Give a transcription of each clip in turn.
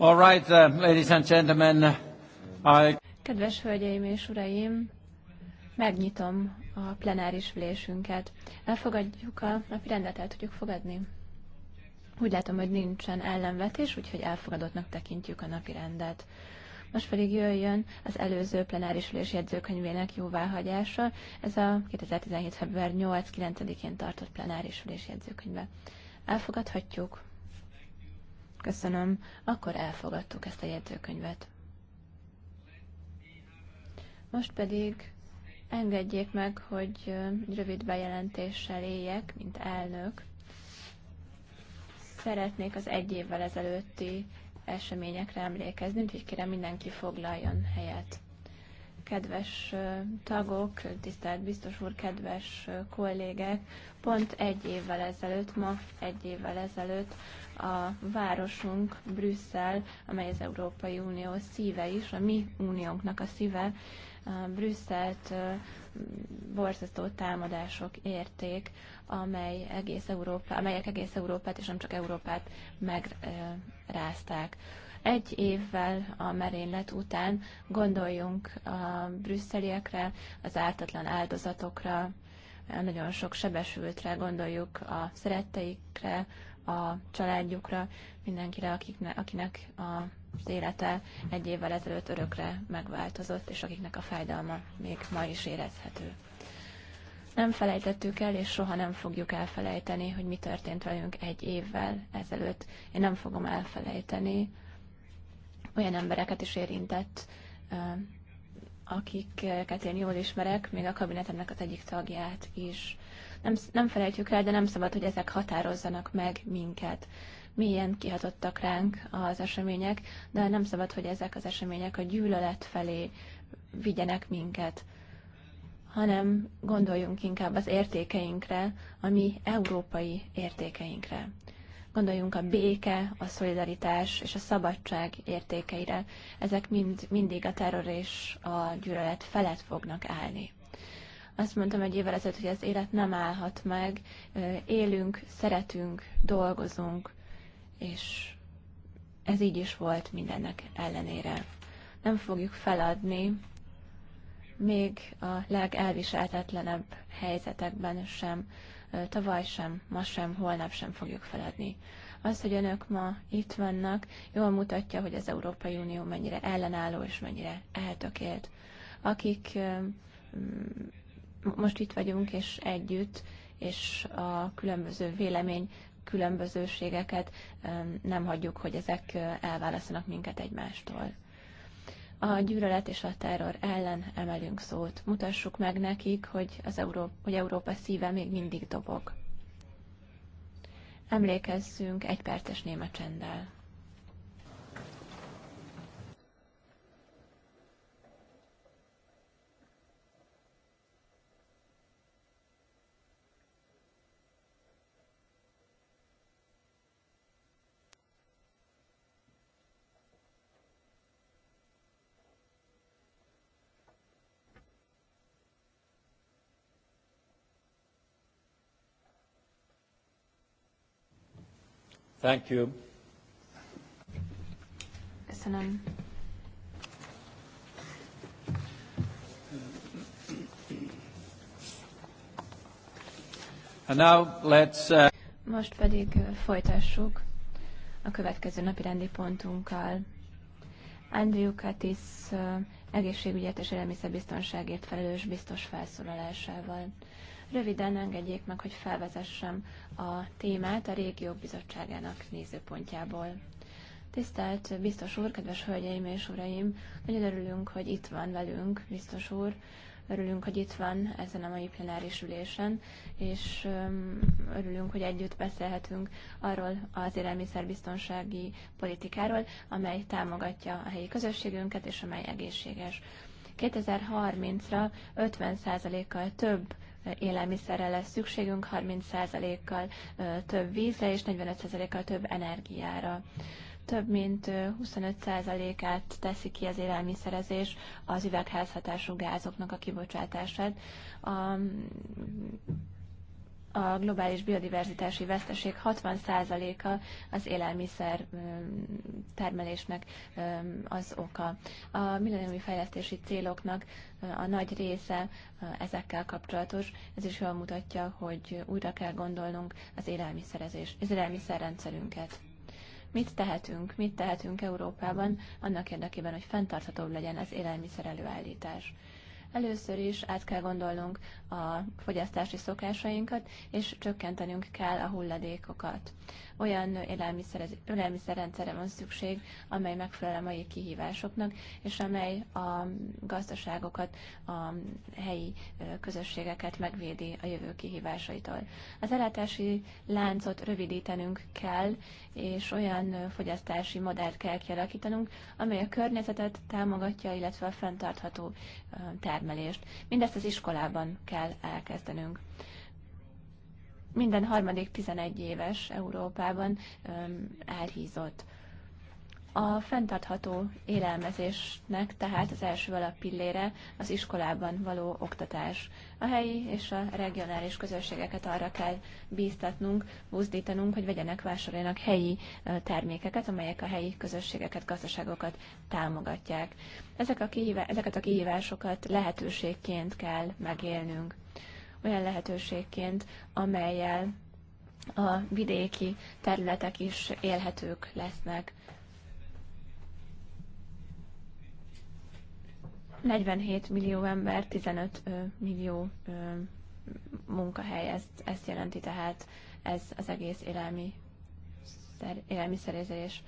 All right, uh, ladies and gentlemen, I... Kedves hölgyeim és uraim, megnyitom a plenáris ülésünket. Elfogadjuk a napi rendet, el tudjuk fogadni? Úgy látom, hogy nincsen ellenvetés, úgyhogy elfogadottnak tekintjük a napi rendet. Most pedig jöjjön az előző plenáris ülés jegyzőkönyvének jóváhagyása. Ez a 2017. február 8-9-én tartott plenáris ülés jegyzőkönyve. Elfogadhatjuk. Köszönöm. Akkor elfogadtuk ezt a jegyzőkönyvet. Most pedig engedjék meg, hogy rövid bejelentéssel éljek, mint elnök. Szeretnék az egy évvel ezelőtti eseményekre emlékezni, úgyhogy kérem mindenki foglaljon helyet. Kedves tagok, tisztelt biztos úr, kedves kollégek, pont egy évvel ezelőtt, ma egy évvel ezelőtt a városunk, Brüsszel, amely az Európai Unió szíve is, a mi uniónknak a szíve, Brüsszelt borzasztó támadások érték, amely egész Európa, amelyek egész Európát és nem csak Európát megrázták. Egy évvel a merénylet után gondoljunk a brüsszeliekre, az ártatlan áldozatokra, nagyon sok sebesültre, gondoljuk a szeretteikre, a családjukra, mindenkire, akiknek akinek az élete egy évvel ezelőtt örökre megváltozott, és akiknek a fájdalma még ma is érezhető. Nem felejtettük el, és soha nem fogjuk elfelejteni, hogy mi történt velünk egy évvel ezelőtt. Én nem fogom elfelejteni. Olyan embereket is érintett, akiket én jól ismerek, még a kabinetemnek az egyik tagját is nem, nem felejtjük el, de nem szabad, hogy ezek határozzanak meg minket. Milyen kihatottak ránk az események, de nem szabad, hogy ezek az események a gyűlölet felé vigyenek minket hanem gondoljunk inkább az értékeinkre, a mi európai értékeinkre. Gondoljunk a béke, a szolidaritás és a szabadság értékeire. Ezek mind, mindig a terror és a gyűlölet felett fognak állni. Azt mondtam egy évvel ezelőtt, hogy az élet nem állhat meg. Élünk, szeretünk, dolgozunk, és ez így is volt mindennek ellenére. Nem fogjuk feladni, még a legelviselhetetlenebb helyzetekben sem, tavaly sem, ma sem, holnap sem fogjuk feladni. Az, hogy önök ma itt vannak, jól mutatja, hogy az Európai Unió mennyire ellenálló és mennyire eltökélt. Akik most itt vagyunk, és együtt, és a különböző vélemény különbözőségeket nem hagyjuk, hogy ezek elválaszanak minket egymástól. A gyűlölet és a terror ellen emelünk szót. Mutassuk meg nekik, hogy, az Európa, hogy Európa szíve még mindig dobog. Emlékezzünk egy perces néma csenddel. Thank you. Köszönöm. And now let's, uh... Most pedig uh, folytassuk a következő napi rendi pontunkkal. Andrew Katis uh, egészségügyet és élelmiszerbiztonságért felelős biztos felszólalásával. Röviden engedjék meg, hogy felvezessem a témát a régiók bizottságának nézőpontjából. Tisztelt biztos úr, kedves hölgyeim és uraim, nagyon örülünk, hogy itt van velünk, biztos úr. Örülünk, hogy itt van ezen a mai plenáris ülésen, és örülünk, hogy együtt beszélhetünk arról az élelmiszerbiztonsági politikáról, amely támogatja a helyi közösségünket, és amely egészséges. 2030-ra 50%-kal több élelmiszerre lesz szükségünk, 30%-kal több vízre és 45%-kal több energiára több mint 25%-át teszi ki az élelmiszerezés az üvegházhatású gázoknak a kibocsátását. A a globális biodiverzitási veszteség 60%-a az élelmiszer termelésnek az oka. A milleniumi fejlesztési céloknak a nagy része ezekkel kapcsolatos. Ez is jól mutatja, hogy újra kell gondolnunk az élelmiszerezés, az élelmiszerrendszerünket. Mit tehetünk, mit tehetünk Európában annak érdekében, hogy fenntarthatóbb legyen az élelmiszer előállítás? Először is át kell gondolnunk a fogyasztási szokásainkat, és csökkentenünk kell a hulladékokat olyan élelmiszer, élelmiszerrendszerre van szükség, amely megfelel a mai kihívásoknak, és amely a gazdaságokat, a helyi közösségeket megvédi a jövő kihívásaitól. Az ellátási láncot rövidítenünk kell, és olyan fogyasztási modellt kell kialakítanunk, amely a környezetet támogatja, illetve a fenntartható termelést. Mindezt az iskolában kell elkezdenünk minden harmadik 11 éves Európában elhízott. A fenntartható élelmezésnek tehát az első alappillére az iskolában való oktatás. A helyi és a regionális közösségeket arra kell bíztatnunk, buzdítanunk, hogy vegyenek, vásároljanak helyi termékeket, amelyek a helyi közösségeket, gazdaságokat támogatják. Ezek a kihívá- ezeket a kihívásokat lehetőségként kell megélnünk olyan lehetőségként, amelyel a vidéki területek is élhetők lesznek. 47 millió ember, 15 millió munkahely, ezt, ezt jelenti tehát ez az egész élelmi, élelmiszerézés.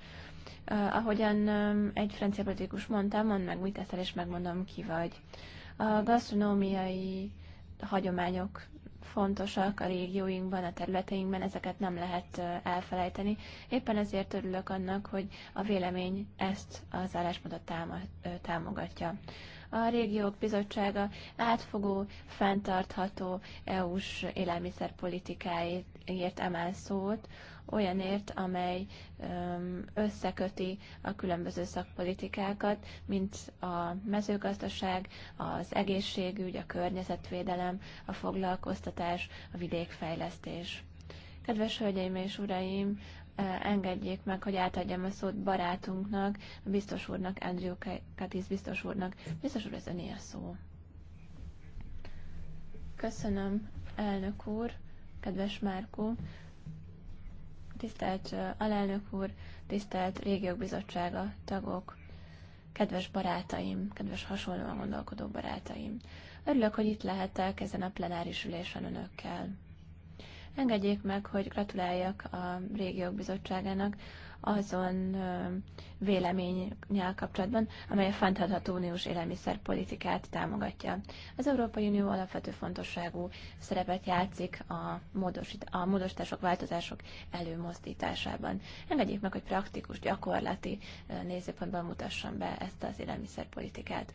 ahogyan egy francia politikus mondta, mondd meg, mit teszel, és megmondom, ki vagy. A gasztronómiai hagyományok fontosak a régióinkban, a területeinkben, ezeket nem lehet elfelejteni. Éppen ezért örülök annak, hogy a vélemény ezt az álláspontot támogatja. A régiók bizottsága átfogó, fenntartható EU-s élelmiszerpolitikáért emel szót, olyanért, amely összeköti a különböző szakpolitikákat, mint a mezőgazdaság, az egészségügy, a környezetvédelem, a foglalkoztatás, a vidékfejlesztés. Kedves hölgyeim és uraim, engedjék meg, hogy átadjam a szót barátunknak, a biztos úrnak, Andrew Katis biztos úrnak. Biztos úr, ez öné a szó. Köszönöm, elnök úr, kedves Márkó tisztelt alelnök úr, tisztelt régiók bizottsága tagok, kedves barátaim, kedves hasonlóan gondolkodó barátaim. Örülök, hogy itt lehetek ezen a plenáris ülésen önökkel. Engedjék meg, hogy gratuláljak a régiók bizottságának azon véleményel kapcsolatban, amely a fenntartható uniós élelmiszerpolitikát támogatja. Az Európai Unió alapvető fontosságú szerepet játszik a, módosít, a módosítások, változások előmozdításában. Engedjék meg, hogy praktikus, gyakorlati nézőpontban mutassam be ezt az élelmiszerpolitikát.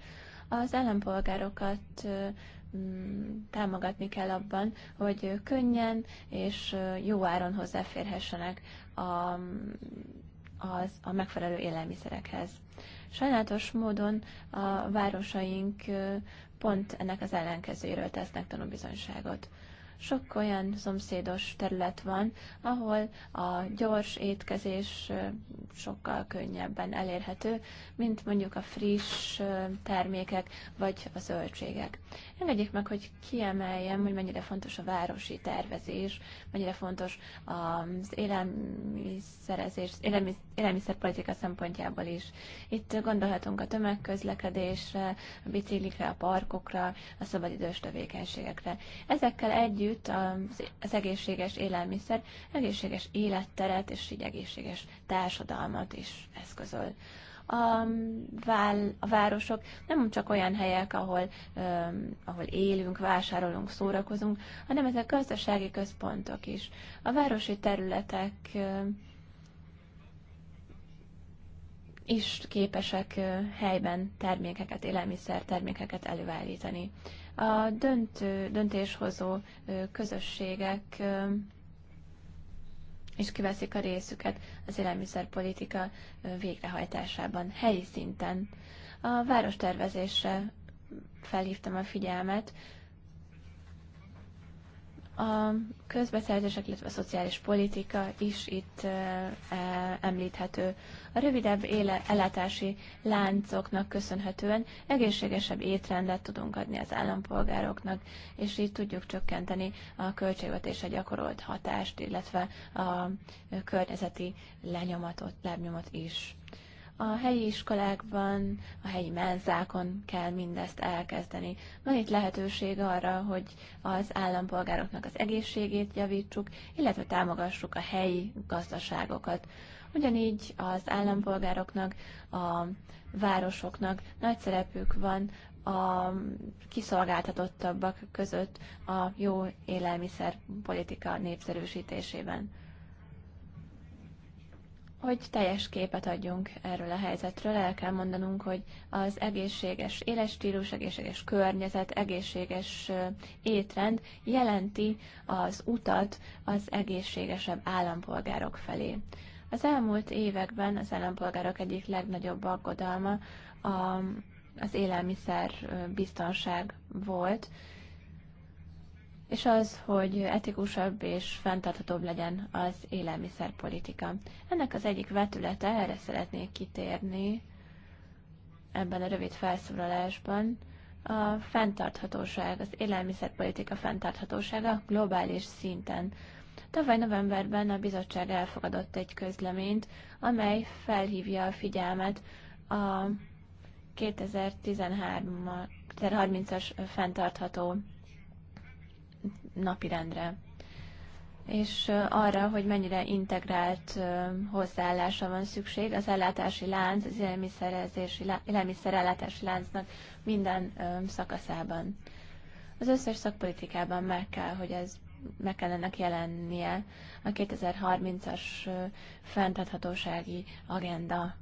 Az állampolgárokat mm, támogatni kell abban, hogy könnyen és jó áron hozzáférhessenek a az a megfelelő élelmiszerekhez. Sajnálatos módon a városaink pont ennek az ellenkezőjéről tesznek tanúbizonyságot. Sok olyan szomszédos terület van, ahol a gyors étkezés sokkal könnyebben elérhető, mint mondjuk a friss termékek vagy a zöldségek. Engedjék meg, hogy kiemeljem, hogy mennyire fontos a városi tervezés, mennyire fontos az élelmiszerezés, élelmiszer, élelmiszerpolitika szempontjából is. Itt gondolhatunk a tömegközlekedésre, a biciklikre, a parkokra, a szabadidős tevékenységekre. Ezekkel együtt együtt az egészséges élelmiszer, egészséges életteret és így egészséges társadalmat is eszközöl a, vál, a városok nem csak olyan helyek, ahol, um, ahol élünk, vásárolunk, szórakozunk, hanem ezek gazdasági központok is. A városi területek um, is képesek uh, helyben termékeket, élelmiszer termékeket előállítani. A döntő, döntéshozó közösségek és kiveszik a részüket az élelmiszerpolitika végrehajtásában, helyi szinten. A várostervezésre felhívtam a figyelmet, a közbeszerzések, illetve a szociális politika is itt e, említhető. A rövidebb éle, ellátási láncoknak köszönhetően egészségesebb étrendet tudunk adni az állampolgároknak, és így tudjuk csökkenteni a költségvetésre gyakorolt hatást, illetve a környezeti lenyomatot, lábnyomot is. A helyi iskolákban, a helyi menzákon kell mindezt elkezdeni. Van itt lehetőség arra, hogy az állampolgároknak az egészségét javítsuk, illetve támogassuk a helyi gazdaságokat. Ugyanígy az állampolgároknak, a városoknak nagy szerepük van a kiszolgáltatottabbak között a jó élelmiszer politika népszerűsítésében. Hogy teljes képet adjunk erről a helyzetről, el kell mondanunk, hogy az egészséges életstílus, egészséges környezet, egészséges étrend jelenti az utat az egészségesebb állampolgárok felé. Az elmúlt években az állampolgárok egyik legnagyobb aggodalma a, az élelmiszer biztonság volt, és az, hogy etikusabb és fenntarthatóbb legyen az élelmiszerpolitika. Ennek az egyik vetülete, erre szeretnék kitérni ebben a rövid felszólalásban, a fenntarthatóság, az élelmiszerpolitika fenntarthatósága globális szinten. Tavaly novemberben a bizottság elfogadott egy közleményt, amely felhívja a figyelmet a 2013-as fenntartható napirendre és arra, hogy mennyire integrált hozzáállása van szükség az ellátási lánc, az élelmiszerellátási láncnak minden szakaszában. Az összes szakpolitikában meg kell, hogy ez meg kell ennek jelennie a 2030-as fenntarthatósági agenda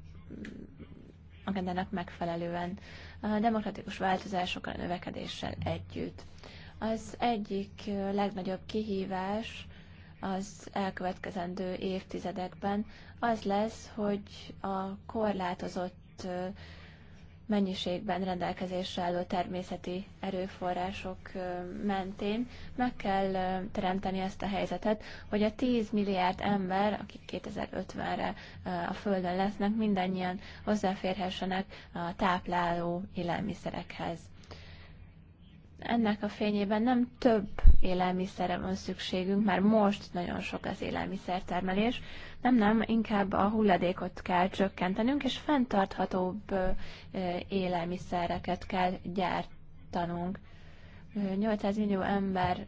agendának megfelelően a demokratikus változásokkal, a növekedéssel együtt. Az egyik legnagyobb kihívás az elkövetkezendő évtizedekben az lesz, hogy a korlátozott mennyiségben rendelkezésre álló természeti erőforrások mentén meg kell teremteni ezt a helyzetet, hogy a 10 milliárd ember, akik 2050-re a Földön lesznek, mindannyian hozzáférhessenek a tápláló élelmiszerekhez ennek a fényében nem több élelmiszerre van szükségünk, már most nagyon sok az élelmiszertermelés, nem, nem, inkább a hulladékot kell csökkentenünk, és fenntarthatóbb élelmiszereket kell gyártanunk. 800 millió ember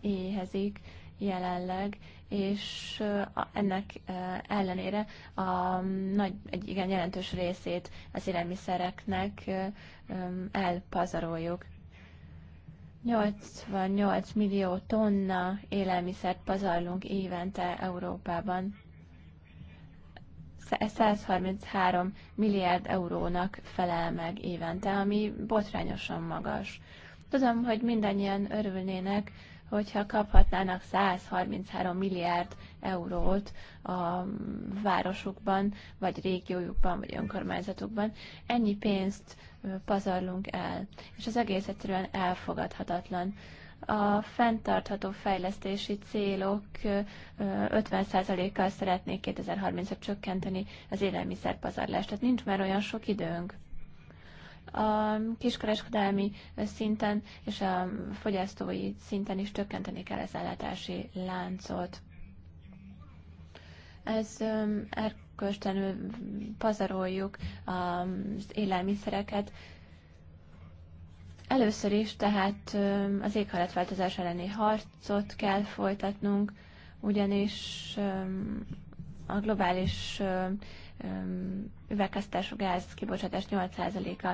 éhezik jelenleg, és ennek ellenére a nagy, egy igen jelentős részét az élelmiszereknek elpazaroljuk. 88 millió tonna élelmiszert pazarlunk évente Európában. 133 milliárd eurónak felel meg évente, ami botrányosan magas. Tudom, hogy mindannyian örülnének, hogyha kaphatnának 133 milliárd eurót a városukban, vagy régiójukban, vagy önkormányzatukban. Ennyi pénzt pazarlunk el, és az egész egyszerűen elfogadhatatlan. A fenntartható fejlesztési célok 50%-kal szeretnék 2030-ra csökkenteni az élelmiszerpazarlást, tehát nincs már olyan sok időnk a kiskereskedelmi szinten és a fogyasztói szinten is csökkenteni kell az ellátási láncot ez erkölcstenül pazaroljuk az élelmiszereket. Először is tehát az éghajlatváltozás elleni harcot kell folytatnunk, ugyanis a globális üvegkasztású gáz kibocsátás 8%-a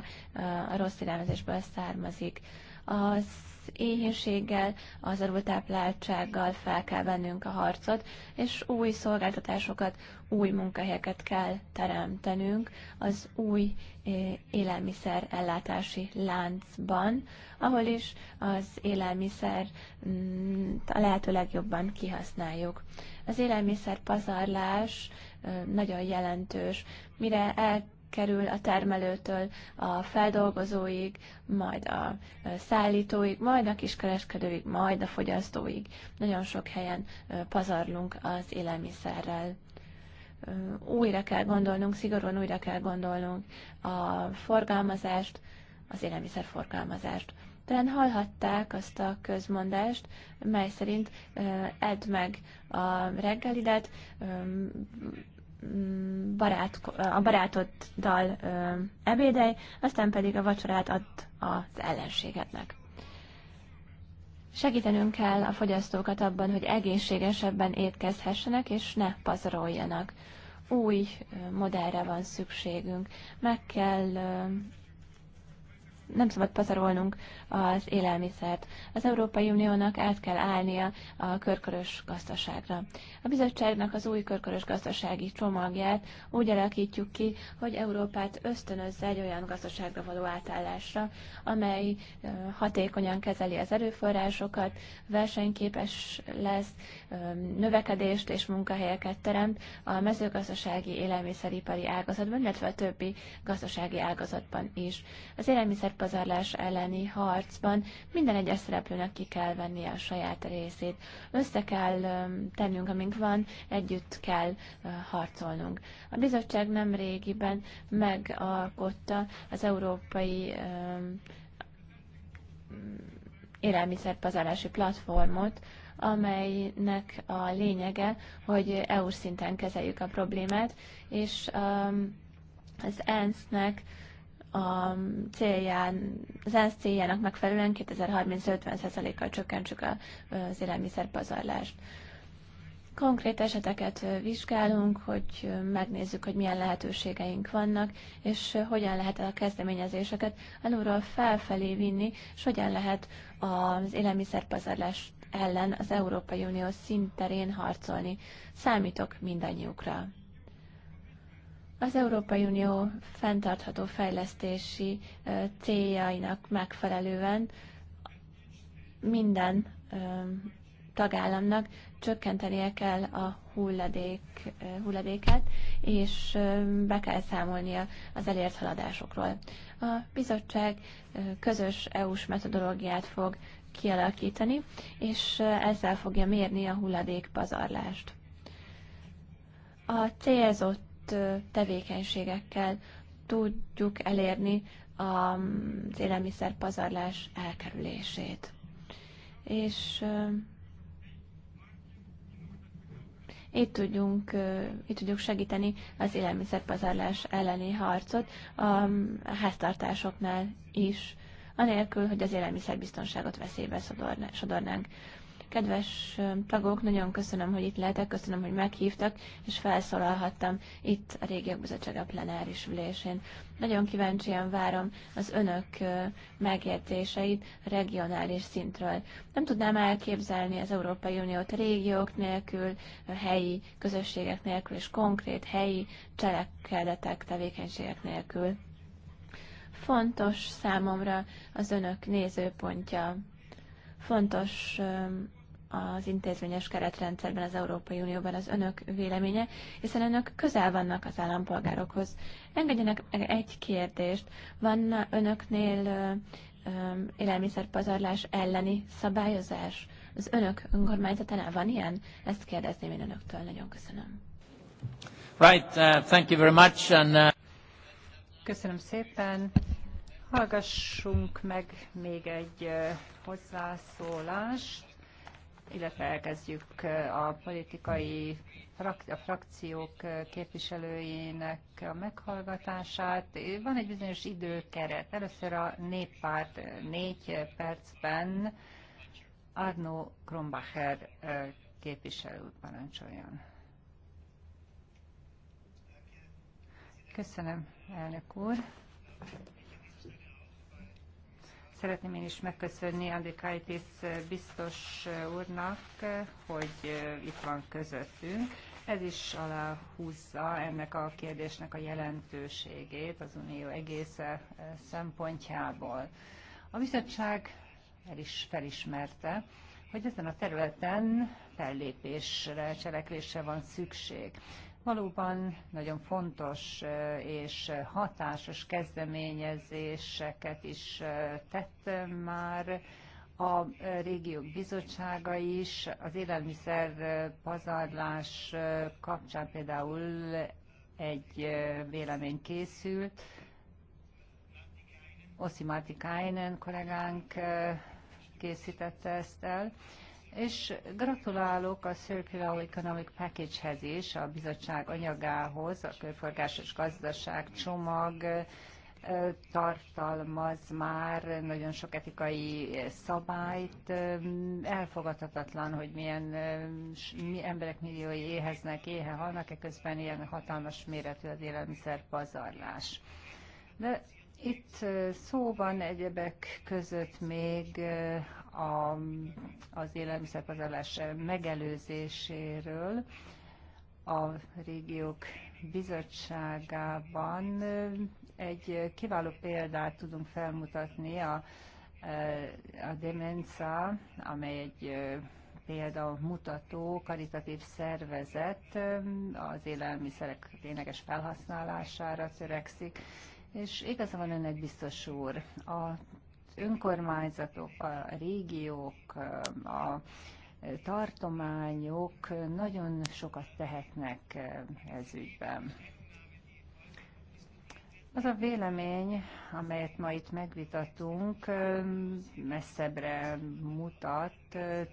a rossz irányzásból származik az éhénységgel, az alultápláltsággal fel kell vennünk a harcot, és új szolgáltatásokat, új munkahelyeket kell teremtenünk az új eh, élelmiszer ellátási láncban, ahol is az élelmiszer mm, a lehető legjobban kihasználjuk. Az élelmiszer pazarlás eh, nagyon jelentős, mire el kerül a termelőtől a feldolgozóig, majd a szállítóig, majd a kiskereskedőig, majd a fogyasztóig. Nagyon sok helyen pazarlunk az élelmiszerrel újra kell gondolnunk, szigorúan újra kell gondolnunk a forgalmazást, az élelmiszer forgalmazást. Talán hallhatták azt a közmondást, mely szerint edd meg a reggelidet, Mm, barát, a barátoddal ebédelj, aztán pedig a vacsorát add az ellenségednek. Segítenünk kell a fogyasztókat abban, hogy egészségesebben étkezhessenek és ne pazaroljanak. Új modellre van szükségünk. Meg kell nem szabad pazarolnunk az élelmiszert. Az Európai Uniónak át kell állnia a körkörös gazdaságra. A bizottságnak az új körkörös gazdasági csomagját úgy alakítjuk ki, hogy Európát ösztönözze egy olyan gazdaságra való átállásra, amely hatékonyan kezeli az erőforrásokat, versenyképes lesz, növekedést és munkahelyeket teremt a mezőgazdasági élelmiszeripari ágazatban, illetve a többi gazdasági ágazatban is. Az élelmiszer átpazarlás elleni harcban minden egyes szereplőnek ki kell vennie a saját részét. Össze kell tennünk, amink van, együtt kell harcolnunk. A bizottság nem régiben megalkotta az európai élelmiszerpazarlási platformot, amelynek a lényege, hogy EU szinten kezeljük a problémát, és az ENSZ-nek a célján, az ENSZ céljának megfelelően 2030-50%-kal csökkentsük az élelmiszerpazarlást. Konkrét eseteket vizsgálunk, hogy megnézzük, hogy milyen lehetőségeink vannak, és hogyan lehet a kezdeményezéseket alulról felfelé vinni, és hogyan lehet az élelmiszerpazarlás ellen az Európai Unió szinterén harcolni. Számítok mindannyiukra az Európai Unió fenntartható fejlesztési céljainak megfelelően minden tagállamnak csökkentenie kell a hulladék, hulladéket, és be kell számolnia az elért haladásokról. A bizottság közös EU-s metodológiát fog kialakítani, és ezzel fogja mérni a hulladék pazarlást. A célzott tevékenységekkel tudjuk elérni az élelmiszer pazarlás elkerülését. És itt tudjunk, itt tudjuk segíteni az élelmiszerpazarlás elleni harcot a háztartásoknál is, anélkül, hogy az élelmiszerbiztonságot veszélybe sodornánk. Kedves tagok, nagyon köszönöm, hogy itt lehetek, köszönöm, hogy meghívtak, és felszólalhattam itt a Régiak Bizottsága plenáris ülésén. Nagyon kíváncsian várom az önök megértéseit regionális szintről. Nem tudnám elképzelni az Európai Uniót régiók nélkül, helyi közösségek nélkül, és konkrét helyi cselekedetek, tevékenységek nélkül. Fontos számomra az önök nézőpontja fontos az intézményes keretrendszerben, az Európai Unióban az önök véleménye, hiszen önök közel vannak az állampolgárokhoz. Engedjenek egy kérdést. Van önöknél élelmiszerpazarlás elleni szabályozás? Az önök önkormányzatánál van ilyen? Ezt kérdezném én önöktől. Nagyon köszönöm. Right, uh, thank you very much. And, uh... Köszönöm szépen. Hallgassunk meg még egy hozzászólást illetve elkezdjük a politikai a frakciók képviselőinek a meghallgatását. Van egy bizonyos időkeret. Először a néppárt négy percben Arno Krombacher képviselő parancsoljon. Köszönöm, elnök úr. Szeretném én is megköszönni Andrikaitis biztos úrnak, hogy itt van közöttünk. Ez is aláhúzza ennek a kérdésnek a jelentőségét az Unió egésze eh, szempontjából. A bizottság el is felismerte, hogy ezen a területen fellépésre, cselekvésre van szükség. Valóban nagyon fontos eh, és hatásos kezdeményezéseket is eh, tett már a eh, régiók bizottsága is, az élelmiszer pazarlás kapcsán például egy vélemény készült. Oszi Márti Kájnen kollégánk készítette ezt el, és gratulálok a Circular Economic Package-hez is, a bizottság anyagához, a körforgásos gazdaság csomag tartalmaz már nagyon sok etikai szabályt. Elfogadhatatlan, hogy milyen mi emberek milliói éheznek, éhe halnak, eközben ilyen hatalmas méretű az élelmiszer pazarlás. De itt szó van egyebek között még a, az élelmiszerpazarlás megelőzéséről a régiók bizottságában egy kiváló példát tudunk felmutatni a, e, a Demenza, amely egy e, példamutató karitatív szervezet e, az élelmiszerek tényleges felhasználására törekszik, és igaza van önnek biztos úr, a önkormányzatok, a régiók, a tartományok nagyon sokat tehetnek ez ügyben. Az a vélemény, amelyet ma itt megvitatunk, messzebbre mutat,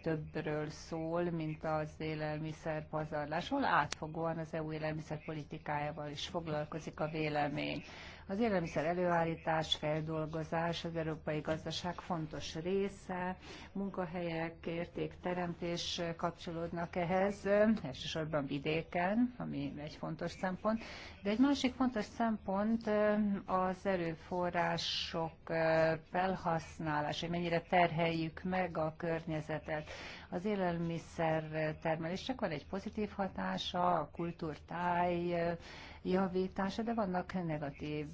többről szól, mint az élelmiszer pazarlás, hol átfogóan az EU élelmiszerpolitikájával is foglalkozik a vélemény. Az élelmiszer előállítás, feldolgozás az európai gazdaság fontos része, munkahelyek, értékteremtés kapcsolódnak ehhez, elsősorban vidéken, ami egy fontos szempont. De egy másik fontos szempont eh, az erőforrások eh, felhasználása, hogy mennyire terheljük meg a környezetet. Az élelmiszer termelésnek van egy pozitív hatása, a kultúrtáj, eh, javítása, de vannak negatív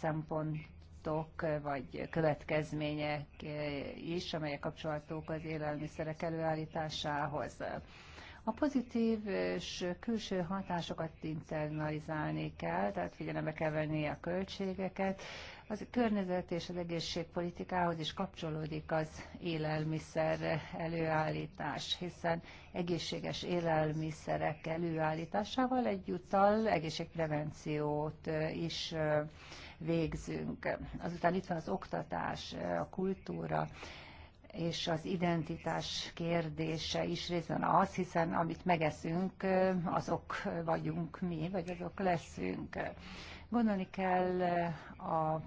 szempontok vagy következmények is, amelyek kapcsolatok az élelmiszerek előállításához. A pozitív és külső hatásokat internalizálni kell, tehát figyelembe kell venni a költségeket, az környezet és az egészségpolitikához is kapcsolódik az élelmiszer előállítás, hiszen egészséges élelmiszerek előállításával egyúttal egészségprevenciót is végzünk. Azután itt van az oktatás, a kultúra, és az identitás kérdése is részben az, hiszen amit megeszünk, azok vagyunk mi, vagy azok leszünk. Gondolni kell eh, az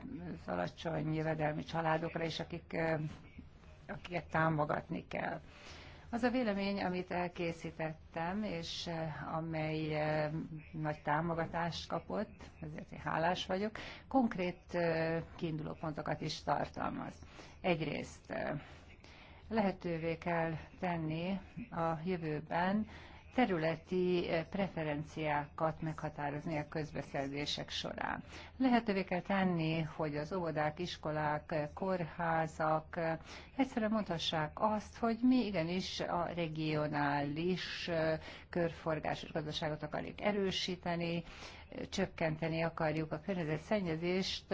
alacsony jövedelmi családokra is, akik, eh, akiket támogatni kell. Az a vélemény, amit elkészítettem, és eh, amely nagy támogatást kapott, ezért én hálás vagyok, konkrét kiinduló pontokat is tartalmaz. Egyrészt lehetővé kell tenni a jövőben, területi eh, preferenciákat meghatározni a közbeszerzések során. Lehetővé kell tenni, hogy az óvodák, iskolák, eh, kórházak eh, egyszerűen mondhassák azt, hogy mi igenis a regionális körforgásos gazdaságot akarjuk erősíteni, csökkenteni akarjuk a környezetszennyezést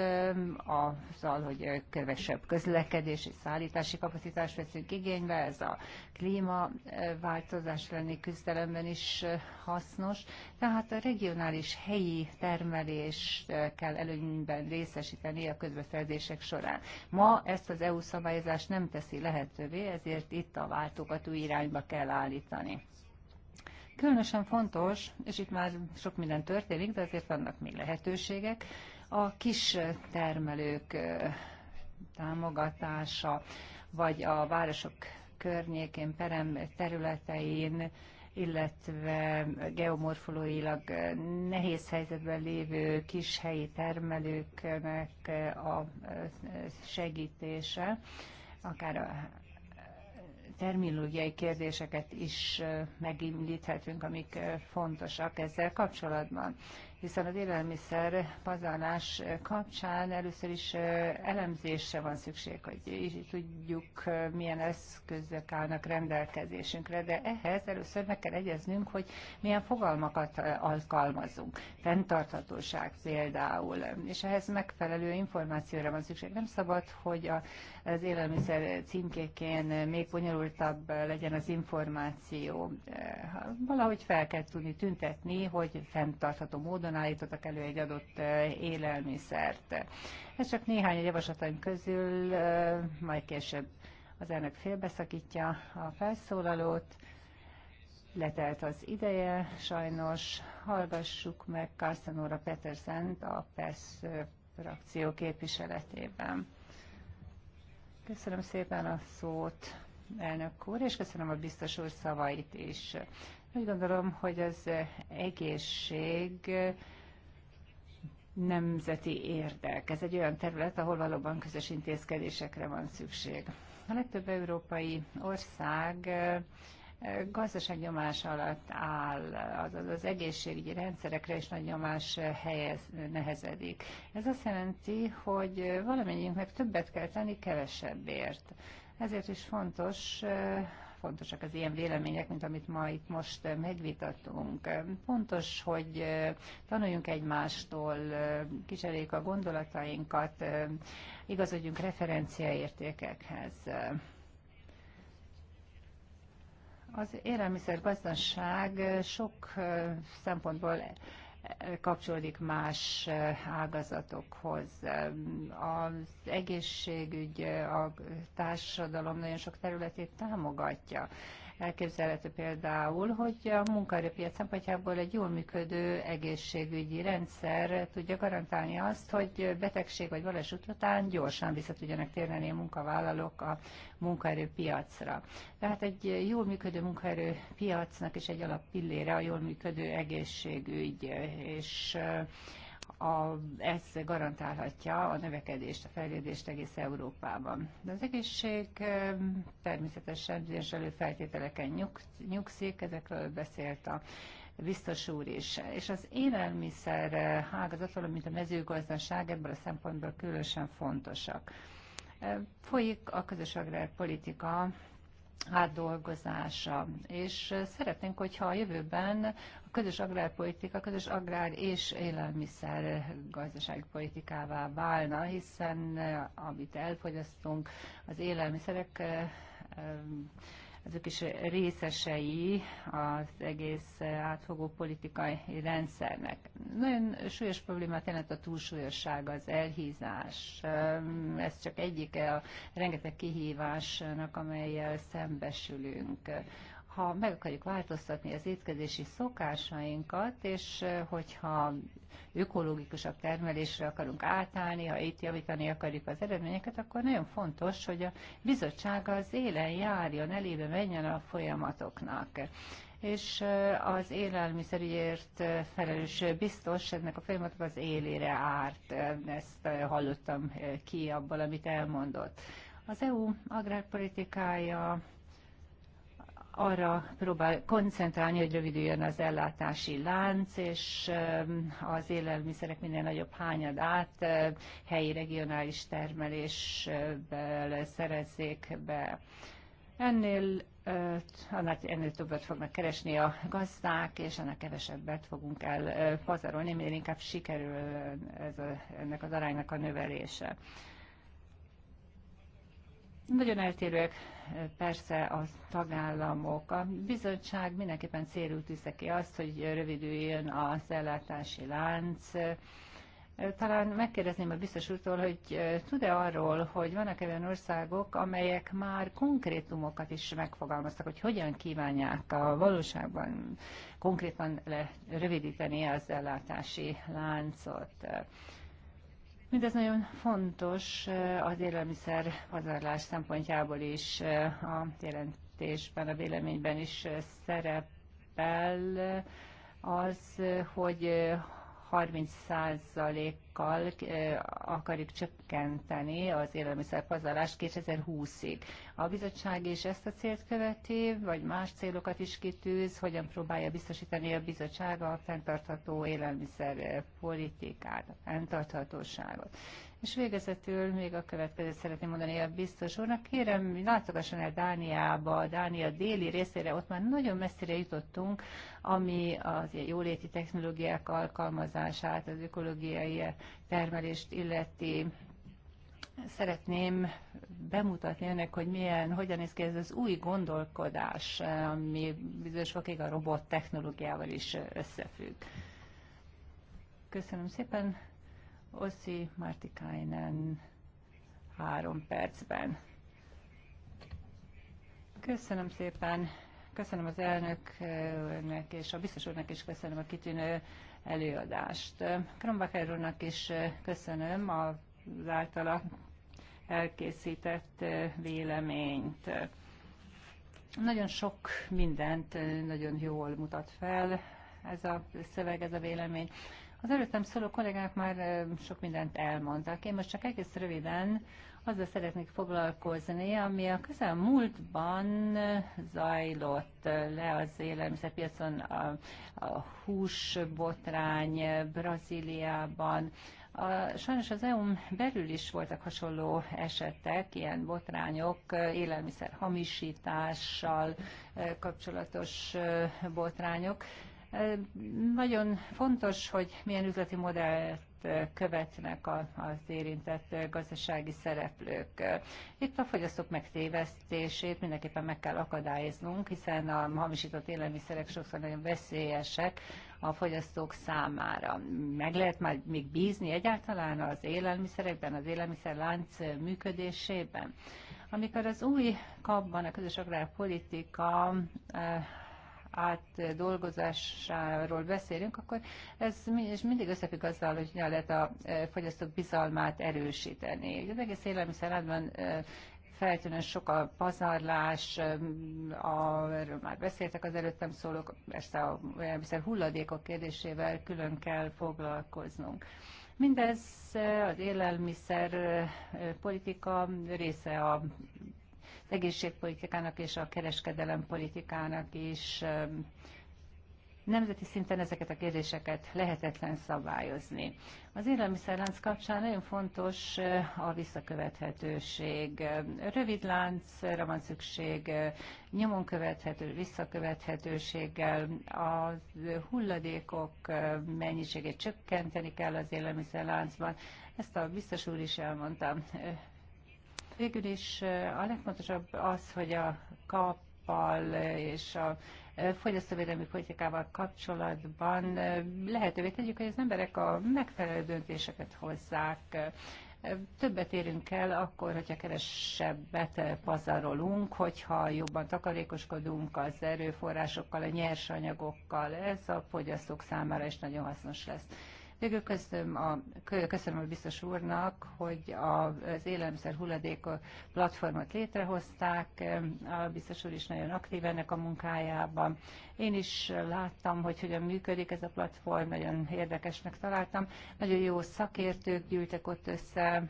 azzal, hogy kövesebb közlekedés és szállítási kapacitást veszünk igénybe, ez a klímaváltozás lenni küzdelemben is hasznos. Tehát a regionális helyi termelést kell előnyben részesíteni a közbeszerzések során. Ma ezt az EU szabályozás nem teszi lehetővé, ezért itt a váltókat új irányba kell állítani. Különösen fontos, és itt már sok minden történik, de azért vannak még lehetőségek, a kis termelők támogatása, vagy a városok környékén, perem területein, illetve geomorfolóilag nehéz helyzetben lévő kis helyi termelőknek a segítése, akár a terminológiai kérdéseket is megindíthetünk, amik fontosak ezzel kapcsolatban. Hiszen az élelmiszer pazarlás kapcsán először is elemzésre van szükség, hogy tudjuk, milyen eszközök állnak rendelkezésünkre, de ehhez először meg kell egyeznünk, hogy milyen fogalmakat alkalmazunk. Fenntarthatóság például, és ehhez megfelelő információra van szükség. Nem szabad, hogy a az élelmiszer címkékén még bonyolultabb legyen az információ. Valahogy fel kell tudni tüntetni, hogy fenntartható módon állítottak elő egy adott élelmiszert. Ez csak néhány javaslataim közül, majd később az elnök félbeszakítja a felszólalót. Letelt az ideje, sajnos hallgassuk meg Carson Óra Petersent a PESZ frakció képviseletében. Köszönöm szépen a szót, elnök úr, és köszönöm a biztos úr szavait is. Úgy gondolom, hogy az egészség nemzeti érdek. Ez egy olyan terület, ahol valóban közös intézkedésekre van szükség. A legtöbb európai ország gazdaság nyomás alatt áll, azaz az egészségügyi rendszerekre is nagy nyomás eh, helyez, nehezedik. Ez azt jelenti, hogy eh, valamennyiünknek többet kell tenni kevesebbért. Ezért is fontos, eh, fontosak az ilyen vélemények, mint amit ma itt most megvitatunk. Fontos, hogy tanuljunk egymástól, kicseréljük a gondolatainkat, igazodjunk referenciaértékekhez. Az élelmiszergazdaság sok szempontból kapcsolódik más ágazatokhoz. Az egészségügy a társadalom nagyon sok területét támogatja. Elképzelhető például, hogy a munkaerőpiac szempontjából egy jól működő egészségügyi rendszer tudja garantálni azt, hogy betegség vagy baleset után gyorsan vissza tudjanak térni a munkavállalók a munkaerőpiacra. Tehát egy jól működő munkaerőpiacnak is egy alap pillére a jól működő egészségügy, és a, ez garantálhatja a növekedést, a fejlődést egész Európában. De az egészség természetesen bizonyos előfeltételeken nyug, nyugszik, ezekről beszélt a biztos úr is. És az élelmiszer ágazat, valamint a mezőgazdaság ebből a szempontból különösen fontosak. Folyik a közös agrárpolitika átdolgozása. És szeretnénk, hogyha a jövőben a közös agrárpolitika, közös agrár és élelmiszer politikává válna, hiszen amit elfogyasztunk, az élelmiszerek azok is részesei az egész átfogó politikai rendszernek. Nagyon súlyos problémát jelent a túlsúlyosság, az elhízás. Ez csak egyike a rengeteg kihívásnak, amelyel szembesülünk ha meg akarjuk változtatni az étkezési szokásainkat, és hogyha ökológikusabb termelésre akarunk átállni, ha itt javítani akarjuk az eredményeket, akkor nagyon fontos, hogy a bizottsága az élen járjon, elébe menjen a folyamatoknak és az élelmiszerügyért felelős biztos ennek a folyamatnak az élére árt. Ezt hallottam ki abból, amit elmondott. Az EU agrárpolitikája arra próbál koncentrálni, hogy rövidüljön az ellátási lánc, és az élelmiszerek minden nagyobb hányadát helyi regionális termelésből szerezzék be. Ennél ennél többet fognak keresni a gazdák, és ennek kevesebbet fogunk pazarolni, minél inkább sikerül ez a, ennek az aránynak a növelése. Nagyon eltérőek persze a tagállamok. A bizottság mindenképpen célú tűzte ki azt, hogy rövidüljön az ellátási lánc. Talán megkérdezném a biztos úrtól, hogy tud-e arról, hogy vannak -e olyan országok, amelyek már konkrétumokat is megfogalmaztak, hogy hogyan kívánják a valóságban konkrétan le, rövidíteni az ellátási láncot. Mindez nagyon fontos eh, az élelmiszer pazarlás szempontjából is eh, a jelentésben, a véleményben is eh, szerepel az, hogy 30%-kal eh, akarjuk csökkenteni az élelmiszer pazarlást 2020-ig. A bizottság is ezt a célt követi, vagy más célokat is kitűz, hogyan próbálja biztosítani a bizottság a fenntartható élelmiszer eh, politikát, a fenntarthatóságot. És végezetül még a következőt szeretném mondani a biztos úrnak. Kérem, látogasson el Dániába, Dánia déli részére, ott már nagyon messzire jutottunk, ami az jóléti technológiák alkalmazását, az ökológiai termelést illeti. Szeretném bemutatni önnek, hogy milyen, hogyan néz ki ez az új gondolkodás, ami bizonyos fokig a robot technológiával is összefügg. Köszönöm szépen. Oszi Martikainen három percben. Köszönöm szépen, köszönöm az elnöknek és a biztos úrnak is köszönöm a kitűnő előadást. Krombacher úrnak is köszönöm az általa elkészített véleményt. Nagyon sok mindent nagyon jól mutat fel ez a szöveg, ez a vélemény. Az előttem szóló kollégák már sok mindent elmondtak. Én most csak egész röviden azzal szeretnék foglalkozni, ami a közelmúltban zajlott le az élelmiszerpiacon a, a húsbotrány Brazíliában. A, sajnos az EU-n belül is voltak hasonló esetek, ilyen botrányok, élelmiszer hamisítással kapcsolatos botrányok, nagyon fontos, hogy milyen üzleti modellt követnek az érintett gazdasági szereplők. Itt a fogyasztók megtévesztését mindenképpen meg kell akadályoznunk, hiszen a hamisított élelmiszerek sokszor nagyon veszélyesek a fogyasztók számára. Meg lehet már még bízni egyáltalán az élelmiszerekben, az élelmiszerlánc működésében. Amikor az új kapban a közös agrárpolitika átdolgozásáról beszélünk, akkor ez mindig összefügg azzal, hogy hogyan lehet a e, fogyasztók bizalmát erősíteni. Az egész élelmiszerlátban e, feltűnően sok a pazarlás, e, a, erről már beszéltek az előttem szólók, persze a élelmiszer hulladékok kérdésével külön kell foglalkoznunk. Mindez az élelmiszer politika része a egészségpolitikának és a kereskedelempolitikának is. Nemzeti szinten ezeket a kérdéseket lehetetlen szabályozni. Az élelmiszerlánc kapcsán nagyon fontos a visszakövethetőség. Rövid láncra van szükség, nyomon követhető, visszakövethetőséggel, a hulladékok mennyiségét csökkenteni kell az élelmiszerláncban. Ezt a biztos úr is elmondta. Végül is a legfontosabb az, hogy a kappal és a fogyasztóvédelmi politikával kapcsolatban lehetővé tegyük, hogy az emberek a megfelelő döntéseket hozzák. Többet érünk el akkor, hogyha kevesebbet pazarolunk, hogyha jobban takarékoskodunk az erőforrásokkal, a nyersanyagokkal. Ez a fogyasztók számára is nagyon hasznos lesz. Végül köszönöm, a, köszönöm a biztos úrnak, hogy az élelmiszer hulladék platformot létrehozták. A biztos úr is nagyon aktív ennek a munkájában. Én is láttam, hogy hogyan működik ez a platform, nagyon érdekesnek találtam. Nagyon jó szakértők gyűltek ott össze,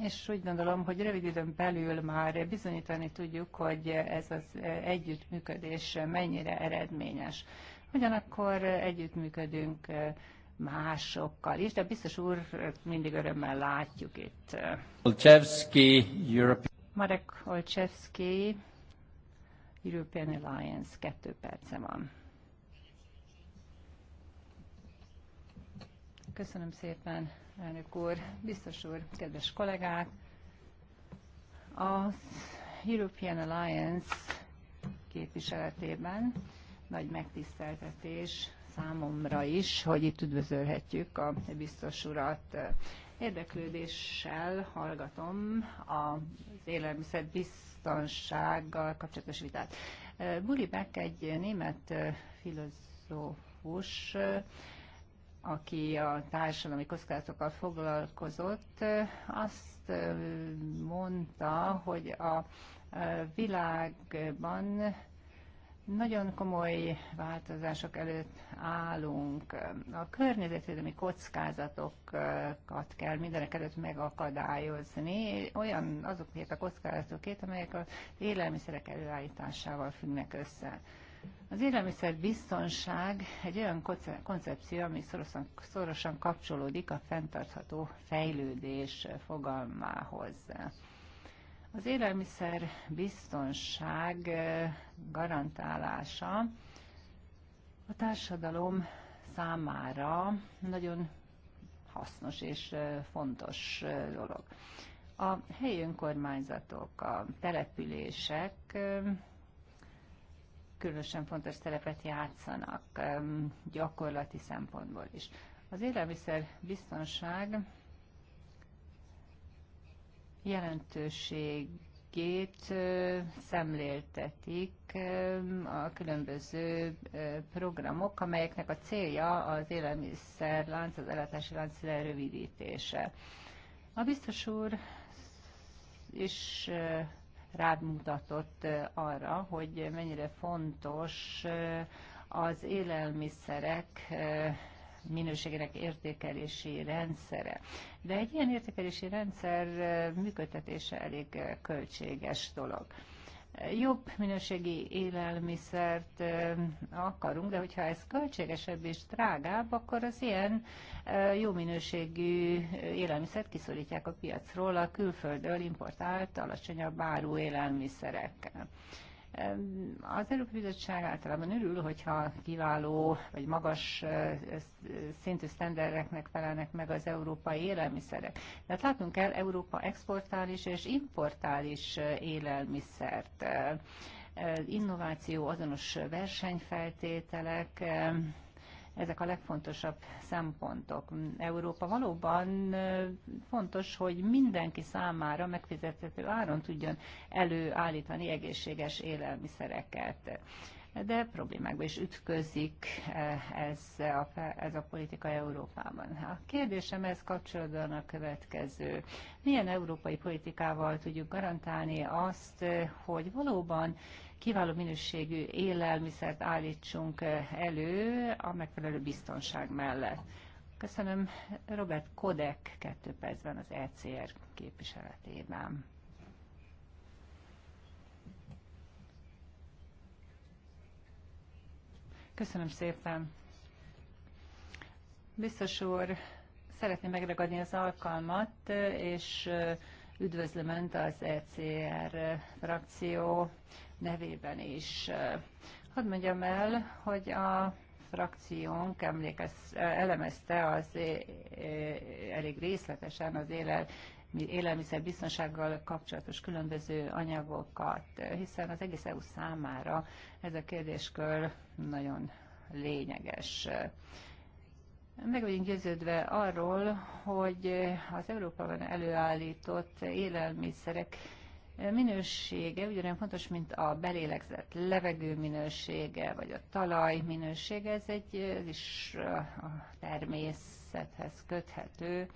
és úgy gondolom, hogy rövid időn belül már bizonyítani tudjuk, hogy ez az együttműködés mennyire eredményes. Ugyanakkor együttműködünk másokkal is, de biztos úr mindig örömmel látjuk itt. Olchevsky, Europe... Marek Olchevsky, European Alliance, kettő perce van. Köszönöm szépen, elnök úr, biztos úr, kedves kollégák! Az European Alliance képviseletében nagy megtiszteltetés számomra is, hogy itt üdvözölhetjük a biztos urat. Érdeklődéssel hallgatom az élelmiszerbiztonsággal biztonsággal kapcsolatos vitát. Buri Beck egy német filozófus, aki a társadalmi kockázatokkal foglalkozott, azt mondta, hogy a világban nagyon komoly változások előtt állunk. A környezetvédelmi kockázatokat kell mindenek előtt megakadályozni, olyan azokért a kockázatokért, amelyek az élelmiszerek előállításával függnek össze. Az élelmiszer biztonság egy olyan koncepció, ami szorosan, szorosan kapcsolódik a fenntartható fejlődés fogalmához. Az élelmiszer biztonság garantálása a társadalom számára nagyon hasznos és fontos dolog. A helyi önkormányzatok, a települések különösen fontos szerepet játszanak gyakorlati szempontból is. Az élelmiszer biztonság jelentőségét szemléltetik a különböző programok, amelyeknek a célja az élelmiszerlánc az ellátási lánc lerövidítése. A biztos úr is rád mutatott arra, hogy mennyire fontos az élelmiszerek minőségének értékelési rendszere. De egy ilyen értékelési rendszer működtetése elég költséges dolog jobb minőségi élelmiszert akarunk, de hogyha ez költségesebb és drágább, akkor az ilyen jó minőségű élelmiszert kiszorítják a piacról a külföldről importált alacsonyabb áru élelmiszerekkel. Az Európai Bizottság általában örül, hogyha kiváló vagy magas szintű sztendereknek felelnek meg az európai élelmiszerek. De hát látnunk kell Európa exportális és importális élelmiszert. Innováció, azonos versenyfeltételek, ezek a legfontosabb szempontok. Európa valóban fontos, hogy mindenki számára megfizethető áron tudjon előállítani egészséges élelmiszereket de problémákba is ütközik ez a, ez a politika Európában. A kérdésem ez kapcsolatban a következő. Milyen európai politikával tudjuk garantálni azt, hogy valóban kiváló minőségű élelmiszert állítsunk eh, elő a megfelelő biztonság mellett. Köszönöm Robert Kodek kettő percben az ECR képviseletében. Köszönöm szépen. Biztos úr, szeretném megragadni az alkalmat, eh, és eh, üdvözlöm Önt az ECR frakció nevében is. Hadd mondjam el, hogy a frakciónk emlékez, elemezte az elég részletesen az élel biztonsággal kapcsolatos különböző anyagokat, hiszen az egész EU számára ez a kérdéskör nagyon lényeges. Meg vagyunk győződve arról, hogy az Európában előállított élelmiszerek minősége ugyanolyan fontos, mint a belélegzett levegő minősége, vagy a talaj minősége, ez egy ez is eh, a természethez köthető,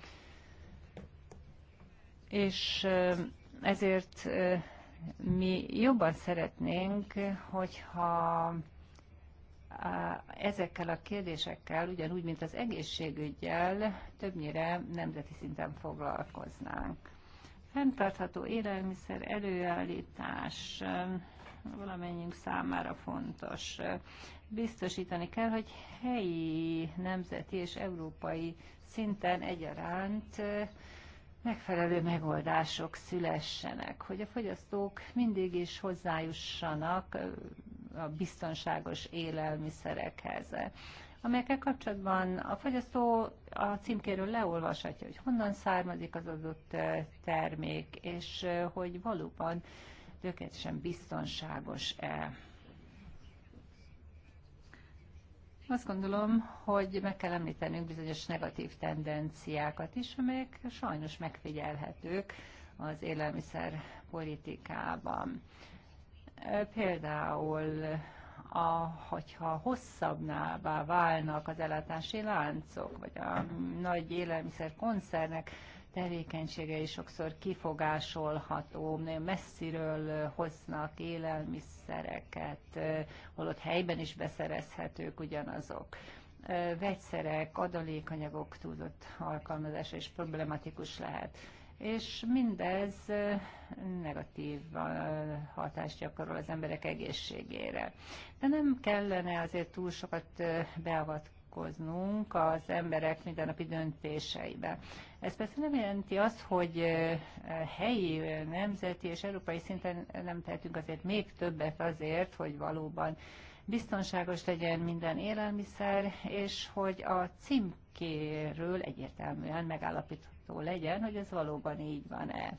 és eh, ezért eh, mi jobban szeretnénk, hogyha ezekkel a kérdésekkel, ugyanúgy, mint az egészségügyel, többnyire nemzeti szinten foglalkoznánk. Fenntartható élelmiszer előállítás ehm, valamennyiünk számára fontos. Biztosítani kell, hogy helyi, nemzeti és európai szinten egyaránt eh, megfelelő megoldások szülessenek, hogy a fogyasztók mindig is hozzájussanak eh, a biztonságos élelmiszerekhez amelyekkel kapcsolatban a fogyasztó a címkéről leolvashatja, hogy honnan származik az adott termék, és hogy valóban tökéletesen biztonságos-e. Azt gondolom, hogy meg kell említenünk bizonyos negatív tendenciákat is, amelyek sajnos megfigyelhetők az élelmiszer politikában. Például a, hogyha hosszabbnává válnak az ellátási láncok, vagy a nagy élelmiszer koncernek tevékenysége is sokszor kifogásolható, nagyon messziről hoznak élelmiszereket, holott helyben is beszerezhetők ugyanazok vegyszerek, adalékanyagok túlzott alkalmazása is problematikus lehet és mindez negatív hatást gyakorol az emberek egészségére. De nem kellene azért túl sokat beavatkozni beavatkoznunk az emberek mindennapi döntéseibe. Ez persze nem jelenti azt, hogy helyi, nemzeti és európai szinten nem tehetünk azért még többet azért, hogy valóban biztonságos legyen minden élelmiszer, és hogy a címkéről egyértelműen megállapítható látható legyen, hogy ez valóban így van-e.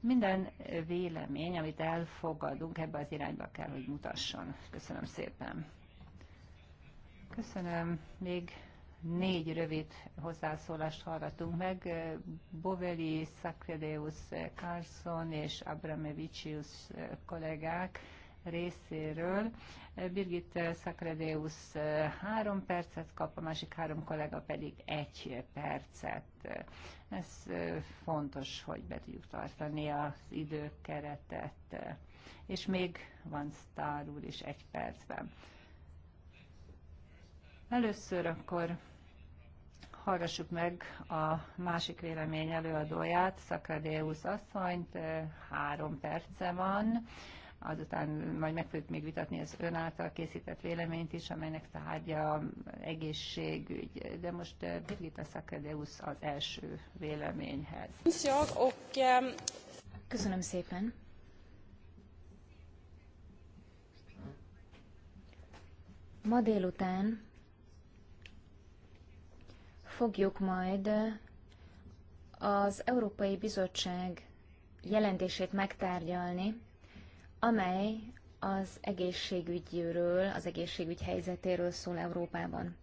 Minden vélemény, amit elfogadunk, ebbe az irányba kell, hogy mutasson. Köszönöm szépen. Köszönöm. Még négy rövid hozzászólást hallgatunk meg. Boveli, Sacredeus, Carson és Abramevicius kollégák részéről. Birgit Sacredeus három percet kap, a másik három kollega pedig egy percet. Ez fontos, hogy be tudjuk tartani az időkeretet. És még van Sztár úr is egy percben. Először akkor hallgassuk meg a másik vélemény előadóját, Szakadéusz asszonyt, három perce van, azután majd meg fogjuk még vitatni az ön által készített véleményt is, amelynek tárgya egészségügy, de most eh, Birgitta Szakedeusz az első véleményhez. Köszönöm szépen! Ma délután fogjuk majd az Európai Bizottság jelentését megtárgyalni amely az egészségügyről, az egészségügy helyzetéről szól Európában.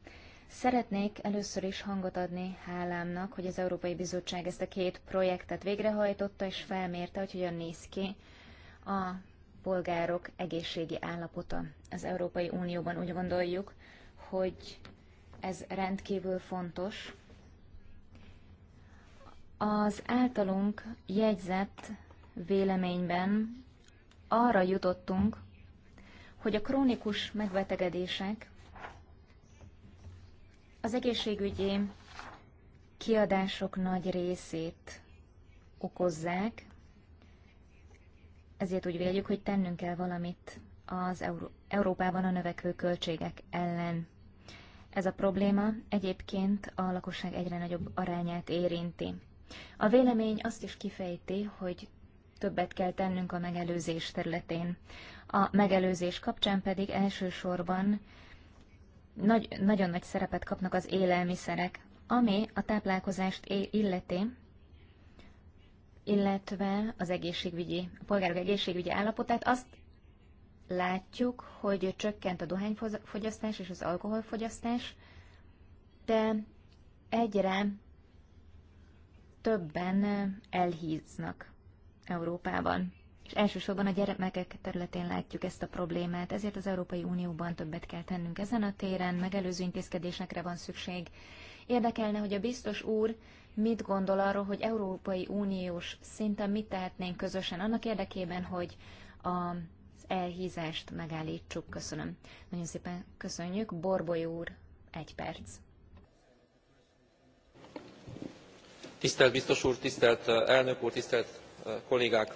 Szeretnék először is hangot adni hálámnak, hogy az Európai Bizottság ezt a két projektet végrehajtotta és felmérte, hogy hogyan néz ki a polgárok egészségi állapota. Az Európai Unióban úgy gondoljuk, hogy ez rendkívül fontos. Az általunk jegyzett véleményben arra jutottunk, hogy a krónikus megbetegedések az egészségügyi kiadások nagy részét okozzák, ezért úgy véljük, hogy tennünk kell valamit az Euró- Európában a növekvő költségek ellen. Ez a probléma egyébként a lakosság egyre nagyobb arányát érinti. A vélemény azt is kifejti, hogy többet kell tennünk a megelőzés területén. A megelőzés kapcsán pedig elsősorban nagy, nagyon nagy szerepet kapnak az élelmiszerek, ami a táplálkozást illeti, illetve az egészségügyi, a polgárok egészségügyi állapotát, azt látjuk, hogy csökkent a dohányfogyasztás és az alkoholfogyasztás, de egyre többen elhíznak. Európában. És elsősorban a gyermekek területén látjuk ezt a problémát, ezért az Európai Unióban többet kell tennünk ezen a téren, megelőző intézkedésekre van szükség. Érdekelne, hogy a biztos úr mit gondol arról, hogy Európai Uniós szinten mit tehetnénk közösen annak érdekében, hogy a elhízást megállítsuk. Köszönöm. Nagyon szépen köszönjük. Borboly úr, egy perc. Tisztelt biztos úr, tisztelt eh, elnök úr, tisztelt kollégák!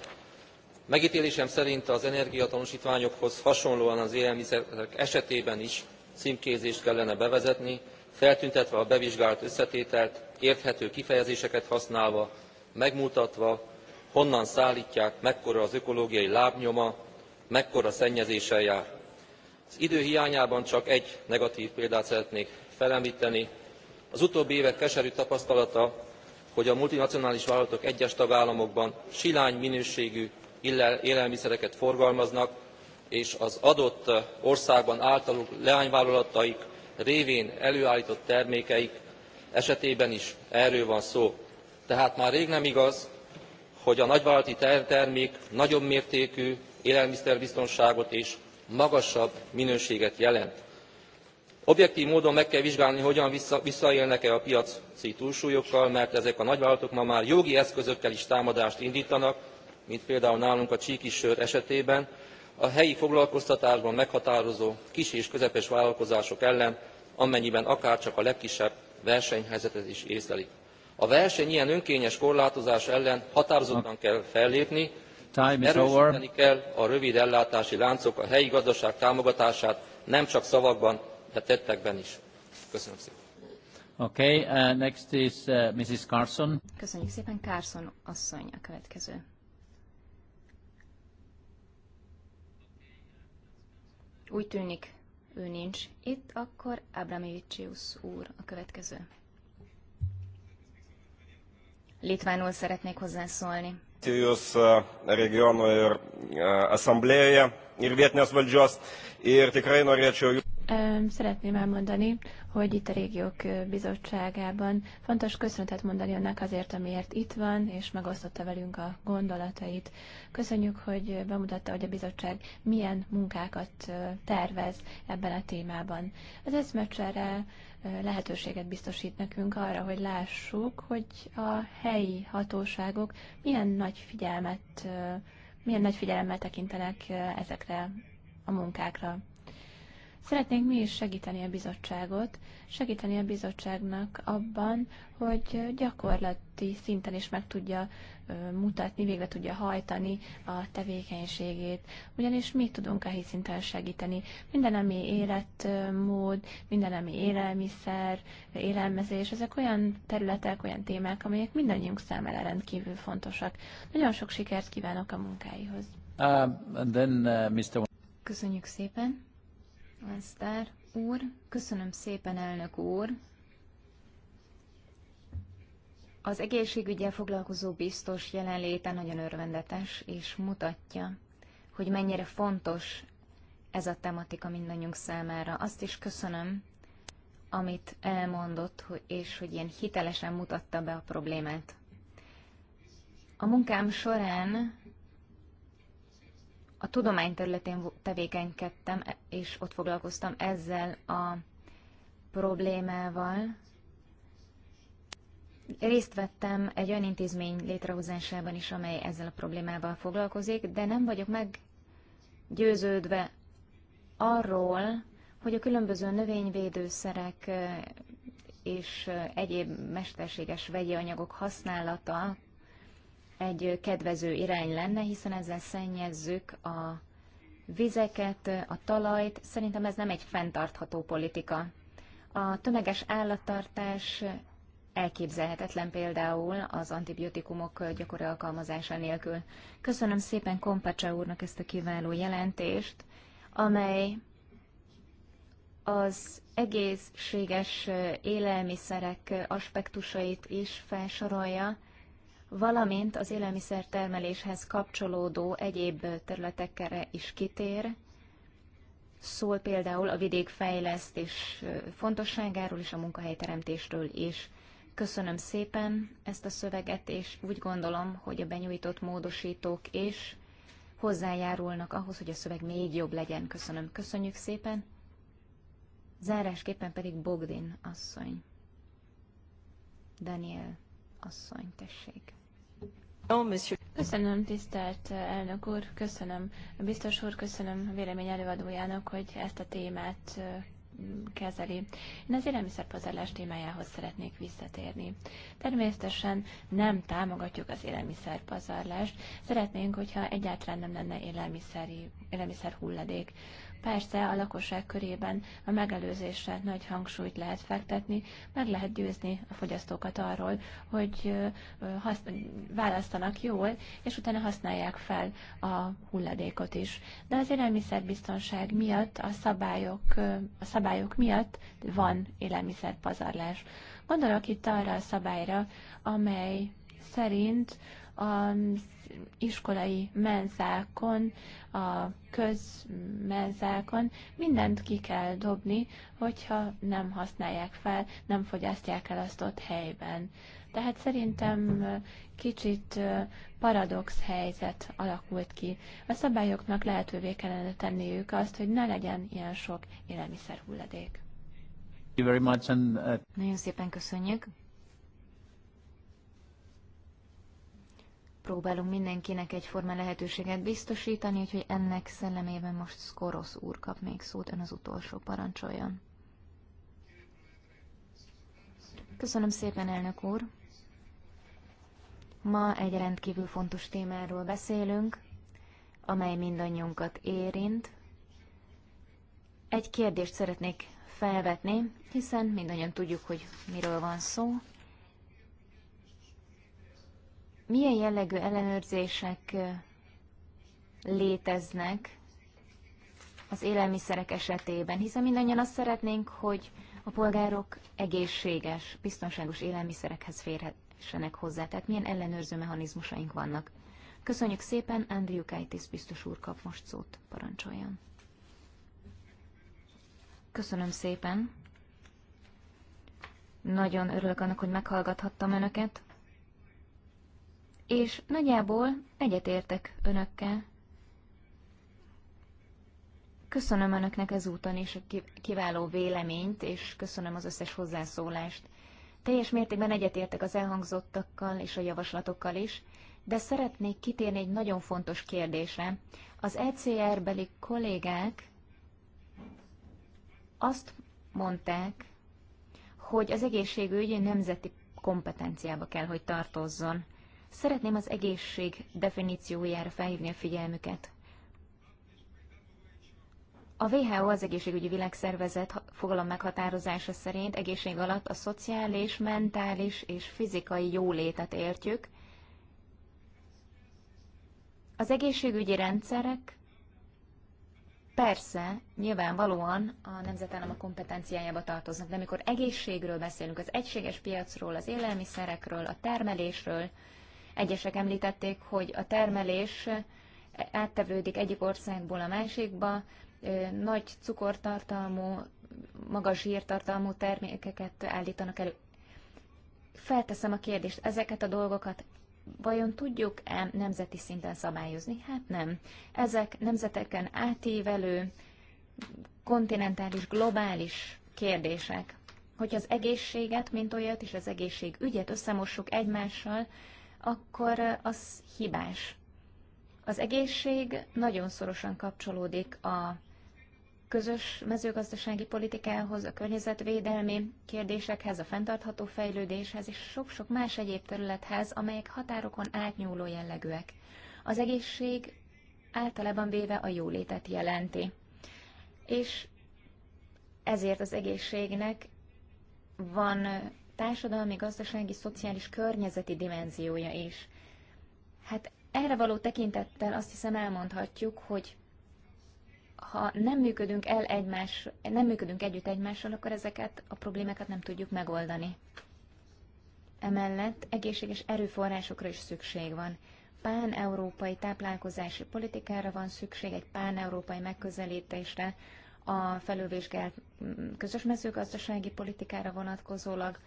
megtélésem szerint az energiatanústványokhoz hasonlóan az élelmiszerek esetében is cmkézést kellene bevezetni feltüntetve a bevizsgált összetételt érthető kifejezéseket használva megmutatva honnan szálltják mekkora az ökológiai lábnyoma mekkora szennyezéssel jár. az idő hiányában csak egy negatv példát szeretnék felemlteni az utóbbi évek keserű tapasztalata hogy a multinacionális vállalatok egyes tagállamokban silány minőségű élelmiszereket forgalmaznak és az adott országban általuk leányvállalataik révén előálltott termékeik esetében is erről van szó. tehát már rég nem igaz hogy a nagyvállalati termék nagyobb mértékű élelmiszerbiztonságot és magasabb minőséget jelent objektv módon meg kell vizsgálni hogyan visszaélnek e a piaci túlsúlyokkal mert ezek a nagyvállalatok ma már jogi eszközökkel is támadást indtanak mint például nálunk a csíki sör esetében a helyi foglalkoztatásban meghatározó kis és közepes vállalkozások ellen amennyiben akárcsak a legkisebb versenyhelyzetet is észlelik. a verseny ilyen önkényes korlátozása ellen határozottan kell fellépni erősteni kell a rövid ellátási láncok a helyi gazdaság támogatását nem csak szavakban de tettekben is. Köszönöm szépen. Okay, uh, next is uh, Mrs. Carson. Köszönjük szépen, Carson asszony a következő. Úgy tűnik, ő nincs itt, akkor Abramevicius úr a következő. Litvánul szeretnék hozzászólni. Jūs uh, regionų ir uh, asamblėje ir vietinės valdžios ir tikrai norėčiau Szeretném elmondani, hogy itt a Régiók Bizottságában fontos köszönetet mondani önnek azért, amiért itt van, és megosztotta velünk a gondolatait. Köszönjük, hogy bemutatta, hogy a bizottság milyen munkákat tervez ebben a témában. Az eszmecsere lehetőséget biztosít nekünk arra, hogy lássuk, hogy a helyi hatóságok milyen nagy figyelmet, milyen nagy figyelemmel tekintenek ezekre a munkákra. Szeretnénk mi is segíteni a bizottságot, segíteni a bizottságnak abban, hogy gyakorlati szinten is meg tudja mutatni, végre tudja hajtani a tevékenységét. Ugyanis mi tudunk a szinten segíteni. Minden, ami életmód, minden, ami élelmiszer, élelmezés, ezek olyan területek, olyan témák, amelyek mindannyiunk számára rendkívül fontosak. Nagyon sok sikert kívánok a munkáihoz. Uh, then, uh, Mr. Köszönjük szépen. Eszter úr, köszönöm szépen, elnök úr. Az egészségügyel foglalkozó biztos jelenléte nagyon örvendetes, és mutatja, hogy mennyire fontos ez a tematika mindannyiunk számára. Azt is köszönöm, amit elmondott, és hogy ilyen hitelesen mutatta be a problémát. A munkám során a tudomány területén tevékenykedtem, e- és ott foglalkoztam ezzel a problémával. Részt vettem egy olyan intézmény létrehozásában is, amely ezzel a problémával foglalkozik, de nem vagyok meggyőződve arról, hogy a különböző növényvédőszerek és egyéb mesterséges vegyi anyagok használata egy kedvező irány lenne, hiszen ezzel szennyezzük a vizeket, a talajt. Szerintem ez nem egy fenntartható politika. A tömeges állattartás elképzelhetetlen például az antibiotikumok gyakori alkalmazása nélkül. Köszönöm szépen Kompacsa úrnak ezt a kiváló jelentést, amely az egészséges élelmiszerek aspektusait is felsorolja, valamint az élelmiszertermeléshez kapcsolódó egyéb területekre is kitér, szól például a vidékfejlesztés fontosságáról és a munkahelyteremtésről is. Köszönöm szépen ezt a szöveget, és úgy gondolom, hogy a benyújtott módosítók is hozzájárulnak ahhoz, hogy a szöveg még jobb legyen. Köszönöm. Köszönjük szépen. Zárásképpen pedig Bogdin asszony. Daniel asszony, tessék. Oh, köszönöm, tisztelt eh, elnök úr, köszönöm biztos úr, köszönöm a vélemény előadójának, hogy ezt a témát eh, kezeli. Én az élelmiszerpazarlás témájához szeretnék visszatérni. Természetesen nem támogatjuk az élelmiszerpazarlást. Szeretnénk, hogyha egyáltalán nem lenne élelmiszeri, élelmiszer hulladék. Persze a lakosság körében a megelőzésre nagy hangsúlyt lehet fektetni, meg lehet győzni a fogyasztókat arról, hogy választanak jól, és utána használják fel a hulladékot is. De az élelmiszerbiztonság miatt, a szabályok, a szabályok miatt van élelmiszerpazarlás. Gondolok itt arra a szabályra, amely szerint az iskolai menzákon, a közmenzákon mindent ki kell dobni, hogyha nem használják fel, nem fogyasztják el azt ott helyben. Tehát szerintem kicsit paradox helyzet alakult ki. A szabályoknak lehetővé kellene tenniük azt, hogy ne legyen ilyen sok élelmiszer hulladék. Uh, Nagyon szépen köszönjük. próbálunk mindenkinek egyforma lehetőséget biztosítani, úgyhogy ennek szellemében most Skorosz úr kap még szót, ön az utolsó parancsoljon. Köszönöm szépen, elnök úr! Ma egy rendkívül fontos témáról beszélünk, amely mindannyiunkat érint. Egy kérdést szeretnék felvetni, hiszen mindannyian tudjuk, hogy miről van szó. Milyen jellegű ellenőrzések léteznek az élelmiszerek esetében, hiszen mindannyian azt szeretnénk, hogy a polgárok egészséges, biztonságos élelmiszerekhez férhessenek hozzá. Tehát milyen ellenőrző mechanizmusaink vannak. Köszönjük szépen, Andrew Kajtis biztos úr kap most szót, parancsoljon. Köszönöm szépen. Nagyon örülök annak, hogy meghallgathattam Önöket és nagyjából egyetértek önökkel. Köszönöm önöknek ezúton is a kiváló véleményt, és köszönöm az összes hozzászólást. Teljes mértékben egyetértek az elhangzottakkal és a javaslatokkal is, de szeretnék kitérni egy nagyon fontos kérdésre. Az ECR-beli kollégák azt mondták, hogy az egészségügy nemzeti kompetenciába kell, hogy tartozzon. Szeretném az egészség definíciójára felhívni a figyelmüket. A WHO az egészségügyi világszervezet fogalom meghatározása szerint egészség alatt a szociális, mentális és fizikai jólétet értjük. Az egészségügyi rendszerek persze, nyilvánvalóan a nemzetállamok kompetenciájába tartoznak, de amikor egészségről beszélünk, az egységes piacról, az élelmiszerekről, a termelésről, Egyesek említették, hogy a termelés áttevődik egyik országból a másikba, nagy cukortartalmú, magas zsírtartalmú termékeket állítanak elő. Felteszem a kérdést, ezeket a dolgokat vajon tudjuk-e nemzeti szinten szabályozni? Hát nem. Ezek nemzeteken átívelő, kontinentális, globális kérdések. Hogy az egészséget, mint olyat, és az egészségügyet összemossuk egymással, akkor az hibás. Az egészség nagyon szorosan kapcsolódik a közös mezőgazdasági politikához, a környezetvédelmi kérdésekhez, a fenntartható fejlődéshez és sok-sok más egyéb területhez, amelyek határokon átnyúló jellegűek. Az egészség általában véve a jólétet jelenti. És ezért az egészségnek van társadalmi, gazdasági, szociális, környezeti dimenziója is. Hát erre való tekintettel azt hiszem elmondhatjuk, hogy ha nem működünk el egymás, nem működünk együtt egymással, akkor ezeket a problémákat nem tudjuk megoldani. Emellett egészséges erőforrásokra is szükség van. Pán-európai táplálkozási politikára van szükség, egy pán-európai megközelítésre, a felülvizsgált közös mezőgazdasági politikára vonatkozólag,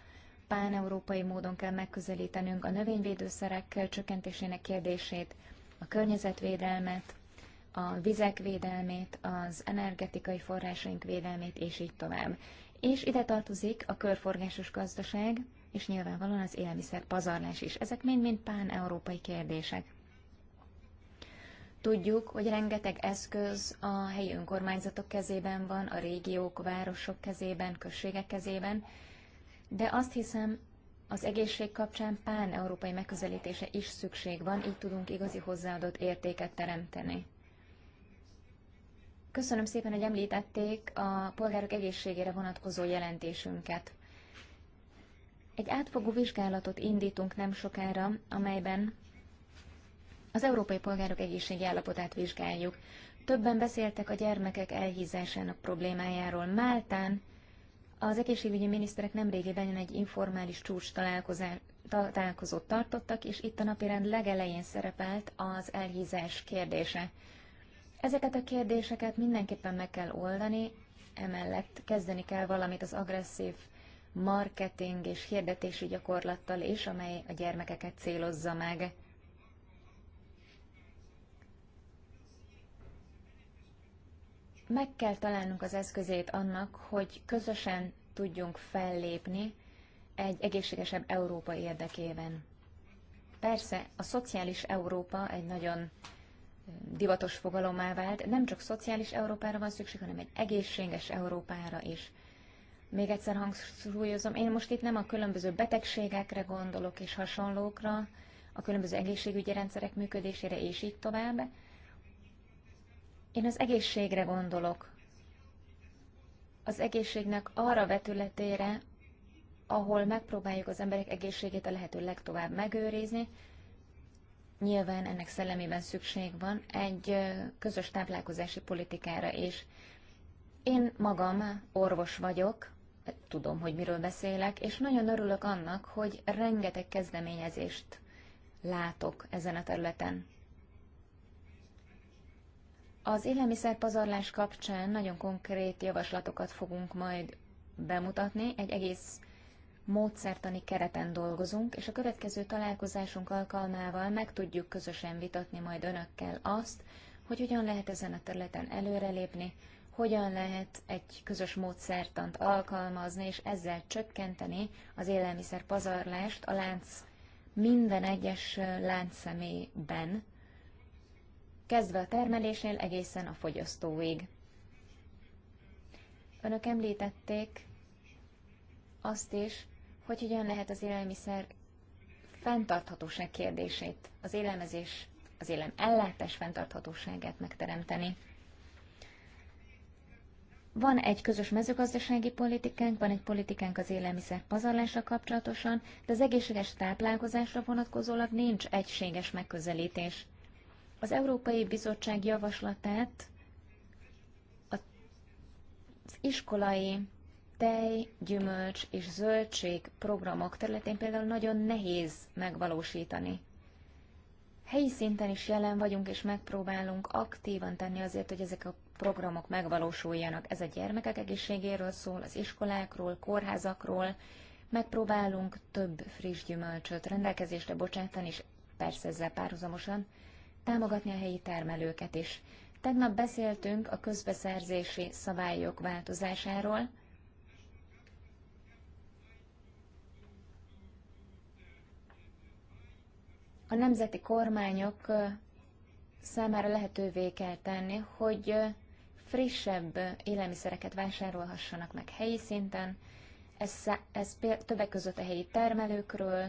páneurópai módon kell megközelítenünk a növényvédőszerek csökkentésének kérdését, a környezetvédelmet, a vizek védelmét, az energetikai forrásaink védelmét, és így tovább. És ide tartozik a körforgásos gazdaság, és nyilvánvalóan az élmiszer pazarlás is. Ezek mind-mind pán-európai kérdések. Tudjuk, hogy rengeteg eszköz a helyi önkormányzatok kezében van, a régiók, városok kezében, községek kezében, de azt hiszem, az egészség kapcsán pán-európai megközelítése is szükség van, így tudunk igazi hozzáadott értéket teremteni. Köszönöm szépen, hogy említették a polgárok egészségére vonatkozó jelentésünket. Egy átfogó vizsgálatot indítunk nem sokára, amelyben az európai polgárok egészségi állapotát vizsgáljuk. Többen beszéltek a gyermekek elhízásának problémájáról. Máltán az egészségügyi miniszterek nemrégiben egy informális csúcs találkozót tartottak, és itt a napirend legelején szerepelt az elhízás kérdése. Ezeket a kérdéseket mindenképpen meg kell oldani, emellett kezdeni kell valamit az agresszív marketing és hirdetési gyakorlattal is, amely a gyermekeket célozza meg. meg kell találnunk az eszközét annak, hogy közösen tudjunk fellépni egy egészségesebb Európa érdekében. Persze a szociális Európa egy nagyon divatos fogalommá vált, nem csak szociális Európára van szükség, hanem egy egészséges Európára is. Még egyszer hangsúlyozom, én most itt nem a különböző betegségekre gondolok és hasonlókra, a különböző egészségügyi rendszerek működésére és így tovább, én az egészségre gondolok. Az egészségnek arra vetületére, ahol megpróbáljuk az emberek egészségét a lehető legtovább megőrizni. Nyilván ennek szellemében szükség van egy közös táplálkozási politikára is. Én magam orvos vagyok, tudom, hogy miről beszélek, és nagyon örülök annak, hogy rengeteg kezdeményezést látok ezen a területen. Az élelmiszerpazarlás kapcsán nagyon konkrét javaslatokat fogunk majd bemutatni. Egy egész módszertani kereten dolgozunk, és a következő találkozásunk alkalmával meg tudjuk közösen vitatni majd önökkel azt, hogy hogyan lehet ezen a területen előrelépni, hogyan lehet egy közös módszertant alkalmazni, és ezzel csökkenteni az élelmiszer pazarlást a lánc minden egyes láncszemélyben, kezdve a termelésnél egészen a fogyasztóig. Önök említették azt is, hogy hogyan lehet az élelmiszer fenntarthatóság kérdését, az élelmezés, az élem ellátás fenntarthatóságát megteremteni. Van egy közös mezőgazdasági politikánk, van egy politikánk az élelmiszer pazarlásra kapcsolatosan, de az egészséges táplálkozásra vonatkozólag nincs egységes megközelítés. Az Európai Bizottság javaslatát az iskolai tej, gyümölcs és zöldség programok területén például nagyon nehéz megvalósítani. Helyi szinten is jelen vagyunk, és megpróbálunk aktívan tenni azért, hogy ezek a programok megvalósuljanak. Ez a gyermekek egészségéről szól, az iskolákról, kórházakról. Megpróbálunk több friss gyümölcsöt rendelkezésre bocsátani, és persze ezzel párhuzamosan támogatni a helyi termelőket is. Tegnap beszéltünk a közbeszerzési szabályok változásáról. A nemzeti kormányok számára lehetővé kell tenni, hogy frissebb élelmiszereket vásárolhassanak meg helyi szinten. Ez, ez többek között a helyi termelőkről,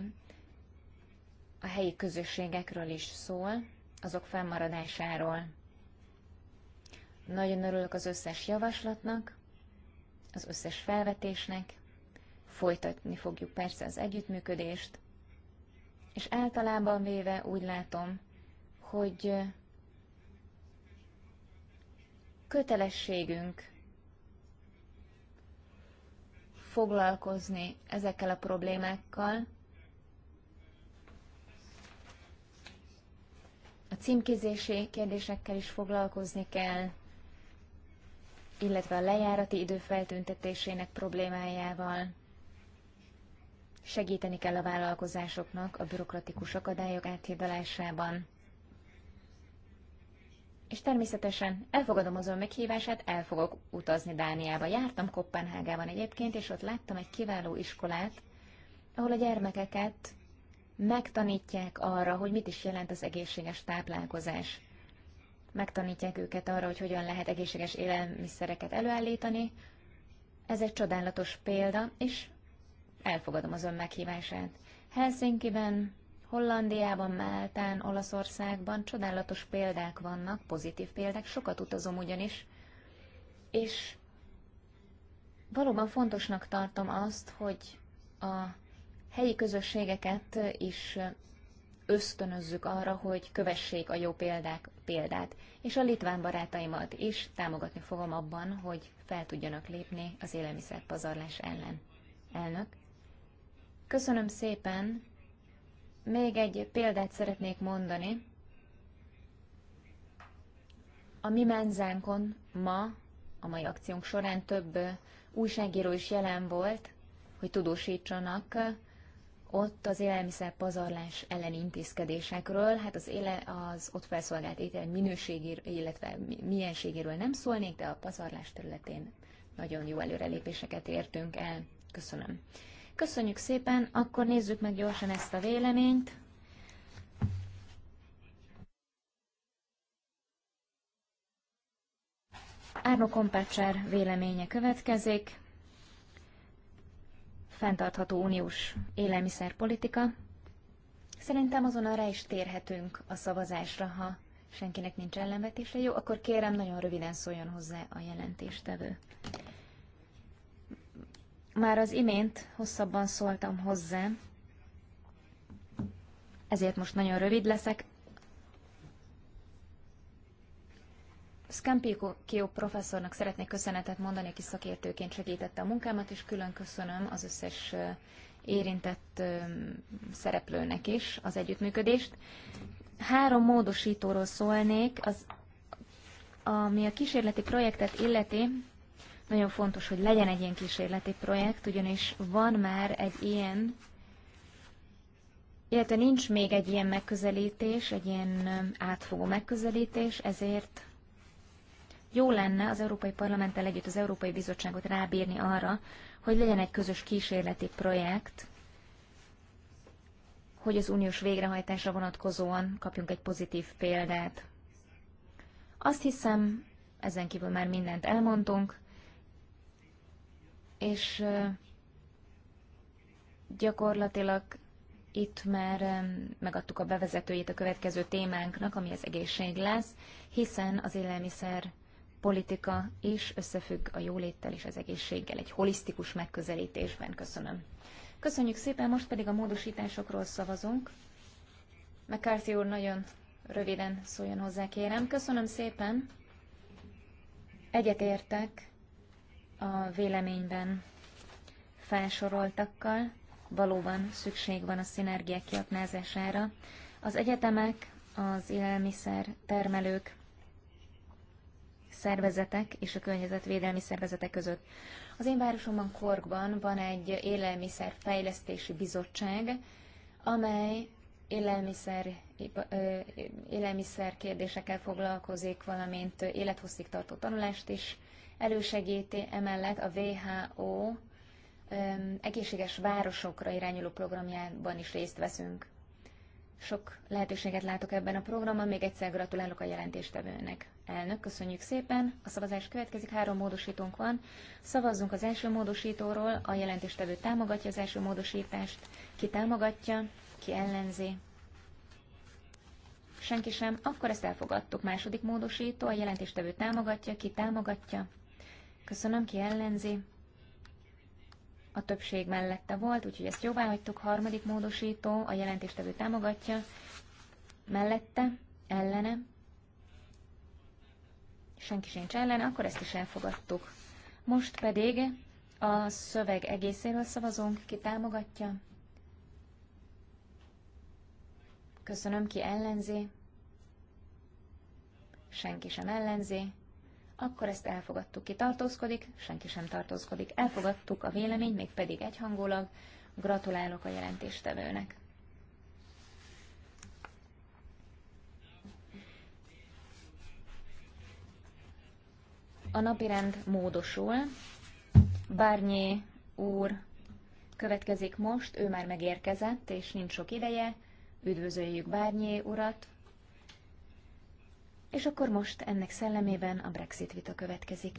a helyi közösségekről is szól azok fennmaradásáról. Nagyon örülök az összes javaslatnak, az összes felvetésnek, folytatni fogjuk persze az együttműködést, és általában véve úgy látom, hogy kötelességünk foglalkozni ezekkel a problémákkal, A címkézési kérdésekkel is foglalkozni kell, illetve a lejárati idő feltüntetésének problémájával. Segíteni kell a vállalkozásoknak a bürokratikus akadályok áthidalásában. És természetesen elfogadom az ön meghívását, el fogok utazni Dániába. Jártam Kopenhágában egyébként, és ott láttam egy kiváló iskolát, ahol a gyermekeket megtanítják arra, hogy mit is jelent az egészséges táplálkozás. Megtanítják őket arra, hogy hogyan lehet egészséges élelmiszereket előállítani. Ez egy csodálatos példa, és elfogadom az ön meghívását. Helsinki-ben, Hollandiában, Máltán, Olaszországban csodálatos példák vannak, pozitív példák, sokat utazom ugyanis, és valóban fontosnak tartom azt, hogy a helyi közösségeket is ösztönözzük arra, hogy kövessék a jó példák példát, és a litván barátaimat is támogatni fogom abban, hogy fel tudjanak lépni az élelmiszerpazarlás ellen. Elnök, köszönöm szépen, még egy példát szeretnék mondani. A mi menzánkon ma, a mai akciónk során több újságíró is jelen volt, hogy tudósítsanak ott az élelmiszer pazarlás elleni intézkedésekről, hát az, éle, az ott felszolgált étel minőségéről, illetve mienségéről nem szólnék, de a pazarlás területén nagyon jó előrelépéseket értünk el. Köszönöm. Köszönjük szépen, akkor nézzük meg gyorsan ezt a véleményt. Árno Kompácsár véleménye következik fenntartható uniós élelmiszerpolitika. Szerintem azon arra is térhetünk a szavazásra, ha senkinek nincs ellenvetése. Jó, akkor kérem, nagyon röviden szóljon hozzá a jelentéstevő. Már az imént hosszabban szóltam hozzá, ezért most nagyon rövid leszek. Scampio professzornak szeretnék köszönetet mondani, aki szakértőként segítette a munkámat, és külön köszönöm az összes érintett szereplőnek is az együttműködést. Három módosítóról szólnék, az, ami a kísérleti projektet illeti, nagyon fontos, hogy legyen egy ilyen kísérleti projekt, ugyanis van már egy ilyen, illetve nincs még egy ilyen megközelítés, egy ilyen átfogó megközelítés, ezért jó lenne az Európai Parlamenttel együtt az Európai Bizottságot rábírni arra, hogy legyen egy közös kísérleti projekt, hogy az uniós végrehajtásra vonatkozóan kapjunk egy pozitív példát. Azt hiszem, ezen kívül már mindent elmondtunk, és gyakorlatilag itt már megadtuk a bevezetőjét a következő témánknak, ami az egészség lesz, hiszen az élelmiszer politika is összefügg a jóléttel és az egészséggel egy holisztikus megközelítésben. Köszönöm. Köszönjük szépen, most pedig a módosításokról szavazunk. McCarthy úr nagyon röviden szóljon hozzá, kérem. Köszönöm szépen. Egyetértek a véleményben felsoroltakkal. Valóban szükség van a szinergiák kiaknázására. Az egyetemek, az élelmiszer termelők szervezetek és a környezetvédelmi szervezetek között. Az én városomban, Korkban van egy élelmiszerfejlesztési bizottság, amely élelmiszer, élelmiszer kérdésekkel foglalkozik, valamint élethosszig tartó tanulást is elősegíti, emellett a WHO egészséges városokra irányuló programjában is részt veszünk. Sok lehetőséget látok ebben a programban, még egyszer gratulálok a jelentéstevőnek. Elnök, köszönjük szépen. A szavazás következik, három módosítónk van. Szavazzunk az első módosítóról, a jelentéstevő támogatja az első módosítást. Ki támogatja, ki ellenzi. Senki sem, akkor ezt elfogadtuk. Második módosító, a jelentéstevő támogatja, ki támogatja. Köszönöm, ki ellenzi. A többség mellette volt, úgyhogy ezt jóvá hagytuk. Harmadik módosító, a jelentéstevő támogatja, mellette, ellene, senki sincs ellen, akkor ezt is elfogadtuk. Most pedig a szöveg egészéről szavazunk, ki támogatja. Köszönöm, ki ellenzi. Senki sem ellenzi. Akkor ezt elfogadtuk, ki tartózkodik, senki sem tartózkodik. Elfogadtuk a vélemény, még pedig egyhangulag. Gratulálok a jelentéstevőnek. A napirend módosul. Bárnyé úr következik most, ő már megérkezett, és nincs sok ideje. Üdvözöljük Bárnyé urat. És akkor most ennek szellemében a Brexit vita következik.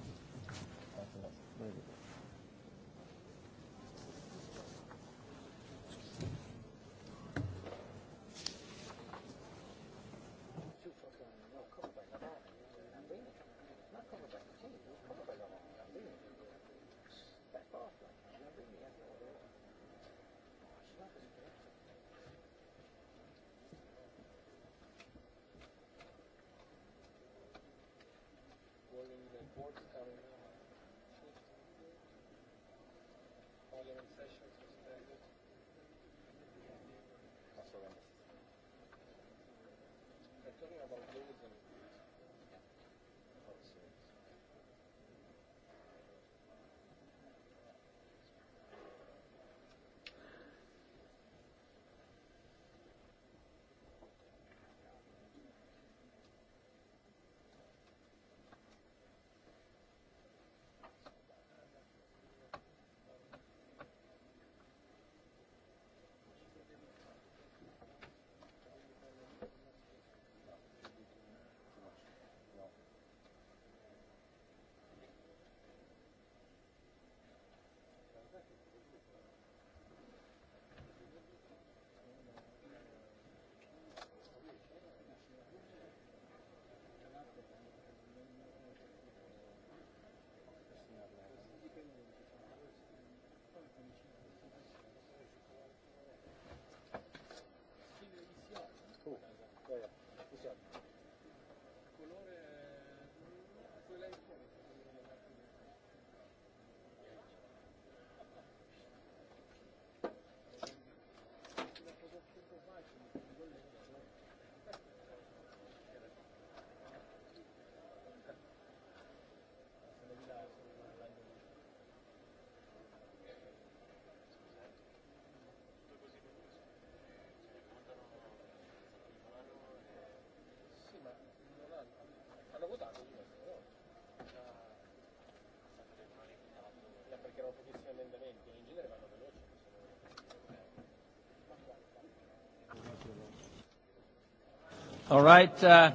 All right, uh,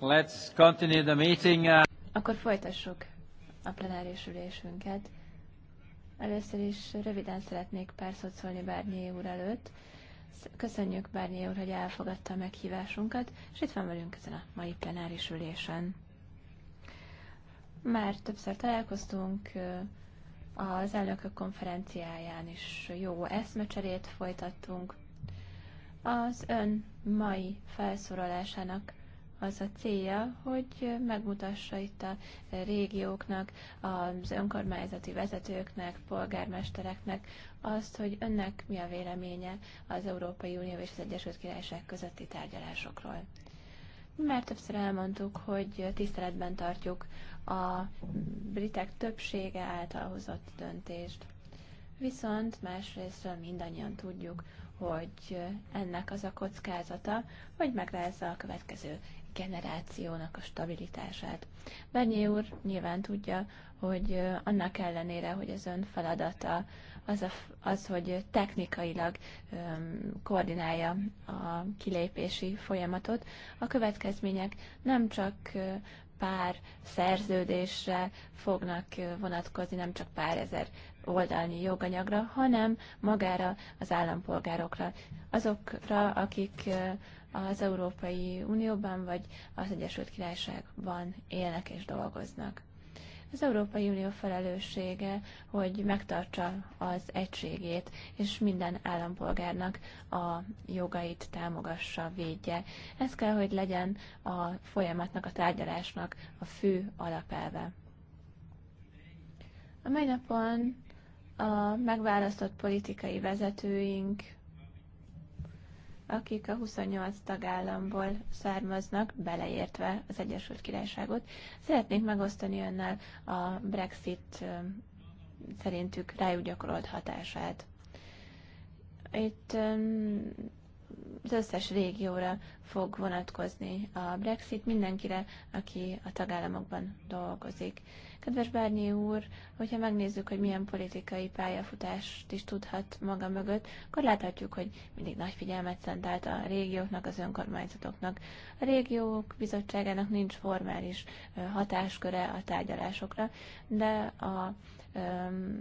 let's continue the meeting. Uh... Akkor folytassuk a plenáris ülésünket. Először is röviden szeretnék pár szót szólni Bárnyé úr előtt. Köszönjük Bárnyé úr, hogy elfogadta a meghívásunkat, és itt van velünk ezen a mai plenáris ülésen. Már többször találkoztunk, az elnökök konferenciáján is jó eszmecserét folytattunk, az ön mai felszólalásának az a célja, hogy megmutassa itt a régióknak, az önkormányzati vezetőknek, polgármestereknek azt, hogy önnek mi a véleménye az Európai Unió és az Egyesült Királyság közötti tárgyalásokról. Már többször elmondtuk, hogy tiszteletben tartjuk a britek többsége által hozott döntést. Viszont másrésztről mindannyian tudjuk, hogy ennek az a kockázata, hogy megrázza a következő generációnak a stabilitását. Bernyé úr nyilván tudja, hogy annak ellenére, hogy az ön feladata az, a, az hogy technikailag um, koordinálja a kilépési folyamatot, a következmények nem csak pár szerződésre fognak vonatkozni, nem csak pár ezer oldalni joganyagra, hanem magára az állampolgárokra, azokra, akik az Európai Unióban vagy az Egyesült Királyságban élnek és dolgoznak. Az Európai Unió felelőssége, hogy megtartsa az egységét, és minden állampolgárnak a jogait támogassa, védje. Ez kell, hogy legyen a folyamatnak, a tárgyalásnak a fő alapelve. A mai napon a megválasztott politikai vezetőink, akik a 28 tagállamból származnak, beleértve az Egyesült Királyságot, szeretnék megosztani önnel a Brexit szerintük rájuk gyakorolt hatását. Itt az összes régióra fog vonatkozni a Brexit, mindenkire, aki a tagállamokban dolgozik. Kedves Bárnyi úr, hogyha megnézzük, hogy milyen politikai pályafutást is tudhat maga mögött, akkor láthatjuk, hogy mindig nagy figyelmet szentelt a régióknak, az önkormányzatoknak. A régiók bizottságának nincs formális hatásköre a tárgyalásokra, de a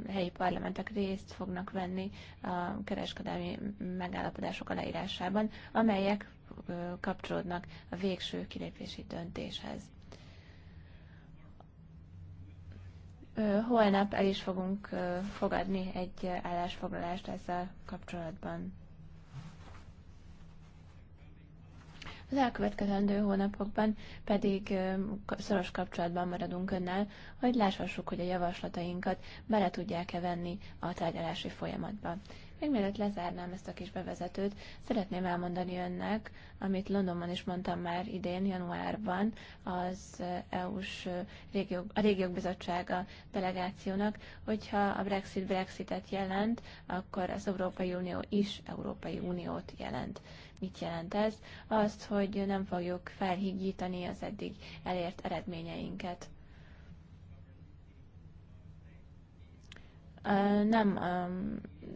helyi parlamentek részt fognak venni a kereskedelmi megállapodások aláírásában, amelyek kapcsolódnak a végső kilépési döntéshez. Holnap el is fogunk fogadni egy állásfoglalást ezzel kapcsolatban. Az elkövetkezendő hónapokban pedig szoros kapcsolatban maradunk önnel, hogy láshassuk, hogy a javaslatainkat bele tudják-e venni a tárgyalási folyamatba. Még mielőtt lezárnám ezt a kis bevezetőt, szeretném elmondani önnek, amit Londonban is mondtam már idén, januárban, az EU-s régiók, a régiók bizottsága delegációnak, hogyha a Brexit Brexitet jelent, akkor az Európai Unió is Európai Uniót jelent. Mit jelent ez? Azt, hogy nem fogjuk felhigítani az eddig elért eredményeinket nem a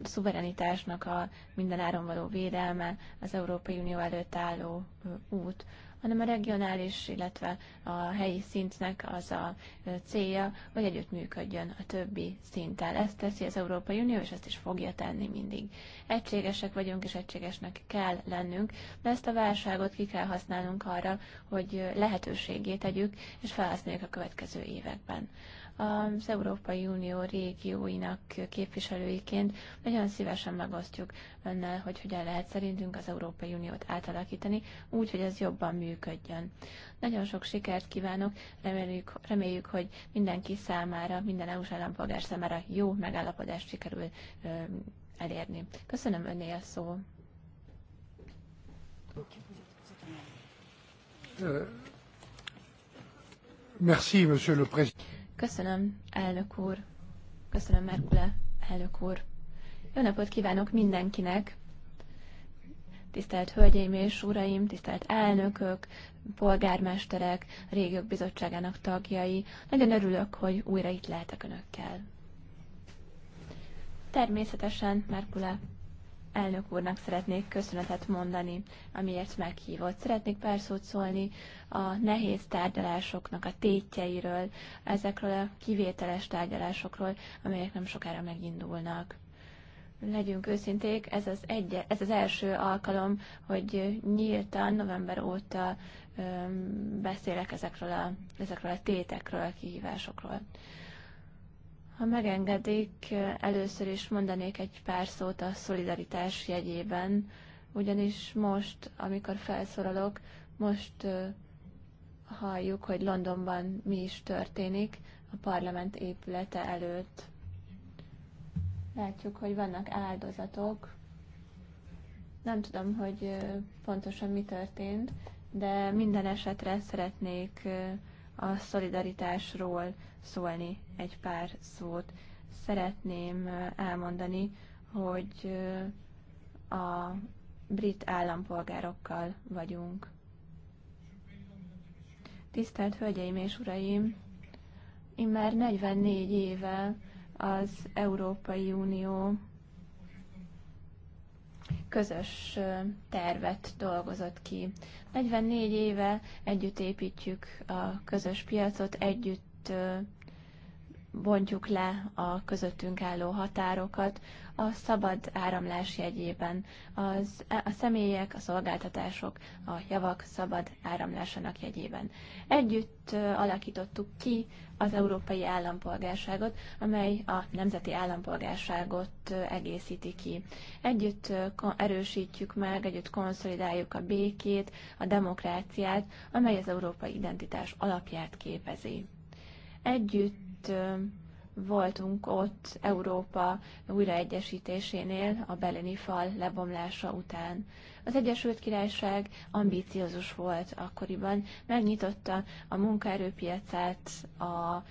szuverenitásnak a mindenáron való védelme az Európai Unió előtt álló út, hanem a regionális, illetve a helyi szintnek az a célja, hogy együttműködjön a többi szinttel. Ezt teszi az Európai Unió, és ezt is fogja tenni mindig. Egységesek vagyunk, és egységesnek kell lennünk, de ezt a válságot ki kell használnunk arra, hogy lehetőségét tegyük, és felhasználjuk a következő években az Európai Unió régióinak képviselőiként nagyon szívesen megosztjuk önnel, hogy hogyan lehet szerintünk az Európai Uniót átalakítani, úgy, hogy ez jobban működjön. Nagyon sok sikert kívánok, reméljük, reméljük hogy mindenki számára, minden EU-s állampolgár számára jó megállapodást sikerül elérni. Köszönöm önné a szó. Merci, monsieur le président. Köszönöm, elnök úr. Köszönöm, Merkule, elnök úr. Jó napot kívánok mindenkinek! Tisztelt Hölgyeim és Uraim, tisztelt elnökök, polgármesterek, régiók bizottságának tagjai, nagyon örülök, hogy újra itt lehetek önökkel. Természetesen Merkule elnök úrnak szeretnék köszönetet mondani, amiért meghívott. Szeretnék pár szót szólni a nehéz tárgyalásoknak a tétjeiről, ezekről a kivételes tárgyalásokról, amelyek nem sokára megindulnak. Legyünk őszinték, ez az, egy, ez az első alkalom, hogy nyíltan november óta öm, beszélek ezekről a, ezekről a tétekről, a kihívásokról. Ha megengedik, először is mondanék egy pár szót a szolidaritás jegyében, ugyanis most, amikor felszólalok, most halljuk, hogy Londonban mi is történik a parlament épülete előtt. Látjuk, hogy vannak áldozatok. Nem tudom, hogy pontosan mi történt, de minden esetre szeretnék a szolidaritásról szólni egy pár szót. Szeretném elmondani, hogy a brit állampolgárokkal vagyunk. Tisztelt Hölgyeim és Uraim! Immár 44 éve az Európai Unió közös tervet dolgozott ki. 44 éve együtt építjük a közös piacot, együtt bontjuk le a közöttünk álló határokat a szabad áramlás jegyében. Az, a személyek, a szolgáltatások, a javak szabad áramlásának jegyében. Együtt alakítottuk ki az európai állampolgárságot, amely a nemzeti állampolgárságot egészíti ki. Együtt erősítjük meg, együtt konszolidáljuk a békét, a demokráciát, amely az európai identitás alapját képezi. Együtt itt voltunk ott Európa újraegyesítésénél a Beleni fal lebomlása után. Az Egyesült Királyság ambíciózus volt akkoriban, megnyitotta a munkaerőpiacát a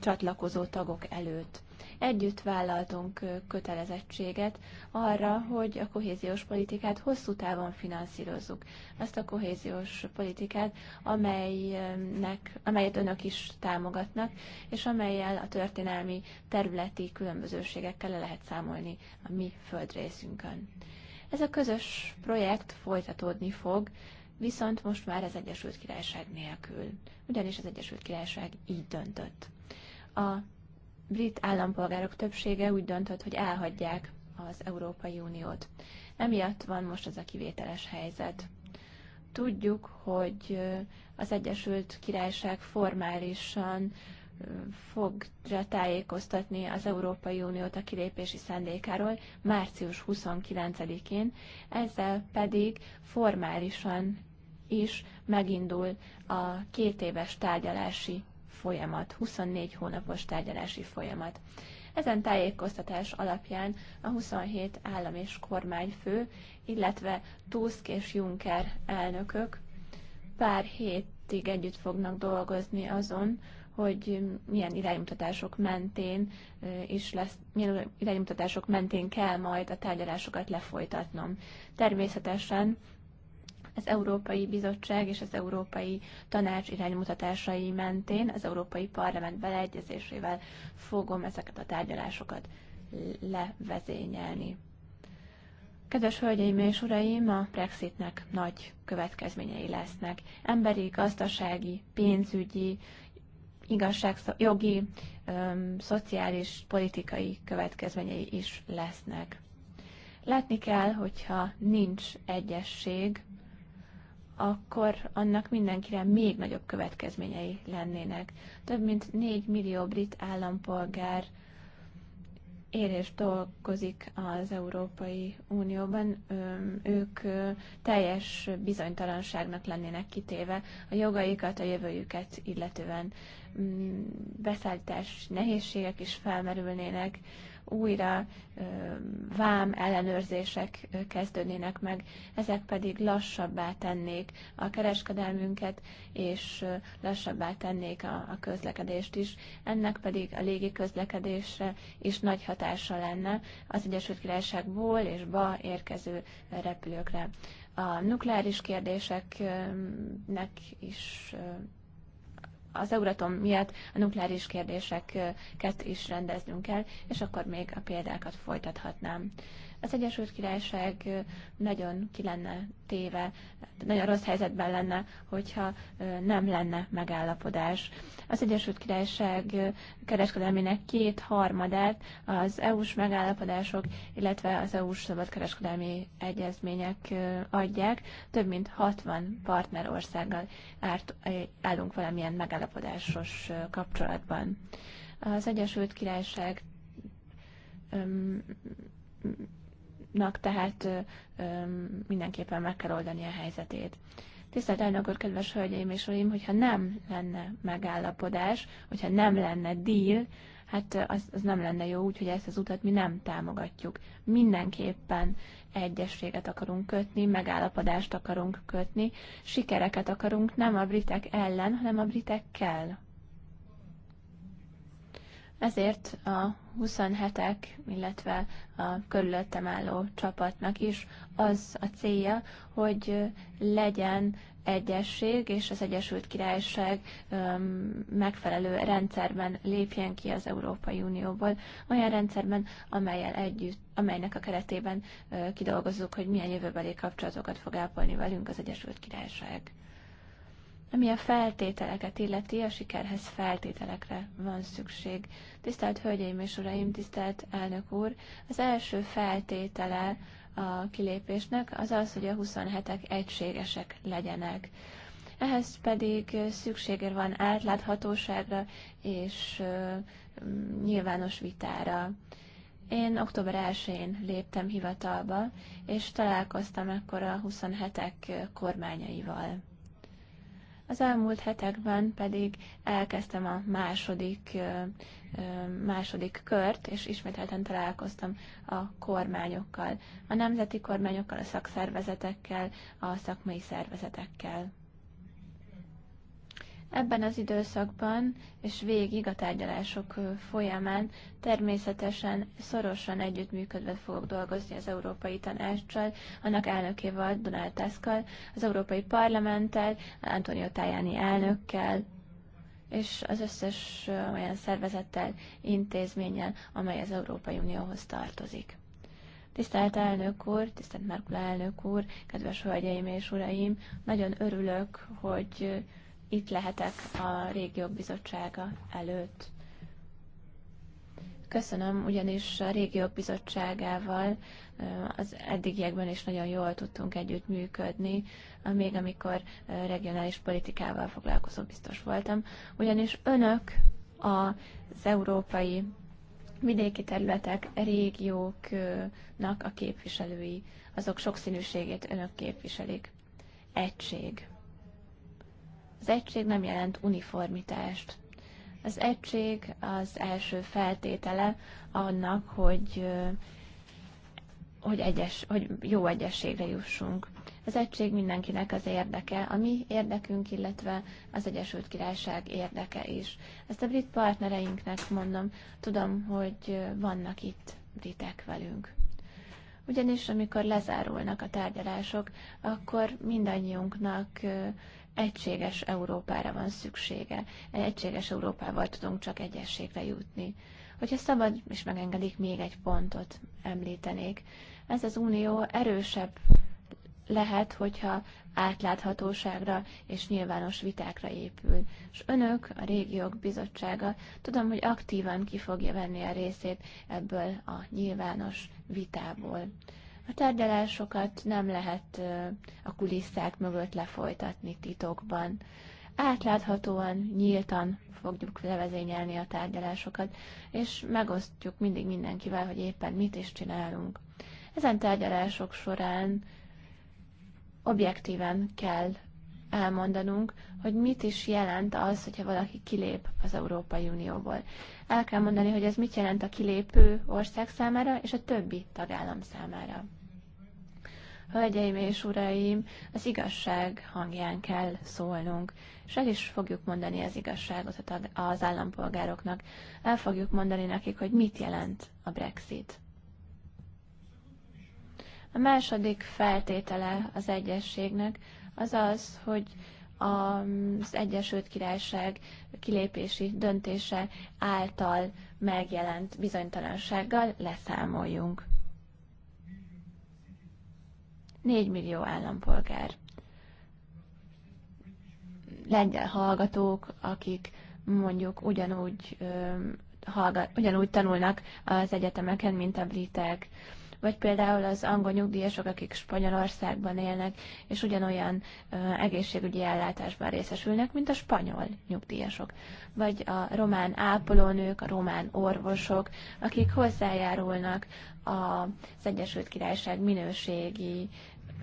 csatlakozó tagok előtt együtt vállaltunk kötelezettséget arra, hogy a kohéziós politikát hosszú távon finanszírozzuk. Azt a kohéziós politikát, amelynek, amelyet önök is támogatnak, és amelyel a történelmi területi különbözőségekkel le lehet számolni a mi földrészünkön. Ez a közös projekt folytatódni fog, viszont most már az Egyesült Királyság nélkül, ugyanis az Egyesült Királyság így döntött. A brit állampolgárok többsége úgy döntött, hogy elhagyják az Európai Uniót. Emiatt van most ez a kivételes helyzet. Tudjuk, hogy az Egyesült Királyság formálisan fogja tájékoztatni az Európai Uniót a kilépési szándékáról március 29-én, ezzel pedig formálisan is megindul a két éves tárgyalási folyamat, 24 hónapos tárgyalási folyamat. Ezen tájékoztatás alapján a 27 állam és kormányfő, illetve Tusk és Juncker elnökök pár hétig együtt fognak dolgozni azon, hogy milyen iránymutatások mentén is lesz, milyen iránymutatások mentén kell majd a tárgyalásokat lefolytatnom. Természetesen az Európai Bizottság és az Európai Tanács iránymutatásai mentén az Európai Parlament beleegyezésével fogom ezeket a tárgyalásokat levezényelni. Kedves hölgyeim és uraim, a Brexitnek nagy következményei lesznek. Emberi, gazdasági, pénzügyi, igazságjogi, jogi, szociális, politikai következményei is lesznek. Látni kell, hogyha nincs egyesség akkor annak mindenkire még nagyobb következményei lennének. Több mint 4 millió brit állampolgár él és dolgozik az Európai Unióban, ők teljes bizonytalanságnak lennének kitéve a jogaikat, a jövőjüket illetően beszállítás nehézségek is felmerülnének, újra vám ellenőrzések kezdődnének meg, ezek pedig lassabbá tennék a kereskedelmünket, és lassabbá tennék a, közlekedést is. Ennek pedig a légi közlekedésre is nagy hatása lenne az Egyesült Királyságból és ba érkező repülőkre. A nukleáris kérdéseknek is az Euratom miatt a nukleáris kérdéseket is rendeznünk kell, és akkor még a példákat folytathatnám. Az Egyesült Királyság nagyon ki lenne téve, nagyon rossz helyzetben lenne, hogyha nem lenne megállapodás. Az Egyesült Királyság kereskedelmének két harmadát az EU-s megállapodások, illetve az EU-s szabadkereskedelmi egyezmények adják. Több mint 60 partnerországgal állunk valamilyen megállapodásos kapcsolatban. Az Egyesült Királyság nak tehát mindenképpen meg kell oldani a helyzetét. Tisztelt elnök úr, kedves hölgyeim és uraim, hogyha nem lenne megállapodás, hogyha nem lenne deal, hát az, az nem lenne jó, úgyhogy ezt az utat mi nem támogatjuk. Mindenképpen egyességet akarunk kötni, megállapodást akarunk kötni, sikereket akarunk nem a britek ellen, hanem a britekkel. Ezért a 27-ek, illetve a körülöttem álló csapatnak is az a célja, hogy legyen egyesség és az Egyesült Királyság megfelelő rendszerben lépjen ki az Európai Unióból, olyan rendszerben, amelyel együtt, amelynek a keretében kidolgozzuk, hogy milyen jövőbeli kapcsolatokat fog ápolni velünk az Egyesült Királyság ami a feltételeket illeti, a sikerhez feltételekre van szükség. Tisztelt Hölgyeim és Uraim, tisztelt elnök úr, az első feltétele a kilépésnek az az, hogy a 27-ek egységesek legyenek. Ehhez pedig szüksége van átláthatóságra és nyilvános vitára. Én október 1-én léptem hivatalba, és találkoztam ekkor a 27-ek kormányaival. Az elmúlt hetekben pedig elkezdtem a második, második kört, és ismételten találkoztam a kormányokkal, a nemzeti kormányokkal, a szakszervezetekkel, a szakmai szervezetekkel. Ebben az időszakban és végig a tárgyalások folyamán természetesen szorosan együttműködve fogok dolgozni az Európai Tanácssal, annak elnökével, Donald Tuskkal, az Európai Parlamenttel, Antonio Tajani elnökkel, és az összes olyan szervezettel, intézménnyel, amely az Európai Unióhoz tartozik. Tisztelt elnök úr, tisztelt Merkula elnök úr, kedves hölgyeim és uraim, nagyon örülök, hogy itt lehetek a régiók bizottsága előtt. Köszönöm, ugyanis a régiók bizottságával eh, az eddigiekben is nagyon jól tudtunk együtt működni, még amikor eh, regionális politikával foglalkozó biztos voltam, ugyanis önök az európai vidéki területek, régióknak a képviselői, azok sokszínűségét önök képviselik. Egység. Az egység nem jelent uniformitást. Az egység az első feltétele annak, hogy, hogy, egyes, hogy jó egyességre jussunk. Az egység mindenkinek az érdeke, a mi érdekünk, illetve az Egyesült Királyság érdeke is. Ezt a brit partnereinknek mondom, tudom, hogy vannak itt britek velünk. Ugyanis amikor lezárulnak a tárgyalások, akkor mindannyiunknak egységes Európára van szüksége. Egységes Európával tudunk csak egyességre jutni. Hogyha szabad, és megengedik, még egy pontot említenék. Ez az unió erősebb lehet, hogyha átláthatóságra és nyilvános vitákra épül. És önök, a régiók bizottsága, tudom, hogy aktívan ki fogja venni a részét ebből a nyilvános vitából. A tárgyalásokat nem lehet a kulisszák mögött lefolytatni titokban. Átláthatóan, nyíltan fogjuk levezényelni a tárgyalásokat, és megosztjuk mindig mindenkivel, hogy éppen mit is csinálunk. Ezen tárgyalások során objektíven kell elmondanunk, hogy mit is jelent az, hogyha valaki kilép az Európai Unióból. El kell mondani, hogy ez mit jelent a kilépő ország számára és a többi tagállam számára. Hölgyeim és uraim, az igazság hangján kell szólnunk, és el is fogjuk mondani az igazságot az állampolgároknak. El fogjuk mondani nekik, hogy mit jelent a Brexit. A második feltétele az egyességnek az az, hogy az Egyesült Királyság kilépési döntése által megjelent bizonytalansággal leszámoljunk. 4 millió állampolgár. Lengyel hallgatók, akik mondjuk ugyanúgy, hallgat, ugyanúgy tanulnak az egyetemeken, mint a britek vagy például az angol nyugdíjasok, akik Spanyolországban élnek, és ugyanolyan egészségügyi ellátásban részesülnek, mint a spanyol nyugdíjasok, vagy a román ápolónők, a román orvosok, akik hozzájárulnak az Egyesült Királyság minőségi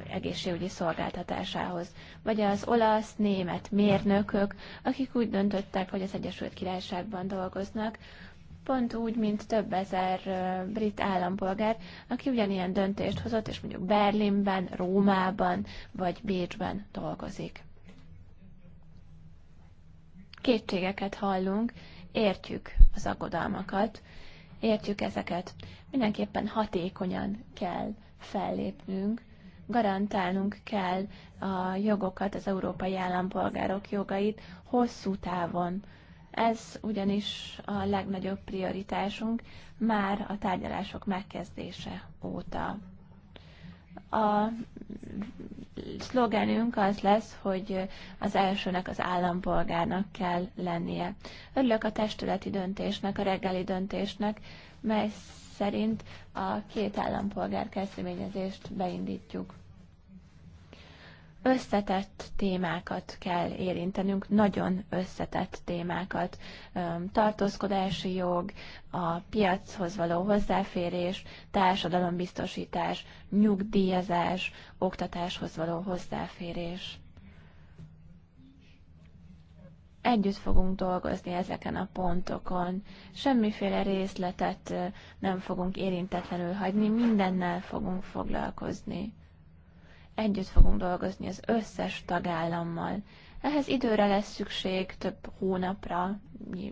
egészségügyi szolgáltatásához, vagy az olasz, német mérnökök, akik úgy döntöttek, hogy az Egyesült Királyságban dolgoznak, pont úgy, mint több ezer brit állampolgár, aki ugyanilyen döntést hozott, és mondjuk Berlinben, Rómában vagy Bécsben dolgozik. Kétségeket hallunk, értjük az aggodalmakat, értjük ezeket. Mindenképpen hatékonyan kell fellépnünk, garantálnunk kell a jogokat, az európai állampolgárok jogait hosszú távon, ez ugyanis a legnagyobb prioritásunk már a tárgyalások megkezdése óta. A szlogenünk az lesz, hogy az elsőnek az állampolgárnak kell lennie. Örülök a testületi döntésnek, a reggeli döntésnek, mely szerint a két állampolgár kezdeményezést beindítjuk összetett témákat kell érintenünk, nagyon összetett témákat. Tartózkodási jog, a piachoz való hozzáférés, társadalombiztosítás, nyugdíjazás, oktatáshoz való hozzáférés. Együtt fogunk dolgozni ezeken a pontokon. Semmiféle részletet nem fogunk érintetlenül hagyni, mindennel fogunk foglalkozni együtt fogunk dolgozni az összes tagállammal. Ehhez időre lesz szükség, több hónapra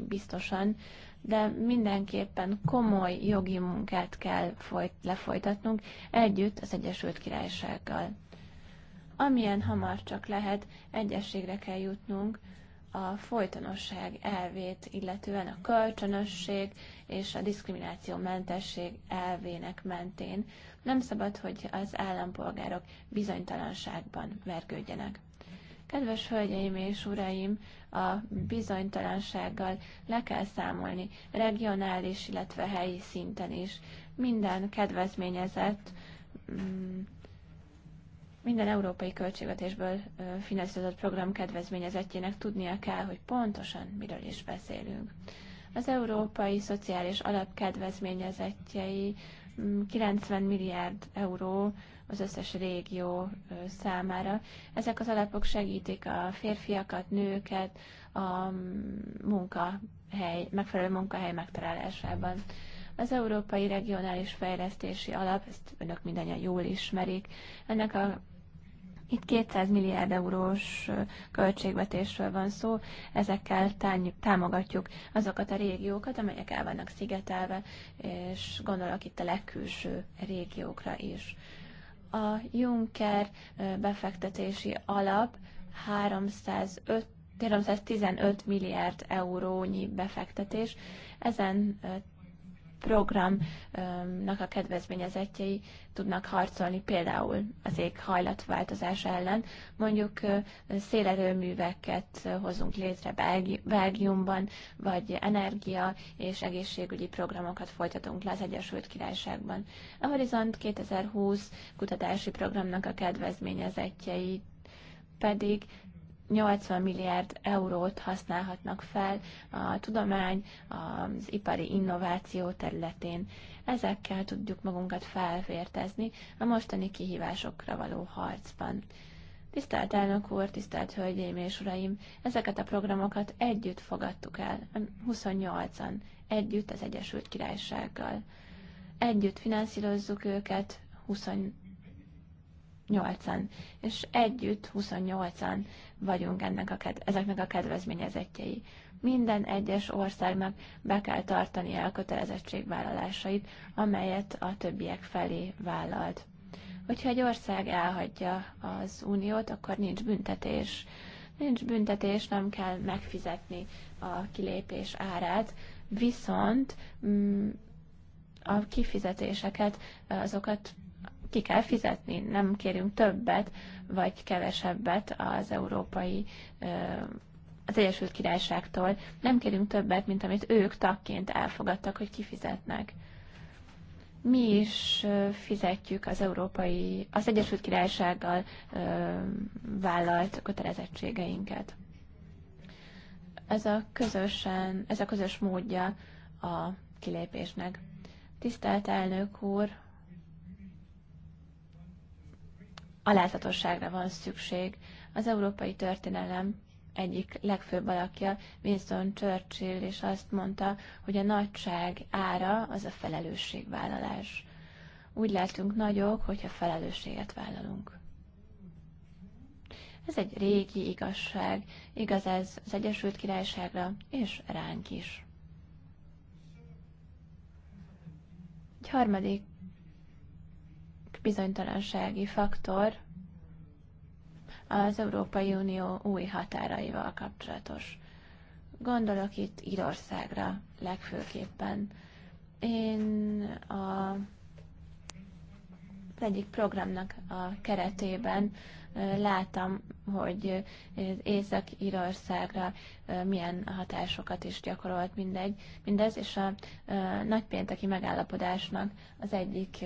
biztosan, de mindenképpen komoly jogi munkát kell folyt, lefolytatnunk együtt az Egyesült Királysággal. Amilyen hamar csak lehet, egyességre kell jutnunk a folytonosság elvét, illetően a kölcsönösség és a diszkrimináció mentesség elvének mentén, nem szabad, hogy az állampolgárok bizonytalanságban vergődjenek. Kedves hölgyeim és uraim, a bizonytalansággal le kell számolni, regionális, illetve helyi szinten is. Minden kedvezményezett, mm, minden európai költségvetésből finanszírozott program kedvezményezettjének tudnia kell, hogy pontosan miről is beszélünk. Az európai szociális alapkedvezményezettjei 90 milliárd euró az összes régió számára. Ezek az alapok segítik a férfiakat, nőket a munkahely, megfelelő munkahely megtalálásában. Az Európai Regionális Fejlesztési Alap, ezt önök mindannyian jól ismerik, ennek a itt 200 milliárd eurós költségvetésről van szó, ezekkel támogatjuk azokat a régiókat, amelyek el vannak szigetelve, és gondolok itt a legkülső régiókra is. A Juncker befektetési alap 305 315 milliárd eurónyi befektetés. Ezen programnak a kedvezményezettjei tudnak harcolni például az éghajlatváltozás ellen. Mondjuk szélerőműveket hozunk létre Belgiumban, vagy energia és egészségügyi programokat folytatunk le az Egyesült Királyságban. A Horizont 2020 kutatási programnak a kedvezményezettjei pedig 80 milliárd eurót használhatnak fel a tudomány, az ipari innováció területén. Ezekkel tudjuk magunkat felvértezni a mostani kihívásokra való harcban. Tisztelt elnök úr, tisztelt hölgyeim és uraim, ezeket a programokat együtt fogadtuk el, 28-an, együtt az Egyesült Királysággal. Együtt finanszírozzuk őket, 20 8-an, és együtt 28-an vagyunk ennek a, ezeknek a kedvezményezettjei. Minden egyes országnak be kell tartani kötelezettségvállalásait, amelyet a többiek felé vállalt. Hogyha egy ország elhagyja az uniót, akkor nincs büntetés. Nincs büntetés, nem kell megfizetni a kilépés árát, viszont mm, a kifizetéseket azokat ki kell fizetni, nem kérünk többet vagy kevesebbet az európai az Egyesült Királyságtól. Nem kérünk többet, mint amit ők tagként elfogadtak, hogy kifizetnek. Mi is fizetjük az európai, az Egyesült Királysággal vállalt kötelezettségeinket. Ez a, közösen, ez a közös módja a kilépésnek. Tisztelt elnök úr, alázatosságra van szükség. Az európai történelem egyik legfőbb alakja, Winston Churchill, és azt mondta, hogy a nagyság ára az a felelősségvállalás. Úgy lehetünk nagyok, hogyha felelősséget vállalunk. Ez egy régi igazság, igaz ez az Egyesült Királyságra és ránk is. Egy harmadik bizonytalansági faktor az Európai Unió új határaival kapcsolatos. Gondolok itt Írországra legfőképpen. Én a az egyik programnak a keretében láttam, hogy Észak-Írországra milyen hatásokat is gyakorolt mindegy, mindez, és a nagypénteki megállapodásnak az egyik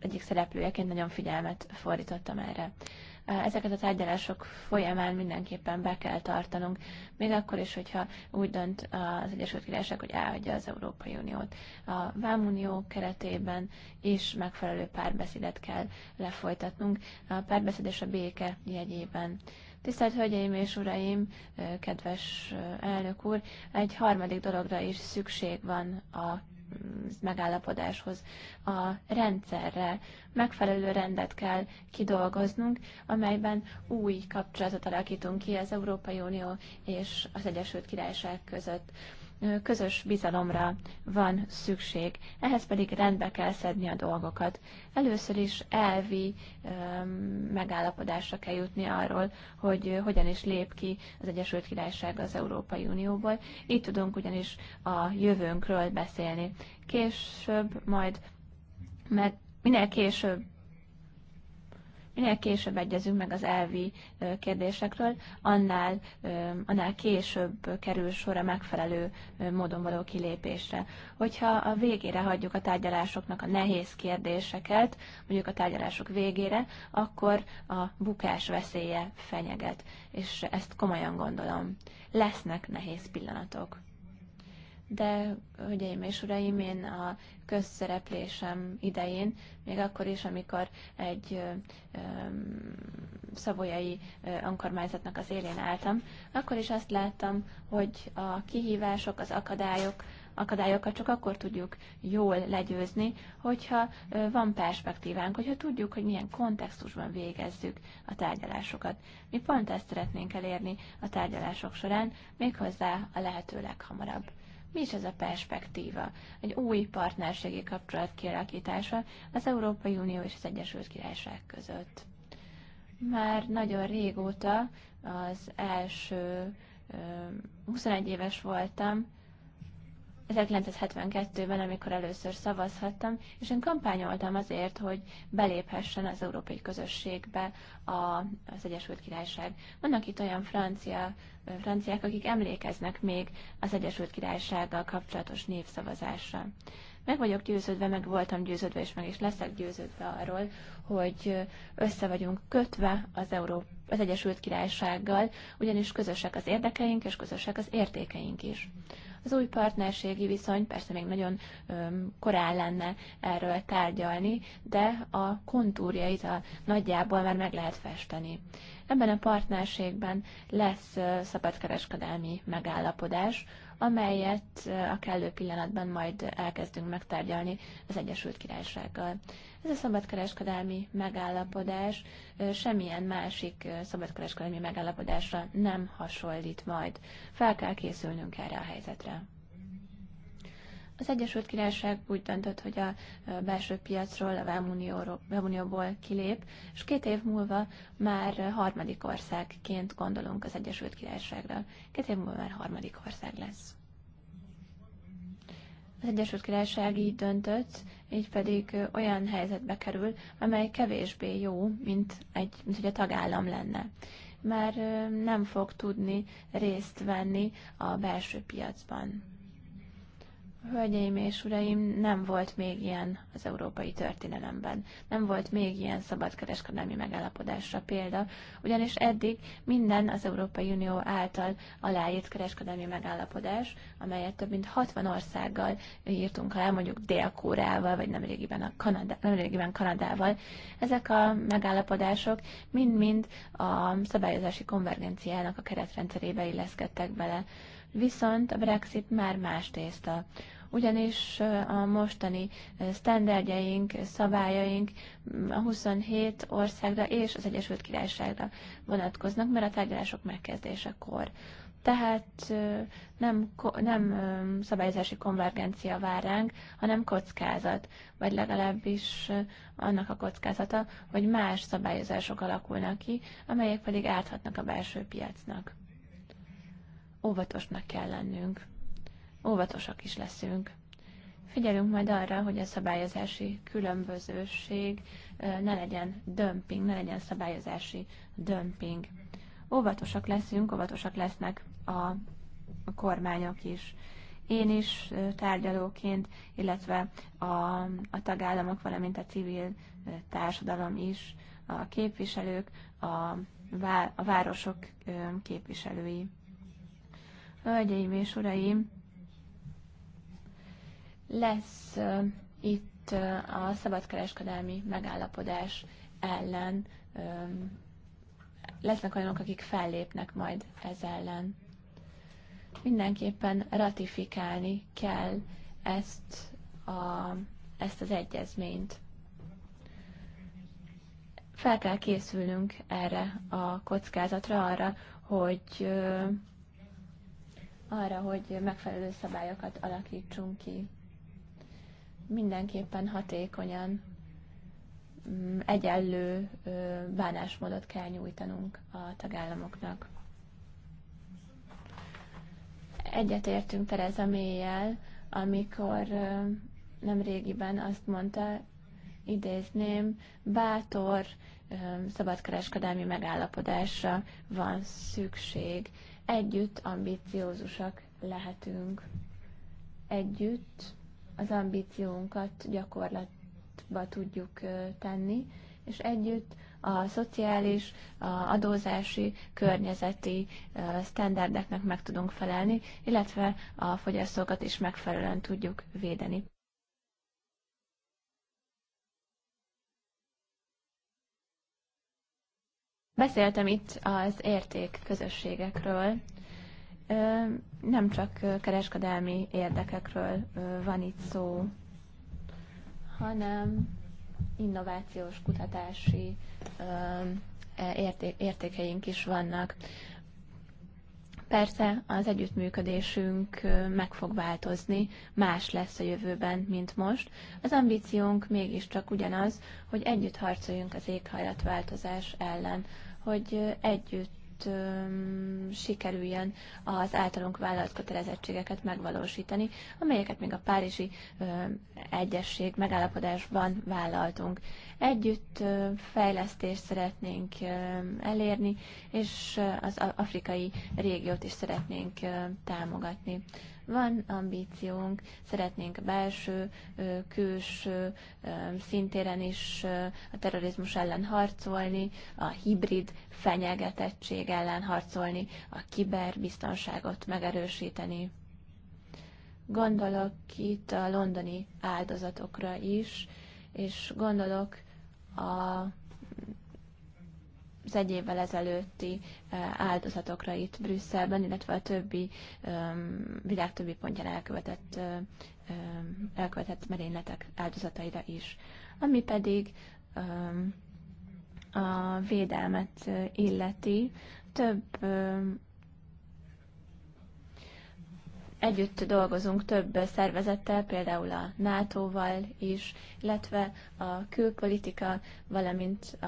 egyik szereplőjeként nagyon figyelmet fordítottam erre. Ezeket a tárgyalások folyamán mindenképpen be kell tartanunk, még akkor is, hogyha úgy dönt az Egyesült Királyság, hogy elhagyja az Európai Uniót. A Vámunió keretében is megfelelő párbeszédet kell lefolytatnunk, a párbeszéd és a béke jegyében. Tisztelt Hölgyeim és Uraim, kedves elnök úr, egy harmadik dologra is szükség van a megállapodáshoz, a rendszerrel. Megfelelő rendet kell kidolgoznunk, amelyben új kapcsolatot alakítunk ki az Európai Unió és az Egyesült Királyság között közös bizalomra van szükség. Ehhez pedig rendbe kell szedni a dolgokat. Először is elvi megállapodásra kell jutni arról, hogy hogyan is lép ki az Egyesült Királyság az Európai Unióból. Így tudunk ugyanis a jövőnkről beszélni. Később majd meg minél később Minél később egyezünk meg az elvi kérdésekről, annál, annál később kerül sor a megfelelő módon való kilépésre. Hogyha a végére hagyjuk a tárgyalásoknak a nehéz kérdéseket, mondjuk a tárgyalások végére, akkor a bukás veszélye fenyeget, és ezt komolyan gondolom. Lesznek nehéz pillanatok de hölgyeim és uraim, én a közszereplésem idején, még akkor is, amikor egy szabolyai önkormányzatnak az élén álltam, akkor is azt láttam, hogy a kihívások, az akadályok, akadályokat csak akkor tudjuk jól legyőzni, hogyha van perspektívánk, hogyha tudjuk, hogy milyen kontextusban végezzük a tárgyalásokat. Mi pont ezt szeretnénk elérni a tárgyalások során, méghozzá a lehető leghamarabb. Mi is ez a perspektíva? Egy új partnerségi kapcsolat kialakítása az Európai Unió és az Egyesült Királyság között. Már nagyon régóta az első 21 éves voltam, 1972-ben, amikor először szavazhattam, és én kampányoltam azért, hogy beléphessen az európai közösségbe a, az Egyesült Királyság. Vannak itt olyan francia, franciák, akik emlékeznek még az Egyesült Királysággal kapcsolatos névszavazásra. Meg vagyok győződve, meg voltam győződve, és meg is leszek győződve arról, hogy össze vagyunk kötve az, Euró- az Egyesült Királysággal, ugyanis közösek az érdekeink, és közösek az értékeink is. Mm az új partnerségi viszony persze még nagyon öm, korán lenne erről tárgyalni, de a kontúrjait a nagyjából már meg lehet festeni. Ebben a partnerségben lesz szabadkereskedelmi megállapodás, amelyet eh, a kellő pillanatban majd elkezdünk megtárgyalni az Egyesült Királysággal. Ez a szabadkereskedelmi megállapodás eh, semmilyen másik eh, szabadkereskedelmi megállapodásra nem hasonlít majd. Fel kell készülnünk erre a helyzetre. Az Egyesült Királyság úgy döntött, hogy a belső piacról, a Vámunióból kilép, és két év múlva már harmadik országként gondolunk az Egyesült Királyságra. Két év múlva már harmadik ország lesz. Az Egyesült Királyság így döntött, így pedig olyan helyzetbe kerül, amely kevésbé jó, mint, egy, mint hogy a tagállam lenne. Már nem fog tudni részt venni a belső piacban Hölgyeim és uraim, nem volt még ilyen az európai történelemben. Nem volt még ilyen szabadkereskedelmi megállapodásra példa, ugyanis eddig minden az Európai Unió által aláírt kereskedelmi megállapodás, amelyet több mint 60 országgal írtunk alá, mondjuk Dél-Kórával, vagy nemrégiben, a Kanadá, nemrégiben Kanadával, ezek a megállapodások mind-mind a szabályozási konvergenciának a keretrendszerébe illeszkedtek bele. Viszont a Brexit már más tészta ugyanis a mostani standardjaink, szabályaink a 27 országra és az Egyesült Királyságra vonatkoznak, mert a tárgyalások megkezdésekor. Tehát nem, nem szabályozási konvergencia vár ránk, hanem kockázat, vagy legalábbis annak a kockázata, hogy más szabályozások alakulnak ki, amelyek pedig árthatnak a belső piacnak. Óvatosnak kell lennünk óvatosak is leszünk. Figyelünk majd arra, hogy a szabályozási különbözőség ne legyen dömping, ne legyen szabályozási dömping. Óvatosak leszünk, óvatosak lesznek a kormányok is én is tárgyalóként, illetve a, a tagállamok, valamint a civil társadalom is, a képviselők, a, vá, a városok képviselői. Hölgyeim és uraim, lesz itt a szabadkereskedelmi megállapodás ellen, lesznek olyanok, akik fellépnek majd ez ellen. Mindenképpen ratifikálni kell ezt, a, ezt az egyezményt fel kell készülnünk erre a kockázatra, arra, hogy arra, hogy megfelelő szabályokat alakítsunk ki mindenképpen hatékonyan mm, egyenlő bánásmódot kell nyújtanunk a tagállamoknak. Egyetértünk Tereza mélyel, amikor nem régiben azt mondta, idézném, bátor szabadkereskedelmi megállapodásra van szükség. Együtt ambiciózusak lehetünk. Együtt az ambíciónkat gyakorlatba tudjuk tenni, és együtt a szociális, a adózási, környezeti standardeknek meg tudunk felelni, illetve a fogyasztókat is megfelelően tudjuk védeni. Beszéltem itt az érték közösségekről, nem csak kereskedelmi érdekekről van itt szó, hanem innovációs kutatási e, értékeink is vannak. Persze az együttműködésünk meg fog változni, más lesz a jövőben, mint most. Az ambíciónk mégiscsak ugyanaz, hogy együtt harcoljunk az éghajlatváltozás ellen, hogy együtt sikerüljen az általunk vállalt kötelezettségeket megvalósítani, amelyeket még a Párizsi Egyesség megállapodásban vállaltunk. Együtt fejlesztést szeretnénk elérni, és az afrikai régiót is szeretnénk támogatni. Van ambíciónk, szeretnénk belső, külső szintéren is a terrorizmus ellen harcolni, a hibrid fenyegetettség ellen harcolni, a kiberbiztonságot megerősíteni. Gondolok itt a londoni áldozatokra is, és gondolok a az egy évvel ezelőtti e, áldozatokra itt Brüsszelben, illetve a többi e, világ többi pontján elkövetett, e, elkövetett merényletek áldozataira is. Ami pedig a védelmet illeti, több Együtt dolgozunk több szervezettel, például a NATO-val is, illetve a külpolitika, valamint a,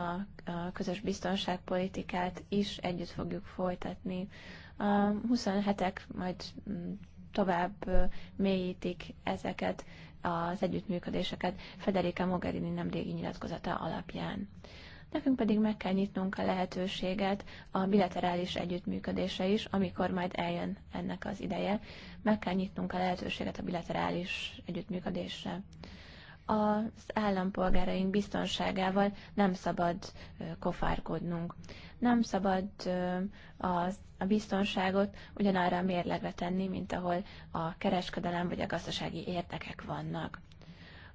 a közös biztonságpolitikát is együtt fogjuk folytatni. A 27-ek majd mm, tovább mélyítik ezeket az együttműködéseket Federica Mogherini nemrégi nyilatkozata alapján nekünk pedig meg kell nyitnunk a lehetőséget a bilaterális együttműködése is, amikor majd eljön ennek az ideje, meg kell nyitnunk a lehetőséget a bilaterális együttműködésre. Az állampolgáraink biztonságával nem szabad kofárkodnunk. Nem szabad a biztonságot ugyanarra a mérlegre tenni, mint ahol a kereskedelem vagy a gazdasági értekek vannak.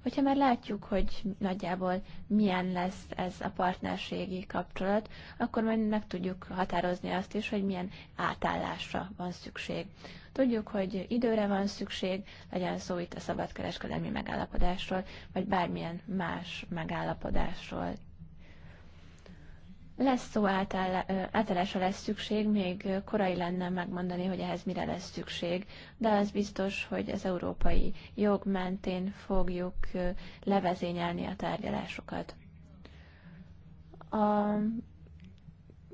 Hogyha már látjuk, hogy nagyjából milyen lesz ez a partnerségi kapcsolat, akkor majd meg tudjuk határozni azt is, hogy milyen átállásra van szükség. Tudjuk, hogy időre van szükség, legyen szó itt a szabadkereskedelmi megállapodásról, vagy bármilyen más megállapodásról. Lesz szó átállásra lesz szükség, még korai lenne megmondani, hogy ehhez mire lesz szükség, de az biztos, hogy az európai jog mentén fogjuk levezényelni a tárgyalásokat. A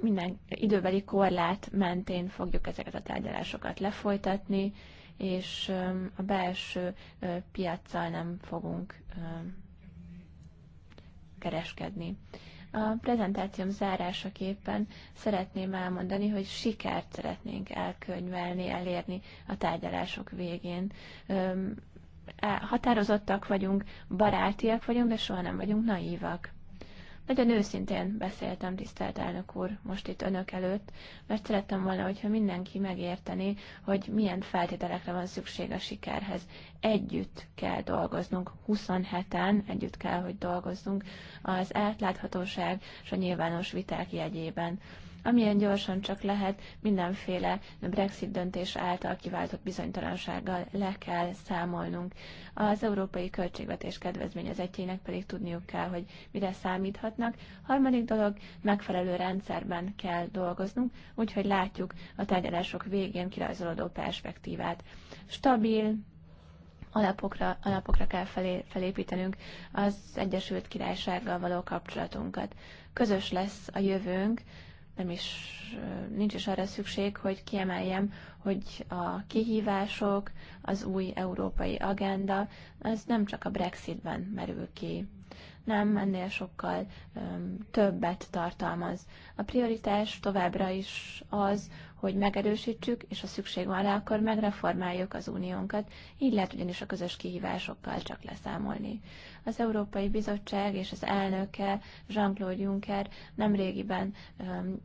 minden időbeli korlát mentén fogjuk ezeket a tárgyalásokat lefolytatni, és a belső piaccal nem fogunk kereskedni. A prezentációm zárásaképpen szeretném elmondani, hogy sikert szeretnénk elkönyvelni, elérni a tárgyalások végén. E, határozottak vagyunk, barátiak vagyunk, de soha nem vagyunk naívak. Nagyon őszintén beszéltem, tisztelt elnök úr, most itt önök előtt, mert szerettem volna, hogyha mindenki megérteni, hogy milyen feltételekre van szükség a sikerhez. Együtt kell dolgoznunk, 27-en együtt kell, hogy dolgozzunk az átláthatóság és a nyilvános viták jegyében amilyen gyorsan csak lehet, mindenféle Brexit döntés által kiváltott bizonytalansággal le kell számolnunk. Az európai költségvetés egyének pedig tudniuk kell, hogy mire számíthatnak. Harmadik dolog, megfelelő rendszerben kell dolgoznunk, úgyhogy látjuk a tárgyalások végén kirajzolódó perspektívát. Stabil, alapokra, alapokra kell felé, felépítenünk az Egyesült Királysággal való kapcsolatunkat. Közös lesz a jövőnk, nem is, nincs is arra szükség, hogy kiemeljem, hogy a kihívások, az új európai agenda, az nem csak a Brexitben merül ki. Nem, ennél sokkal öm, többet tartalmaz. A prioritás továbbra is az, hogy megerősítsük, és ha szükség van rá, akkor megreformáljuk az uniónkat, így lehet ugyanis a közös kihívásokkal csak leszámolni. Az Európai Bizottság és az elnöke Jean-Claude Juncker nemrégiben um,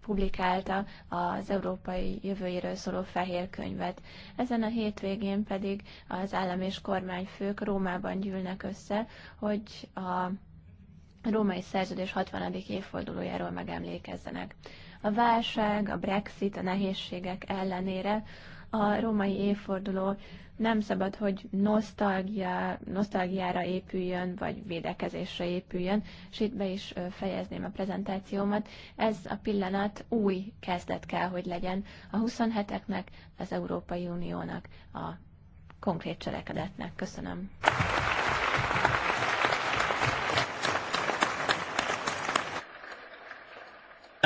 publikálta az európai jövőjéről szóló fehér könyvet. Ezen a hétvégén pedig az állam és kormányfők Rómában gyűlnek össze, hogy a római szerződés 60. évfordulójáról megemlékezzenek. A válság, a Brexit, a nehézségek ellenére a római évforduló nem szabad, hogy nosztalgia, nosztalgiára épüljön, vagy védekezésre épüljön, és itt be is fejezném a prezentációmat. Ez a pillanat új kezdet kell, hogy legyen a 27-eknek, az Európai Uniónak, a konkrét cselekedetnek. Köszönöm.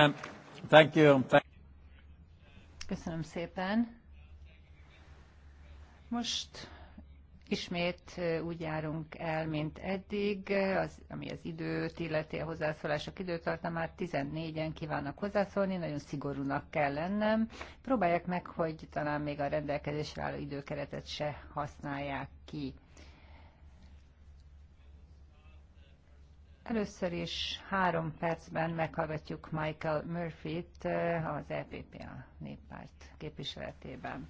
Um. Thank you. Köszönöm szépen. Most ismét úgy járunk el, mint eddig, az, ami az időt illeti, a hozzászólások időtartamát, 14-en kívánnak hozzászólni, nagyon szigorúnak kell lennem. Próbálják meg, hogy talán még a rendelkezésre álló időkeretet se használják ki. Először is három percben meghallgatjuk Michael Murphy-t eh, az EPP a néppárt képviseletében.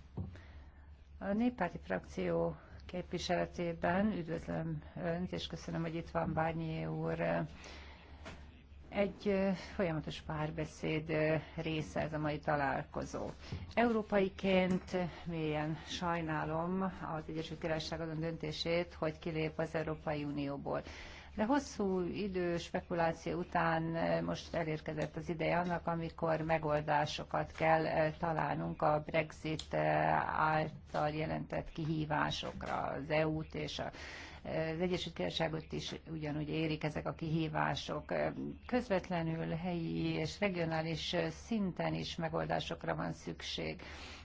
A néppárti frakció képviseletében üdvözlöm Önt, és köszönöm, hogy itt van Bárnyi úr. Egy eh, folyamatos párbeszéd eh, része ez a mai találkozó. Európaiként mélyen sajnálom az Egyesült Királyság azon döntését, hogy kilép az Európai Unióból. De hosszú idő spekuláció után eh, most elérkezett az ideje annak, amikor megoldásokat kell eh, találnunk a Brexit eh, által jelentett kihívásokra az EU-t és a az Egyesült Királyságot is ugyanúgy érik ezek a kihívások. Közvetlenül helyi és regionális szinten is megoldásokra van szükség.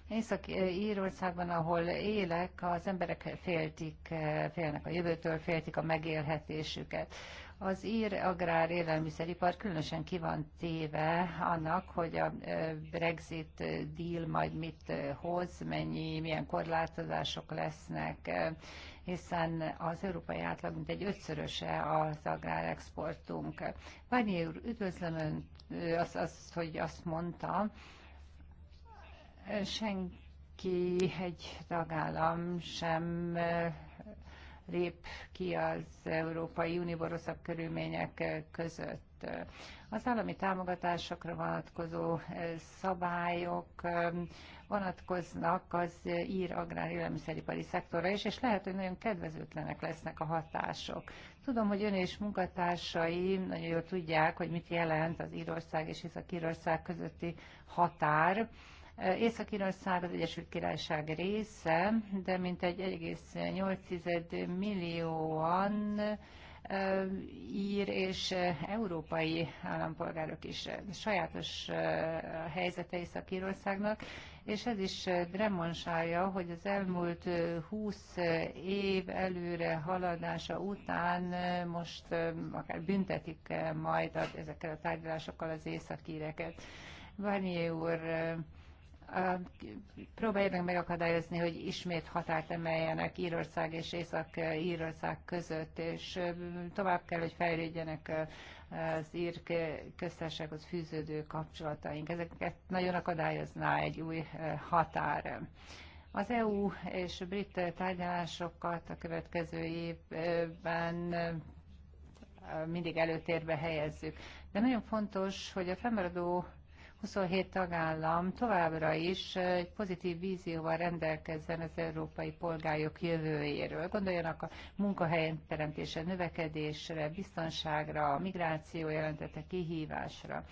Észak-Írországban, ahol élek, az emberek féltik, félnek a jövőtől, féltik a megélhetésüket. Az ír agrár élelmiszeripar különösen ki van téve annak, hogy a Brexit deal majd mit hoz, mennyi, milyen korlátozások lesznek, hiszen az európai átlag egy ötszöröse az agrárexportunk. Barnier úr, üdvözlöm Önt, az, az, hogy azt mondta, senki, egy tagállam sem lép ki az Európai Unió rosszabb körülmények között. Az állami támogatásokra vonatkozó szabályok vonatkoznak az ír agrár élelmiszeripari szektorra is, és lehet, hogy nagyon kedvezőtlenek lesznek a hatások. Tudom, hogy ön és munkatársai nagyon jól tudják, hogy mit jelent az Írország és Észak-Írország közötti határ, Észak-Írország az Egyesült Királyság része, de mintegy 1,8 millióan ír és európai állampolgárok is sajátos helyzete Észak-Írországnak, és ez is dremonsálja, hogy az elmúlt 20 év előre haladása után most akár büntetik majd ezekkel a tárgyalásokkal az északíreket. Barnier úr próbálja meg megakadályozni, hogy ismét határt emeljenek Írország és Észak-Írország között, és tovább kell, hogy fejlődjenek az ír köztársághoz fűződő kapcsolataink. Ezeket nagyon akadályozná egy új határ. Az EU és brit tárgyalásokat a következő évben mindig előtérbe helyezzük. De nagyon fontos, hogy a fennmaradó 27 tagállam továbbra is egy pozitív vízióval rendelkezzen az európai polgárok jövőjéről. Gondoljanak a munkahelyen teremtése, növekedésre, biztonságra, a migráció jelentette kihívásra.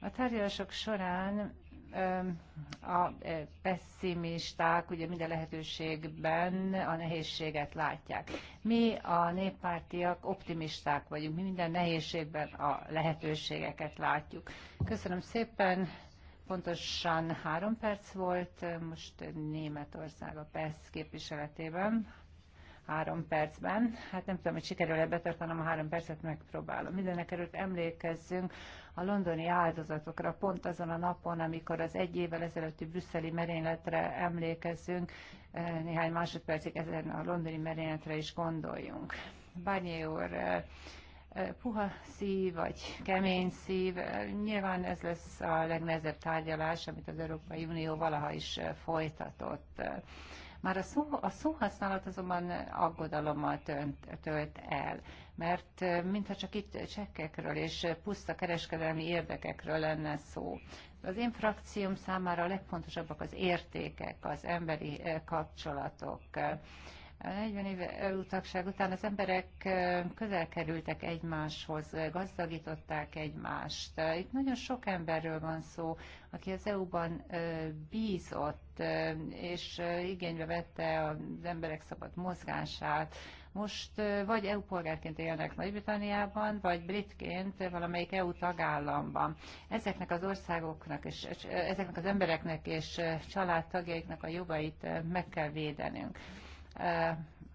A tárgyalások során a pessimisták ugye minden lehetőségben a nehézséget látják. Mi a néppártiak optimisták vagyunk, mi minden nehézségben a lehetőségeket látjuk. Köszönöm szépen, pontosan három perc volt, most Németország a PESZ képviseletében három percben. Hát nem tudom, hogy sikerül-e betartanom a három percet, megpróbálom. Mindenek előtt emlékezzünk a londoni áldozatokra, pont azon a napon, amikor az egy évvel ezelőtti brüsszeli merényletre emlékezzünk, eh, néhány másodpercig ezen a londoni merényletre is gondoljunk. Barnier úr, eh, eh, puha szív, vagy kemény szív. Nyilván ez lesz a legnehezebb tárgyalás, amit az Európai Unió valaha is folytatott. Már a, szó, a szóhasználat azonban aggodalommal tölt, tölt el, mert mintha csak itt csekkekről és puszta kereskedelmi érdekekről lenne szó. Az én frakcióm számára a legfontosabbak az értékek, az emberi kapcsolatok, a 40 éve elutakság után az emberek közel kerültek egymáshoz, gazdagították egymást. Itt nagyon sok emberről van szó, aki az EU-ban bízott, és igénybe vette az emberek szabad mozgását. Most vagy EU polgárként élnek Nagy-Britanniában, vagy britként valamelyik EU tagállamban. Ezeknek az országoknak, és, ezeknek az embereknek és családtagjaiknak a jogait meg kell védenünk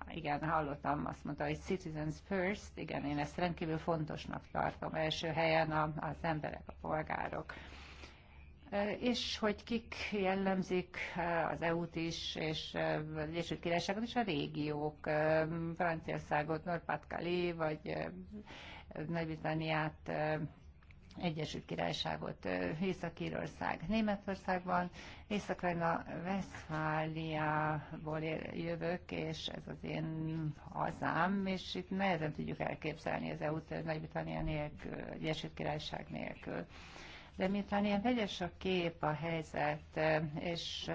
igen, hallottam, azt mondta, hogy citizens first, igen, én ezt rendkívül fontosnak tartom, első helyen az emberek, a polgárok és hogy kik jellemzik az EU-t is, és az Egyesült Királyságot is, a régiók, Franciaországot, Norpát kali vagy Nagy-Britanniát, Egyesült Királyságot, Észak-Írország Németországban, Észak-Rajna Veszfáliából jövök, és ez az én hazám, és itt nehezen tudjuk elképzelni az EU-t Nagy-Britannia nélkül, Egyesült Királyság nélkül. De miután ilyen vegyes a kép, a helyzet, és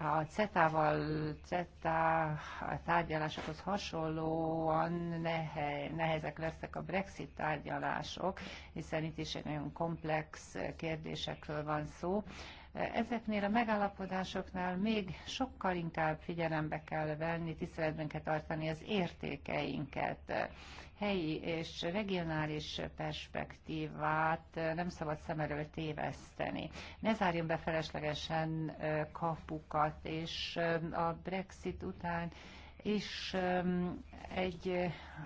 a CETA-val, CETA a tárgyalásokhoz hasonlóan nehe, nehezek lesznek a Brexit tárgyalások, hiszen itt is egy nagyon komplex kérdésekről van szó. Ezeknél a megállapodásoknál még sokkal inkább figyelembe kell venni, tiszteletben kell tartani az értékeinket helyi és regionális perspektívát nem szabad szem elől téveszteni. Ne zárjon be feleslegesen kapukat, és a Brexit után és egy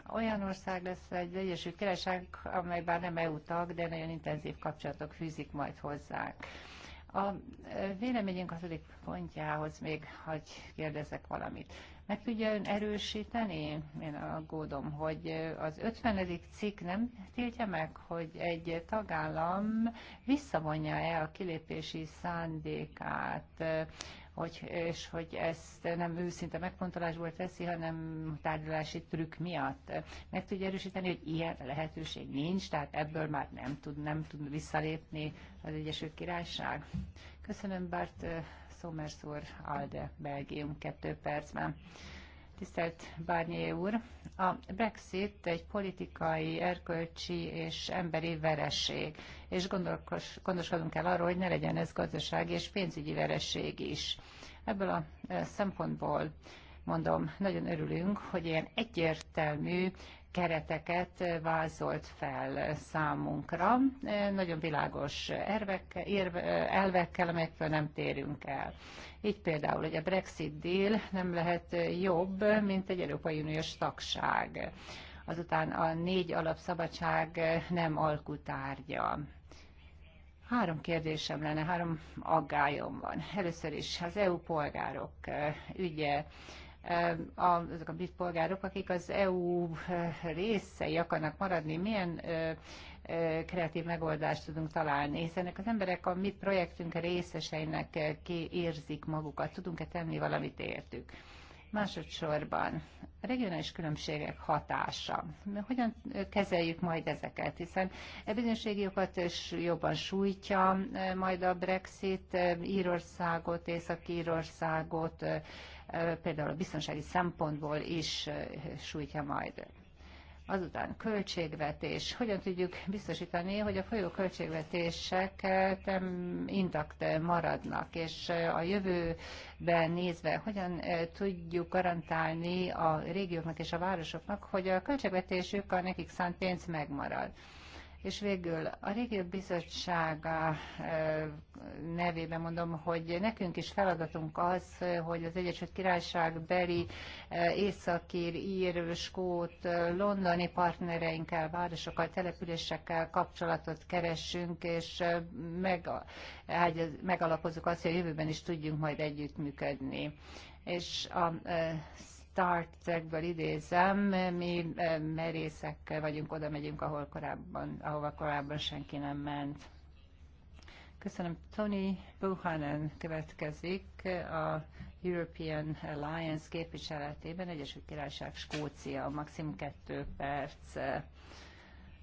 olyan ország lesz, egy Egyesült Királyság, amely bár nem EU tag, de nagyon intenzív kapcsolatok fűzik majd hozzánk. A véleményünk hatodik pontjához még hagy kérdezek valamit. Meg tudja ön erősíteni? Én aggódom, hogy az 50. cikk nem tiltja meg, hogy egy tagállam visszavonja-e a kilépési szándékát hogy, és hogy ezt nem őszinte megfontolásból teszi, hanem tárgyalási trükk miatt. Meg tudja erősíteni, hogy ilyen lehetőség nincs, tehát ebből már nem tud, nem tud visszalépni az Egyesült Királyság. Köszönöm, Bart Szomers úr, Alde, Belgium, kettő percben. Tisztelt Bárnyé úr, a Brexit egy politikai, erkölcsi és emberi vereség, és gondoskodunk el arról, hogy ne legyen ez gazdasági és pénzügyi vereség is. Ebből a eh, szempontból mondom, nagyon örülünk, hogy ilyen egyértelmű kereteket vázolt fel számunkra, nagyon világos ervek, elvekkel, amelyektől nem térünk el. Így például, hogy a Brexit deal nem lehet jobb, mint egy Európai Uniós tagság. Azután a négy alapszabadság nem alkutárgya. Három kérdésem lenne, három aggályom van. Először is az EU polgárok eh, ügye azok a brit polgárok, akik az EU eh, részei akarnak maradni, milyen eh, eh, kreatív megoldást tudunk találni, hiszen az emberek a mi projektünk részeseinek érzik magukat, tudunk-e tenni valamit értük. Másodszorban a regionális különbségek hatása. Hogyan kezeljük majd ezeket? Hiszen e bizonyos régiókat jobban sújtja majd a Brexit, Írországot, Észak-Írországot, például a biztonsági szempontból is sújtja majd. Azután költségvetés. Hogyan tudjuk biztosítani, hogy a folyó költségvetések intakt maradnak, és a jövőben nézve hogyan tudjuk garantálni a régióknak és a városoknak, hogy a költségvetésük a nekik szánt pénz megmarad. És végül a régió bizottsága nevében mondom, hogy nekünk is feladatunk az, hogy az Egyesült Királyság beli északír, ír, skót, londoni partnereinkkel, városokkal, településekkel kapcsolatot keressünk, és meg, megalapozunk azt, hogy a jövőben is tudjunk majd együttműködni és a startekből idézem, mi eh, merészek vagyunk, oda megyünk, ahol korábban, ahova korábban senki nem ment. Köszönöm. Tony Buchanan következik a European Alliance képviseletében, Egyesült Királyság, Skócia, maximum kettő perc.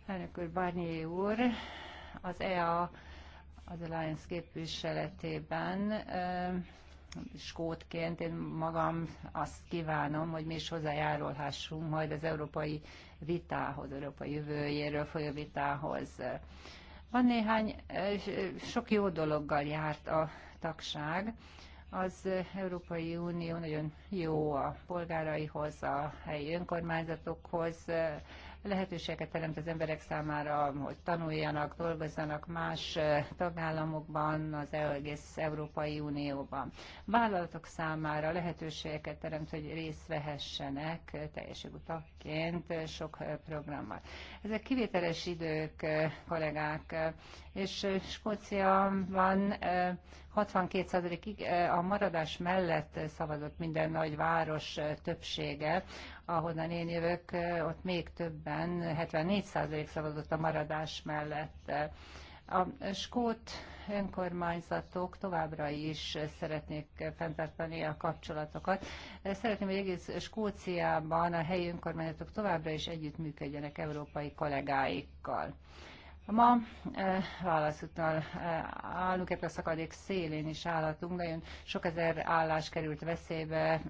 Elnök úr, Barnier úr, az EA az Alliance képviseletében eh, skótként én magam azt kívánom, hogy mi is hozzájárulhassunk majd az európai vitához, európai jövőjéről folyó vitához. Van néhány, sok jó dologgal járt a tagság. Az Európai Unió nagyon jó a polgáraihoz, a helyi önkormányzatokhoz, lehetőséget teremt az emberek számára, hogy tanuljanak, dolgozzanak más tagállamokban, az e-, egész Európai Unióban. Vállalatok számára lehetőségeket teremt, hogy részt vehessenek teljes jogutaként sok programmal. Ezek kivételes idők, kollégák, és Skóciában 62% a maradás mellett szavazott minden nagy város többsége, ahonnan én jövök, ott még többen, 74% szavazott a maradás mellett. A skót önkormányzatok továbbra is szeretnék fenntartani a kapcsolatokat. Szeretném, hogy egész Skóciában a helyi önkormányzatok továbbra is együttműködjenek európai kollégáikkal. Ma e, válaszutal e, állunk ebben a szakadék szélén is állatunk, nagyon sok ezer állás került veszélybe,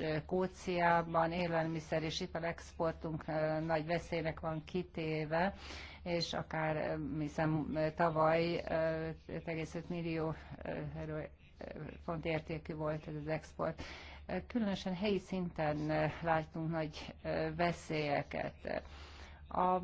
e, kóciában élelmiszer és exportunk nagy veszélynek van kitéve, és akár hiszem tavaly 5,5 millió font értékű volt ez az export. Különösen helyi szinten látunk nagy veszélyeket. A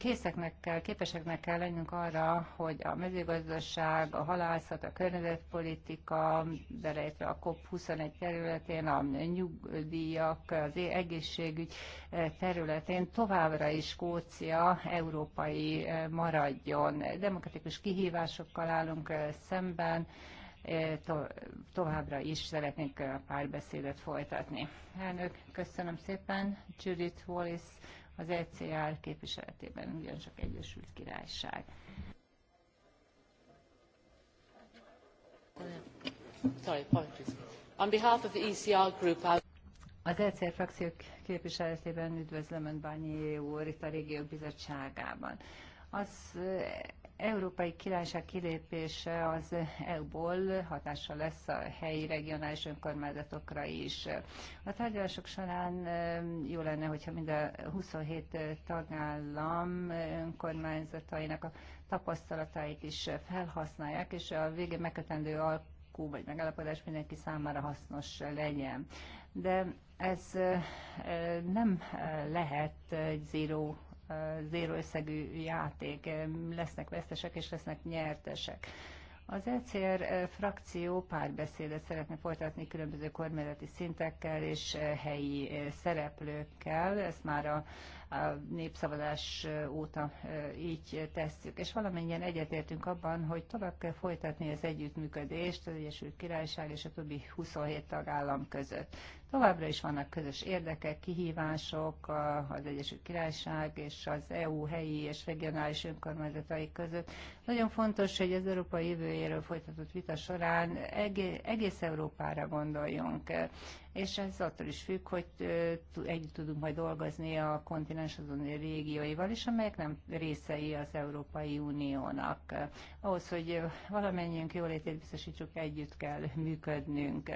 készeknek kell, képeseknek kell lennünk arra, hogy a mezőgazdaság, a halászat, a környezetpolitika, beleértve a COP21 területén, a nyugdíjak, az egészségügy eh, területén továbbra is Skócia európai eh, maradjon. Demokratikus kihívásokkal állunk eh, szemben, to, továbbra is szeretnénk párbeszédet folytatni. Elnök, köszönöm szépen. Judith Wallace az ECR képviseletében, ugyancsak Egyesült Királyság. E az ECR frakció képviseletében üdvözlöm Önt Bányi úr itt a régiók bizottságában. Az Európai Királyság kilépése az EU-ból hatással lesz a helyi regionális önkormányzatokra is. A tárgyalások során jó lenne, hogyha mind a 27 tagállam önkormányzatainak a tapasztalatait is felhasználják, és a végén megkötendő alkú vagy megállapodás mindenki számára hasznos legyen. De ez eh, nem eh, lehet egy zero zéró összegű játék, lesznek vesztesek és lesznek nyertesek. Az ECR frakció párbeszédet szeretne folytatni különböző kormányzati szintekkel és helyi szereplőkkel. Ezt már a a népszavazás óta így tesszük. És valamennyien egyetértünk abban, hogy tovább kell folytatni az együttműködést az Egyesült Királyság és a többi 27 tagállam között. Továbbra is vannak közös érdekek, kihívások az Egyesült Királyság és az EU helyi és regionális önkormányzatai között. Nagyon fontos, hogy az európai jövőjéről folytatott vita során egész Európára gondoljunk és ez attól is függ, hogy együtt tudunk majd dolgozni a kontinens azon régióival is, amelyek nem részei az Európai Uniónak. Ahhoz, hogy valamennyiünk jólétét biztosítsuk, együtt kell működnünk.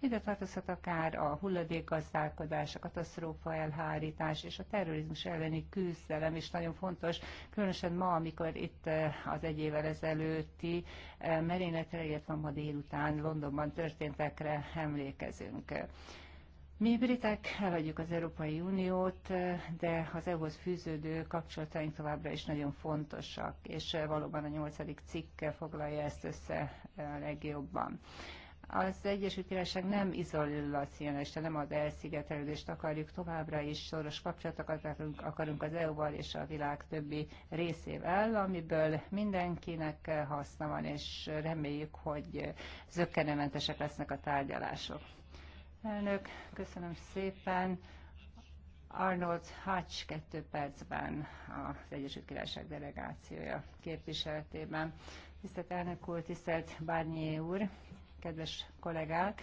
Ide tartozhat akár a hulladékgazdálkodás, a katasztrófa elhárítás és a terrorizmus elleni küzdelem is nagyon fontos, különösen ma, amikor itt az egy évvel ezelőtti merényletre, illetve ma délután Londonban történtekre emlékezünk. Mi britek elhagyjuk az Európai Uniót, de az EU-hoz fűződő kapcsolataink továbbra is nagyon fontosak, és valóban a nyolcadik cikk foglalja ezt össze a legjobban. Az Egyesült Királyság nem izolációista, nem az elszigetelődést akarjuk továbbra is, szoros kapcsolatokat akarunk az EU-val és a világ többi részével, amiből mindenkinek haszna van, és reméljük, hogy zöggenőmentesek lesznek a tárgyalások. Elnök, köszönöm szépen. Arnold Hatch kettő percben az Egyesült Királyság delegációja képviseletében. Tisztelt elnök úr, tisztelt Bárnyé úr, kedves kollégák!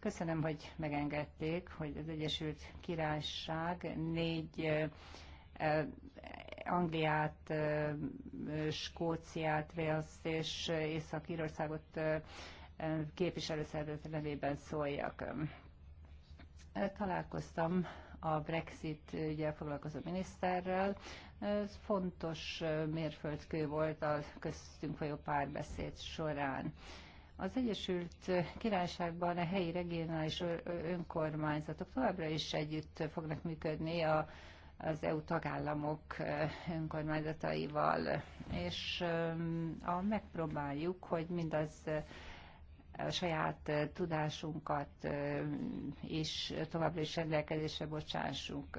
Köszönöm, hogy megengedték, hogy az Egyesült Királyság négy Angliát, Skóciát, Waleszt és Észak-Írországot képviselőszervezet nevében szóljak találkoztam a Brexit ügyel foglalkozó miniszterrel. Ez fontos mérföldkő volt a köztünk folyó párbeszéd során. Az Egyesült Királyságban a helyi regionális önkormányzatok továbbra is együtt fognak működni a az EU tagállamok önkormányzataival, és a megpróbáljuk, hogy mindaz saját tudásunkat is továbbra is rendelkezésre bocsássunk.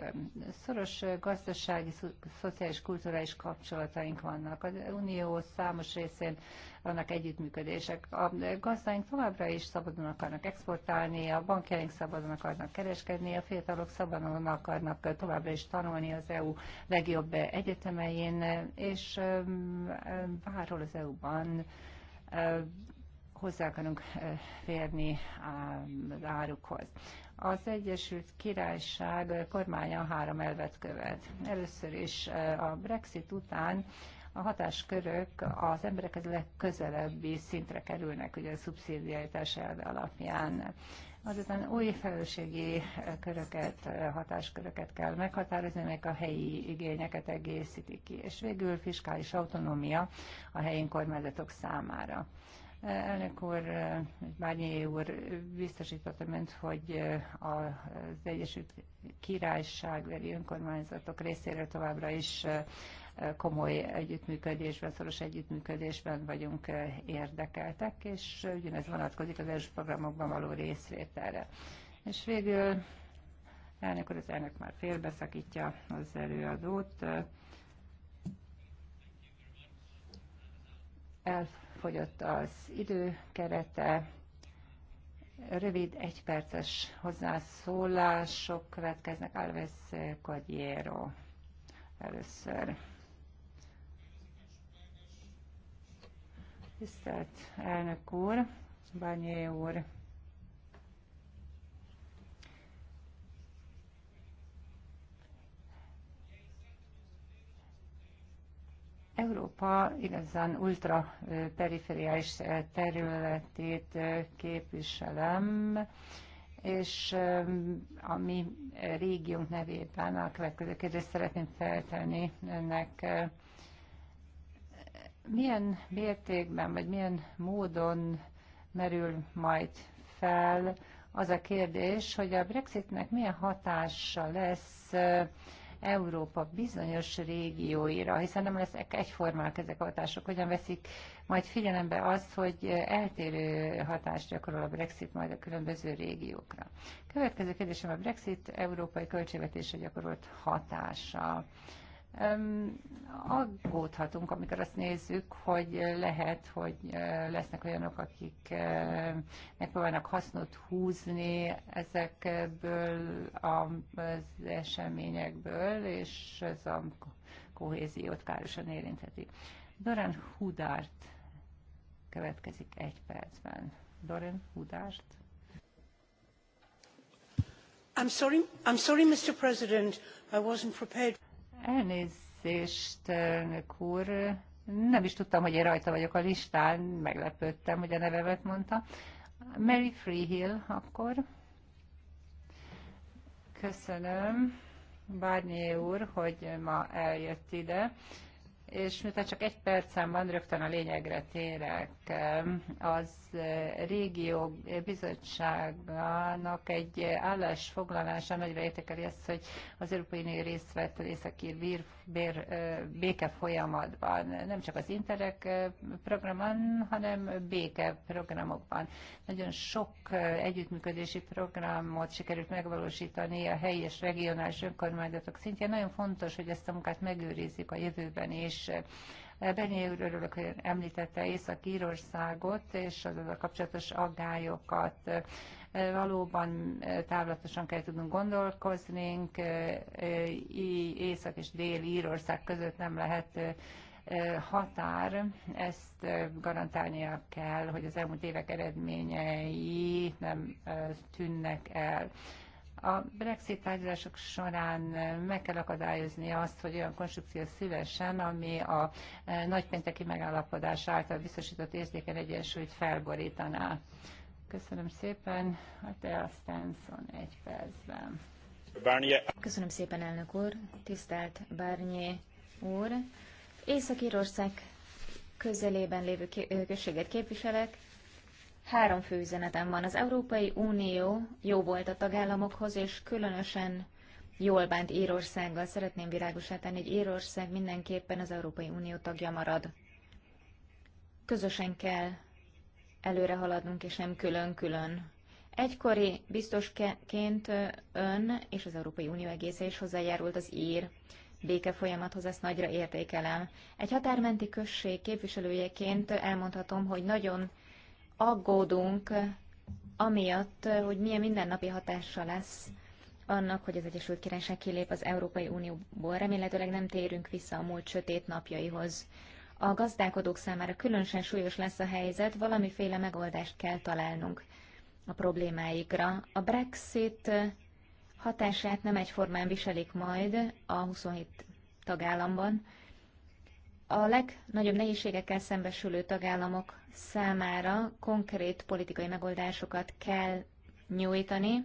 Szoros gazdasági, szociális, kulturális kapcsolataink vannak. Az Unió számos részén vannak együttműködések. A gazdáink továbbra is szabadon akarnak exportálni, a bankjaink szabadon akarnak kereskedni, a fiatalok szabadon akarnak továbbra is tanulni az EU legjobb egyetemein, és bárhol az EU-ban hozzá akarunk férni az árukhoz. Az Egyesült Királyság kormánya három elvet követ. Először is a Brexit után a hatáskörök az emberekhez legközelebbi szintre kerülnek, ugye a szubszidiaritás elve alapján. Azután új felelősségi köröket, hatásköröket kell meghatározni, amelyek a helyi igényeket egészítik ki, és végül fiskális autonómia a helyi kormányzatok számára. Elnök úr, Bárnyi úr biztosított önt, hogy az Egyesült Királyságbeli önkormányzatok részéről továbbra is komoly együttműködésben, szoros együttműködésben vagyunk érdekeltek, és ugyanez vonatkozik az első programokban való részvételre. És végül elnök úr, az elnök már félbeszakítja az előadót. Elf elfogyott az időkerete, rövid egyperces hozzászólások következnek. Alves Codiero először. Tisztelt elnök úr, Banyé úr, Európa igazán ultra perifériális eh, területét eh, képviselem, és eh, a mi régiónk nevében a következő kérdést szeretném feltenni önnek. Milyen mértékben, vagy milyen módon merül majd fel az a kérdés, hogy a Brexitnek milyen hatása lesz Európa bizonyos régióira, hiszen nem lesznek egyformák ezek a hatások, hogyan veszik majd figyelembe azt, hogy eltérő hatást gyakorol a Brexit majd a különböző régiókra. Következő kérdésem a Brexit európai költségvetésre gyakorolt hatása aggódhatunk, amikor azt nézzük, hogy lehet, hogy eh, lesznek olyanok, akik eh, megpróbálnak hasznot húzni ezekből az eseményekből, és ez a kohéziót károsan érintheti. Doran Hudárt következik egy percben. Doran Hudárt. I'm sorry, I'm sorry, Mr. President, I wasn't prepared. Elnézést, elnök úr, nem is tudtam, hogy én rajta vagyok a listán, meglepődtem, hogy a nevemet mondta. Mary Freehill akkor. Köszönöm, Bárnyé úr, hogy ma eljött ide és miután csak egy percem van, rögtön a lényegre térek. Az régió bizottságának egy állásfoglalása nagyra értékeli azt, hogy az Európai Unió részt vett az északír béke folyamatban. Nem csak az Interreg programban, hanem béke programokban. Nagyon sok együttműködési programot sikerült megvalósítani a helyi és regionális önkormányzatok szintjén. Nagyon fontos, hogy ezt a munkát megőrizzük a jövőben is és eh, Benyé úr, örülök, hogy említette Észak-Írországot és az a kapcsolatos aggályokat. Eh, valóban eh, távlatosan kell tudnunk gondolkoznunk, Észak és Dél-Írország között nem lehet határ, ezt garantálnia kell, hogy az elmúlt évek eredményei nem tűnnek el. A Brexit tárgyalások során meg kell akadályozni azt, hogy olyan konstrukció szívesen, ami a e, nagypénteki megállapodás által biztosított érzéken egyensúlyt felborítaná. Köszönöm szépen. te a Stenson egy percben. Köszönöm szépen, elnök úr. Tisztelt Bárnyé úr. Észak-Írország közelében lévő községet képviselek, Három fő üzenetem van. Az Európai Unió jó volt a tagállamokhoz, és különösen jól bánt Írországgal. Szeretném világosá tenni, hogy Írország mindenképpen az Európai Unió tagja marad. Közösen kell előre haladnunk, és nem külön-külön. Egykori biztosként ön és az Európai Unió egésze is hozzájárult az ír béke folyamathoz, ezt nagyra értékelem. Egy határmenti község képviselőjeként elmondhatom, hogy nagyon aggódunk amiatt, hogy milyen mindennapi hatása lesz annak, hogy az Egyesült Királyság kilép az Európai Unióból. Remélhetőleg nem térünk vissza a múlt sötét napjaihoz. A gazdálkodók számára különösen súlyos lesz a helyzet, valamiféle megoldást kell találnunk a problémáikra. A Brexit hatását nem egyformán viselik majd a 27 tagállamban a legnagyobb nehézségekkel szembesülő tagállamok számára konkrét politikai megoldásokat kell nyújtani,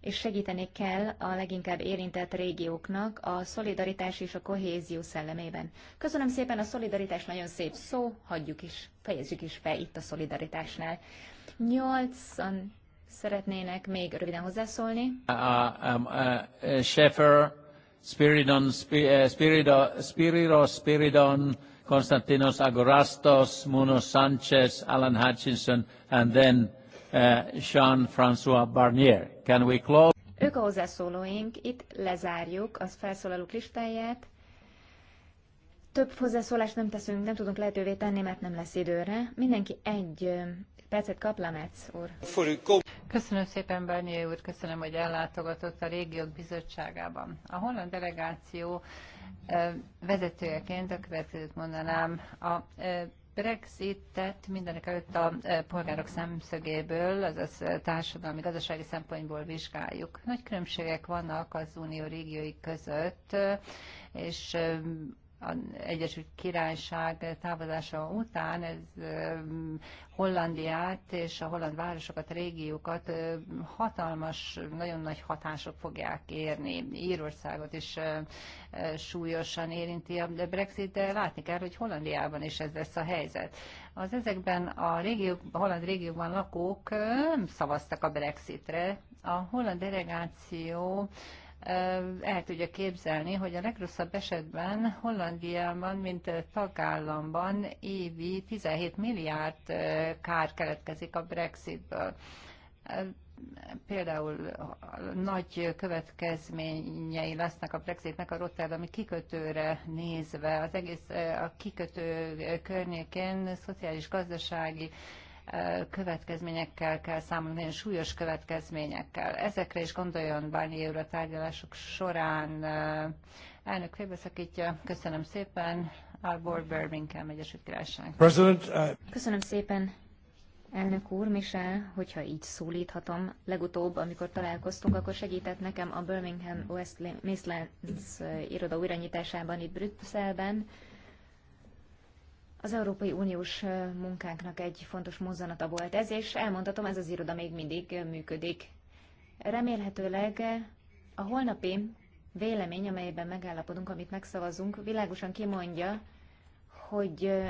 és segíteni kell a leginkább érintett régióknak a szolidaritás és a kohézió szellemében. Köszönöm szépen, a szolidaritás nagyon szép szó, hagyjuk is, fejezzük is fel itt a szolidaritásnál. Nyolcan szeretnének még röviden hozzászólni. Uh, um, uh, Schaefer, Spiridon, Spirido, eh, Spiridos Spiridon, Konstantinos Agorastos, Muno Sanchez, Alan Hutchinson, and then uh, Jean-François Barnier. Can we close? Ők a hozzászólóink, itt lezárjuk az felszólalók listáját. Több hozzászólást nem teszünk, nem tudunk lehetővé tenni, mert nem lesz időre. Mindenki egy percet kap Lamec úr. Köszönöm szépen, Bernier úr, köszönöm, hogy ellátogatott a régiók bizottságában. A holland delegáció vezetőjeként a következőt mondanám. A Brexitet mindenek előtt a polgárok szemszögéből, azaz társadalmi, gazdasági szempontból vizsgáljuk. Nagy különbségek vannak az unió régiói között, és az Egyesült Királyság távozása után ez Hollandiát és a holland városokat, régiókat hatalmas, nagyon nagy hatások fogják érni. Írországot is súlyosan érinti a Brexit, de látni kell, hogy Hollandiában is ez lesz a helyzet. Az ezekben a, régiók, a holland régióban lakók nem szavaztak a Brexitre. A holland delegáció el tudja képzelni, hogy a legrosszabb esetben Hollandiában, mint tagállamban évi 17 milliárd kár keletkezik a Brexitből például nagy következményei lesznek a Brexitnek a Rotterdami kikötőre nézve, az egész a kikötő környékén szociális-gazdasági következményekkel kell számolni, nagyon súlyos következményekkel. Ezekre is gondoljon Bányi úr a tárgyalások során. Elnök félbeszakítja. Köszönöm szépen. Arbor Birmingham, Egyesült Királyság. President, uh, Köszönöm szépen. Elnök úr, Michel, hogyha így szólíthatom, legutóbb, amikor találkoztunk, akkor segített nekem a Birmingham West Midlands iroda újranyitásában itt Brüsszelben az Európai Uniós munkánknak egy fontos mozzanata volt ez, és elmondhatom, ez az iroda még mindig működik. Remélhetőleg a holnapi vélemény, amelyben megállapodunk, amit megszavazunk, világosan kimondja, hogy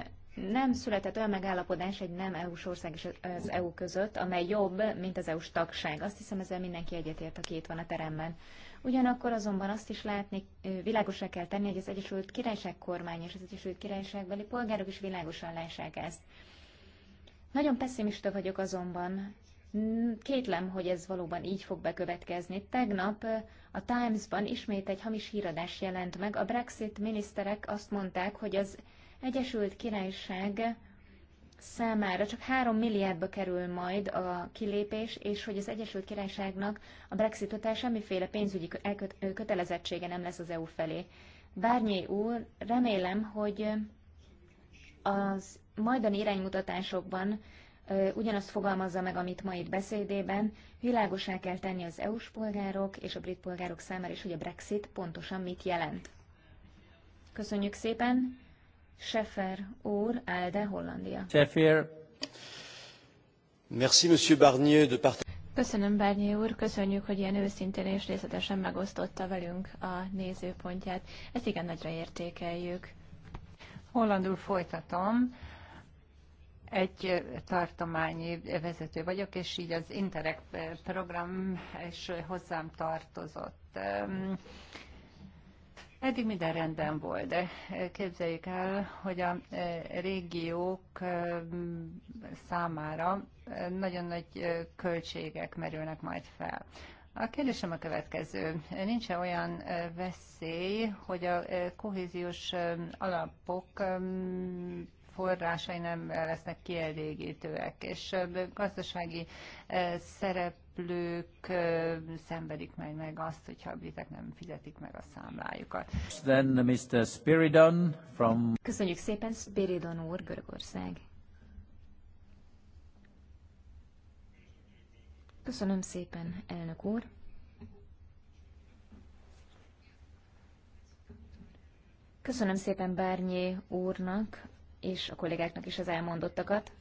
nem született olyan megállapodás egy nem EU-s ország és az EU között, amely jobb, mint az EU-s tagság. Azt hiszem, ezzel mindenki egyetért, aki itt van a teremben. Ugyanakkor azonban azt is látni, világosra kell tenni, hogy az Egyesült Királyság kormány és az Egyesült Királyságbeli polgárok is világosan lássák ezt. Nagyon pessimista vagyok azonban. Kétlem, hogy ez valóban így fog bekövetkezni. Tegnap a Times-ban ismét egy hamis híradás jelent meg. A Brexit miniszterek azt mondták, hogy az Egyesült Királyság számára csak 3 milliárdba kerül majd a kilépés, és hogy az Egyesült Királyságnak a Brexit után semmiféle pénzügyi kötelezettsége nem lesz az EU felé. Bárnyé úr, remélem, hogy az majdani iránymutatásokban ugyanazt fogalmazza meg, amit ma itt beszédében, világosá kell tenni az EU-s polgárok és a brit polgárok számára is, hogy a Brexit pontosan mit jelent. Köszönjük szépen! Sefer úr, Elde, Hollandia. Sefer. Merci, Monsieur Barnier, de part... Köszönöm, Bárnyi úr, köszönjük, hogy ilyen őszintén és részletesen megosztotta velünk a nézőpontját. Ezt igen nagyra értékeljük. Hollandul folytatom egy tartományi vezető vagyok, és így az Interreg program is hozzám tartozott. Eddig minden rendben volt, de e, képzeljük el, hogy a e, régiók e, számára nagyon nagy költségek merülnek majd fel. A kérdésem a következő. nincs -e olyan veszély, hogy a kohéziós alapok forrásai nem lesznek kielégítőek, és gazdasági e, szereplők e, szenvedik majd meg azt, hogyha a britek nem fizetik meg a számlájukat. Then Mr. Spiridon from... Köszönjük szépen, Spiridon úr, Görögország. Köszönöm szépen, elnök úr. Köszönöm szépen Bárnyé úrnak és a kollégáknak is az elmondottakat.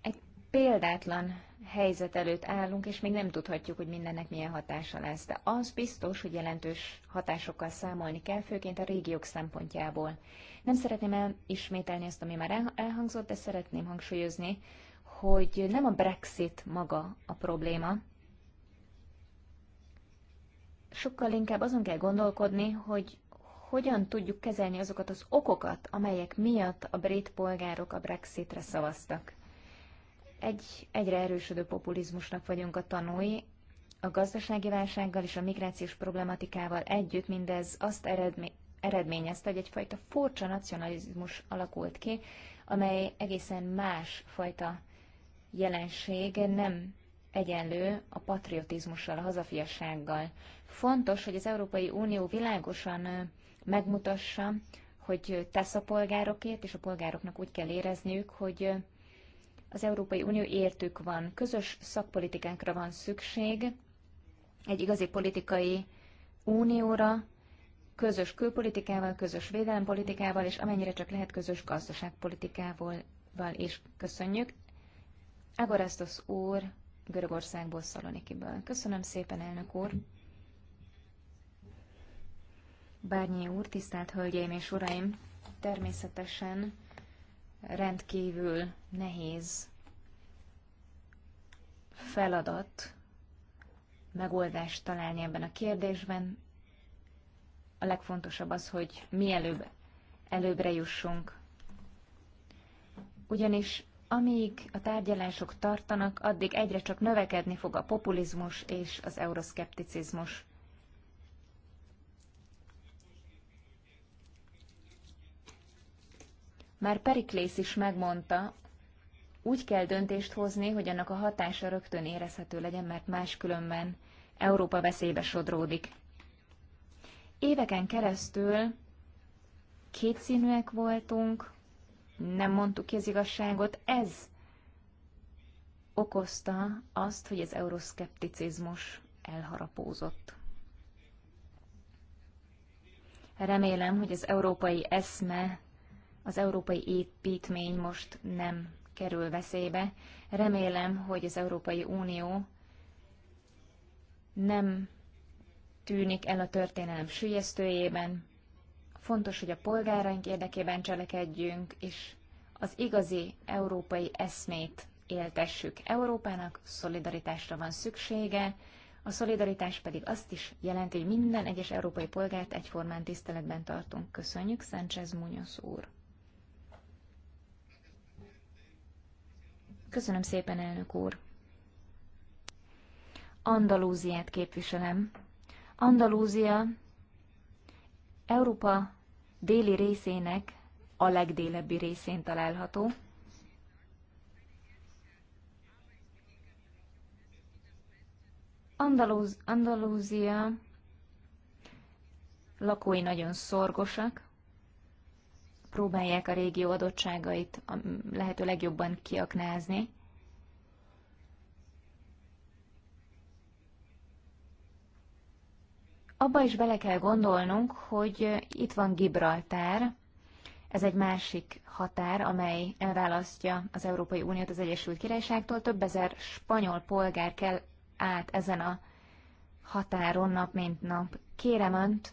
Egy példátlan helyzet előtt állunk, és még nem tudhatjuk, hogy mindennek milyen hatása lesz. De az biztos, hogy jelentős hatásokkal számolni kell, főként a régiók szempontjából. Nem szeretném elismételni azt, ami már elhangzott, de szeretném hangsúlyozni, hogy nem a Brexit maga a probléma, sokkal inkább azon kell gondolkodni, hogy hogyan tudjuk kezelni azokat az okokat, amelyek miatt a brit polgárok a Brexitre szavaztak. Egy egyre erősödő populizmusnak vagyunk a tanúi, a gazdasági válsággal és a migrációs problematikával együtt mindez azt eredmi, eredményezte, hogy egyfajta furcsa nacionalizmus alakult ki, amely egészen más fajta jelenség, nem egyenlő a patriotizmussal, a hazafiassággal. Fontos, hogy az Európai Unió világosan megmutassa, hogy tesz a polgárokért, és a polgároknak úgy kell érezniük, hogy az Európai Unió értük van. Közös szakpolitikánkra van szükség, egy igazi politikai unióra, közös külpolitikával, közös védelempolitikával, és amennyire csak lehet közös gazdaságpolitikával is köszönjük. Agorasztos úr Görögországból, Szalonikiből. Köszönöm szépen, elnök úr! Bárnyi úr, tisztelt Hölgyeim és Uraim! Természetesen rendkívül nehéz feladat megoldást találni ebben a kérdésben. A legfontosabb az, hogy mielőbb előbbre jussunk. Ugyanis amíg a tárgyalások tartanak, addig egyre csak növekedni fog a populizmus és az euroszkepticizmus. Már Periklész is megmondta, úgy kell döntést hozni, hogy annak a hatása rögtön érezhető legyen, mert máskülönben Európa veszélybe sodródik. Éveken keresztül kétszínűek voltunk, nem mondtuk ki az igazságot, ez okozta azt, hogy az euroszkepticizmus elharapózott. Remélem, hogy az európai eszme az európai építmény most nem kerül veszélybe. Remélem, hogy az Európai Unió nem tűnik el a történelem sülyeztőjében. Fontos, hogy a polgáraink érdekében cselekedjünk, és az igazi európai eszmét éltessük. Európának szolidaritásra van szüksége, a szolidaritás pedig azt is jelenti, hogy minden egyes európai polgárt egyformán tiszteletben tartunk. Köszönjük, Sánchez Munoz úr! Köszönöm szépen, elnök úr. Andalúziát képviselem. Andalúzia Európa déli részének a legdélebbi részén található. Andalúz, Andalúzia lakói nagyon szorgosak, próbálják a régió adottságait a lehető legjobban kiaknázni. Abba is bele kell gondolnunk, hogy itt van Gibraltár, ez egy másik határ, amely elválasztja az Európai Uniót az Egyesült Királyságtól. Több ezer spanyol polgár kell át ezen a határon nap mint nap. Kérem Önt,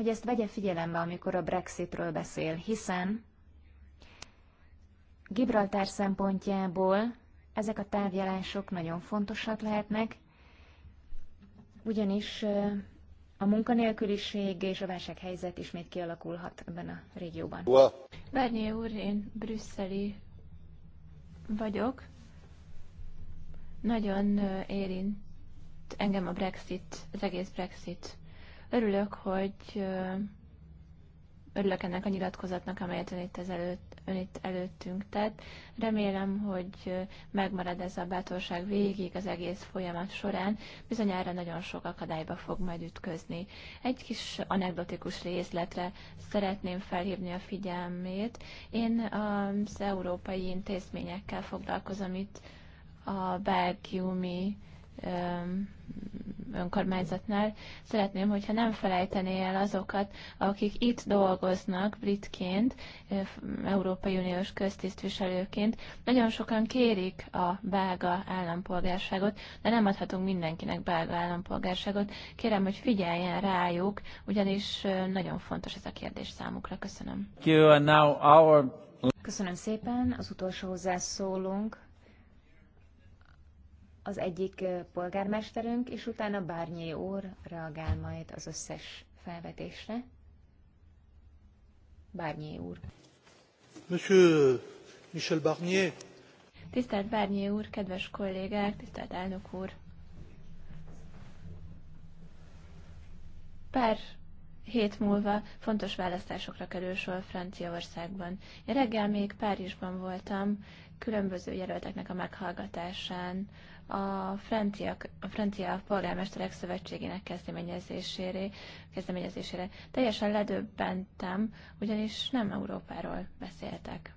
hogy ezt vegye figyelembe, amikor a Brexitről beszél, hiszen Gibraltár szempontjából ezek a tárgyalások nagyon fontosak lehetnek, ugyanis a munkanélküliség és a válsághelyzet ismét kialakulhat ebben a régióban. Bernyé úr, én brüsszeli vagyok. Nagyon érint engem a Brexit, az egész Brexit Örülök, hogy örülök ennek a nyilatkozatnak, amelyet ön itt, ezelőtt, ön itt előttünk tett. Remélem, hogy megmarad ez a bátorság végig az egész folyamat során. Bizonyára nagyon sok akadályba fog majd ütközni. Egy kis anekdotikus részletre szeretném felhívni a figyelmét. Én az európai intézményekkel foglalkozom itt a belgiumi önkormányzatnál. Szeretném, hogyha nem felejtené el azokat, akik itt dolgoznak britként, Európai Uniós köztisztviselőként. Nagyon sokan kérik a belga állampolgárságot, de nem adhatunk mindenkinek belga állampolgárságot. Kérem, hogy figyeljen rájuk, ugyanis nagyon fontos ez a kérdés számukra. Köszönöm. Köszönöm szépen. Az utolsó hozzászólunk az egyik polgármesterünk, és utána Bárnyé úr reagál majd az összes felvetésre. Bárnyé úr. Monsieur Michel Barnier. Tisztelt Bárnyé úr, kedves kollégák, tisztelt elnök úr. Pár hét múlva fontos választásokra kerül sor Franciaországban. Én reggel még Párizsban voltam, különböző jelölteknek a meghallgatásán, a, francia a francia polgármesterek szövetségének kezdeményezésére, kezdeményezésére. Teljesen ledöbbentem, ugyanis nem Európáról beszéltek.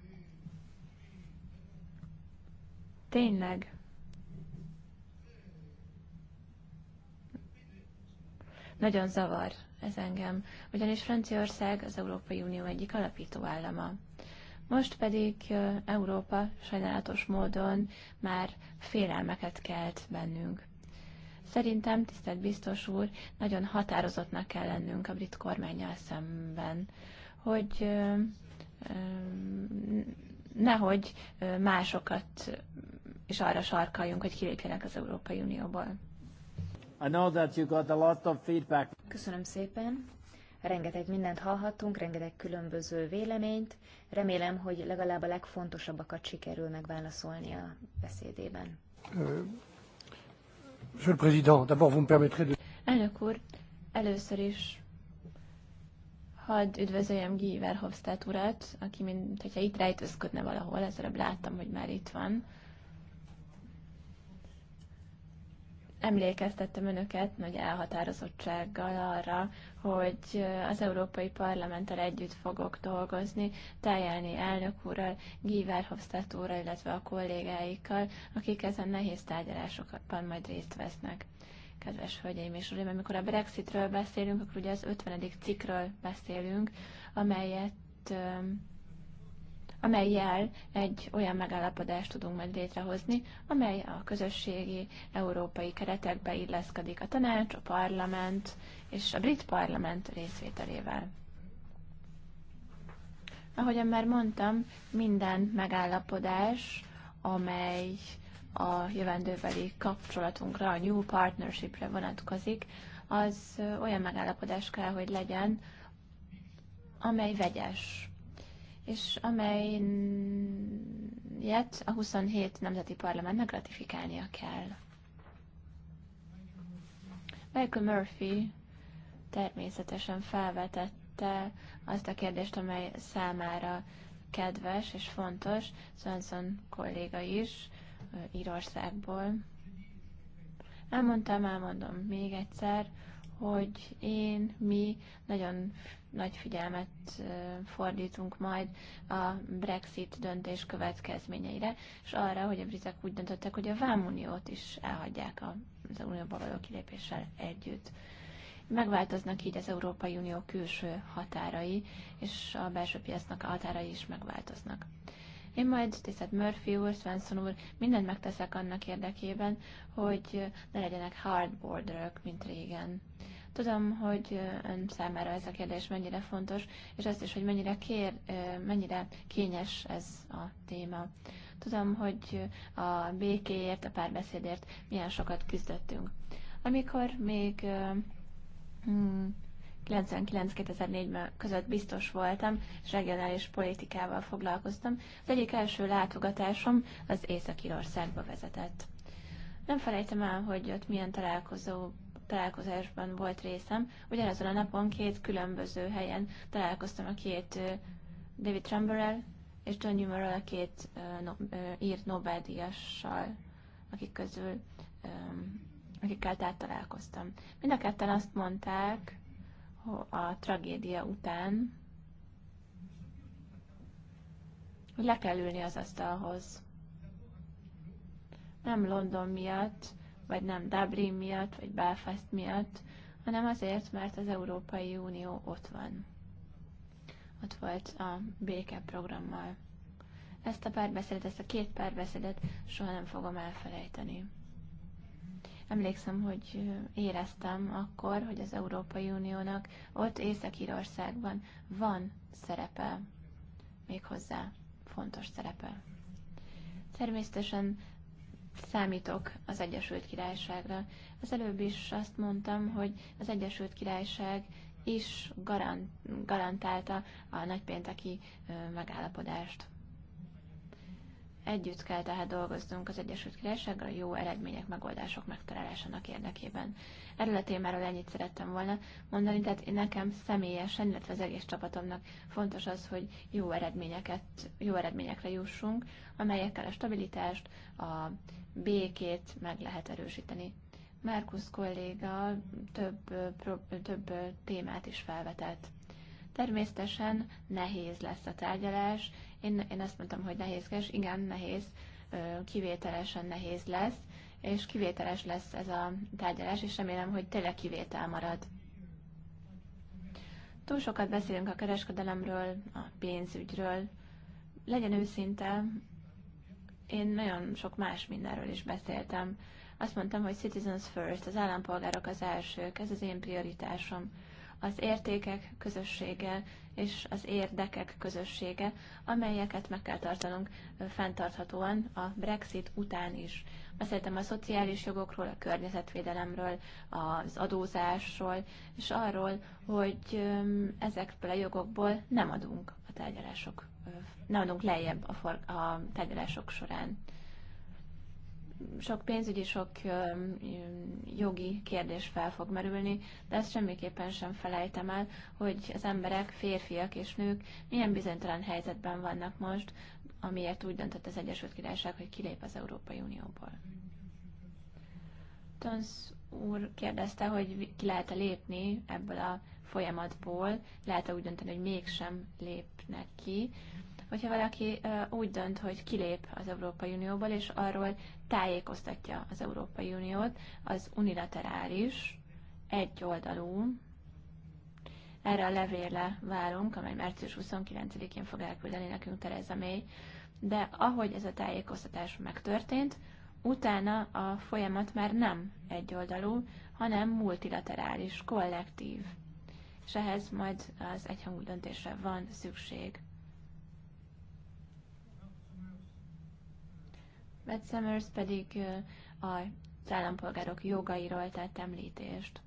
Tényleg. Nagyon zavar ez engem, ugyanis Franciaország az Európai Unió egyik alapító állama. Most pedig Európa sajnálatos módon már félelmeket kelt bennünk. Szerintem, tisztelt biztos úr, nagyon határozottnak kell lennünk a brit kormányjal szemben, hogy nehogy másokat is arra sarkaljunk, hogy kilépjenek az Európai Unióból. I know that you got a lot of feedback. Köszönöm szépen. Rengeteg mindent hallhattunk, rengeteg különböző véleményt. Remélem, hogy legalább a legfontosabbakat sikerül megválaszolni a beszédében. Euh, monsieur le Président, d'abord vous me permettrez de... Elnök úr, először is hadd üdvözöljem Guy Verhofstadt urat, aki mint hogyha itt rejtőzködne valahol, ezzel láttam, hogy már itt van. emlékeztettem önöket nagy elhatározottsággal arra, hogy az Európai Parlamenttel együtt fogok dolgozni, Tájáni elnök úrral, Guy Verhofstadt úrral, illetve a kollégáikkal, akik ezen nehéz tárgyalásokban majd részt vesznek. Kedves hölgyeim és uraim, amikor a Brexitről beszélünk, akkor ugye az 50. cikkről beszélünk, amelyet amelyel egy olyan megállapodást tudunk majd létrehozni, amely a közösségi európai keretekbe illeszkedik a tanács, a parlament és a brit parlament részvételével. Ahogyan már mondtam, minden megállapodás, amely a jövendőbeli kapcsolatunkra, a New Partnershipre vonatkozik, az olyan megállapodás kell, hogy legyen, amely vegyes, és amelyet a 27 nemzeti parlamentnek ratifikálnia kell. Michael Murphy természetesen felvetette azt a kérdést, amely számára kedves és fontos, Swanson kolléga is Írországból. Elmondtam, elmondom még egyszer, hogy én, mi nagyon nagy figyelmet fordítunk majd a Brexit döntés következményeire, és arra, hogy a britek úgy döntöttek, hogy a vámuniót is elhagyják az unióba való kilépéssel együtt. Megváltoznak így az Európai Unió külső határai, és a belső piacnak a határai is megváltoznak. Én majd, tisztelt Murphy úr, Svensson úr, mindent megteszek annak érdekében, hogy ne legyenek hard borderök, mint régen. Tudom, hogy ön számára ez a kérdés mennyire fontos, és azt is, hogy mennyire, kér, mennyire kényes ez a téma. Tudom, hogy a békéért, a párbeszédért milyen sokat küzdöttünk. Amikor még 99-2004 hmm, között biztos voltam, és regionális politikával foglalkoztam. Az egyik első látogatásom az észak irországba vezetett. Nem felejtem el, hogy ott milyen találkozók találkozásban volt részem. Ugyanazon a napon két különböző helyen találkoztam a két David Trumberrel és John Newmarrel, a két írt Nobel-díjassal, akik közül akikkel tehát találkoztam. Mind a ketten azt mondták a tragédia után, hogy le kell ülni az asztalhoz. Nem London miatt, vagy nem Dublin miatt, vagy Belfast miatt, hanem azért, mert az Európai Unió ott van. Ott volt a békeprogrammal. Ezt a párbeszédet, ezt a két párbeszédet soha nem fogom elfelejteni. Emlékszem, hogy éreztem akkor, hogy az Európai Uniónak ott Észak-Írországban van szerepe, méghozzá fontos szerepe. Természetesen számítok az Egyesült Királyságra. Az előbb is azt mondtam, hogy az Egyesült Királyság is garant, garantálta a nagypénteki megállapodást. Együtt kell tehát dolgoznunk az Egyesült Királysággal a jó eredmények, megoldások megtalálásának érdekében. Erről a témáról ennyit szerettem volna mondani, tehát nekem személyesen, illetve az egész csapatomnak fontos az, hogy jó eredményeket, jó eredményekre jussunk, amelyekkel a stabilitást, a békét meg lehet erősíteni. Márkusz kolléga több, több témát is felvetett. Természetesen nehéz lesz a tárgyalás. Én, én azt mondtam, hogy nehézkes, igen, nehéz, kivételesen nehéz lesz, és kivételes lesz ez a tárgyalás, és remélem, hogy tényleg kivétel marad. Túl sokat beszélünk a kereskedelemről, a pénzügyről. Legyen őszinte, én nagyon sok más mindenről is beszéltem. Azt mondtam, hogy citizens first, az állampolgárok az elsők, ez az én prioritásom. Az értékek közössége és az érdekek közössége, amelyeket meg kell tartanunk fenntarthatóan a Brexit után is. Beszéltem a szociális jogokról, a környezetvédelemről, az adózásról, és arról, hogy ezekből a jogokból nem adunk a tárgyalások nálunk lejjebb a, for, a tárgyalások során. Sok pénzügyi, sok jogi kérdés fel fog merülni, de ezt semmiképpen sem felejtem el, hogy az emberek, férfiak és nők milyen bizonytalan helyzetben vannak most, amiért úgy döntött az Egyesült Királyság, hogy kilép az Európai Unióból. Tönsz úr kérdezte, hogy ki lehet-e lépni ebből a folyamatból, lehet-e úgy dönteni, hogy mégsem lépnek ki hogyha valaki úgy dönt, hogy kilép az Európai Unióból, és arról tájékoztatja az Európai Uniót, az unilaterális, egyoldalú, erre a levélre várunk, amely március 29-én fog elküldeni nekünk Tereza May, de ahogy ez a tájékoztatás megtörtént, utána a folyamat már nem egyoldalú, hanem multilaterális, kollektív. És ehhez majd az egyhangú döntésre van szükség. Matt Summers pedig a állampolgárok jogairól tett említést.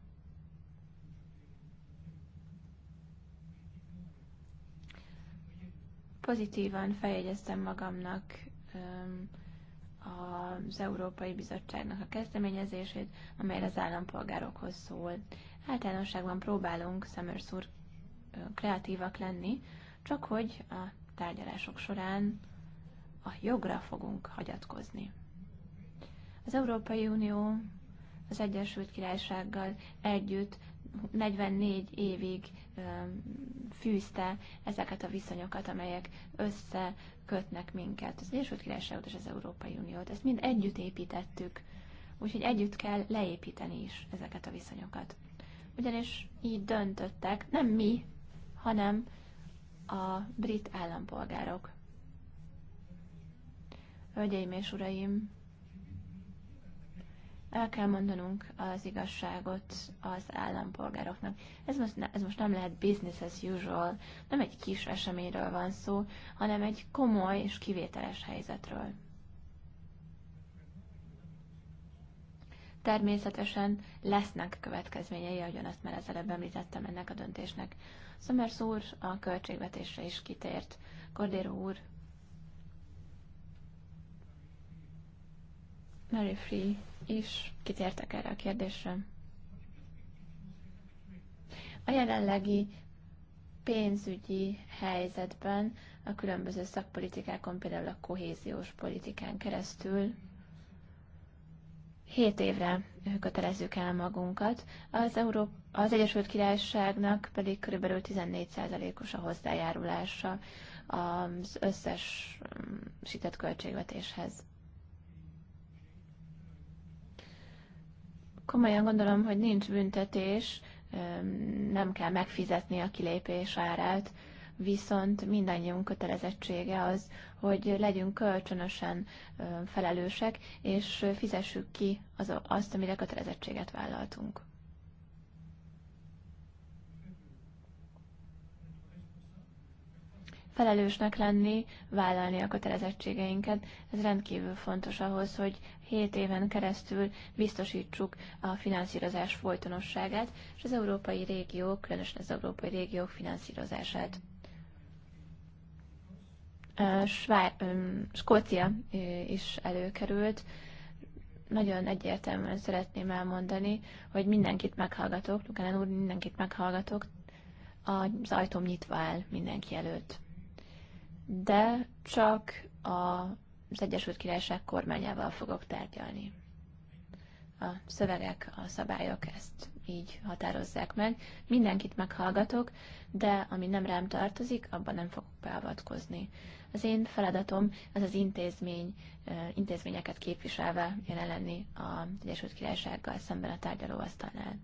Pozitívan feljegyeztem magamnak az Európai Bizottságnak a kezdeményezését, amely az állampolgárokhoz szól. Általánosságban próbálunk, szemőrszúr kreatívak lenni, csak hogy a tárgyalások során a jogra fogunk hagyatkozni. Az Európai Unió az Egyesült Királysággal együtt 44 évig fűzte ezeket a viszonyokat, amelyek összekötnek minket, az Egyesült Királyságot és az Európai Uniót. Ezt mind együtt építettük, úgyhogy együtt kell leépíteni is ezeket a viszonyokat. Ugyanis így döntöttek, nem mi, hanem a brit állampolgárok. Hölgyeim és uraim, el kell mondanunk az igazságot az állampolgároknak. Ez most, ne, ez most nem lehet business as usual, nem egy kis eseményről van szó, hanem egy komoly és kivételes helyzetről. Természetesen lesznek következményei, ahogyan azt már ezelőbb említettem ennek a döntésnek. Szomers úr a költségvetésre is kitért. Kordéro úr Mary Free is kitértek erre a kérdésre. A jelenlegi pénzügyi helyzetben a különböző szakpolitikákon, például a kohéziós politikán keresztül 7 évre kötelezzük el magunkat, az, Európa, az Egyesült Királyságnak pedig körülbelül 14%-os a hozzájárulása az összes sített költségvetéshez. Komolyan gondolom, hogy nincs büntetés, nem kell megfizetni a kilépés árát, viszont mindannyiunk kötelezettsége az, hogy legyünk kölcsönösen felelősek, és fizessük ki az, azt, amire kötelezettséget vállaltunk. Felelősnek lenni, vállalni a kötelezettségeinket, ez rendkívül fontos ahhoz, hogy 7 éven keresztül biztosítsuk a finanszírozás folytonosságát és az európai régiók, különösen az európai régiók finanszírozását. Svár, Skócia is előkerült. Nagyon egyértelműen szeretném elmondani, hogy mindenkit meghallgatok, Lukánen úr, mindenkit meghallgatok, az ajtóm nyitva áll mindenki előtt. De csak a az Egyesült Királyság kormányával fogok tárgyalni. A szövegek, a szabályok ezt így határozzák meg. Mindenkit meghallgatok, de ami nem rám tartozik, abban nem fogok beavatkozni. Az én feladatom az az intézmény, intézményeket képviselve jelen lenni az Egyesült Királysággal szemben a tárgyalóasztalnál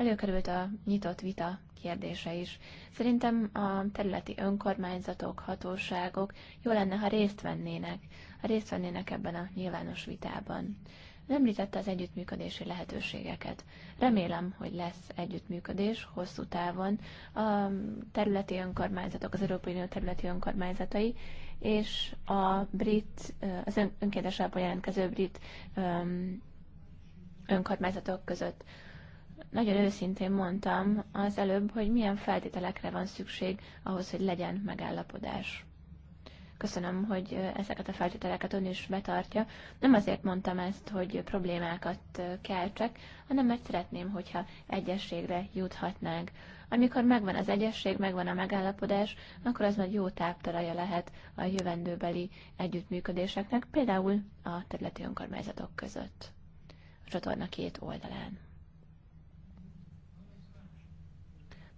előkerült a nyitott vita kérdése is. Szerintem a területi önkormányzatok, hatóságok jó lenne, ha részt vennének, ha részt vennének ebben a nyilvános vitában. Említette az együttműködési lehetőségeket. Remélem, hogy lesz együttműködés hosszú távon a területi önkormányzatok, az Európai Unió területi önkormányzatai és a brit, az önkéntes alapon jelentkező brit önkormányzatok között nagyon őszintén mondtam az előbb, hogy milyen feltételekre van szükség ahhoz, hogy legyen megállapodás. Köszönöm, hogy ezeket a feltételeket ön is betartja. Nem azért mondtam ezt, hogy problémákat keltsek, hanem mert szeretném, hogyha egyességre juthatnánk. Amikor megvan az egyesség, megvan a megállapodás, akkor az nagy jó táptalaja lehet a jövendőbeli együttműködéseknek, például a területi önkormányzatok között. A csatorna két oldalán.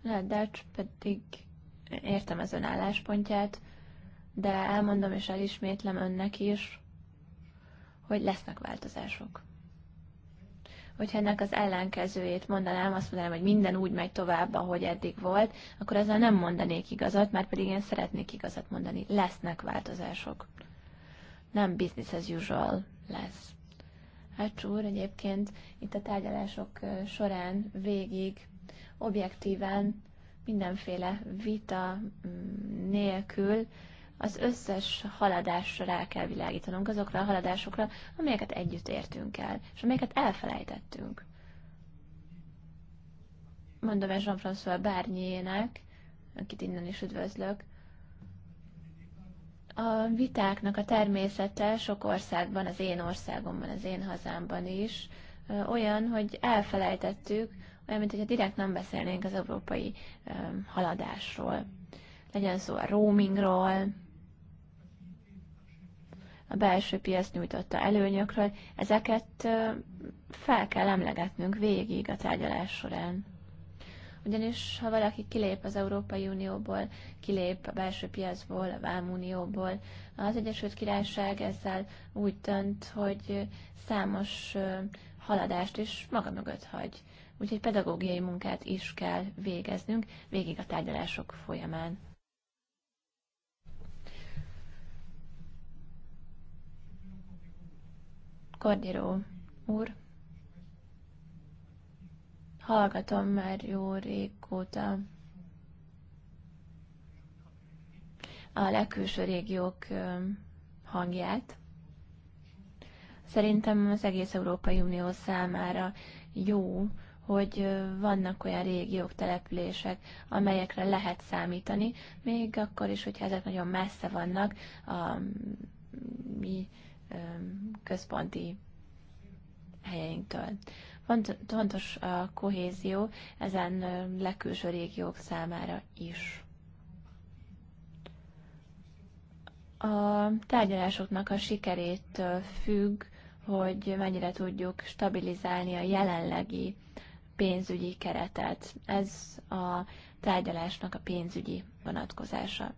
Ráadács pedig értem az ön álláspontját, de elmondom és elismétlem önnek is, hogy lesznek változások. Hogyha ennek az ellenkezőjét mondanám, azt mondanám, hogy minden úgy megy tovább, ahogy eddig volt, akkor ezzel nem mondanék igazat, mert pedig én szeretnék igazat mondani. Lesznek változások. Nem business as usual lesz. Hát csúr, egyébként itt a tárgyalások során végig objektíven, mindenféle vita mm, nélkül az összes haladásra rá kell világítanunk, azokra a haladásokra, amelyeket együtt értünk el, és amelyeket elfelejtettünk. Mondom ezt Jean-François Bárnyének, akit innen is üdvözlök, a vitáknak a természete sok országban, az én országomban, az én hazámban is olyan, hogy elfelejtettük, mint hogyha direkt nem beszélnénk az európai haladásról. Legyen szó a roamingról, a belső piac nyújtotta előnyökről, ezeket fel kell emlegetnünk végig a tárgyalás során. Ugyanis, ha valaki kilép az Európai Unióból, kilép a belső piacból, a Vámunióból, az Egyesült Királyság ezzel úgy dönt, hogy számos haladást is maga mögött hagy úgyhogy pedagógiai munkát is kell végeznünk végig a tárgyalások folyamán. Kordiró úr, hallgatom már jó régóta a legkülső régiók hangját. Szerintem az egész Európai Unió számára jó, hogy vannak olyan régiók, települések, amelyekre lehet számítani, még akkor is, hogyha ezek nagyon messze vannak a mm, mi központi helyeinktől. Fontos a kohézió ezen legkülső régiók számára is. A tárgyalásoknak a sikerét függ, hogy mennyire tudjuk stabilizálni a jelenlegi pénzügyi keretet. Ez a tárgyalásnak a pénzügyi vonatkozása.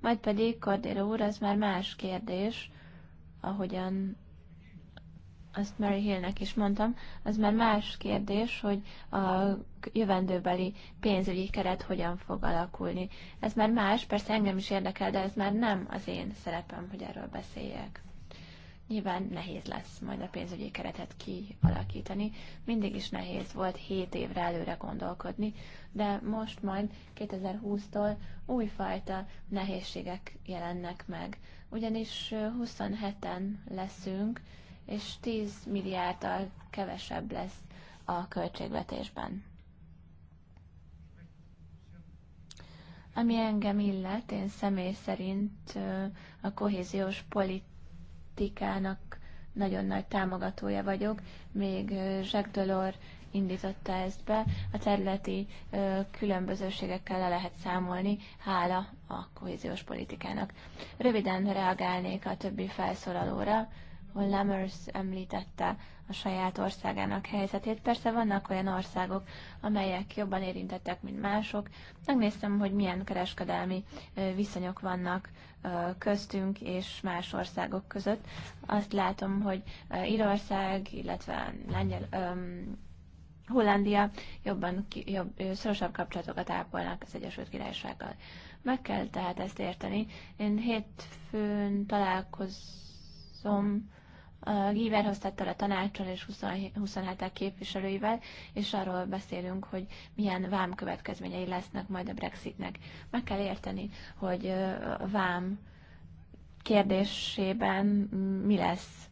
Majd pedig, Cordero úr, ez már más kérdés, ahogyan azt Mary Hillnek is mondtam, az már más kérdés, hogy a jövendőbeli pénzügyi keret hogyan fog alakulni. Ez már más, persze engem is érdekel, de ez már nem az én szerepem, hogy erről beszéljek nyilván nehéz lesz majd a pénzügyi keretet kialakítani. Mindig is nehéz volt 7 évre előre gondolkodni, de most majd 2020-tól újfajta nehézségek jelennek meg. Ugyanis 27-en leszünk, és 10 milliárdal kevesebb lesz a költségvetésben. Ami engem illet, én személy szerint a kohéziós politikai politikának nagyon nagy támogatója vagyok, még Jacques Delors indította ezt be. A területi ö, különbözőségekkel le lehet számolni, hála a kohéziós politikának. Röviden reagálnék a többi felszólalóra, ahol Lammers említette a saját országának helyzetét. Persze vannak olyan országok, amelyek jobban érintettek, mint mások. Megnéztem, hogy milyen kereskedelmi viszonyok vannak köztünk és más országok között. Azt látom, hogy Írország, illetve Lengyel, Hollandia jobban, jobb, szorosabb kapcsolatokat ápolnak az Egyesült Királysággal. Meg kell tehát ezt érteni. Én hétfőn találkozom el a tanácsal és 27 képviselőivel, és arról beszélünk, hogy milyen vám következményei lesznek majd a Brexitnek. Meg kell érteni, hogy a vám kérdésében mi lesz.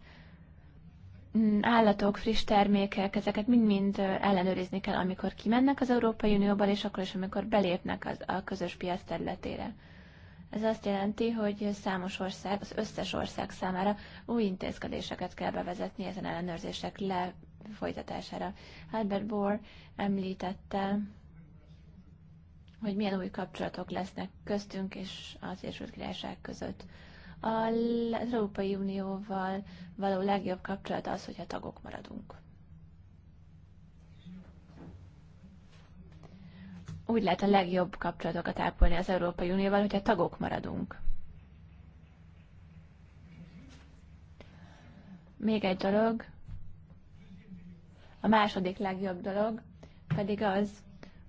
Mm, állatok, friss termékek, ezeket mind-mind ellenőrizni kell, amikor kimennek az Európai Unióból, és akkor is, amikor belépnek az, a közös piac területére. Ez azt jelenti, hogy számos ország, az összes ország számára új intézkedéseket kell bevezetni ezen ellenőrzések lefolytatására. Albert Bohr említette, hogy milyen új kapcsolatok lesznek köztünk és az Egyesült Királyság között. Az Európai Unióval való legjobb kapcsolat az, hogyha tagok maradunk. úgy lehet a legjobb kapcsolatokat ápolni az Európai Unióval, hogyha tagok maradunk. Még egy dolog, a második legjobb dolog pedig az,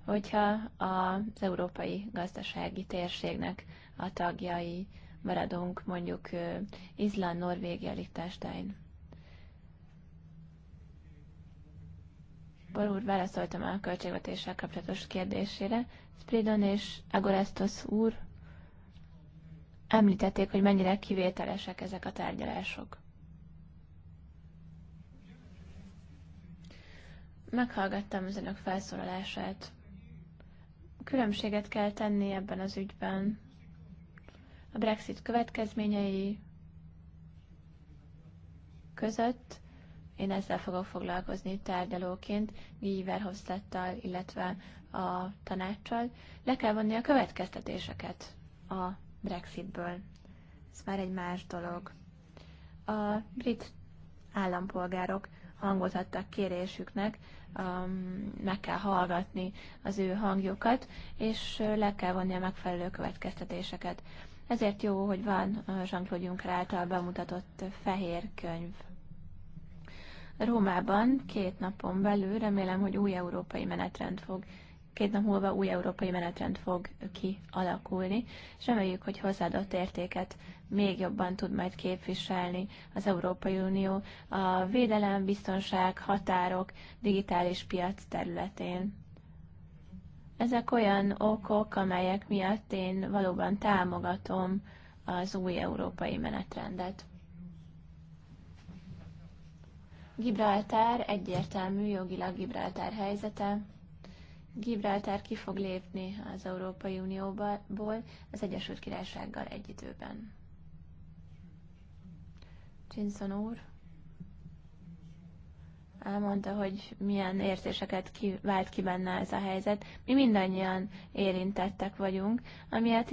hogyha az európai gazdasági térségnek a tagjai maradunk, mondjuk Izland, Norvégia, Liechtenstein. Gábor úr, válaszoltam a költségvetéssel kapcsolatos kérdésére. Spridon és Agorestos úr említették, hogy mennyire kivételesek ezek a tárgyalások. Meghallgattam az önök felszólalását. Különbséget kell tenni ebben az ügyben. A Brexit következményei között én ezzel fogok foglalkozni tárgyalóként Guy Verhofstadttal, illetve a tanácssal. Le kell vonni a következtetéseket a Brexitből. Ez már egy más dolog. A brit állampolgárok hangot adtak kérésüknek, um, meg kell hallgatni az ő hangjukat, és le kell vonni a megfelelő következtetéseket. Ezért jó, hogy van uh, Jean-Claude Juncker által bemutatott fehér könyv. Rómában két napon belül remélem, hogy új európai menetrend fog két nap múlva új európai menetrend fog kialakulni, és reméljük, hogy hozzáadott értéket még jobban tud majd képviselni az Európai Unió a védelem, biztonság, határok, digitális piac területén. Ezek olyan okok, amelyek miatt én valóban támogatom az új európai menetrendet. Gibraltár egyértelmű jogilag Gibraltár helyzete. Gibraltár ki fog lépni az Európai Unióból az Egyesült Királysággal egy időben. Csinszon úr elmondta, hogy milyen érzéseket vált ki benne ez a helyzet. Mi mindannyian érintettek vagyunk, ami a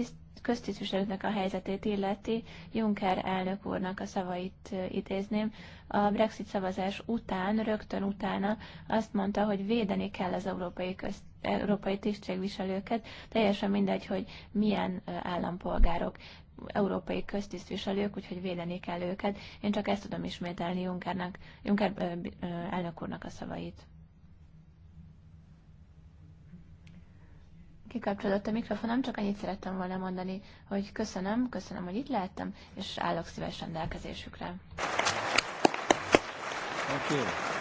köztisztviselőknek a helyzetét illeti, Juncker elnök úrnak a szavait idézném. A Brexit szavazás után, rögtön utána azt mondta, hogy védeni kell az európai, közt, európai tisztségviselőket, teljesen mindegy, hogy milyen állampolgárok európai köztisztviselők, úgyhogy védeni kell őket. Én csak ezt tudom ismételni Junckernek, Juncker elnök úrnak a szavait. kikapcsolódott a mikrofonom, csak annyit szerettem volna mondani, hogy köszönöm, köszönöm, hogy itt lehettem, és állok szíves rendelkezésükre. Thank you.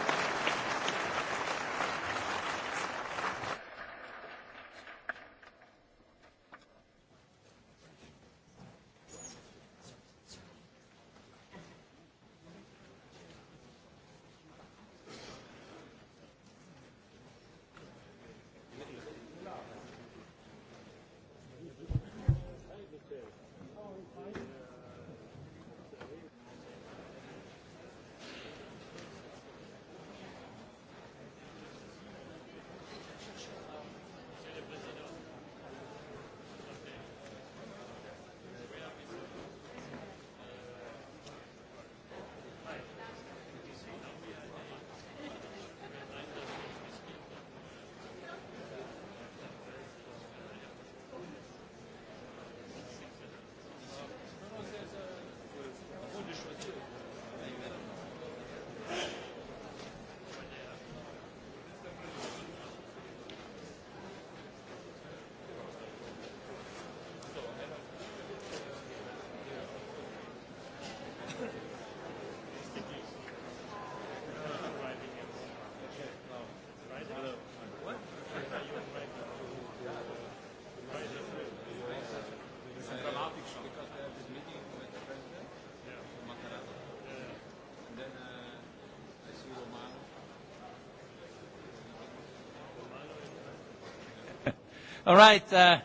All right, uh,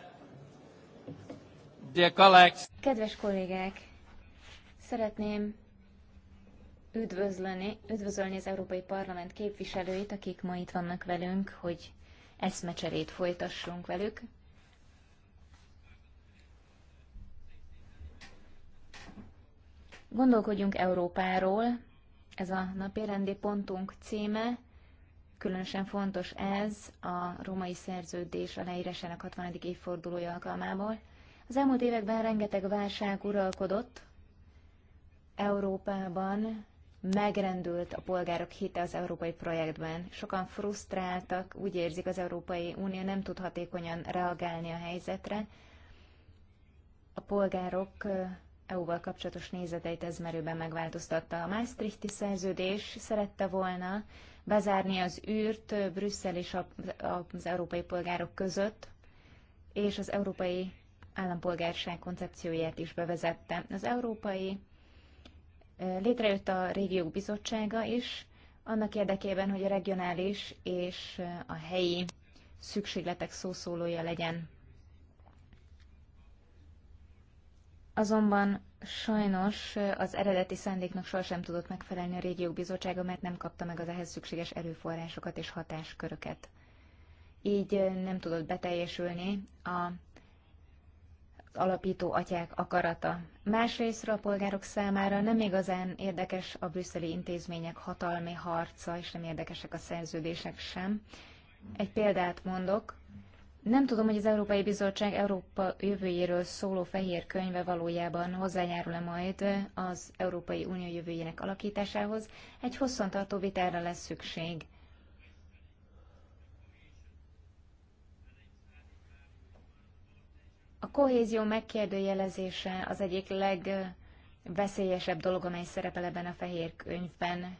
dear colleagues. Kedves kollégák, szeretném üdvözlöni, üdvözölni az Európai Parlament képviselőit, akik ma itt vannak velünk, hogy eszmecserét folytassunk velük. Gondolkodjunk Európáról, ez a napirendi pontunk címe, Különösen fontos ez a római szerződés aláírásának 60. évfordulója alkalmából. Az elmúlt években rengeteg válság uralkodott, Európában megrendült a polgárok hite az európai projektben. Sokan frusztráltak, úgy érzik, az Európai Unió nem tud hatékonyan reagálni a helyzetre. A polgárok EU-val kapcsolatos nézeteit ez merőben megváltoztatta. A Maastrichti szerződés szerette volna, bezárni az űrt Brüsszel és az európai polgárok között, és az európai állampolgárság koncepcióját is bevezette. Az európai létrejött a régiók bizottsága is, annak érdekében, hogy a regionális és a helyi szükségletek szószólója legyen. Azonban sajnos az eredeti szándéknak sohasem tudott megfelelni a régiók bizottsága, mert nem kapta meg az ehhez szükséges erőforrásokat és hatásköröket. Így nem tudott beteljesülni a alapító atyák akarata. Másrésztről a polgárok számára nem igazán érdekes a brüsszeli intézmények hatalmi harca, és nem érdekesek a szerződések sem. Egy példát mondok, nem tudom, hogy az Európai Bizottság Európa jövőjéről szóló fehér könyve valójában hozzájárul-e majd az Európai Unió jövőjének alakításához. Egy hosszantartó vitára lesz szükség. A kohézió megkérdőjelezése az egyik legveszélyesebb dolog, amely szerepel ebben a fehér könyvben.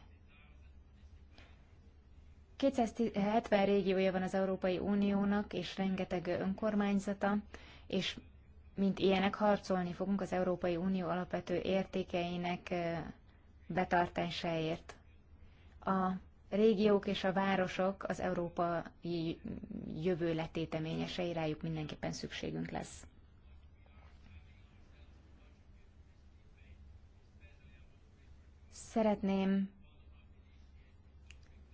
270 régiója van az Európai Uniónak, és rengeteg önkormányzata, és mint ilyenek harcolni fogunk az Európai Unió alapvető értékeinek betartásáért. A régiók és a városok az európai jövő letéteményesei, rájuk mindenképpen szükségünk lesz. Szeretném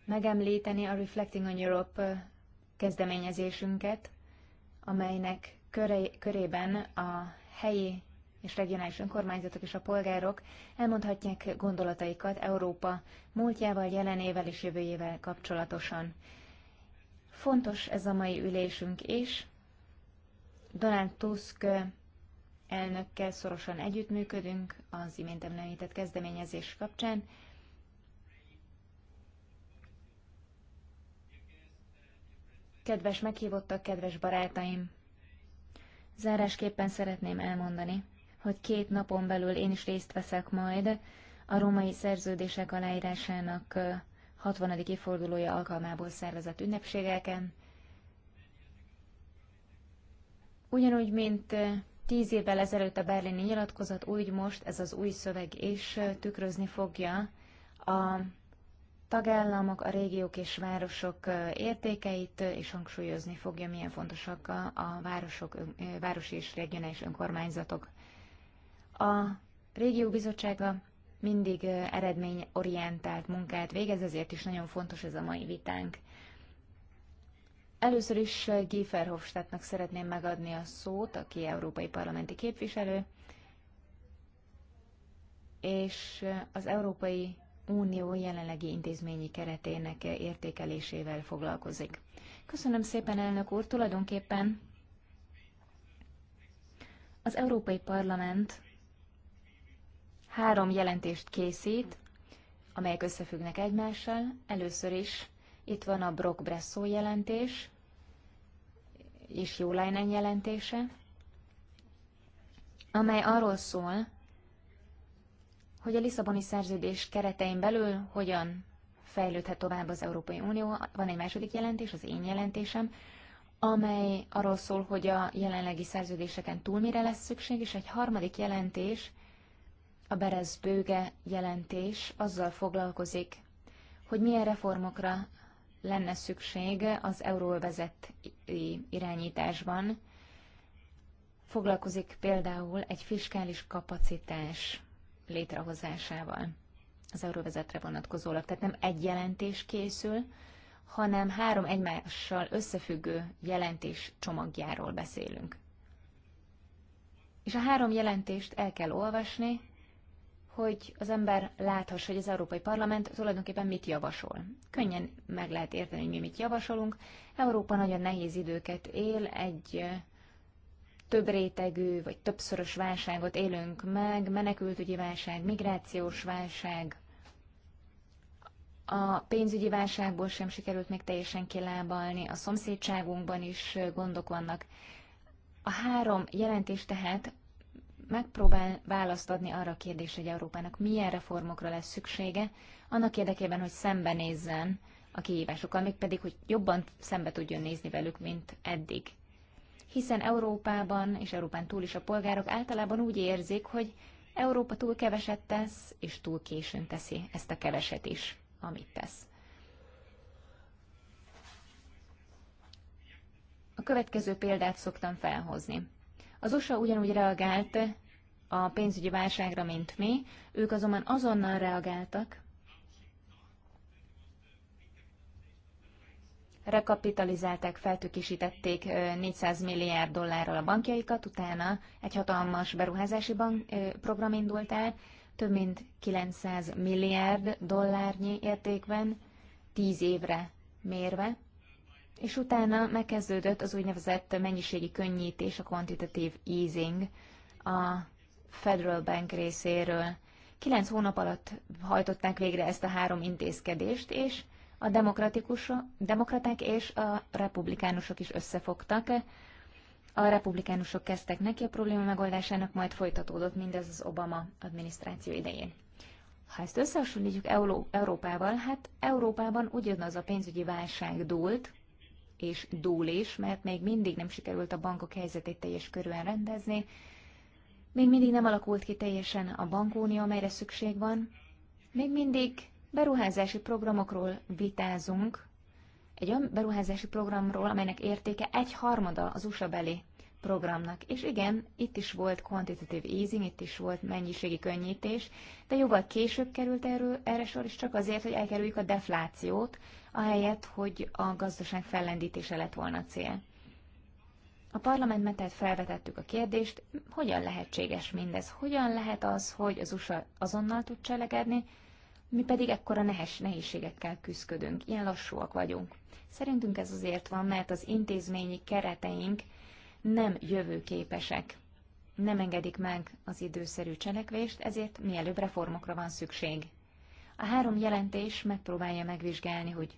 megemlíteni a Reflecting on Europe kezdeményezésünket, amelynek köré, körében a helyi és regionális önkormányzatok és a polgárok elmondhatják gondolataikat Európa múltjával, jelenével és jövőjével kapcsolatosan. Fontos ez a mai ülésünk is. Donald Tusk elnökkel szorosan együttműködünk az imént említett kezdeményezés kapcsán, Kedves meghívottak, kedves barátaim! Zárásképpen szeretném elmondani, hogy két napon belül én is részt veszek majd a római szerződések aláírásának 60. évfordulója alkalmából szervezett ünnepségeken. Ugyanúgy, mint tíz évvel ezelőtt a berlini nyilatkozat, úgy most ez az új szöveg is tükrözni fogja a tagállamok, a régiók és városok értékeit, és hangsúlyozni fogja, milyen fontosak a, a városok, városi és regionális önkormányzatok. A régió bizottsága mindig eredményorientált munkát végez, ezért is nagyon fontos ez a mai vitánk. Először is Guy Verhofstadtnak szeretném megadni a szót, aki európai parlamenti képviselő, és az európai Unió jelenlegi intézményi keretének értékelésével foglalkozik. Köszönöm szépen, elnök úr! Tulajdonképpen az Európai Parlament három jelentést készít, amelyek összefüggnek egymással. Először is itt van a Brock Bresso jelentés, és Jóleinen jelentése, amely arról szól, hogy a Lisszaboni szerződés keretein belül hogyan fejlődhet tovább az Európai Unió. Van egy második jelentés, az én jelentésem, amely arról szól, hogy a jelenlegi szerződéseken túl mire lesz szükség, és egy harmadik jelentés, a Berez Bőge jelentés azzal foglalkozik, hogy milyen reformokra lenne szükség az euróvezet irányításban. Foglalkozik például egy fiskális kapacitás létrehozásával az euróvezetre vonatkozólag. Tehát nem egy jelentés készül, hanem három egymással összefüggő jelentés csomagjáról beszélünk. És a három jelentést el kell olvasni, hogy az ember láthassa, hogy az Európai Parlament tulajdonképpen mit javasol. Könnyen meg lehet érteni, hogy mi mit javasolunk. Európa nagyon nehéz időket él, egy több rétegű vagy többszörös válságot élünk meg, menekültügyi válság, migrációs válság. A pénzügyi válságból sem sikerült még teljesen kilábalni, a szomszédságunkban is gondok vannak. A három jelentés tehát megpróbál választ adni arra a kérdésre, hogy Európának milyen reformokra lesz szüksége, annak érdekében, hogy szembenézzen a kihívásokkal, mégpedig, hogy jobban szembe tudjon nézni velük, mint eddig hiszen Európában és Európán túl is a polgárok általában úgy érzik, hogy Európa túl keveset tesz, és túl későn teszi ezt a keveset is, amit tesz. A következő példát szoktam felhozni. Az USA ugyanúgy reagált a pénzügyi válságra, mint mi, ők azonban azonnal reagáltak, rekapitalizálták, feltökisítették 400 milliárd dollárral a bankjaikat, utána egy hatalmas beruházási bank, program indult el, több mint 900 milliárd dollárnyi értékben, 10 évre mérve, és utána megkezdődött az úgynevezett mennyiségi könnyítés, a quantitative easing a Federal Bank részéről. Kilenc hónap alatt hajtották végre ezt a három intézkedést, és a demokratikus, demokraták és a republikánusok is összefogtak. A republikánusok kezdtek neki a probléma megoldásának, majd folytatódott mindez az Obama adminisztráció idején. Ha ezt összehasonlítjuk Euró- Európával, hát Európában ugyanaz a pénzügyi válság dúlt, és dúl is, mert még mindig nem sikerült a bankok helyzetét teljes körülön rendezni, még mindig nem alakult ki teljesen a bankunió, amelyre szükség van, még mindig beruházási programokról vitázunk, egy olyan beruházási programról, amelynek értéke egy harmada az USA belé programnak. És igen, itt is volt quantitative easing, itt is volt mennyiségi könnyítés, de jóval később került erről, erre sor, és csak azért, hogy elkerüljük a deflációt, ahelyett, hogy a gazdaság fellendítése lett volna a cél. A parlament tehát felvetettük a kérdést, hogyan lehetséges mindez, hogyan lehet az, hogy az USA azonnal tud cselekedni, mi pedig ekkora nehes nehézségekkel küzdködünk, ilyen lassúak vagyunk. Szerintünk ez azért van, mert az intézményi kereteink nem jövőképesek, nem engedik meg az időszerű cselekvést, ezért mielőbb reformokra van szükség. A három jelentés megpróbálja megvizsgálni, hogy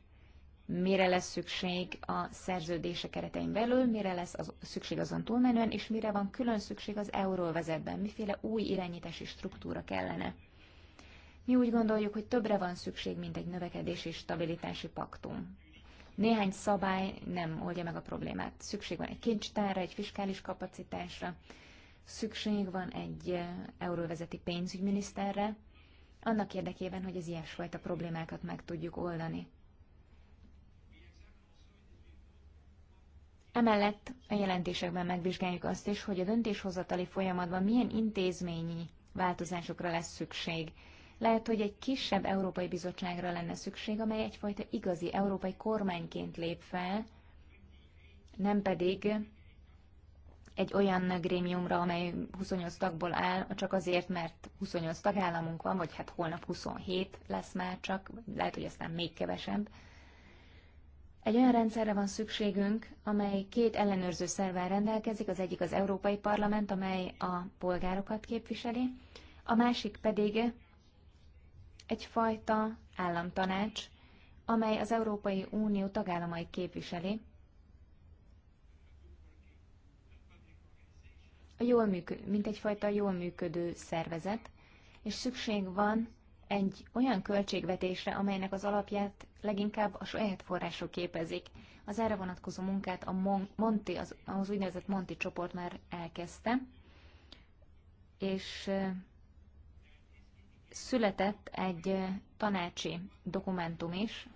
mire lesz szükség a szerződése keretein belül, mire lesz az, szükség azon túlmenően, és mire van külön szükség az euróvezetben, miféle új irányítási struktúra kellene. Mi úgy gondoljuk, hogy többre van szükség, mint egy növekedési stabilitási paktum. Néhány szabály nem oldja meg a problémát. Szükség van egy kincstárra, egy fiskális kapacitásra, szükség van egy eh, euróvezeti pénzügyminiszterre, annak érdekében, hogy az ilyesfajta problémákat meg tudjuk oldani. Emellett a jelentésekben megvizsgáljuk azt is, hogy a döntéshozatali folyamatban milyen intézményi változásokra lesz szükség. Lehet, hogy egy kisebb Európai Bizottságra lenne szükség, amely egyfajta igazi európai kormányként lép fel, nem pedig egy olyan grémiumra, amely 28 tagból áll, csak azért, mert 28 tagállamunk van, vagy hát holnap 27 lesz már csak, lehet, hogy aztán még kevesebb. Egy olyan rendszerre van szükségünk, amely két ellenőrző szervvel rendelkezik, az egyik az Európai Parlament, amely a polgárokat képviseli, a másik pedig egyfajta államtanács, amely az Európai Unió tagállamai képviseli, a jól működő, mint egyfajta jól működő szervezet, és szükség van egy olyan költségvetésre, amelynek az alapját leginkább a saját források képezik. Az erre vonatkozó munkát a Monti, az, az úgynevezett Monti csoport már elkezdte, és született egy tanácsi dokumentum is,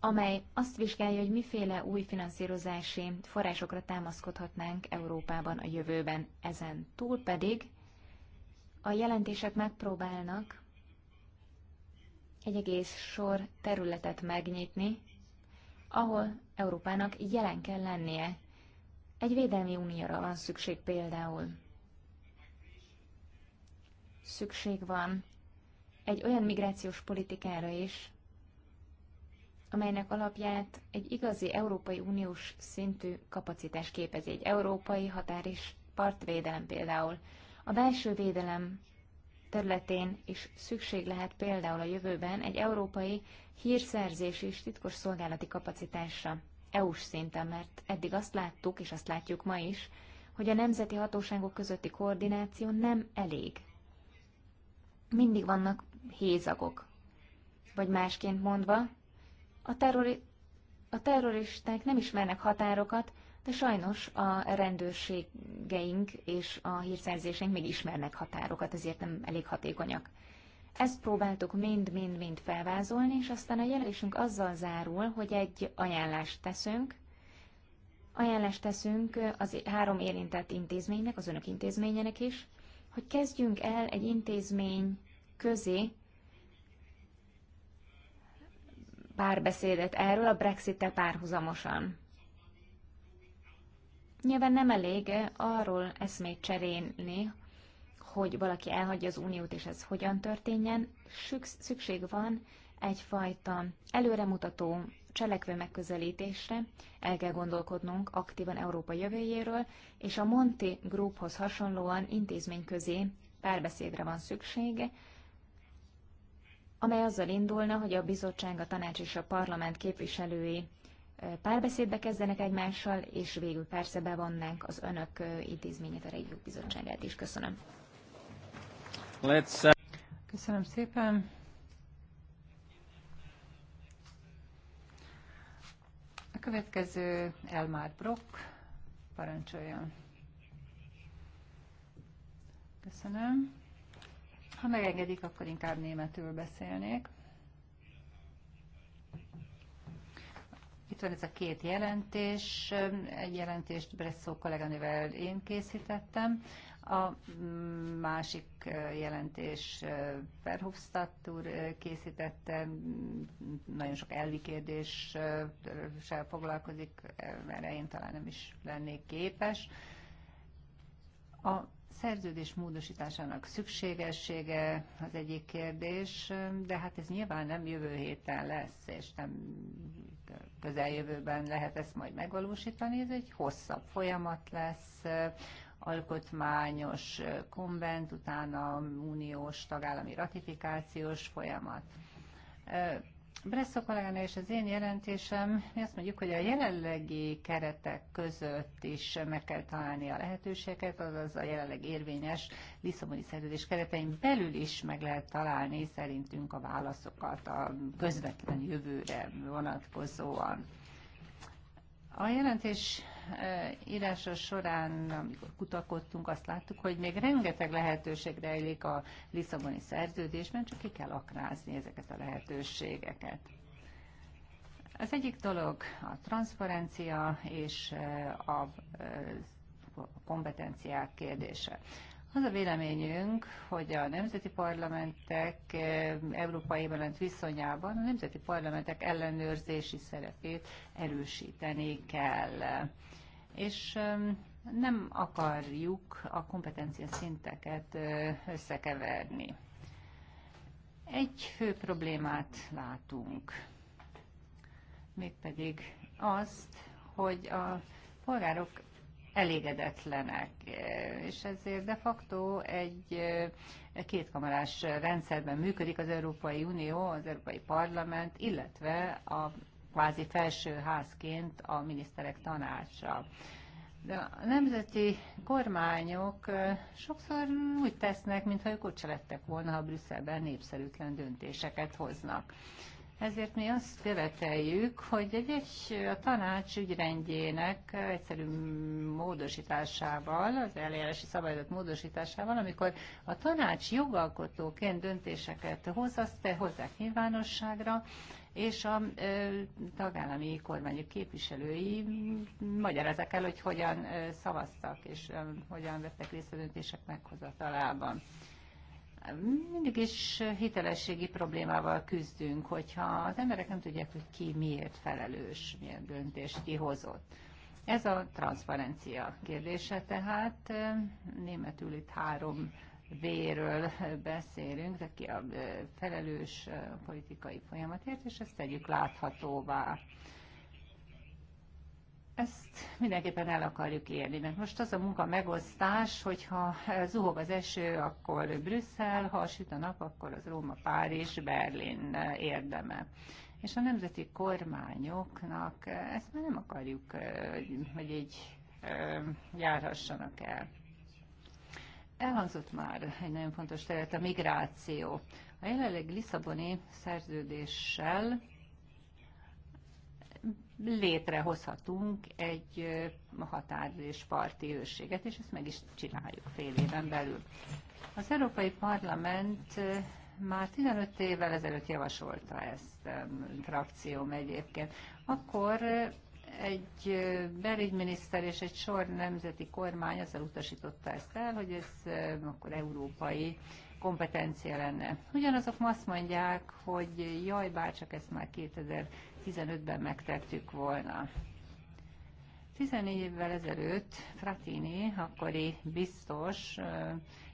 amely azt vizsgálja, hogy miféle új finanszírozási forrásokra támaszkodhatnánk Európában a jövőben. Ezen túl pedig a jelentések megpróbálnak egy egész sor területet megnyitni, ahol Európának jelen kell lennie. Egy védelmi unióra van szükség például. Szükség van egy olyan migrációs politikára is, amelynek alapját egy igazi Európai Uniós szintű kapacitás képezi, egy európai határ és partvédelem például. A belső védelem területén is szükség lehet például a jövőben egy európai hírszerzés és titkos szolgálati kapacitásra, EU-s szinten, mert eddig azt láttuk, és azt látjuk ma is, hogy a nemzeti hatóságok közötti koordináció nem elég. Mindig vannak hézagok. Vagy másként mondva, a, terrori- a terroristák nem ismernek határokat, de sajnos a rendőrségeink és a hírszerzésünk még ismernek határokat, ezért nem elég hatékonyak. Ezt próbáltuk mind-mind-mind felvázolni, és aztán a jelenésünk azzal zárul, hogy egy ajánlást teszünk. Ajánlást teszünk az három érintett intézménynek, az önök intézményének is, hogy kezdjünk el egy intézmény közi párbeszédet erről a Brexit-tel párhuzamosan. Nyilván nem elég arról eszmét cserélni, hogy valaki elhagyja az uniót, és ez hogyan történjen. Szükség van egyfajta előremutató cselekvő megközelítésre, el kell gondolkodnunk aktívan Európa jövőjéről, és a Monti Grouphoz hasonlóan intézményközi párbeszédre van szüksége, amely azzal indulna, hogy a bizottság, a tanács és a parlament képviselői párbeszédbe kezdenek egymással, és végül persze bevonnánk az önök intézményét, a régió Bizottságát is. Köszönöm. Let's... Uh, Köszönöm szépen. A következő Elmár Brock, parancsoljon. Köszönöm. Ha megengedik, akkor inkább németül beszélnék. Itt van ez a két jelentés. Egy jelentést Bresszó kolléganővel én készítettem, a másik jelentés Verhofstadt úr készítette, nagyon sok elvi kérdéssel foglalkozik, mert én talán nem is lennék képes. A szerződés módosításának szükségessége az egyik kérdés, de hát ez nyilván nem jövő héten lesz, és nem közeljövőben lehet ezt majd megvalósítani, ez egy hosszabb folyamat lesz, alkotmányos konvent, utána uniós tagállami ratifikációs folyamat. Bresszó kolléganő és az én jelentésem, mi azt mondjuk, hogy a jelenlegi keretek között is meg kell találni a lehetőségeket, azaz a jelenleg érvényes Lisszaboni szerződés keretein belül is meg lehet találni szerintünk a válaszokat a közvetlen jövőre vonatkozóan. A jelentés írása során, amikor kutakodtunk, azt láttuk, hogy még rengeteg lehetőség rejlik a Lisszaboni szerződésben, csak ki kell aknázni ezeket a lehetőségeket. Az egyik dolog a transzparencia és a kompetenciák kérdése. Az a véleményünk, hogy a nemzeti parlamentek európai parlament viszonyában a nemzeti parlamentek ellenőrzési szerepét erősíteni kell és nem akarjuk a kompetencia szinteket összekeverni. Egy fő problémát látunk, mégpedig azt, hogy a polgárok elégedetlenek, és ezért de facto egy kétkamarás rendszerben működik az Európai Unió, az Európai Parlament, illetve a kvázi felsőházként a miniszterek tanácsa. De a nemzeti kormányok sokszor úgy tesznek, mintha ők ott se lettek volna, ha Brüsszelben népszerűtlen döntéseket hoznak. Ezért mi azt követeljük, hogy egy, egy a tanács ügyrendjének egyszerű módosításával, az eljárási szabályzat módosításával, amikor a tanács jogalkotóként döntéseket hoz, azt hozzák nyilvánosságra, és a tagállami kormányok képviselői magyarázzák el, hogy hogyan szavaztak, és hogyan vettek részt a döntések meghozatalában mindig is hitelességi problémával küzdünk, hogyha az emberek nem tudják, hogy ki miért felelős, milyen döntést kihozott. Ez a transzparencia kérdése, tehát németül itt három véről beszélünk, ki a felelős politikai folyamatért, és ezt tegyük láthatóvá. Ezt mindenképpen el akarjuk érni, mert most az a munka megosztás, hogyha zuhog az eső, akkor Brüsszel, ha süt a nap, akkor az Róma, Párizs, Berlin érdeme. És a nemzeti kormányoknak ezt már nem akarjuk, hogy így járhassanak el. Elhangzott már egy nagyon fontos terület, a migráció. A jelenleg Lisszaboni szerződéssel létrehozhatunk egy határ és parti őrséget, és ezt meg is csináljuk fél éven belül. Az Európai Parlament már 15 évvel ezelőtt javasolta ezt frakcióm egyébként. Akkor egy belügyminiszter és egy sor nemzeti kormány azzal utasította ezt el, hogy ez akkor európai kompetencia lenne. Ugyanazok ma azt mondják, hogy jaj, bárcsak ezt már 2015-ben megtettük volna. 14 évvel ezelőtt Fratini, akkori biztos,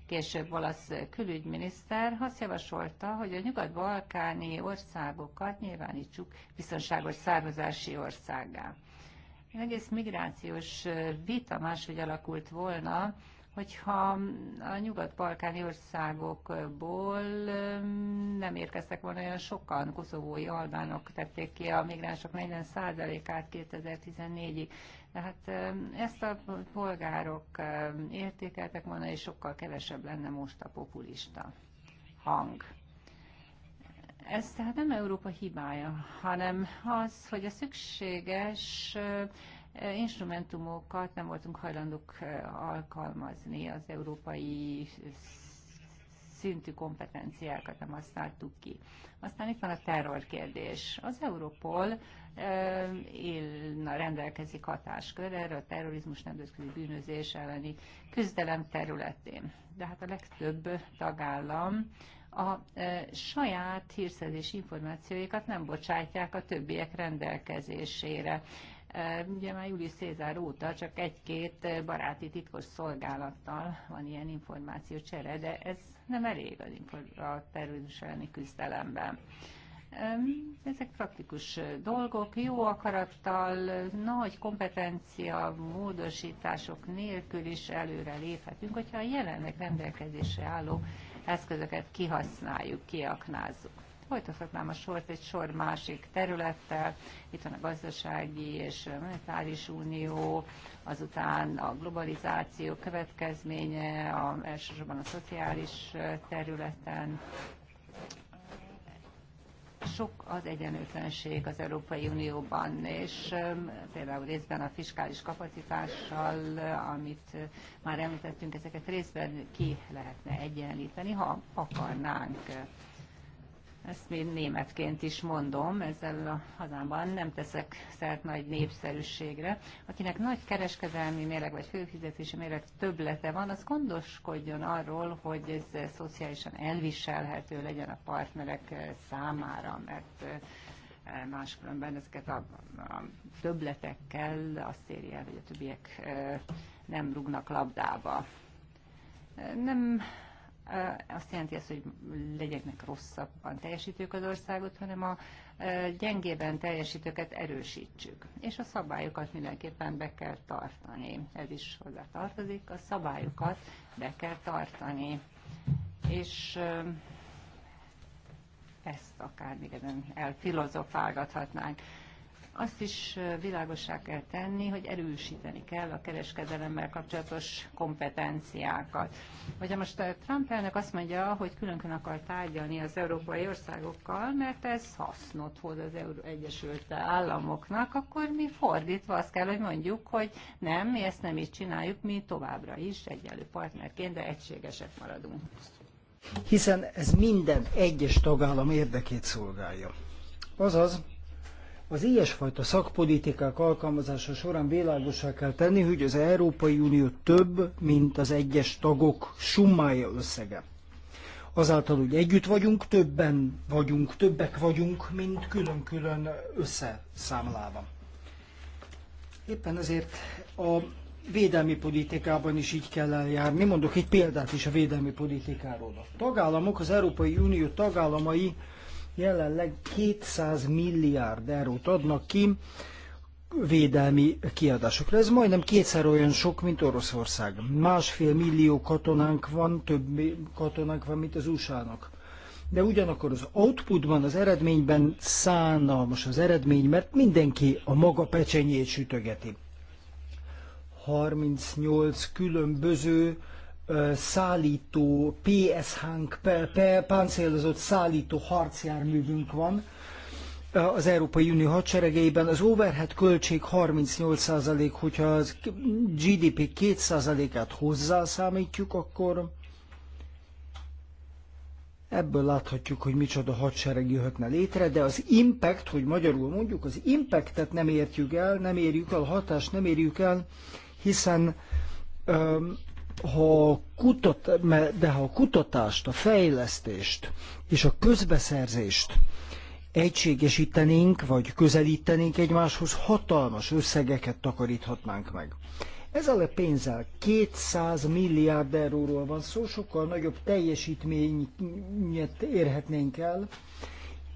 később olasz külügyminiszter azt javasolta, hogy a nyugat-balkáni országokat nyilvánítsuk biztonságos származási országá egész migrációs vita máshogy alakult volna, hogyha a nyugat-balkáni országokból nem érkeztek volna olyan sokan, koszovói albánok tették ki a migránsok 40%-át 2014-ig. De hát ezt a polgárok értékeltek volna, és sokkal kevesebb lenne most a populista hang. Ez tehát nem Európa hibája, hanem az, hogy a szükséges instrumentumokat nem voltunk hajlandók alkalmazni, az európai szintű kompetenciákat nem használtuk ki. Aztán itt van a terrorkérdés. kérdés. Az Europol élna rendelkezik hatáskör erre a terrorizmus nemzetközi bűnözés elleni küzdelem területén. De hát a legtöbb tagállam a e, saját hírszerzési információikat nem bocsátják a többiek rendelkezésére. E, ugye már Julius Szézár óta csak egy-két e, baráti titkos szolgálattal van ilyen csere, de ez nem elég az a terrorizmus küzdelemben. Ezek praktikus dolgok, jó akarattal, nagy kompetencia módosítások nélkül is előre léphetünk, hogyha a jelenleg rendelkezésre álló eszközöket kihasználjuk, kiaknázzuk. Folytathatnám a sort egy sor másik területtel, itt van a gazdasági és monetáris unió, azután a globalizáció következménye, a, elsősorban a szociális területen, sok az egyenlőtlenség az Európai Unióban, és például részben a fiskális kapacitással, amit már említettünk, ezeket részben ki lehetne egyenlíteni, ha akarnánk ezt még németként is mondom, ezzel a hazámban nem teszek szert nagy népszerűségre. Akinek nagy kereskedelmi méreg vagy főfizetési méreg töblete van, az gondoskodjon arról, hogy ez szociálisan elviselhető legyen a partnerek számára, mert eh, máskülönben ezeket a, a töbletekkel azt éri el, hogy a többiek eh, nem rugnak labdába. Nem azt jelenti az, hogy legyenek rosszabban teljesítők az országot, hanem a gyengében teljesítőket erősítsük. És a szabályokat mindenképpen be kell tartani. Ez is hozzá tartozik, a szabályokat be kell tartani. És ezt akár még ezen elfilozofálgathatnánk. Azt is világosá kell tenni, hogy erősíteni kell a kereskedelemmel kapcsolatos kompetenciákat. Hogyha most a eh, Trump elnök azt mondja, hogy külön-külön akar tárgyalni az európai országokkal, mert ez hasznot hoz az Euró Egyesült Államoknak, akkor mi fordítva azt kell, hogy mondjuk, hogy nem, mi ezt nem így csináljuk, mi továbbra is egyenlő partnerként, de egységesek maradunk. Hiszen ez minden egyes tagállam érdekét szolgálja. Azaz, az ilyesfajta szakpolitikák alkalmazása során világosá kell tenni, hogy az Európai Unió több, mint az egyes tagok summája összege. Azáltal, hogy együtt vagyunk, többen vagyunk, többek vagyunk, mint külön-külön összeszámlában. Éppen ezért a védelmi politikában is így kell eljárni. Mondok egy példát is a védelmi politikáról. A tagállamok, az Európai Unió tagállamai jelenleg 200 milliárd eurót adnak ki védelmi kiadásokra. Ez majdnem kétszer olyan sok, mint Oroszország. Másfél millió katonánk van, több katonánk van, mint az USA-nak. De ugyanakkor az outputban, az eredményben szánalmas az eredmény, mert mindenki a maga pecsenyét sütögeti. 38 különböző szállító ps nk páncélozott szállító harcjárművünk van az Európai Unió hadseregeiben. Az overhead költség 38%, hogyha az GDP 2%-át hozzászámítjuk, akkor Ebből láthatjuk, hogy micsoda hadsereg jöhetne létre, de az impact, hogy magyarul mondjuk, az impactet nem értjük el, nem érjük el, hatást nem érjük el, hiszen ha kutat, de ha a kutatást, a fejlesztést és a közbeszerzést egységesítenénk, vagy közelítenénk egymáshoz, hatalmas összegeket takaríthatnánk meg. Ezzel a pénzzel 200 milliárd euróról van szó, sokkal nagyobb teljesítményt érhetnénk el,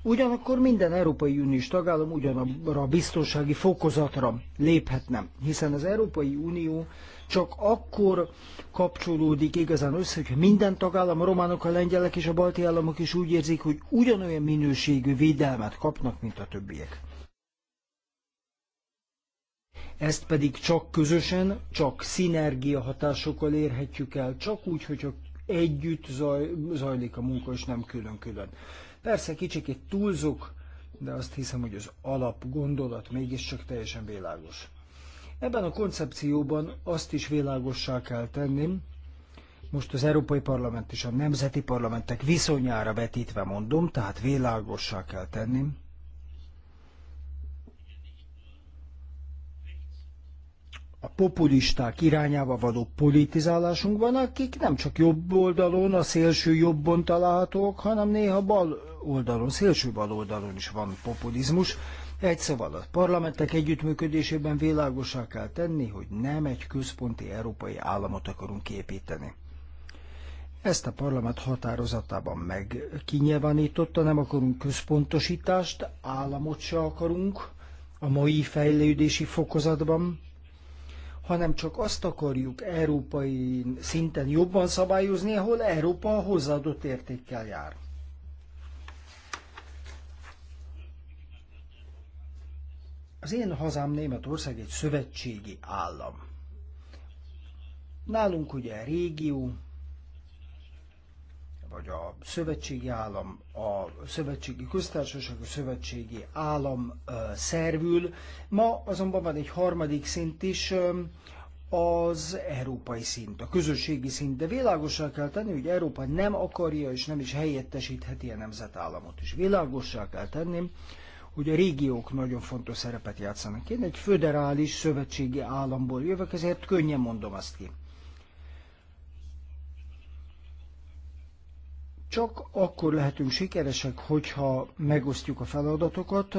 Ugyanakkor minden Európai Uniós tagállam ugyanabra a biztonsági fokozatra léphetne, hiszen az Európai Unió csak akkor kapcsolódik igazán össze, hogy minden tagállam, a románok, a lengyelek és a balti államok is úgy érzik, hogy ugyanolyan minőségű védelmet kapnak, mint a többiek. Ezt pedig csak közösen, csak szinergia hatásokkal érhetjük el, csak úgy, hogyha együtt zaj, zajlik a munka, és nem külön-külön. Persze kicsikét túlzok, de azt hiszem, hogy az alap gondolat mégiscsak teljesen világos. Ebben a koncepcióban azt is világossá kell tenni, most az Európai Parlament és a nemzeti parlamentek viszonyára vetítve mondom, tehát világossá kell tenni, a populisták irányába való politizálásunkban, akik nem csak jobb oldalon, a szélső jobbon találhatók, hanem néha bal oldalon, szélső bal oldalon is van populizmus. Egy szav alatt parlamentek együttműködésében világosá kell tenni, hogy nem egy központi európai államot akarunk építeni. Ezt a parlament határozatában meg kinyilvánította, nem akarunk központosítást, államot se akarunk a mai fejlődési fokozatban, hanem csak azt akarjuk európai szinten jobban szabályozni, ahol Európa hozzáadott értékkel jár. Az én hazám Németország egy szövetségi állam. Nálunk ugye a régió, vagy a szövetségi állam, a szövetségi köztársaság, a szövetségi állam szervül. Ma azonban van egy harmadik szint is, az európai szint, a közösségi szint, de világosra kell tenni, hogy Európa nem akarja és nem is helyettesítheti a nemzetállamot. És világosra kell tenni, hogy a régiók nagyon fontos szerepet játszanak. Én egy föderális szövetségi államból jövök, ezért könnyen mondom azt ki. Csak akkor lehetünk sikeresek, hogyha megosztjuk a feladatokat.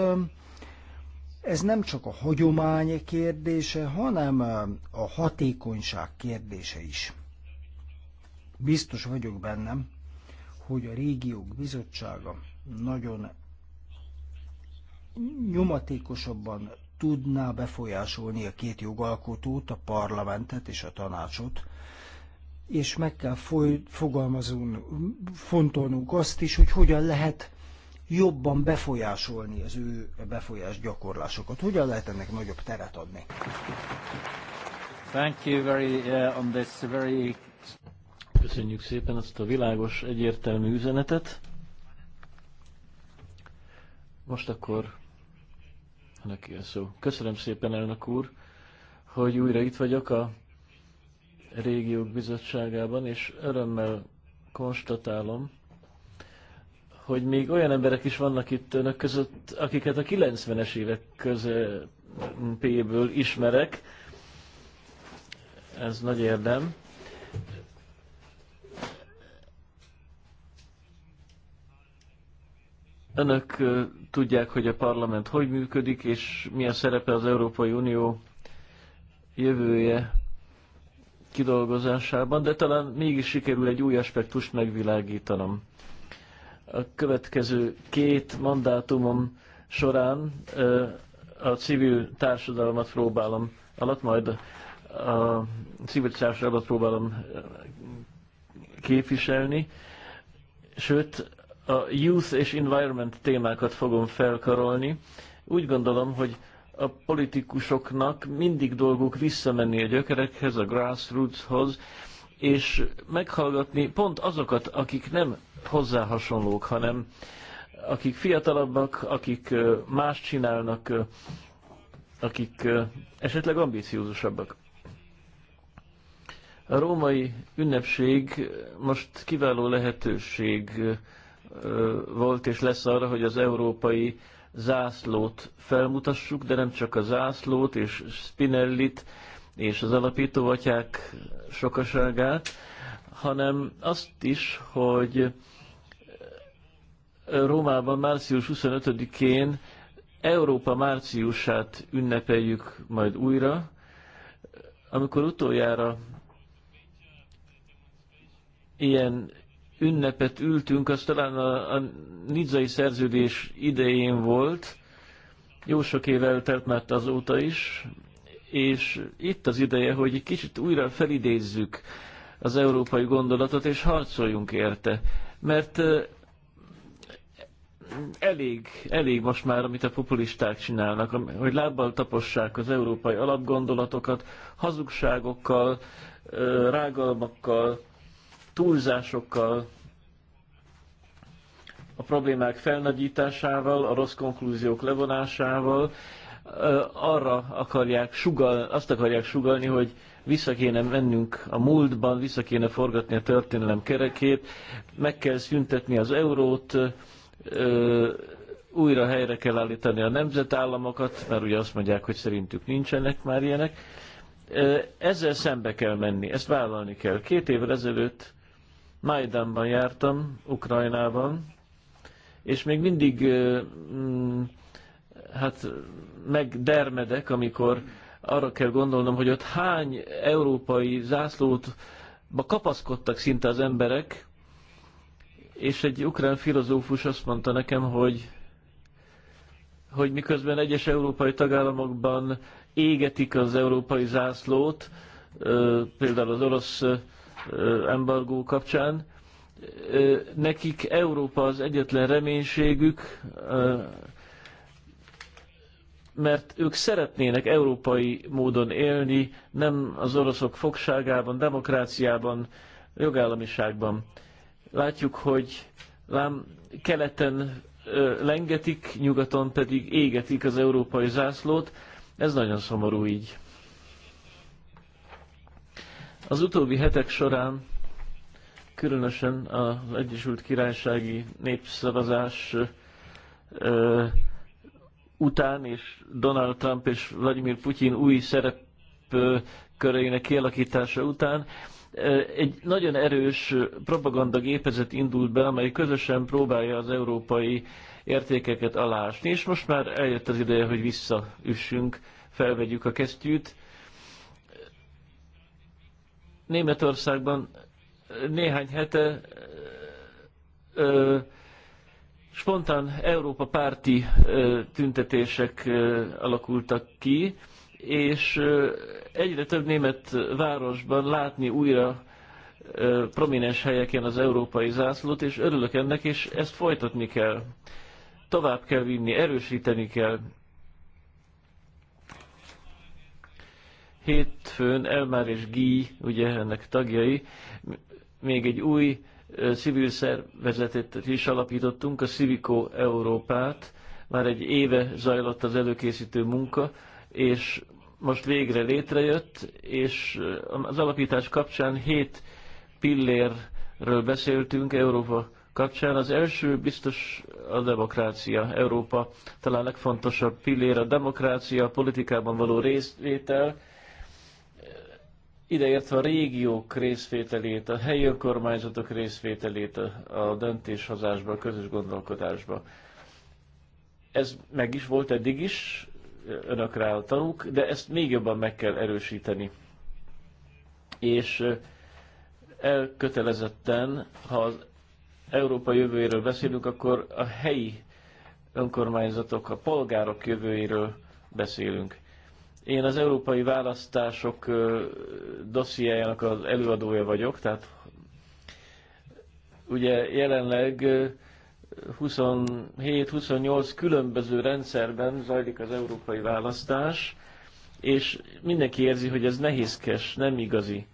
Ez nem csak a hagyomány kérdése, hanem a hatékonyság kérdése is. Biztos vagyok bennem, hogy a régiók bizottsága nagyon nyomatékosabban tudná befolyásolni a két jogalkotót, a parlamentet és a tanácsot, és meg kell foly, fogalmazunk, fontolnunk azt is, hogy hogyan lehet jobban befolyásolni az ő befolyás gyakorlásokat. Hogyan lehet ennek nagyobb teret adni? Thank you very, uh, on this very... Köszönjük szépen ezt a világos, egyértelmű üzenetet. Most akkor Neki a szó. Köszönöm szépen, elnök úr, hogy újra itt vagyok a régiók bizottságában, és örömmel konstatálom, hogy még olyan emberek is vannak itt önök között, akiket a 90-es évek közepéből ismerek. Ez nagy érdem. Önök tudják, hogy a parlament hogy működik, és milyen szerepe az Európai Unió jövője kidolgozásában, de talán mégis sikerül egy új aspektust megvilágítanom. A következő két mandátumom során a civil társadalmat próbálom alatt, majd a civil társadalmat próbálom képviselni, sőt, a youth és environment témákat fogom felkarolni. Úgy gondolom, hogy a politikusoknak mindig dolguk visszamenni a gyökerekhez, a grassrootshoz, és meghallgatni pont azokat, akik nem hozzá hasonlók, hanem akik fiatalabbak, akik más csinálnak, akik esetleg ambíciózusabbak. A római ünnepség most kiváló lehetőség volt és lesz arra, hogy az európai zászlót felmutassuk, de nem csak a zászlót és Spinellit és az alapító sokaságát, hanem azt is, hogy Rómában március 25-én Európa márciusát ünnepeljük majd újra. Amikor utoljára ilyen ünnepet ültünk, az talán a, a nidzai szerződés idején volt, jó sok éve eltelt már azóta is, és itt az ideje, hogy egy kicsit újra felidézzük az európai gondolatot, és harcoljunk érte. Mert elég, elég most már, amit a populisták csinálnak, hogy lábbal tapossák az európai alapgondolatokat, hazugságokkal, rágalmakkal, túlzásokkal, a problémák felnagyításával, a rossz konklúziók levonásával, arra akarják sugal, azt akarják sugalni, hogy vissza kéne mennünk a múltban, vissza kéne forgatni a történelem kerekét, meg kell szüntetni az eurót, újra helyre kell állítani a nemzetállamokat, mert ugye azt mondják, hogy szerintük nincsenek már ilyenek. Ezzel szembe kell menni, ezt vállalni kell. Két évvel ezelőtt Majdanban jártam, Ukrajnában, és még mindig mm, hát megdermedek, amikor arra kell gondolnom, hogy ott hány európai zászlót kapaszkodtak szinte az emberek, és egy ukrán filozófus azt mondta nekem, hogy, hogy miközben egyes európai tagállamokban égetik az európai zászlót, például az orosz embargó kapcsán. Nekik Európa az egyetlen reménységük, mert ők szeretnének európai módon élni, nem az oroszok fogságában, demokráciában, jogállamiságban. Látjuk, hogy lám keleten lengetik, nyugaton pedig égetik az európai zászlót. Ez nagyon szomorú így. Az utóbbi hetek során különösen az Egyesült Királysági népszavazás ö, után és Donald Trump és Vladimir Putyin új szerep köreinek kialakítása után egy nagyon erős propaganda gépezet indult be, amely közösen próbálja az európai értékeket alásni, és most már eljött az ideje, hogy visszaüssünk, felvegyük a kesztyűt, Németországban eh, néhány hete eh, ö, spontán Európa párti ö, eh, tüntetések ö, alakultak ki, és ö, egyre több német városban látni újra ö, prominens helyeken az európai zászlót, és örülök ennek, és ezt folytatni kell. Tovább kell vinni, erősíteni kell. hétfőn Elmár és Gí, ugye ennek tagjai, még egy új civil szervezetet is alapítottunk, a Civico Európát. Már egy éve zajlott az előkészítő munka, és most végre létrejött, és az alapítás kapcsán hét pillérről beszéltünk Európa kapcsán. Az első biztos a demokrácia. Európa talán legfontosabb pillér a demokrácia, a politikában való részvétel, ideértve a régiók részvételét, a helyi önkormányzatok részvételét a döntéshozásba, a közös gondolkodásba. Ez meg is volt eddig is, önök rá a tanúk, de ezt még jobban meg kell erősíteni. És elkötelezetten, ha az Európa jövőjéről beszélünk, akkor a helyi önkormányzatok, a polgárok jövőjéről beszélünk. Én az európai választások dossziájának az előadója vagyok, tehát ugye jelenleg 27-28 különböző rendszerben zajlik az európai választás, és mindenki érzi, hogy ez nehézkes, nem igazi.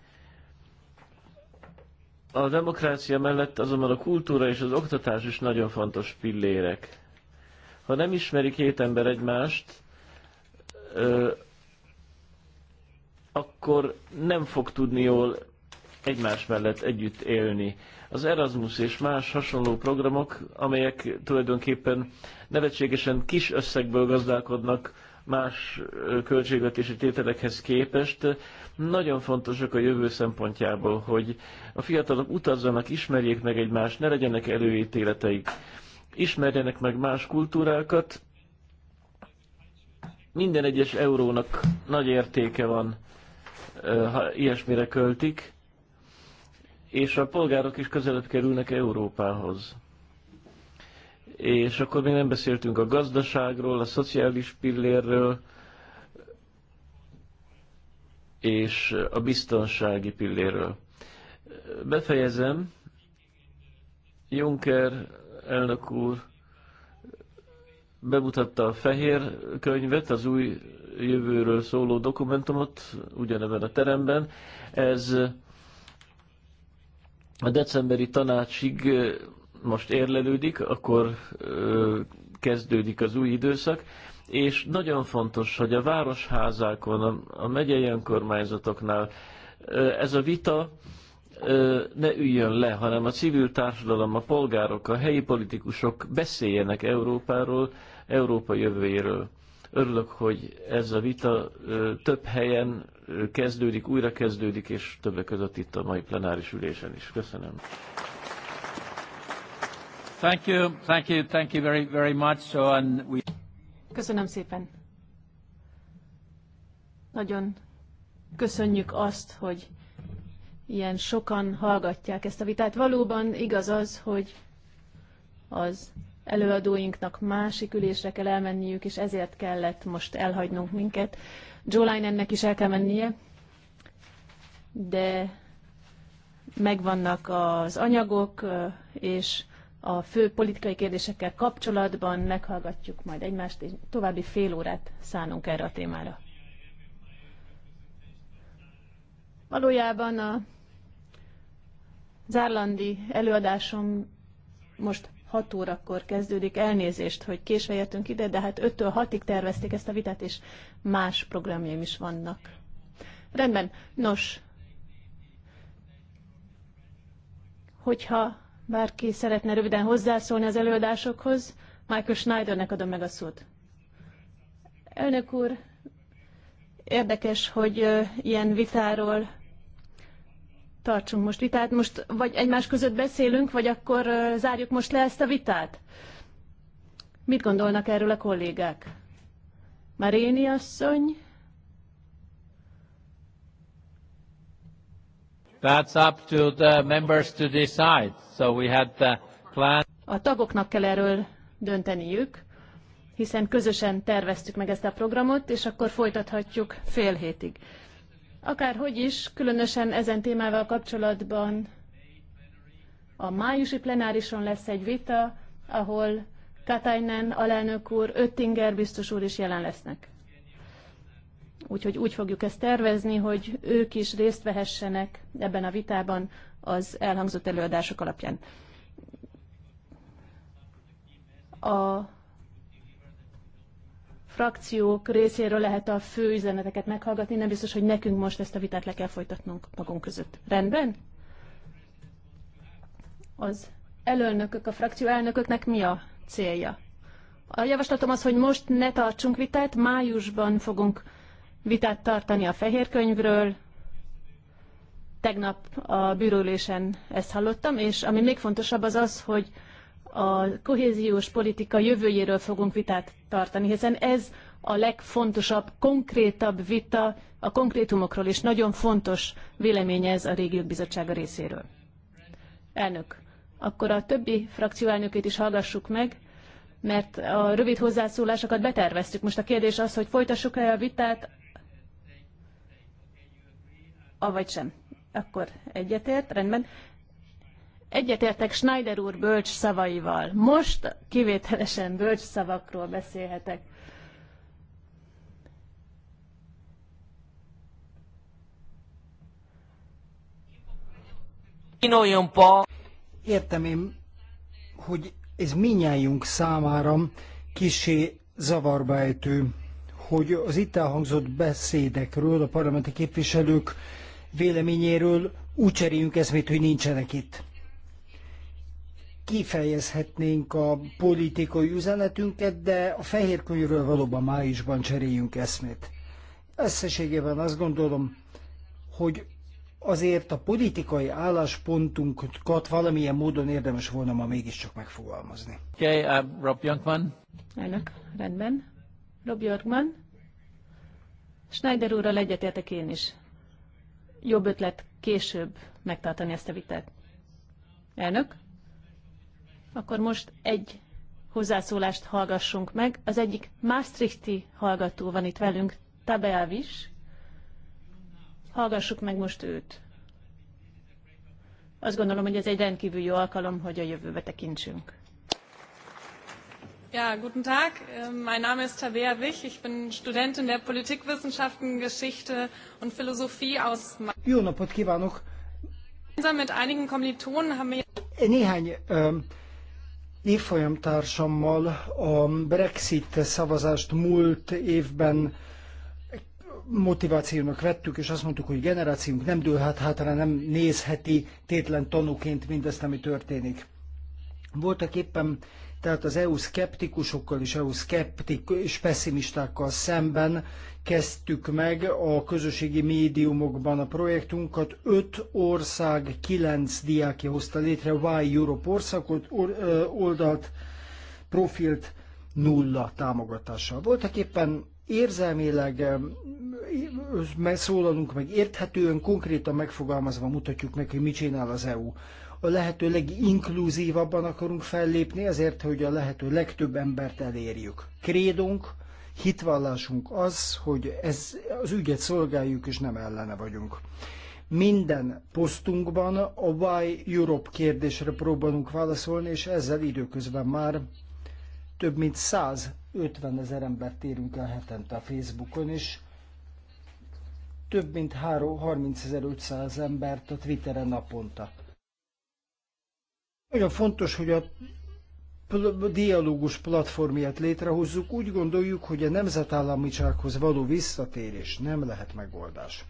A demokrácia mellett azonban a kultúra és az oktatás is nagyon fontos pillérek. Ha nem ismeri két ember egymást, akkor nem fog tudni jól egymás mellett együtt élni. Az Erasmus és más hasonló programok, amelyek tulajdonképpen nevetségesen kis összegből gazdálkodnak más költségvetési tételekhez képest, nagyon fontosak a jövő szempontjából, hogy a fiatalok utazzanak, ismerjék meg egymást, ne legyenek előítéleteik, ismerjenek meg más kultúrákat. Minden egyes eurónak nagy értéke van ha ilyesmire költik, és a polgárok is közelebb kerülnek Európához. És akkor még nem beszéltünk a gazdaságról, a szociális pillérről, és a biztonsági pilléről. Befejezem. Juncker elnök úr bemutatta a fehér könyvet, az új jövőről szóló dokumentumot ugyanebben a teremben. Ez a decemberi tanácsig most érlelődik, akkor kezdődik az új időszak, és nagyon fontos, hogy a városházákon, a megyei önkormányzatoknál ez a vita ne üljön le, hanem a civil társadalom, a polgárok, a helyi politikusok beszéljenek Európáról, Európa jövőjéről. Örülök, hogy ez a vita több helyen kezdődik, újra kezdődik, és többek között itt a mai plenáris ülésen is. Köszönöm. Thank you, thank you, thank you very, very much. So, and we... Köszönöm szépen. Nagyon köszönjük azt, hogy ilyen sokan hallgatják ezt a vitát. Valóban igaz az, hogy az előadóinknak másik ülésre kell elmenniük, és ezért kellett most elhagynunk minket. Joe ennek is el kell mennie, de megvannak az anyagok, és a fő politikai kérdésekkel kapcsolatban meghallgatjuk majd egymást, és további fél órát szánunk erre a témára. Valójában a zárlandi előadásom most 6 órakor kezdődik. Elnézést, hogy késve jöttünk ide, de hát 5-től 6-ig tervezték ezt a vitát, és más programjaim is vannak. Rendben, nos, hogyha bárki szeretne röviden hozzászólni az előadásokhoz, Michael Schneidernek adom meg a szót. Elnök úr, érdekes, hogy ilyen vitáról tartsunk most vitát. Most vagy egymás között beszélünk, vagy akkor zárjuk most le ezt a vitát? Mit gondolnak erről a kollégák? Maréni asszony? That's up to the members to decide. So we had the plan. A tagoknak kell erről dönteniük, hiszen közösen terveztük meg ezt a programot, és akkor folytathatjuk fél hétig. Akárhogy is, különösen ezen témával kapcsolatban a májusi plenárison lesz egy vita, ahol Katainen alelnök úr, Öttinger biztos úr is jelen lesznek. Úgyhogy úgy fogjuk ezt tervezni, hogy ők is részt vehessenek ebben a vitában az elhangzott előadások alapján. A frakciók részéről lehet a fő üzeneteket meghallgatni, nem biztos, hogy nekünk most ezt a vitát le kell folytatnunk magunk között. Rendben? Az előnökök, a frakció elnököknek mi a célja? A javaslatom az, hogy most ne tartsunk vitát, májusban fogunk vitát tartani a fehér könyvről. Tegnap a bűrülésen ezt hallottam, és ami még fontosabb az az, hogy a kohéziós politika jövőjéről fogunk vitát tartani, hiszen ez a legfontosabb, konkrétabb vita a konkrétumokról, és nagyon fontos véleménye ez a régiók bizottsága részéről. Elnök, akkor a többi frakcióelnökét is hallgassuk meg, mert a rövid hozzászólásokat beterveztük. Most a kérdés az, hogy folytassuk-e a vitát, avagy sem. Akkor egyetért, rendben. Egyetértek Schneider úr bölcs szavaival. Most kivételesen bölcs szavakról beszélhetek. Értem én, hogy ez minnyájunk számára kisé zavarba ejtő, hogy az itt elhangzott beszédekről, a parlamenti képviselők véleményéről úgy cseréljünk eszmét, hogy nincsenek itt kifejezhetnénk a politikai üzenetünket, de a fehér könyvről valóban májusban cseréljünk eszmét. Összességében azt gondolom, hogy azért a politikai álláspontunkat valamilyen módon érdemes volna ma mégiscsak megfogalmazni. Okay, uh, Rob Jankman. Elnök, rendben. Rob Jankman. Schneider úrral egyetértek én is. Jobb ötlet később megtartani ezt a vitát. Elnök? Akkor most egy hozzászólást hallgassunk meg. Az egyik Maastrichti hallgató van itt velünk, Tabeavis. Hallgassuk meg most őt. Azt gondolom, hogy ez egy rendkívül jó alkalom, hogy a jövőbe tekintsünk. Ja, guten Tag. Mein Name ist Tabea Wich. Ich bin Studentin der Politikwissenschaften, Geschichte und Philosophie aus. Jó napot kívánok! Gemeinsam mit einigen Kommilitonen haben wir. Néhány um évfolyamtársammal a Brexit szavazást múlt évben motivációnak vettük, és azt mondtuk, hogy generációnk nem dőlhet hátra, nem nézheti tétlen tanúként mindezt, ami történik. Voltak éppen tehát az EU szkeptikusokkal és EU szkeptik és pessimistákkal szemben kezdtük meg a közösségi médiumokban a projektunkat. Öt ország, kilenc diákja hozta létre Why Europe országot, oldalt, profilt nulla támogatással. Voltak éppen érzelmileg szólalunk meg érthetően, konkrétan megfogalmazva mutatjuk meg, hogy mit csinál az EU a lehető leginkluzívabban akarunk fellépni, azért, hogy a lehető legtöbb embert elérjük. Krédunk, hitvallásunk az, hogy ez, az ügyet szolgáljuk, és nem ellene vagyunk. Minden posztunkban a Why Europe kérdésre próbálunk válaszolni, és ezzel időközben már több mint 150 ezer embert érünk el hetente a Facebookon, és több mint 30.500 embert a Twitteren naponta. Nagyon fontos, hogy a dialógus platformját létrehozzuk, úgy gondoljuk, hogy a nemzetállamisághoz való visszatérés nem lehet megoldás.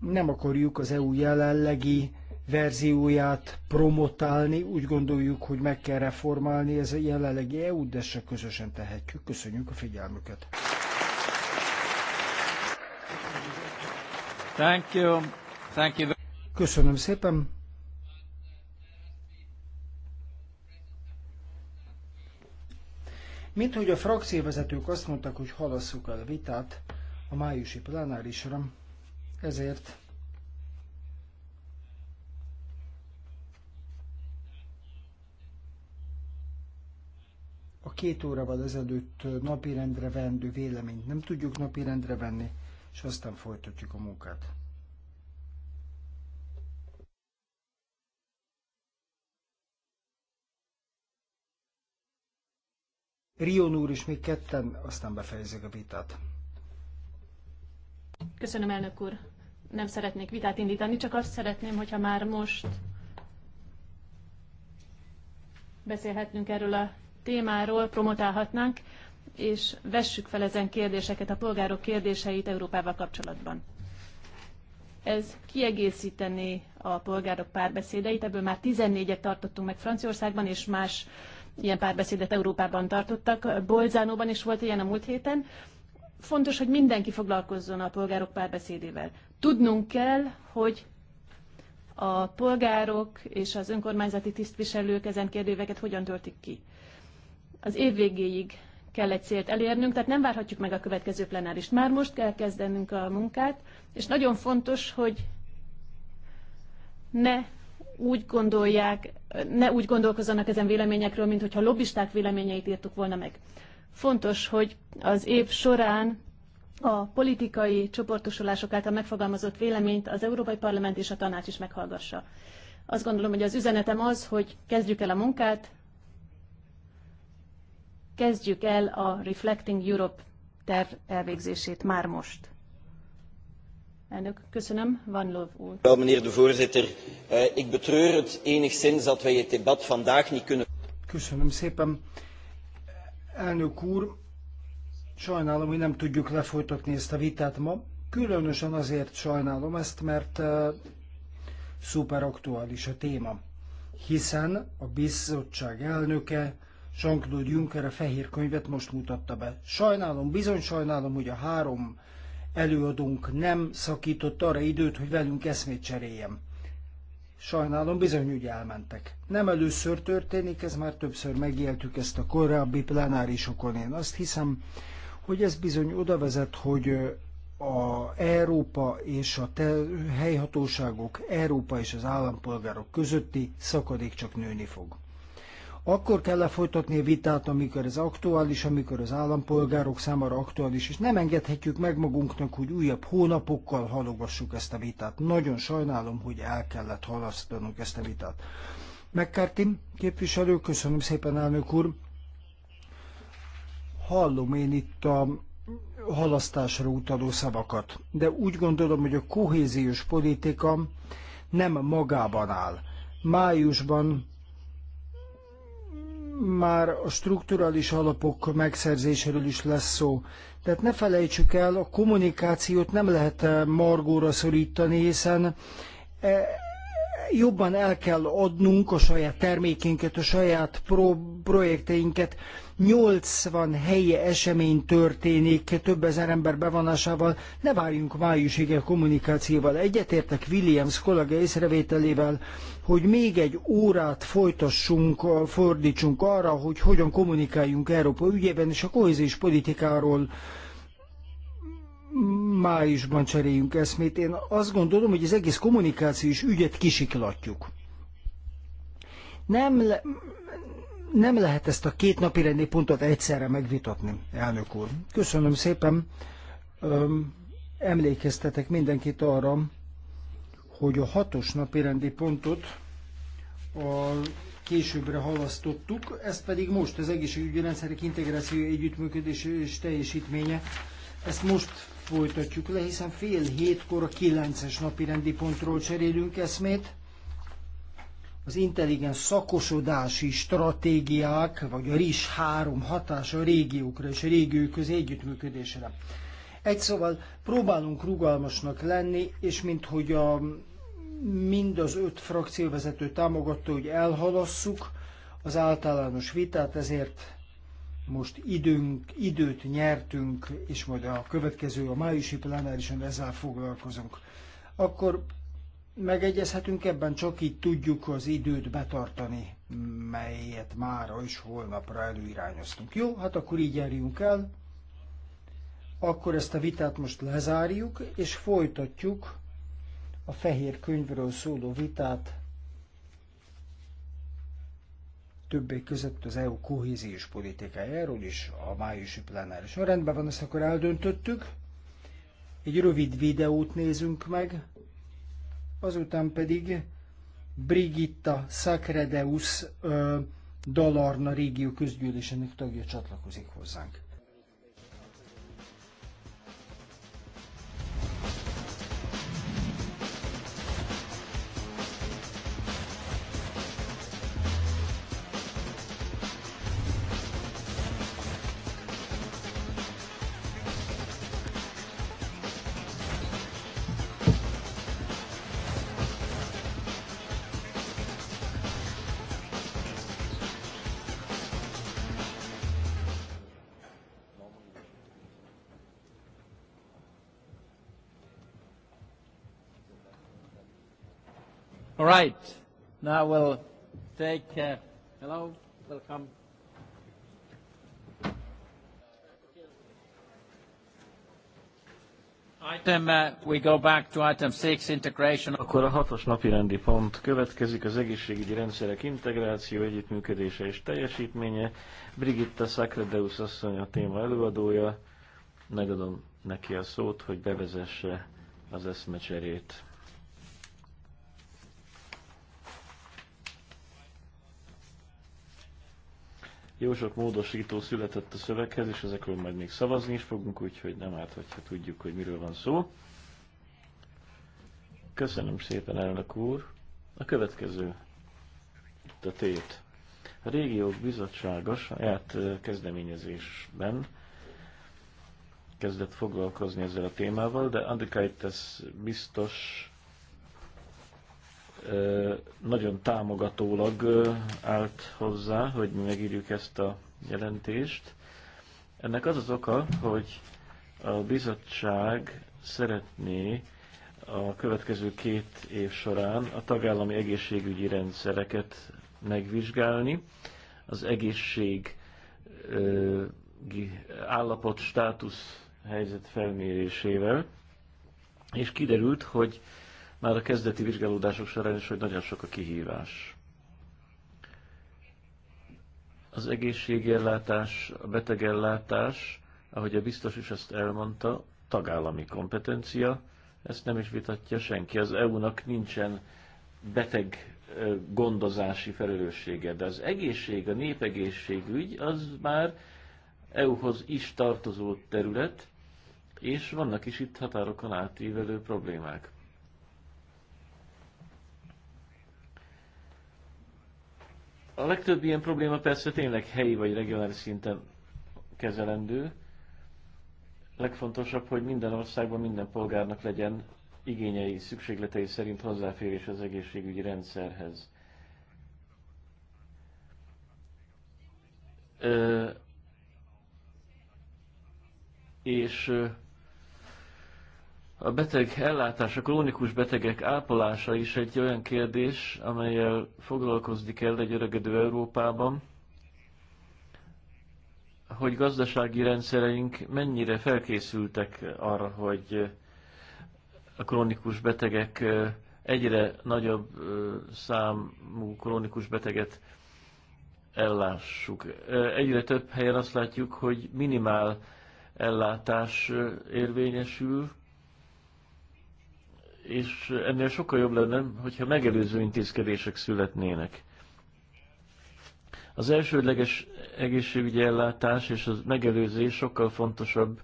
Nem akarjuk az EU jelenlegi verzióját promotálni, úgy gondoljuk, hogy meg kell reformálni ez a jelenlegi EU, de se közösen tehetjük. Köszönjük a figyelmüket! Thank you. Thank you. Köszönöm szépen. Mint hogy a frakcióvezetők azt mondták, hogy halasszuk el a vitát a májusi plenárisra, ezért a két órával ezelőtt napirendre vendő véleményt nem tudjuk napirendre venni, és aztán folytatjuk a munkát. Rion úr is még ketten, aztán befejezzük a vitát. Köszönöm, elnök úr. Nem szeretnék vitát indítani, csak azt szeretném, hogyha már most beszélhetnünk erről a témáról, promotálhatnánk, és vessük fel ezen kérdéseket, a polgárok kérdéseit Európával kapcsolatban. Ez kiegészítené a polgárok párbeszédeit, ebből már 14-et tartottunk meg Franciaországban, és más ilyen párbeszédet Európában tartottak. Bolzánóban is volt ilyen a múlt héten. Fontos, hogy mindenki foglalkozzon a polgárok párbeszédével. Tudnunk kell, hogy a polgárok és az önkormányzati tisztviselők ezen kérdőveket hogyan töltik ki. Az év végéig kell egy célt elérnünk, tehát nem várhatjuk meg a következő plenárist. Már most kell kezdenünk a munkát, és nagyon fontos, hogy ne úgy gondolják, ne úgy gondolkozzanak ezen véleményekről, mint hogyha lobbisták véleményeit írtuk volna meg. Fontos, hogy az év során a politikai csoportosulások által megfogalmazott véleményt az Európai Parlament és a Tanács is meghallgassa. Azt gondolom, hogy az üzenetem az, hogy kezdjük el a munkát, kezdjük el a Reflecting Europe terv elvégzését már most. Elnök, köszönöm. Van Lov úr. Wel, meneer de voorzitter, eh, ik betreur het enigszins dat wij het debat vandaag niet kunnen... Köszönöm szépen. Elnök úr, sajnálom, hogy nem tudjuk lefolytatni ezt a vitát ma. Különösen azért sajnálom ezt, mert uh, eh, szuper aktuális a téma. Hiszen a bizottság elnöke Jean-Claude Juncker a fehér könyvet most mutatta be. Sajnálom, bizony sajnálom, hogy a három előadónk nem szakított arra időt, hogy velünk eszmét cseréljem. Sajnálom, bizony ügy elmentek. Nem először történik, ez már többször megéltük ezt a korábbi plenárisokon. Én azt hiszem, hogy ez bizony oda vezet, hogy a Európa és a helyhatóságok, Európa és az állampolgárok közötti szakadék csak nőni fog. Akkor kell lefolytatni a vitát, amikor ez aktuális, amikor az állampolgárok számára aktuális, és nem engedhetjük meg magunknak, hogy újabb hónapokkal halogassuk ezt a vitát. Nagyon sajnálom, hogy el kellett halasztanunk ezt a vitát. McCarthy képviselő, köszönöm szépen, elnök úr. Hallom én itt a halasztásra utaló szavakat, de úgy gondolom, hogy a kohéziós politika nem magában áll. Májusban már a strukturális alapok megszerzéséről is lesz szó. Tehát ne felejtsük el, a kommunikációt nem lehet margóra szorítani, hiszen e, jobban el kell adnunk a saját termékénket, a saját pro projekteinket. 80 helyi esemény történik több ezer ember bevonásával. Ne várjunk májusig a kommunikációval. Egyetértek Williams kollega észrevételével, hogy még egy órát folytassunk, fordítsunk arra, hogy hogyan kommunikáljunk Európa ügyében és a kohéziós politikáról májusban cseréljünk eszmét. Én azt gondolom, hogy az egész kommunikációs ügyet kisiklatjuk. Nem, le, nem lehet ezt a két napi rendi pontot egyszerre megvitatni, elnök úr. Köszönöm szépen. Emlékeztetek mindenkit arra, hogy a hatos napi rendi pontot a későbbre halasztottuk, Ezt pedig most az egészségügyi rendszerek integrációja, együttműködés és teljesítménye. Ezt most folytatjuk le, hiszen fél hétkor a kilences napi rendi pontról cserélünk eszmét. Az intelligens szakosodási stratégiák, vagy a RIS három hatása a régiókra és a régiók közé együttműködésre. Egy szóval próbálunk rugalmasnak lenni, és minthogy a, mind az öt frakcióvezető támogatta, hogy elhalasszuk az általános vitát, ezért most időnk, időt nyertünk, és majd a következő, a májusi plenárison ezzel foglalkozunk, akkor megegyezhetünk ebben, csak így tudjuk az időt betartani, melyet mára is holnapra előirányoztunk. Jó, hát akkor így járjunk el. Akkor ezt a vitát most lezárjuk, és folytatjuk a fehér könyvről szóló vitát többek között az EU kohéziós politikájáról is a májusi Ha Rendben van, ezt akkor eldöntöttük. Egy rövid videót nézünk meg, azután pedig Brigitta Sacredeus Dalarna régió közgyűlésének tagja csatlakozik hozzánk. right. Now we'll take. Uh, hello, welcome. Item, uh, we go back to item six, integration. Akkor a hatos napi rendi pont következik az egészségügyi rendszerek integráció, együttműködése és teljesítménye. Brigitta Sacredeus asszony a téma előadója. Megadom neki a szót, hogy bevezesse az eszmecserét. Jó sok módosító született a szöveghez, és ezekről majd még szavazni is fogunk, úgyhogy nem árt, hogyha tudjuk, hogy miről van szó. Köszönöm szépen, elnök úr. A következő itt a tét. A régiók bizottsága saját kezdeményezésben kezdett foglalkozni ezzel a témával, de Andikaites biztos nagyon támogatólag állt hozzá, hogy mi megírjuk ezt a jelentést. Ennek az az oka, hogy a bizottság szeretné a következő két év során a tagállami egészségügyi rendszereket megvizsgálni, az egészség állapot, státusz, helyzet felmérésével, és kiderült, hogy már a kezdeti vizsgálódások során is, hogy nagyon sok a kihívás. Az egészségellátás, a betegellátás, ahogy a biztos is ezt elmondta, tagállami kompetencia, ezt nem is vitatja senki. Az EU-nak nincsen beteg gondozási felelőssége, de az egészség, a népegészségügy az már EU-hoz is tartozó terület, és vannak is itt határokon átívelő problémák. A legtöbb ilyen probléma persze tényleg helyi vagy regionális szinten kezelendő. Legfontosabb, hogy minden országban minden polgárnak legyen igényei, szükségletei szerint hozzáférés az egészségügyi rendszerhez. Ö, és a beteg ellátása, krónikus betegek ápolása is egy olyan kérdés, amelyel foglalkozni kell egy öregedő Európában, hogy gazdasági rendszereink mennyire felkészültek arra, hogy a krónikus betegek egyre nagyobb számú krónikus beteget ellássuk. Egyre több helyen azt látjuk, hogy minimál ellátás érvényesül, és ennél sokkal jobb lenne, hogyha megelőző intézkedések születnének. Az elsődleges egészségügyi ellátás és az megelőzés sokkal fontosabb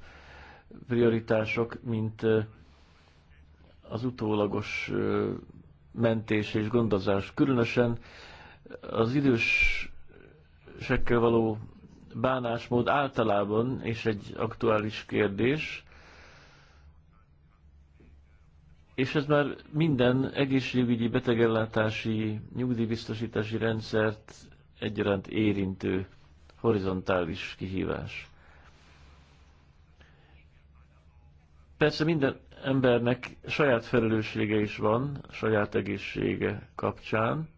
prioritások, mint az utólagos mentés és gondozás. Különösen az idősekkel való bánásmód általában, és egy aktuális kérdés, és ez már minden egészségügyi, betegellátási, nyugdíjbiztosítási rendszert egyaránt érintő horizontális kihívás. Persze minden embernek saját felelőssége is van, saját egészsége kapcsán,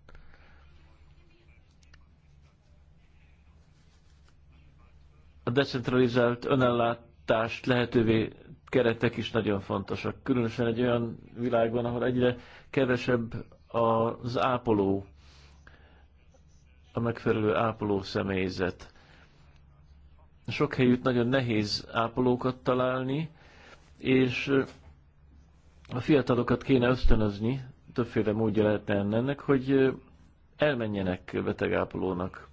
a decentralizált önellátást lehetővé keretek is nagyon fontosak, különösen egy olyan világban, ahol egyre kevesebb az ápoló, a megfelelő ápoló személyzet. Sok helyütt nagyon nehéz ápolókat találni, és a fiatalokat kéne ösztönözni, többféle módja lehetne ennek, hogy elmenjenek betegápolónak.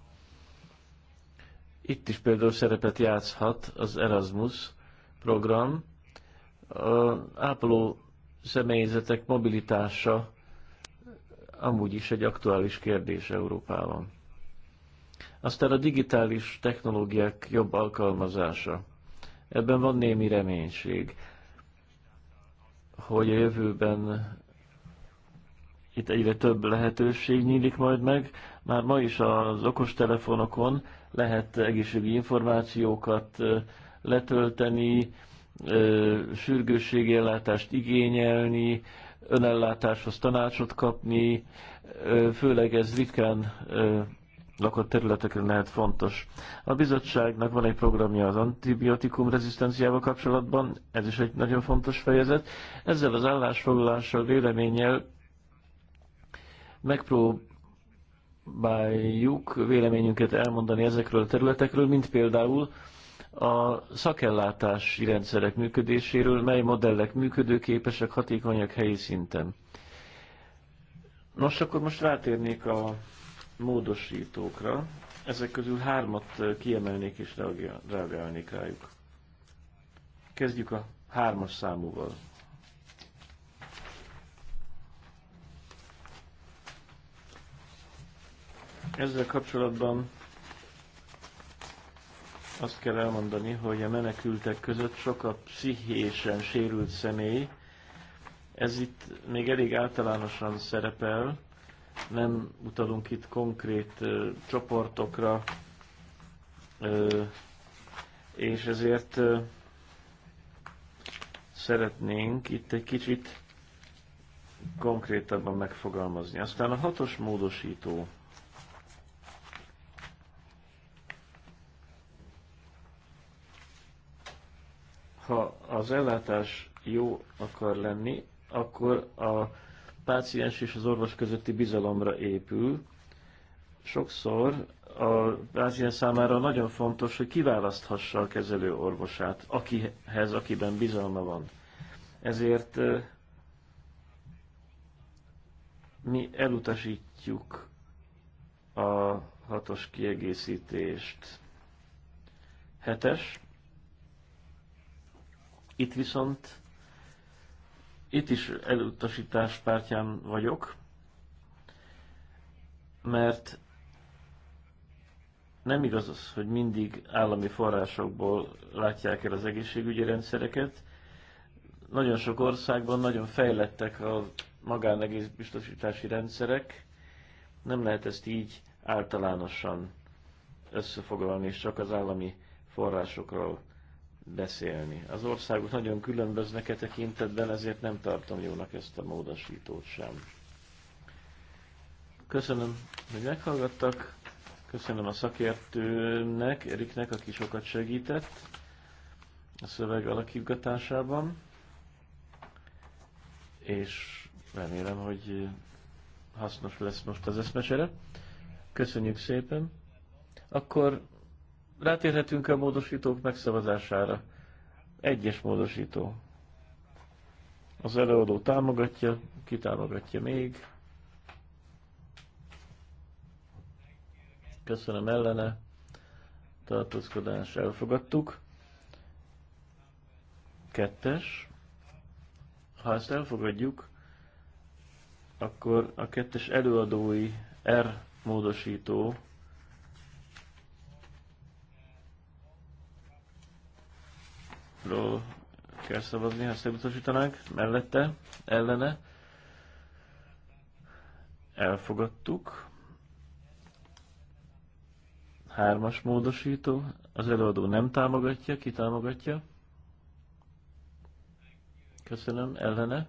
Itt is például szerepet játszhat az Erasmus program, ápoló személyzetek mobilitása amúgy is egy aktuális kérdés Európában. Aztán a digitális technológiák jobb alkalmazása. Ebben van némi reménység, hogy a jövőben itt egyre több lehetőség nyílik majd meg. Már ma is az okostelefonokon lehet egészségügyi információkat letölteni, sürgősségi ellátást igényelni, önellátáshoz tanácsot kapni, főleg ez ritkán lakott területeken lehet fontos. A bizottságnak van egy programja az antibiotikum rezisztenciával kapcsolatban, ez is egy nagyon fontos fejezet. Ezzel az állásfoglalással, véleménnyel megpróbáljuk véleményünket elmondani ezekről a területekről, mint például a szakellátási rendszerek működéséről, mely modellek működőképesek, hatékonyak helyi szinten. Nos, akkor most rátérnék a módosítókra. Ezek közül hármat kiemelnék és reagálnék rájuk. Kezdjük a hármas számúval. Ezzel kapcsolatban azt kell elmondani, hogy a menekültek között sok a pszichésen sérült személy. Ez itt még elég általánosan szerepel, nem utalunk itt konkrét ö, csoportokra, ö, és ezért ö, szeretnénk itt egy kicsit konkrétabban megfogalmazni. Aztán a hatos módosító ha az ellátás jó akar lenni, akkor a páciens és az orvos közötti bizalomra épül. Sokszor a páciens számára nagyon fontos, hogy kiválaszthassa a kezelő orvosát, akihez, akiben bizalma van. Ezért mi elutasítjuk a hatos kiegészítést. Hetes itt viszont, itt is elutasítás pártján vagyok, mert nem igaz az, hogy mindig állami forrásokból látják el az egészségügyi rendszereket. Nagyon sok országban nagyon fejlettek a magánegészbiztosítási rendszerek. Nem lehet ezt így általánosan összefoglalni, és csak az állami forrásokról beszélni. Az országok nagyon különböznek e tekintetben, ezért nem tartom jónak ezt a módosítót sem. Köszönöm, hogy meghallgattak, köszönöm a szakértőnek, Eriknek, aki sokat segített a szöveg alakítgatásában, és remélem, hogy hasznos lesz most az eszmesere. Köszönjük szépen! Akkor Rátérhetünk a módosítók megszavazására. Egyes módosító. Az előadó támogatja, kitámogatja még. Köszönöm ellene. Tartózkodás elfogadtuk. Kettes. Ha ezt elfogadjuk, akkor a kettes előadói R módosító ról kell szavazni, ha ezt mellette, ellene. Elfogadtuk. Hármas módosító, az előadó nem támogatja, ki támogatja? Köszönöm, ellene.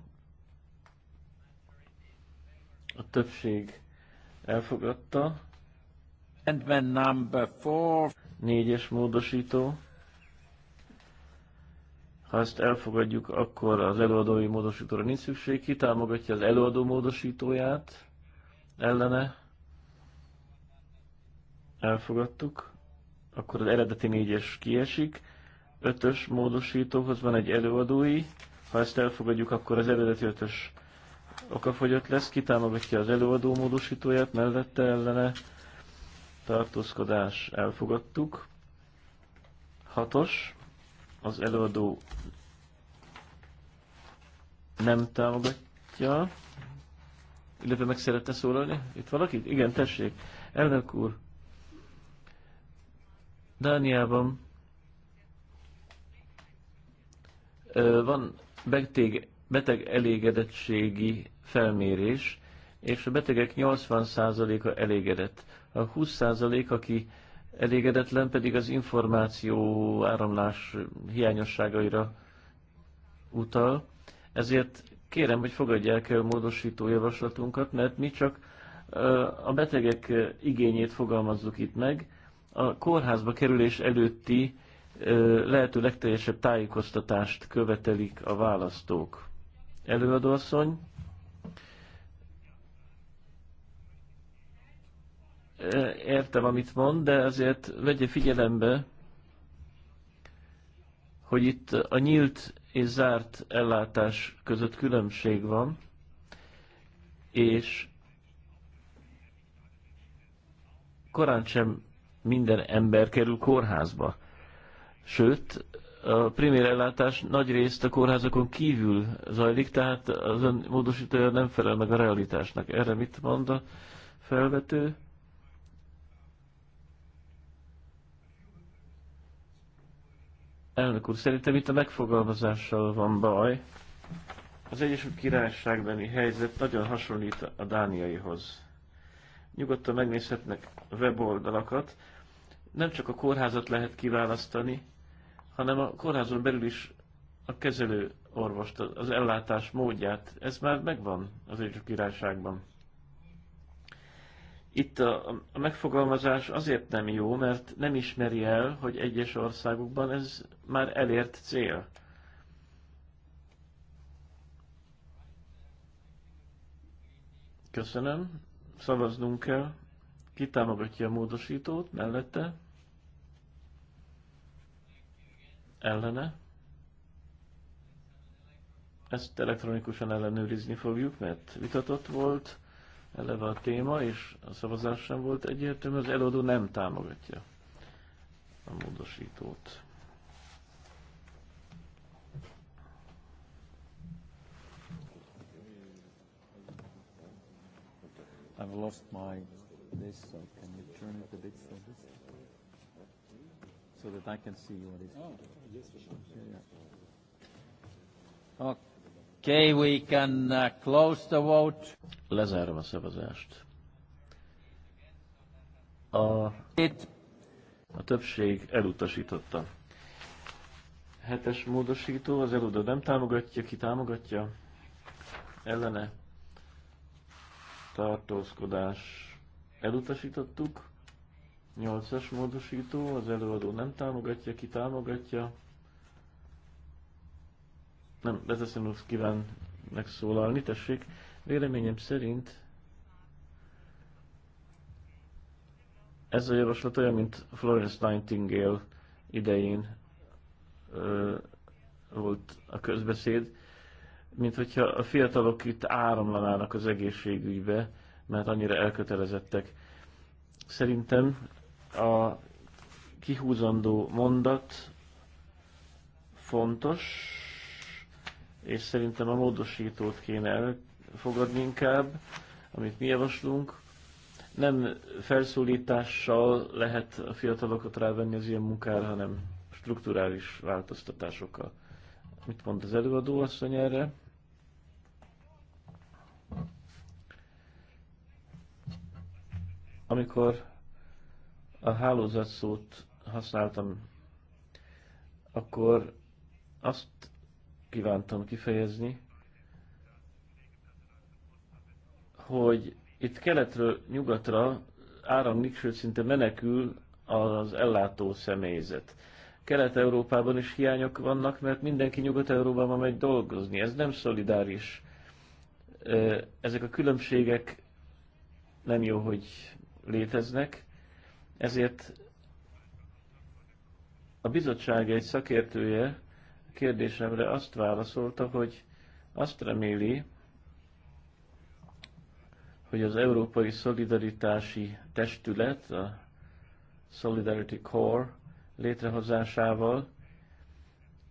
A többség elfogadta. Amendment number four. Négyes módosító ha ezt elfogadjuk, akkor az előadói módosítóra nincs szükség. Ki támogatja az előadó módosítóját? Ellene? Elfogadtuk. Akkor az eredeti négyes kiesik. Ötös módosítóhoz van egy előadói. Ha ezt elfogadjuk, akkor az eredeti ötös okafogyott lesz. Ki támogatja az előadó módosítóját? Mellette ellene? Tartózkodás elfogadtuk. Hatos az előadó nem támogatja, illetve meg szeretne szólalni. Itt valaki? Igen, tessék. Elnök úr, Dániában van beteg, beteg elégedettségi felmérés, és a betegek 80%-a elégedett. A 20% aki elégedetlen pedig az információ áramlás hiányosságaira utal. Ezért kérem, hogy fogadják el módosító javaslatunkat, mert mi csak a betegek igényét fogalmazzuk itt meg. A kórházba kerülés előtti lehető legteljesebb tájékoztatást követelik a választók. Előadóasszony, értem, amit mond, de azért vegye figyelembe, hogy itt a nyílt és zárt ellátás között különbség van, és korán sem minden ember kerül kórházba. Sőt, a primér ellátás nagy részt a kórházakon kívül zajlik, tehát az ön módosítója nem felel meg a realitásnak. Erre mit mond a felvető? Elnök úr, szerintem itt a megfogalmazással van baj. Az Egyesült Királyságbeni helyzet nagyon hasonlít a dániaihoz. Nyugodtan megnézhetnek weboldalakat. Nem csak a kórházat lehet kiválasztani, hanem a kórházon belül is a kezelő orvost, az ellátás módját. Ez már megvan az Egyesült Királyságban. Itt a, a megfogalmazás azért nem jó, mert nem ismeri el, hogy egyes országokban ez már elért cél. Köszönöm. Szavaznunk kell. Ki támogatja a módosítót mellette? Ellene? Ezt elektronikusan ellenőrizni fogjuk, mert vitatott volt eleve a téma, és a szavazás sem volt egyértelmű, az előadó nem támogatja a módosítót. I've lost my this, so can you turn it a bit so this? So that I can see what is. Oh, yes, sure. Yeah, yeah. Okay. Okay, we can uh, close the vote. Lezárom a szavazást. A, It. a többség elutasította. Hetes módosító, az eludó nem támogatja, ki támogatja? Ellene tartózkodás elutasítottuk. Nyolcas módosító, az előadó nem támogatja, ki támogatja? Nem, Bezeszenov kíván megszólalni, tessék. Véleményem szerint ez a javaslat olyan, mint Florence Nightingale idején ö, volt a közbeszéd, mint hogyha a fiatalok itt áramlanának az egészségügybe, mert annyira elkötelezettek. Szerintem a kihúzandó mondat fontos, és szerintem a módosítót kéne elfogadni inkább, amit mi javaslunk. Nem felszólítással lehet a fiatalokat rávenni az ilyen munkára, hanem strukturális változtatásokkal. Mit mond az előadó asszony erre? Amikor a hálózat szót használtam, akkor azt kívántam kifejezni, hogy itt keletről nyugatra áramlik, sőt szinte menekül az ellátó személyzet. Kelet-Európában is hiányok vannak, mert mindenki Nyugat-Európában megy dolgozni. Ez nem szolidáris. Ezek a különbségek nem jó, hogy léteznek, ezért a bizottság egy szakértője kérdésemre azt válaszolta, hogy azt reméli, hogy az Európai Szolidaritási Testület, a Solidarity Corps létrehozásával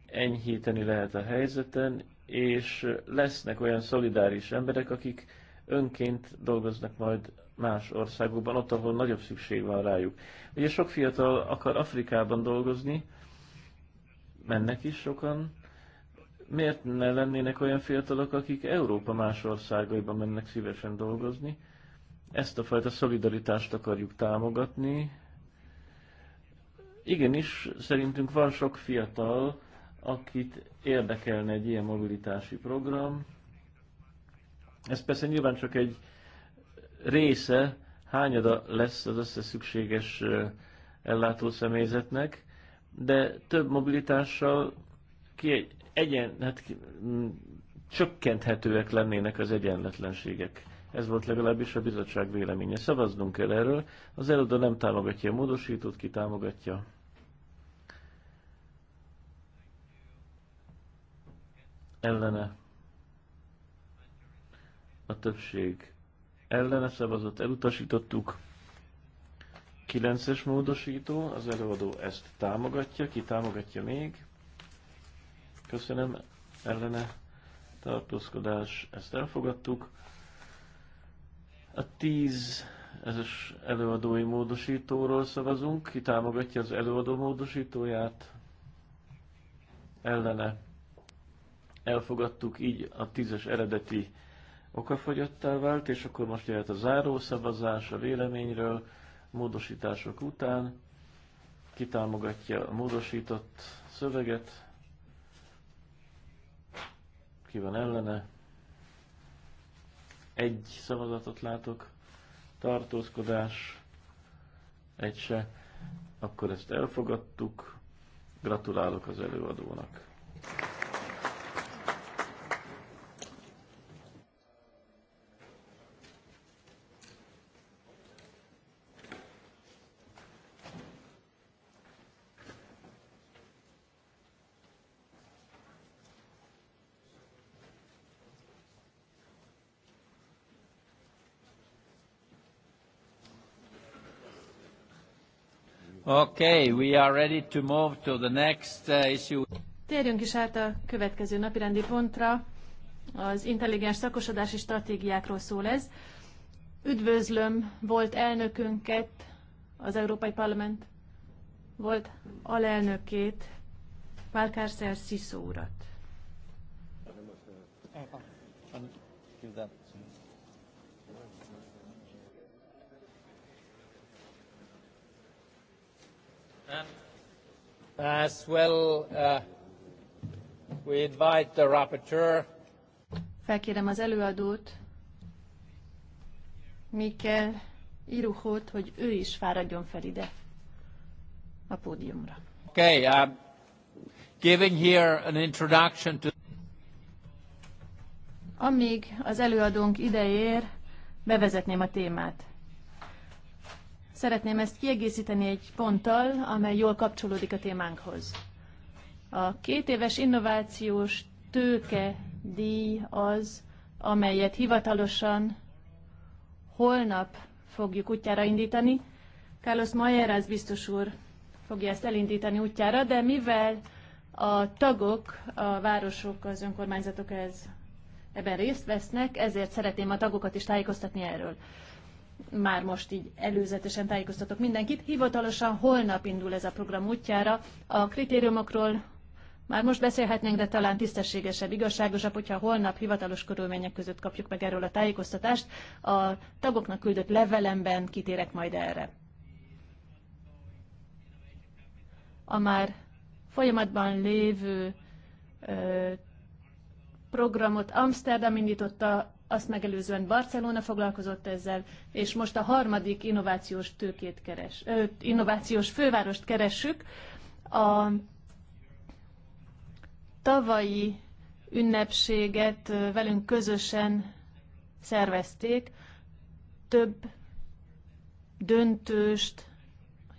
enyhíteni lehet a helyzeten, és lesznek olyan szolidáris emberek, akik önként dolgoznak majd más országokban, ott, ahol nagyobb szükség van rájuk. Ugye sok fiatal akar Afrikában dolgozni, mennek is sokan. Miért ne lennének olyan fiatalok, akik Európa más országaiba mennek szívesen dolgozni? Ezt a fajta szolidaritást akarjuk támogatni. Igenis, szerintünk van sok fiatal, akit érdekelne egy ilyen mobilitási program. Ez persze nyilván csak egy része, hányada lesz az összes szükséges ellátó személyzetnek, de több mobilitással ki egy egyen, hát ki, mm, csökkenthetőek lennének az egyenletlenségek. Ez volt legalábbis a bizottság véleménye. Szavaznunk kell erről. Az előadó nem támogatja a módosítót, ki támogatja. Ellene. A többség ellene szavazott, elutasítottuk. 9-es módosító, az előadó ezt támogatja, ki támogatja még. Köszönöm, ellene tartózkodás, ezt elfogadtuk. A 10 ezes előadói módosítóról szavazunk, ki támogatja az előadó módosítóját, ellene elfogadtuk, így a tízes eredeti okafogyottá vált, és akkor most jöhet a záró szavazás a véleményről módosítások után, kitámogatja a módosított szöveget, ki van ellene, egy szavazatot látok, tartózkodás, egy se, akkor ezt elfogadtuk, gratulálok az előadónak. Okay, we are ready to move to the next issue. Térjünk is át a következő napirendi pontra. Az intelligens szakosodási stratégiákról szól ez. Üdvözlöm volt elnökünket, az Európai Parlament volt alelnökét, Pálkárszer Sziszó urat. Köszönöm. And as well, uh, we invite the rapporteur. Felkérem az előadót, Mikkel Iruhót, hogy ő is fáradjon fel ide a pódiumra. Okay, I'm giving here an introduction to Amíg az előadónk ideér, bevezetném a témát. Szeretném ezt kiegészíteni egy ponttal, amely jól kapcsolódik a témánkhoz. A két éves innovációs tőke díj az, amelyet hivatalosan holnap fogjuk útjára indítani. Carlos Majerász biztos úr fogja ezt elindítani útjára, de mivel a tagok, a városok, az önkormányzatok ez, ebben részt vesznek, ezért szeretném a tagokat is tájékoztatni erről már most így előzetesen tájékoztatok mindenkit. Hivatalosan holnap indul ez a program útjára. A kritériumokról már most beszélhetnénk, de talán tisztességesebb, igazságosabb, hogyha holnap hivatalos körülmények között kapjuk meg erről a tájékoztatást. A tagoknak küldött levelemben kitérek majd erre. A már folyamatban lévő ö, programot Amsterdam indította, azt megelőzően Barcelona foglalkozott ezzel, és most a harmadik innovációs tőkét keres, ö, innovációs fővárost keressük. A tavalyi ünnepséget velünk közösen szervezték, több döntőst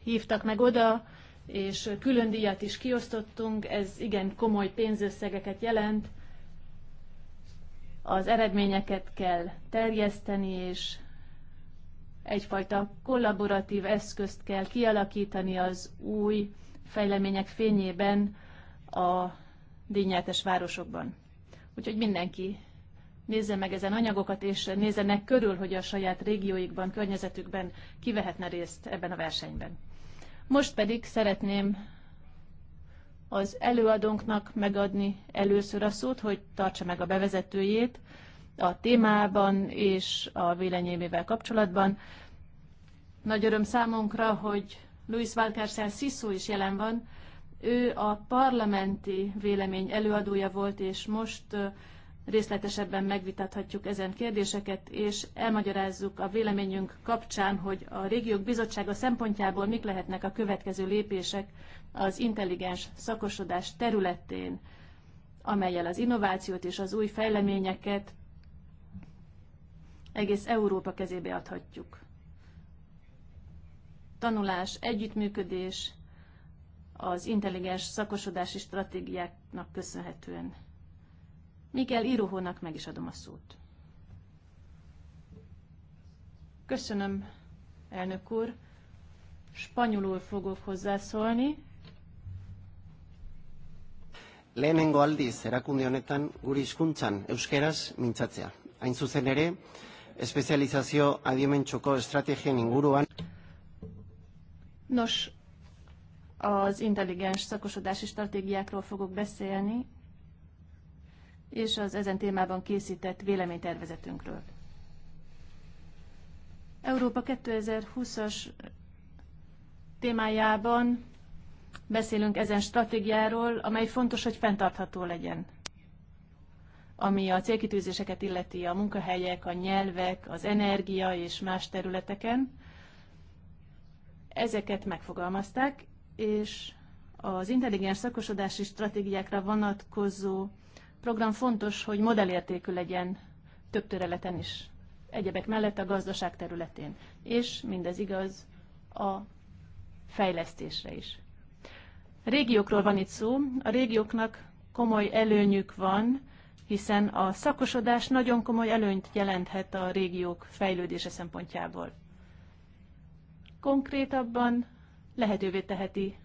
hívtak meg oda, és külön díjat is kiosztottunk, ez igen komoly pénzösszegeket jelent, az eredményeket kell terjeszteni, és egyfajta kollaboratív eszközt kell kialakítani az új fejlemények fényében a díjnyertes városokban. Úgyhogy mindenki nézze meg ezen anyagokat, és nézzenek körül, hogy a saját régióikban, környezetükben kivehetne részt ebben a versenyben. Most pedig szeretném az előadónknak megadni először a szót, hogy tartsa meg a bevezetőjét a témában és a véleményével kapcsolatban. Nagy öröm számunkra, hogy Luis Valcárcel Sziszó is jelen van. Ő a parlamenti vélemény előadója volt, és most részletesebben megvitathatjuk ezen kérdéseket, és elmagyarázzuk a véleményünk kapcsán, hogy a régiók bizottsága szempontjából mik lehetnek a következő lépések az intelligens szakosodás területén, amelyel az innovációt és az új fejleményeket egész Európa kezébe adhatjuk. Tanulás, együttműködés az intelligens szakosodási stratégiáknak köszönhetően. Miguel Iruhónak meg is adom a szót. Köszönöm, elnök úr. Spanyolul fogok hozzászólni. Lehenengo aldiz erakunde honetan guri hizkuntzan euskeraz mintzatzea. Hain zuzen ere, espezializazio txoko estrategien inguruan. Nos, az intelligens szakosodási stratégiákról fogok beszélni, és az ezen témában készített véleménytervezetünkről. Európa 2020-as témájában beszélünk ezen stratégiáról, amely fontos, hogy fenntartható legyen. Ami a célkitűzéseket illeti a munkahelyek, a nyelvek, az energia és más területeken, ezeket megfogalmazták, és az intelligens szakosodási stratégiákra vonatkozó program fontos, hogy modellértékű legyen több töreleten is, egyebek mellett a gazdaság területén. És mindez igaz a fejlesztésre is. Régiókról van itt szó. A régióknak komoly előnyük van, hiszen a szakosodás nagyon komoly előnyt jelenthet a régiók fejlődése szempontjából. Konkrétabban lehetővé teheti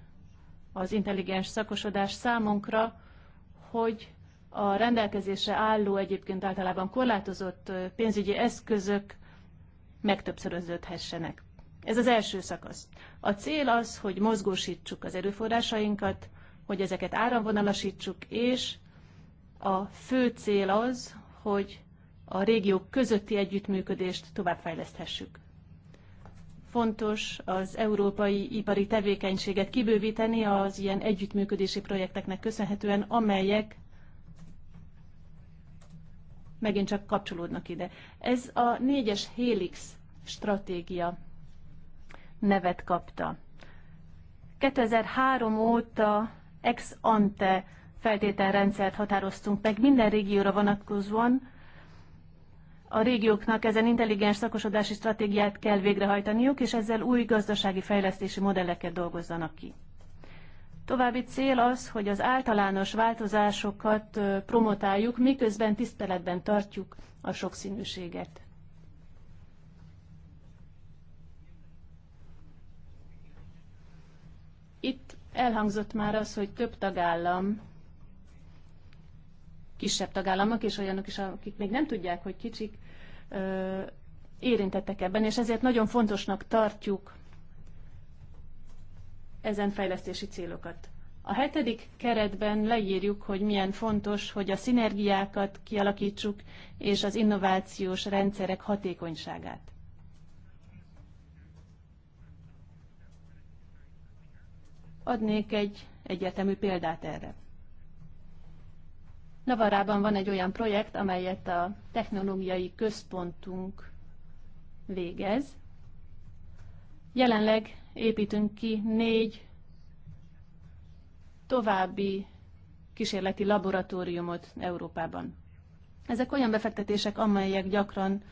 az intelligens szakosodás számunkra, hogy a rendelkezésre álló egyébként általában korlátozott pénzügyi eszközök megtöbbszöröződhessenek. Ez az első szakasz. A cél az, hogy mozgósítsuk az erőforrásainkat, hogy ezeket áramvonalasítsuk, és a fő cél az, hogy a régiók közötti együttműködést továbbfejleszthessük. Fontos az európai ipari tevékenységet kibővíteni az ilyen együttműködési projekteknek köszönhetően, amelyek megint csak kapcsolódnak ide. Ez a négyes Helix stratégia nevet kapta. 2003 óta ex ante feltételrendszert határoztunk meg minden régióra vonatkozóan. A régióknak ezen intelligens szakosodási stratégiát kell végrehajtaniuk, és ezzel új gazdasági fejlesztési modelleket dolgozzanak ki. További cél az, hogy az általános változásokat promotáljuk, miközben tiszteletben tartjuk a sokszínűséget. Itt elhangzott már az, hogy több tagállam, kisebb tagállamok és olyanok is, akik még nem tudják, hogy kicsik, érintettek ebben, és ezért nagyon fontosnak tartjuk ezen fejlesztési célokat. A hetedik keretben leírjuk, hogy milyen fontos, hogy a szinergiákat kialakítsuk, és az innovációs rendszerek hatékonyságát. Adnék egy egyetemű példát erre. Navarában van egy olyan projekt, amelyet a technológiai központunk végez, Jelenleg építünk ki négy további kísérleti laboratóriumot Európában. Ezek olyan befektetések, amelyek gyakran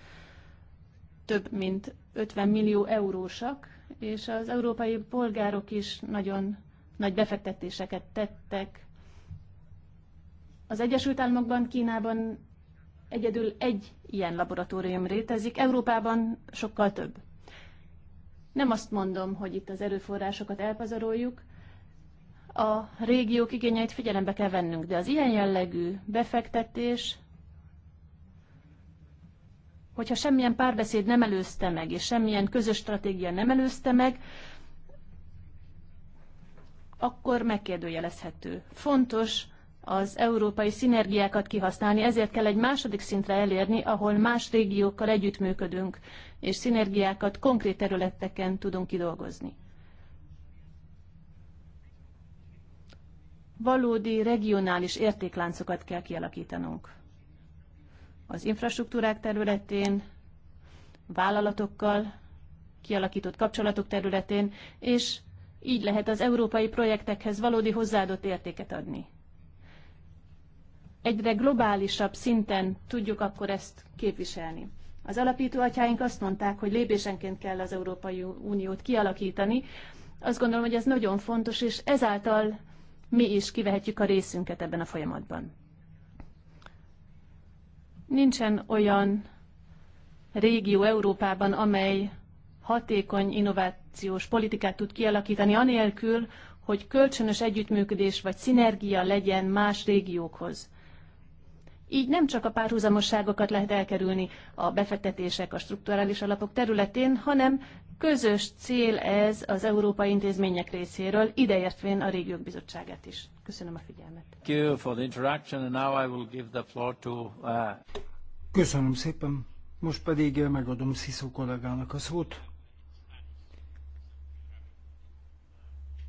több mint 50 millió eurósak, és az európai polgárok is nagyon nagy befektetéseket tettek. Az Egyesült Államokban, Kínában egyedül egy ilyen laboratórium létezik, Európában sokkal több. Nem azt mondom, hogy itt az erőforrásokat elpazaroljuk, a régiók igényeit figyelembe kell vennünk, de az ilyen jellegű befektetés, hogyha semmilyen párbeszéd nem előzte meg, és semmilyen közös stratégia nem előzte meg, akkor megkérdőjelezhető. Fontos az európai szinergiákat kihasználni, ezért kell egy második szintre elérni, ahol más régiókkal együttműködünk, és szinergiákat konkrét területeken tudunk kidolgozni. Valódi regionális értékláncokat kell kialakítanunk. Az infrastruktúrák területén, vállalatokkal, kialakított kapcsolatok területén, és így lehet az európai projektekhez valódi hozzáadott értéket adni. Egyre globálisabb szinten tudjuk akkor ezt képviselni. Az alapító atyáink azt mondták, hogy lépésenként kell az Európai Uniót kialakítani. Azt gondolom, hogy ez nagyon fontos, és ezáltal mi is kivehetjük a részünket ebben a folyamatban. Nincsen olyan régió Európában, amely hatékony innovációs politikát tud kialakítani, anélkül, hogy kölcsönös együttműködés vagy szinergia legyen más régiókhoz. Így nem csak a párhuzamosságokat lehet elkerülni a befektetések a strukturális alapok területén, hanem közös cél ez az európai intézmények részéről, ideértvén a régiók bizottságát is. Köszönöm a figyelmet. Köszönöm szépen. Most pedig megadom Sziszó kollégának a szót.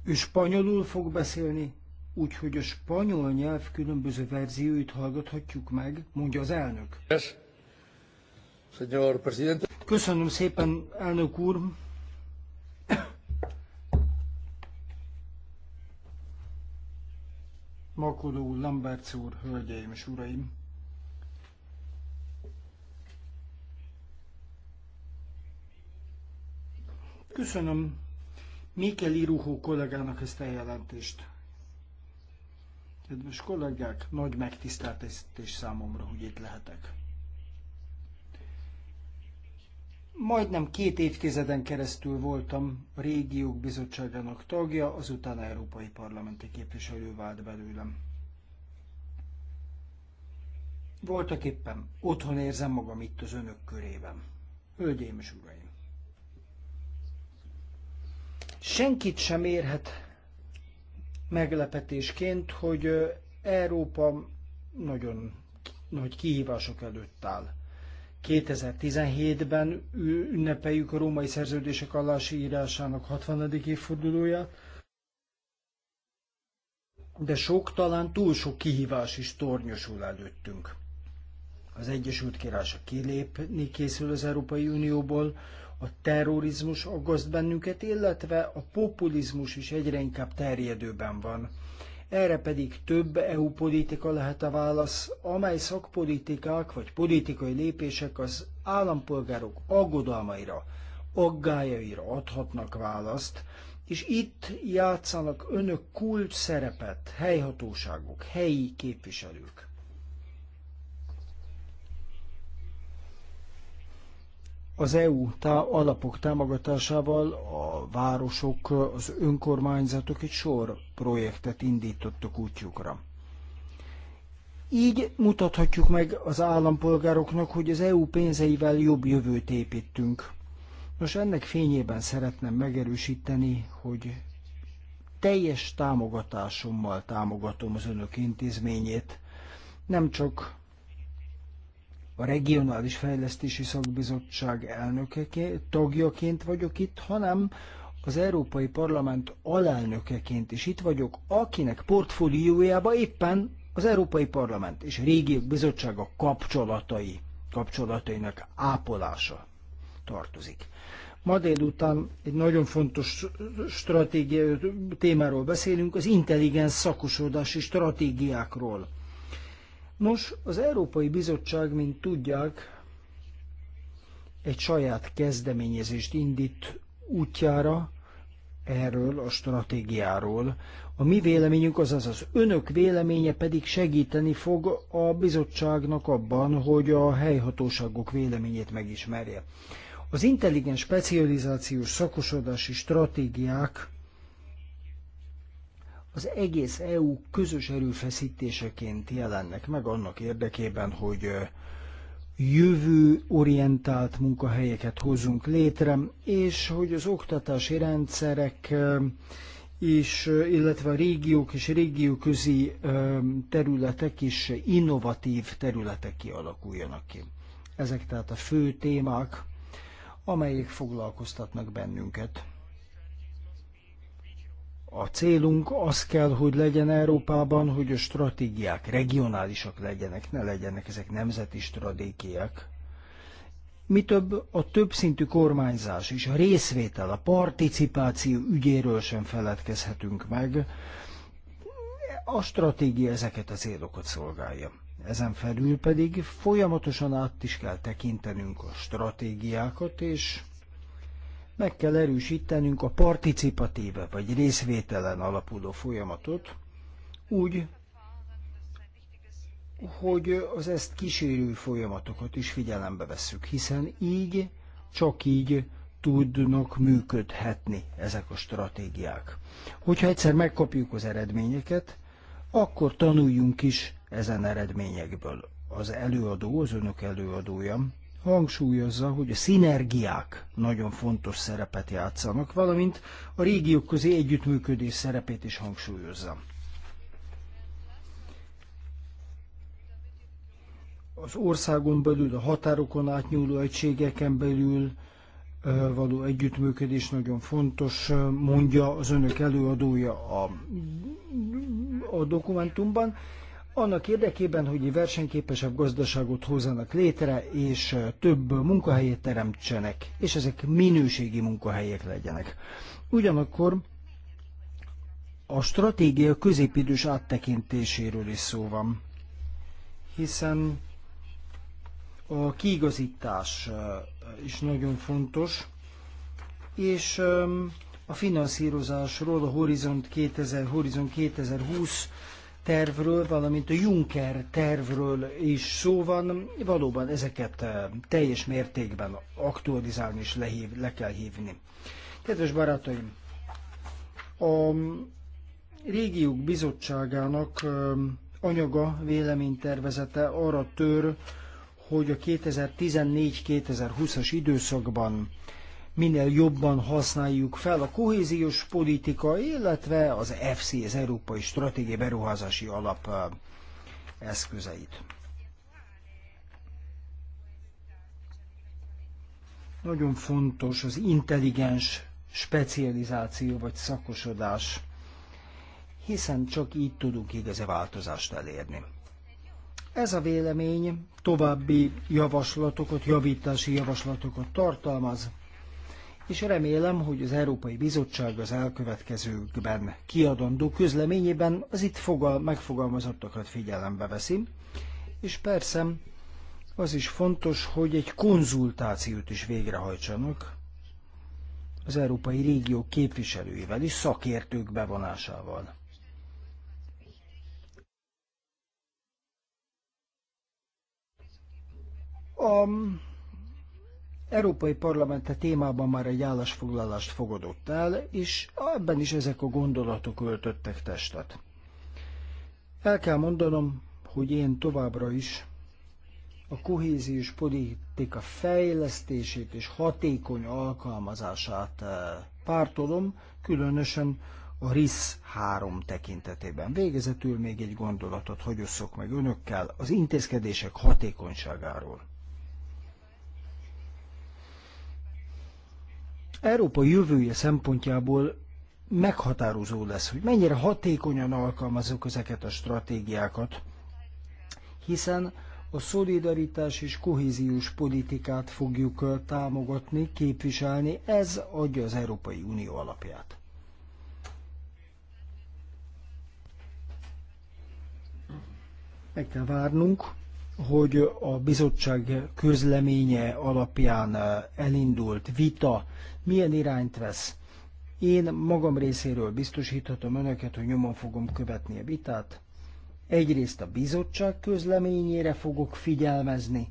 Ő spanyolul fog beszélni, úgyhogy a spanyol nyelv különböző verzióit hallgathatjuk meg, mondja az elnök. Señor presidente. Köszönöm szépen, elnök úr. Makodó Lamberts úr, hölgyeim és uraim! Köszönöm Mikel Iruhó kollégának ezt a jelentést. Kedves kollégák, nagy megtiszteltetés számomra, hogy itt lehetek. Majdnem két évtizeden keresztül voltam a régiók bizottságának tagja, azután európai parlamenti képviselő vált belőlem. Voltak éppen otthon érzem magam itt az önök körében. Hölgyeim és uraim! Senkit sem érhet meglepetésként, hogy Európa nagyon nagy kihívások előtt áll. 2017-ben ünnepeljük a római szerződések alási írásának 60. évfordulóját, de sok, talán túl sok kihívás is tornyosul előttünk. Az Egyesült Királyság kilépni készül az Európai Unióból, a terrorizmus aggaszt bennünket, illetve a populizmus is egyre inkább terjedőben van. Erre pedig több EU politika lehet a válasz, amely szakpolitikák vagy politikai lépések az állampolgárok aggodalmaira, aggájaira adhatnak választ, és itt játszanak önök kulcs szerepet, helyhatóságok, helyi képviselők. az EU tá alapok támogatásával a városok, az önkormányzatok egy sor projektet indítottak útjukra. Így mutathatjuk meg az állampolgároknak, hogy az EU pénzeivel jobb jövőt építünk. Nos, ennek fényében szeretném megerősíteni, hogy teljes támogatásommal támogatom az önök intézményét, nem csak a Regionális Fejlesztési Szakbizottság elnökeké, tagjaként vagyok itt, hanem az Európai Parlament alelnökeként is itt vagyok, akinek portfóliójába éppen az Európai Parlament és a Régiók Bizottsága kapcsolatai, kapcsolatainak ápolása tartozik. Ma délután egy nagyon fontos stratégia, témáról beszélünk, az intelligens szakosodási stratégiákról. Nos, az Európai Bizottság, mint tudják, egy saját kezdeményezést indít útjára erről a stratégiáról. A mi véleményünk, az az önök véleménye pedig segíteni fog a bizottságnak abban, hogy a helyhatóságok véleményét megismerje. Az intelligens specializációs szakosodási stratégiák az egész EU közös erőfeszítéseként jelennek meg annak érdekében, hogy jövő orientált munkahelyeket hozzunk létre, és hogy az oktatási rendszerek és, illetve a régiók és régióközi területek is innovatív területek kialakuljanak ki. Ezek tehát a fő témák, amelyek foglalkoztatnak bennünket. A célunk az kell, hogy legyen Európában, hogy a stratégiák regionálisak legyenek, ne legyenek ezek nemzeti stratégiák. Mi több, a többszintű kormányzás és a részvétel, a participáció ügyéről sem feledkezhetünk meg. A stratégia ezeket a célokat szolgálja. Ezen felül pedig folyamatosan át is kell tekintenünk a stratégiákat, és meg kell erősítenünk a participatíve vagy részvételen alapuló folyamatot, úgy, hogy az ezt kísérő folyamatokat is figyelembe vesszük, hiszen így, csak így tudnak működhetni ezek a stratégiák. Hogyha egyszer megkapjuk az eredményeket, akkor tanuljunk is ezen eredményekből. Az előadó, az önök előadója hangsúlyozza, hogy a szinergiák nagyon fontos szerepet játszanak, valamint a régiók közé együttműködés szerepét is hangsúlyozza. Az országon belül, a határokon átnyúló egységeken belül való együttműködés nagyon fontos, mondja az önök előadója a, a dokumentumban, annak érdekében, hogy egy versenyképesebb gazdaságot hozzanak létre, és több munkahelyet teremtsenek, és ezek minőségi munkahelyek legyenek. Ugyanakkor a stratégia középidős áttekintéséről is szó van, hiszen a kiigazítás is nagyon fontos, és a finanszírozásról a Horizont 2000, Horizon 2020 tervről, valamint a Juncker tervről is szó van. Valóban ezeket eh, teljes mértékben aktualizálni és lehív, le kell hívni. Kedves barátaim, a régiók bizottságának eh, anyaga, véleménytervezete arra tör, hogy a 2014-2020-as időszakban minél jobban használjuk fel a kohéziós politika, illetve az FC, az Európai Stratégiai Beruházási Alap eszközeit. Nagyon fontos az intelligens specializáció vagy szakosodás, hiszen csak így tudunk igazi változást elérni. Ez a vélemény további javaslatokat, javítási javaslatokat tartalmaz, és remélem, hogy az Európai Bizottság az elkövetkezőkben kiadandó közleményében az itt fogal, megfogalmazottakat figyelembe veszi, és persze az is fontos, hogy egy konzultációt is végrehajtsanak az európai régió képviselőivel és szakértők bevonásával. A Európai Parlament a témában már egy állásfoglalást fogadott el, és ebben is ezek a gondolatok öltöttek testet. El kell mondanom, hogy én továbbra is a kohéziós politika fejlesztését és hatékony alkalmazását eh, pártolom, különösen a RISZ három tekintetében. Végezetül még egy gondolatot hagyosszok meg önökkel az intézkedések hatékonyságáról. Európa jövője szempontjából meghatározó lesz, hogy mennyire hatékonyan alkalmazzuk ezeket a stratégiákat, hiszen a szolidaritás és kohéziós politikát fogjuk támogatni, képviselni, ez adja az Európai Unió alapját. Meg kell várnunk, hogy a bizottság közleménye alapján elindult vita milyen irányt vesz. Én magam részéről biztosíthatom önöket, hogy nyomon fogom követni a vitát. Egyrészt a bizottság közleményére fogok figyelmezni,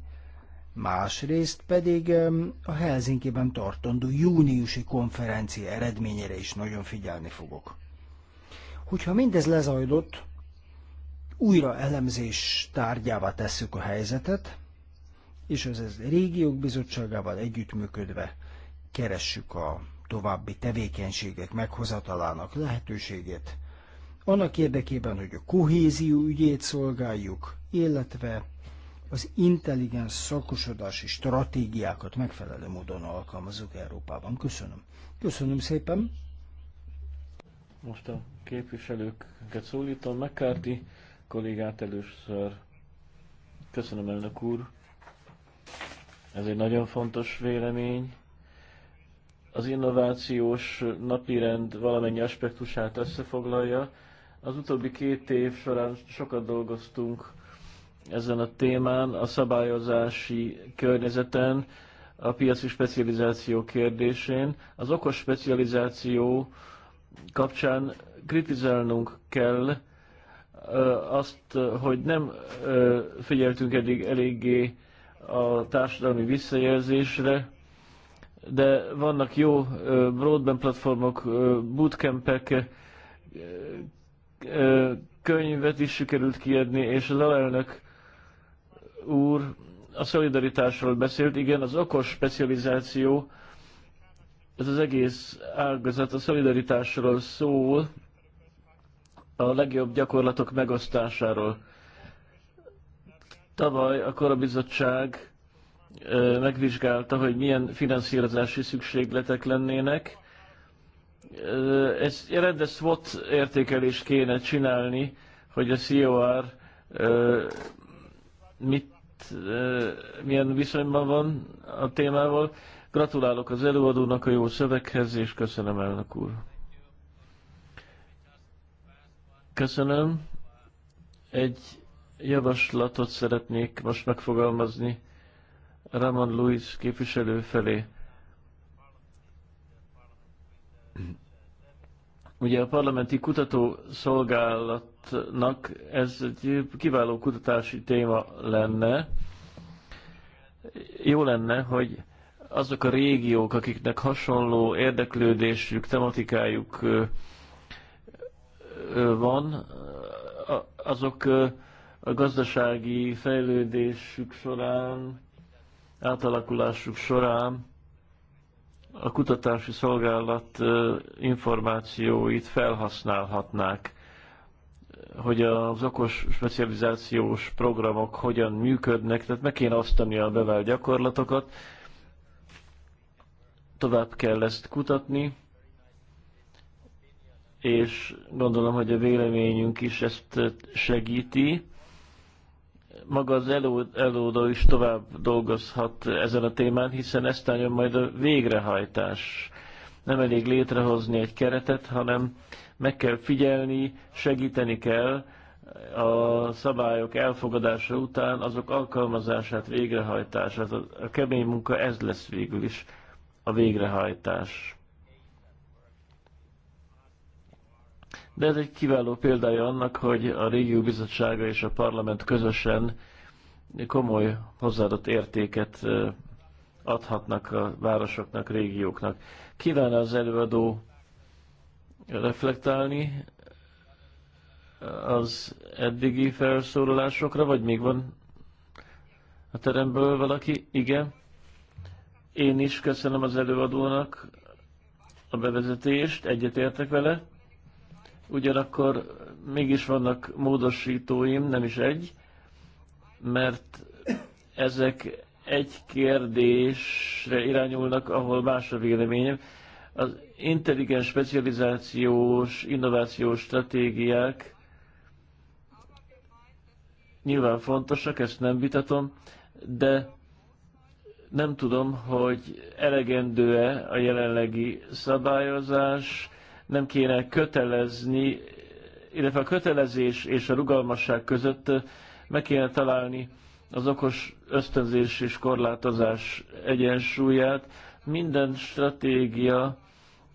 másrészt pedig a Helsinki-ben tartandó júniusi konferencia eredményére is nagyon figyelni fogok. Hogyha mindez lezajlott, újra elemzés tárgyává tesszük a helyzetet, és az ez régiók bizottságával együttműködve keressük a további tevékenységek meghozatalának lehetőségét, annak érdekében, hogy a kohézió ügyét szolgáljuk, illetve az intelligens szakosodási stratégiákat megfelelő módon alkalmazunk Európában. Köszönöm. Köszönöm szépen. Most a képviselőket szólítom. Megkárti kollégát először. Köszönöm, elnök úr. Ez egy nagyon fontos vélemény az innovációs napirend valamennyi aspektusát összefoglalja. Az utóbbi két év során sokat dolgoztunk ezen a témán, a szabályozási környezeten, a piaci specializáció kérdésén. Az okos specializáció kapcsán kritizálnunk kell azt, hogy nem figyeltünk eddig eléggé a társadalmi visszajelzésre, de vannak jó broadband platformok, bootcampek, könyvet is sikerült kiadni, és az alelnök úr a szolidaritásról beszélt. Igen, az okos specializáció, ez az egész ágazat a szolidaritásról szól, a legjobb gyakorlatok megosztásáról. Tavaly a Korabizottság megvizsgálta, hogy milyen finanszírozási szükségletek lennének. Ez rendes SWOT értékelést kéne csinálni, hogy a COR mit, milyen viszonyban van a témával. Gratulálok az előadónak a jó szöveghez, és köszönöm elnök úr. Köszönöm. Egy javaslatot szeretnék most megfogalmazni Ramon Luis képviselő felé. Ugye a parlamenti kutatószolgálatnak ez egy kiváló kutatási téma lenne. Jó lenne, hogy azok a régiók, akiknek hasonló érdeklődésük, tematikájuk van, azok a gazdasági fejlődésük során átalakulásuk során a kutatási szolgálat információit felhasználhatnák, hogy az okos specializációs programok hogyan működnek, tehát meg kéne osztani a bevált gyakorlatokat, tovább kell ezt kutatni, és gondolom, hogy a véleményünk is ezt segíti maga az előadó is tovább dolgozhat ezen a témán, hiszen ezt álljon majd a végrehajtás. Nem elég létrehozni egy keretet, hanem meg kell figyelni, segíteni kell a szabályok elfogadása után azok alkalmazását, végrehajtását. A kemény munka ez lesz végül is a végrehajtás. de ez egy kiváló példája annak, hogy a régió bizottsága és a parlament közösen komoly hozzáadott értéket adhatnak a városoknak, régióknak. Kíván az előadó reflektálni az eddigi felszólalásokra, vagy még van a teremből valaki? Igen. Én is köszönöm az előadónak a bevezetést, egyetértek vele ugyanakkor mégis vannak módosítóim, nem is egy, mert ezek egy kérdésre irányulnak, ahol más a véleményem. Az intelligens specializációs, innovációs stratégiák nyilván fontosak, ezt nem vitatom, de nem tudom, hogy elegendő-e a jelenlegi szabályozás, nem kéne kötelezni, illetve a kötelezés és a rugalmasság között meg kéne találni az okos ösztönzés és korlátozás egyensúlyát. Minden stratégia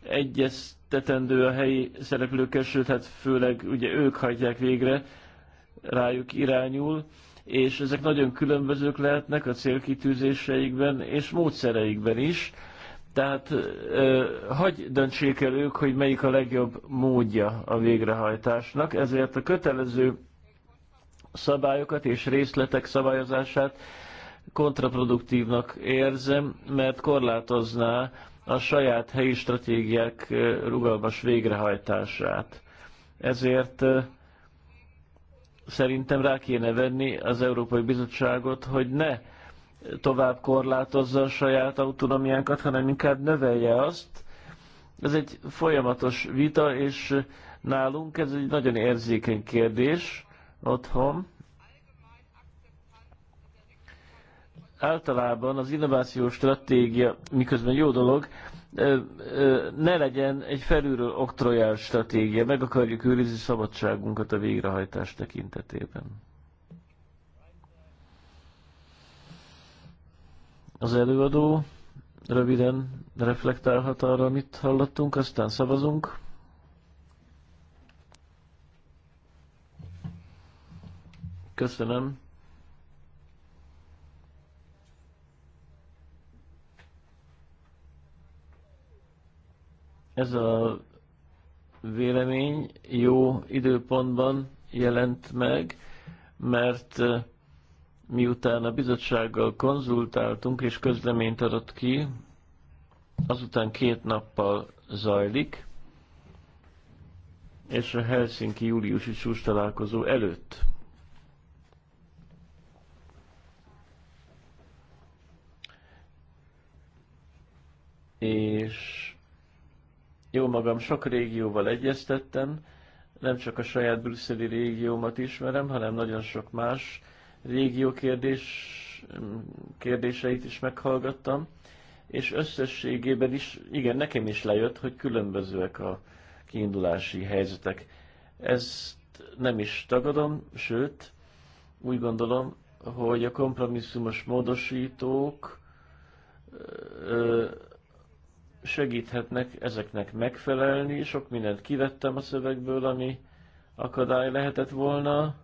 egyeztetendő a helyi szereplőkkel, sőt, hát főleg ugye ők hagyják végre, rájuk irányul, és ezek nagyon különbözők lehetnek a célkitűzéseikben és módszereikben is tehát hagy döntsék el ők, hogy melyik a legjobb módja a végrehajtásnak, ezért a kötelező szabályokat és részletek szabályozását kontraproduktívnak érzem, mert korlátozná a saját helyi stratégiák rugalmas végrehajtását. Ezért szerintem rá kéne venni az Európai Bizottságot, hogy ne tovább korlátozza a saját autonomiánkat, hanem inkább növelje azt. Ez egy folyamatos vita, és nálunk ez egy nagyon érzékeny kérdés otthon. Általában az innovációs stratégia, miközben jó dolog, ne legyen egy felülről oktrojált stratégia, meg akarjuk őrizni szabadságunkat a végrehajtás tekintetében. Az előadó röviden reflektálhat arra, amit hallottunk, aztán szavazunk. Köszönöm. Ez a vélemény jó időpontban jelent meg, mert miután a bizottsággal konzultáltunk és közleményt adott ki, azután két nappal zajlik, és a Helsinki júliusi csúcs találkozó előtt. És jó magam sok régióval egyeztettem, nem csak a saját brüsszeli régiómat ismerem, hanem nagyon sok más régió kérdés, kérdéseit is meghallgattam, és összességében is, igen, nekem is lejött, hogy különbözőek a kiindulási helyzetek. Ezt nem is tagadom, sőt, úgy gondolom, hogy a kompromisszumos módosítók segíthetnek ezeknek megfelelni. Sok mindent kivettem a szövegből, ami akadály lehetett volna.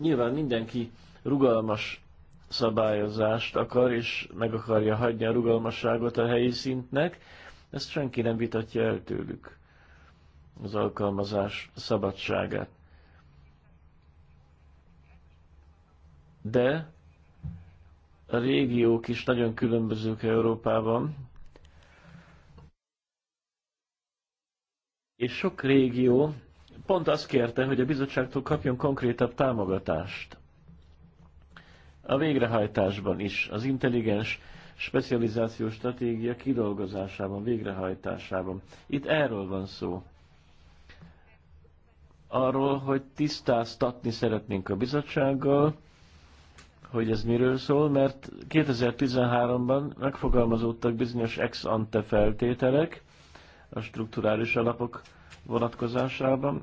Nyilván mindenki rugalmas szabályozást akar, és meg akarja hagyni a rugalmasságot a helyi szintnek, ezt senki nem vitatja el tőlük, az alkalmazás szabadságát. De a régiók is nagyon különbözők Európában, és sok régió pont azt kérte, hogy a bizottságtól kapjon konkrétabb támogatást. A végrehajtásban is, az intelligens specializációs stratégia kidolgozásában, végrehajtásában. Itt erről van szó. Arról, hogy tisztáztatni szeretnénk a bizottsággal, hogy ez miről szól, mert 2013-ban megfogalmazódtak bizonyos ex ante feltételek a strukturális alapok vonatkozásában,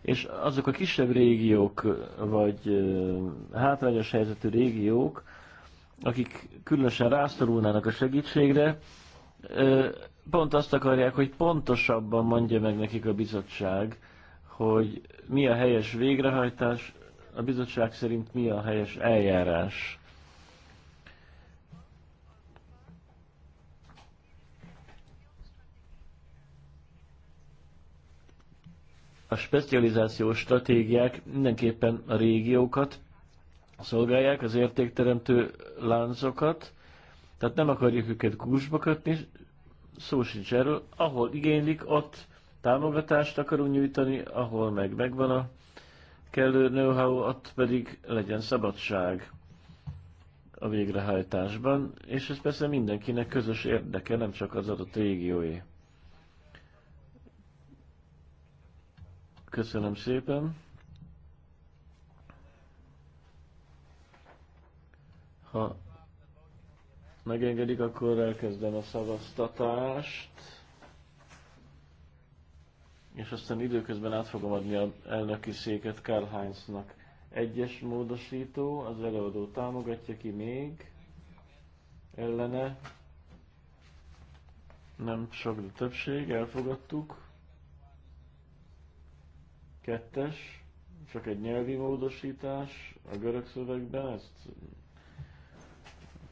és azok a kisebb régiók, vagy hátrányos helyzetű régiók, akik különösen rászorulnának a segítségre, pont azt akarják, hogy pontosabban mondja meg nekik a bizottság, hogy mi a helyes végrehajtás, a bizottság szerint mi a helyes eljárás. A specializációs stratégiák mindenképpen a régiókat szolgálják, az értékteremtő láncokat, tehát nem akarjuk őket kúszba kötni, szó sincs erről. Ahol igénylik, ott támogatást akarunk nyújtani, ahol meg megvan a kellő know-how, ott pedig legyen szabadság a végrehajtásban, és ez persze mindenkinek közös érdeke, nem csak az adott régióé. Köszönöm szépen. Ha megengedik, akkor elkezdem a szavaztatást, és aztán időközben át fogom adni a elnöki széket Karl Heinznak. Egyes módosító, az előadó támogatja ki még, ellene, nem sok, de többség, elfogadtuk. Kettes, csak egy nyelvi módosítás a görög szövegben, ezt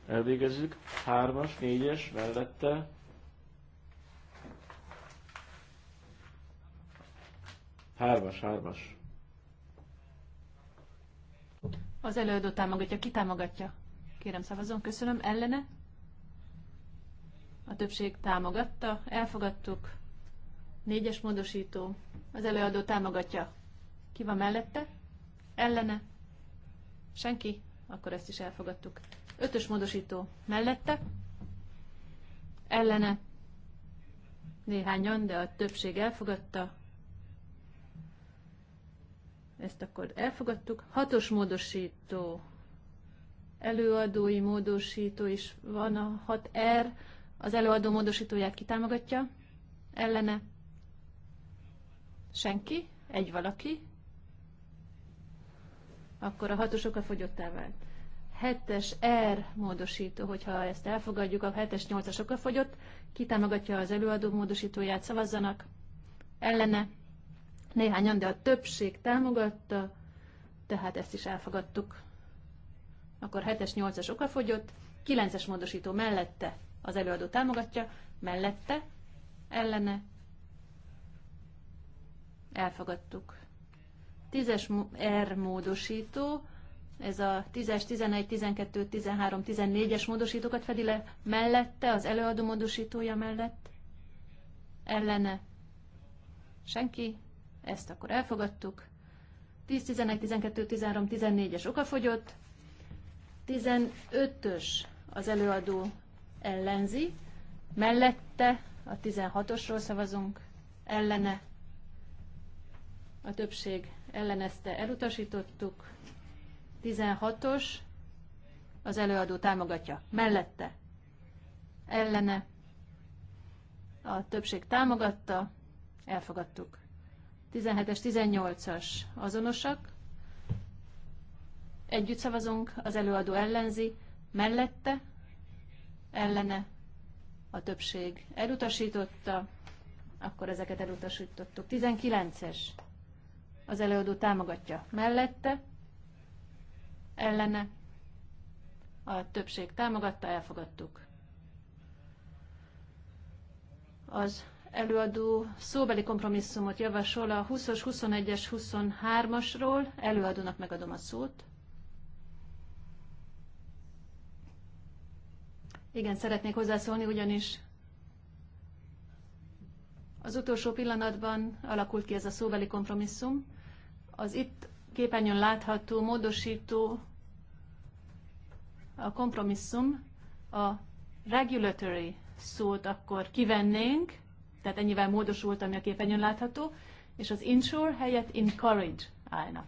elvégezzük. Hármas, négyes, mellette. Hármas, hármas. Az előadó támogatja, ki támogatja? Kérem szavazom köszönöm. Ellene? A többség támogatta, elfogadtuk. Négyes módosító. Az előadó támogatja. Ki van mellette? Ellene? Senki? Akkor ezt is elfogadtuk. Ötös módosító. Mellette? Ellene? Néhányan, de a többség elfogadta. Ezt akkor elfogadtuk. Hatos módosító. Előadói módosító is van a 6R. Az előadó módosítóját kitámogatja? Ellene? Senki? Egy valaki? Akkor a hatosok a fogyottá vált. 7-es R módosító, hogyha ezt elfogadjuk, a 7-es 8-as okafogyott, ki támogatja az előadó módosítóját, szavazzanak ellene. Néhányan, de a többség támogatta, tehát ezt is elfogadtuk. Akkor 7-es 8-as okafogyott, 9-es módosító mellette az előadó támogatja, mellette, ellene, Elfogadtuk. Tízes R módosító, ez a 10-es, 11, 12, 13, 14-es módosítókat fedi le mellette, az előadó módosítója mellett, ellene. Senki? Ezt akkor elfogadtuk. 10, 11, 12, 13, 14-es okafogyott. 15-ös az előadó ellenzi, mellette a 16-osról szavazunk, ellene a többség ellenezte, elutasítottuk. 16-os, az előadó támogatja, mellette, ellene, a többség támogatta, elfogadtuk. 17-es, 18-as azonosak, együtt szavazunk, az előadó ellenzi, mellette, ellene, a többség elutasította, akkor ezeket elutasítottuk. 19-es az előadó támogatja mellette, ellene, a többség támogatta, elfogadtuk. Az előadó szóbeli kompromisszumot javasol a 20-os, 21-es, 23-asról. Előadónak megadom a szót. Igen, szeretnék hozzászólni, ugyanis az utolsó pillanatban alakult ki ez a szóbeli kompromisszum. Az itt képernyőn látható módosító a kompromisszum, a regulatory szót akkor kivennénk, tehát ennyivel módosult, ami a képernyőn látható, és az insure helyett encourage állna.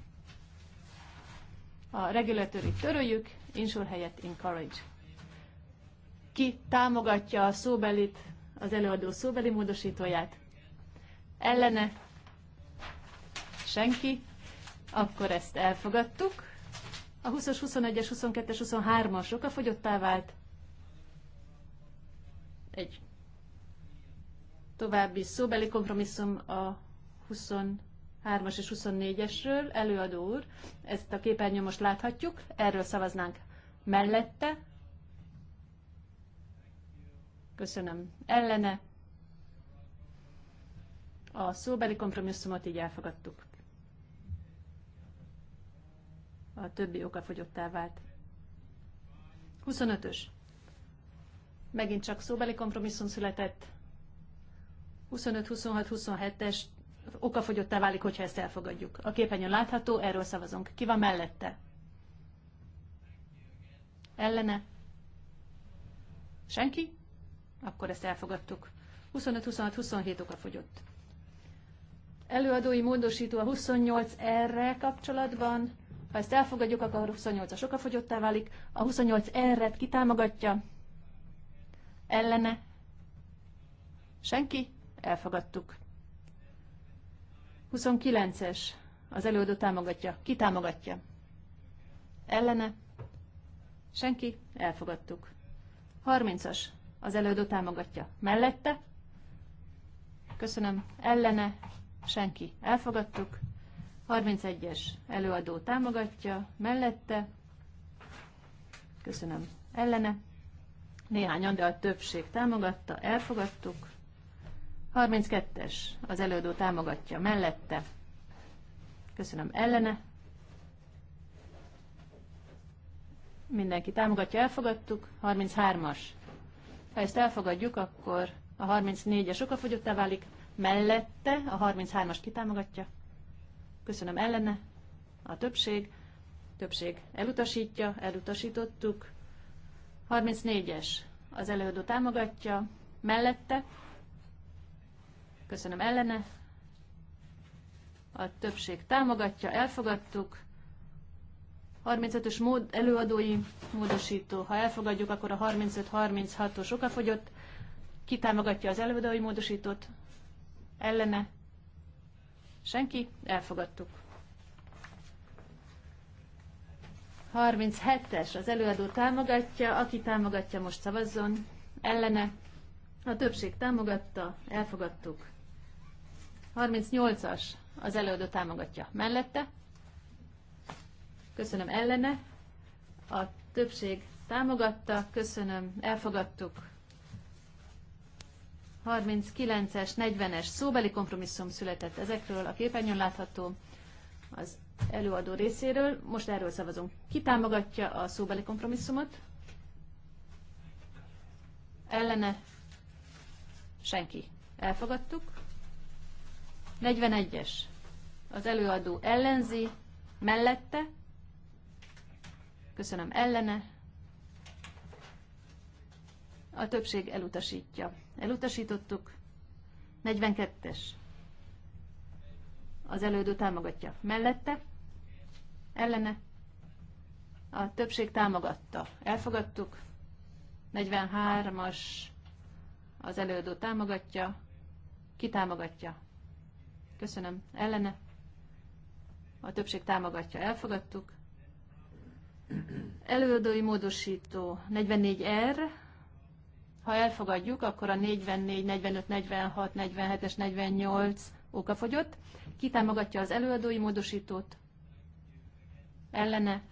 A regulatory töröljük, insure helyett encourage. Ki támogatja a szóbelit, az előadó szóbeli módosítóját? Ellene? Senki? Akkor ezt elfogadtuk. A 20-as, 21-es, 22-es, 23-as oka fogyottá vált. Egy további szóbeli kompromisszum a 23-as és 24-esről. Előadó úr, ezt a képernyőn most láthatjuk, erről szavaznánk mellette. Köszönöm. Ellene. A szóbeli kompromisszumot így elfogadtuk. a többi fogyottá vált. 25-ös. Megint csak szóbeli kompromisszum született. 25, 26, 27-es okafogyottá válik, hogyha ezt elfogadjuk. A képenyőn látható, erről szavazunk. Ki van mellette? Ellene? Senki? Akkor ezt elfogadtuk. 25, 26, 27 okafogyott. Előadói módosító a 28 erre kapcsolatban ha ezt elfogadjuk, akkor a 28-as okafogyottá válik. A 28 erre kitámogatja. Ellene. Senki? Elfogadtuk. 29-es. Az előadó támogatja. Ki támogatja? Ellene? Senki? Elfogadtuk. 30-as. Az előadó támogatja. Mellette? Köszönöm. Ellene? Senki. Elfogadtuk. 31-es előadó támogatja, mellette, köszönöm, ellene, néhányan, de a többség támogatta, elfogadtuk. 32-es az előadó támogatja, mellette, köszönöm, ellene, mindenki támogatja, elfogadtuk. 33-as. Ha ezt elfogadjuk, akkor a 34-es okafogyottá válik, mellette a 33-as kitámogatja, Köszönöm ellene. A többség. Többség elutasítja, elutasítottuk. 34-es. Az előadó támogatja. Mellette. Köszönöm ellene. A többség támogatja, elfogadtuk. 35-ös mód, előadói módosító. Ha elfogadjuk, akkor a 35-36-os okafogyott. Ki támogatja az előadói módosítót? Ellene. Senki? Elfogadtuk. 37-es az előadó támogatja, aki támogatja, most szavazzon. Ellene. A többség támogatta, elfogadtuk. 38-as az előadó támogatja. Mellette. Köszönöm ellene. A többség támogatta, köszönöm, elfogadtuk. 39-es, 40-es szóbeli kompromisszum született ezekről, a képernyőn látható az előadó részéről. Most erről szavazunk. Ki támogatja a szóbeli kompromisszumot? Ellene? Senki. Elfogadtuk. 41-es. Az előadó ellenzi, mellette. Köszönöm, ellene a többség elutasítja. Elutasítottuk. 42-es. Az elődő támogatja. Mellette, ellene, a többség támogatta. Elfogadtuk. 43-as az elődő támogatja. Ki támogatja? Köszönöm. Ellene? A többség támogatja. Elfogadtuk. Előadói módosító 44R ha elfogadjuk, akkor a 44, 45, 46, 47-es, 48 okafogyott. Ki támogatja az előadói módosítót? Ellene?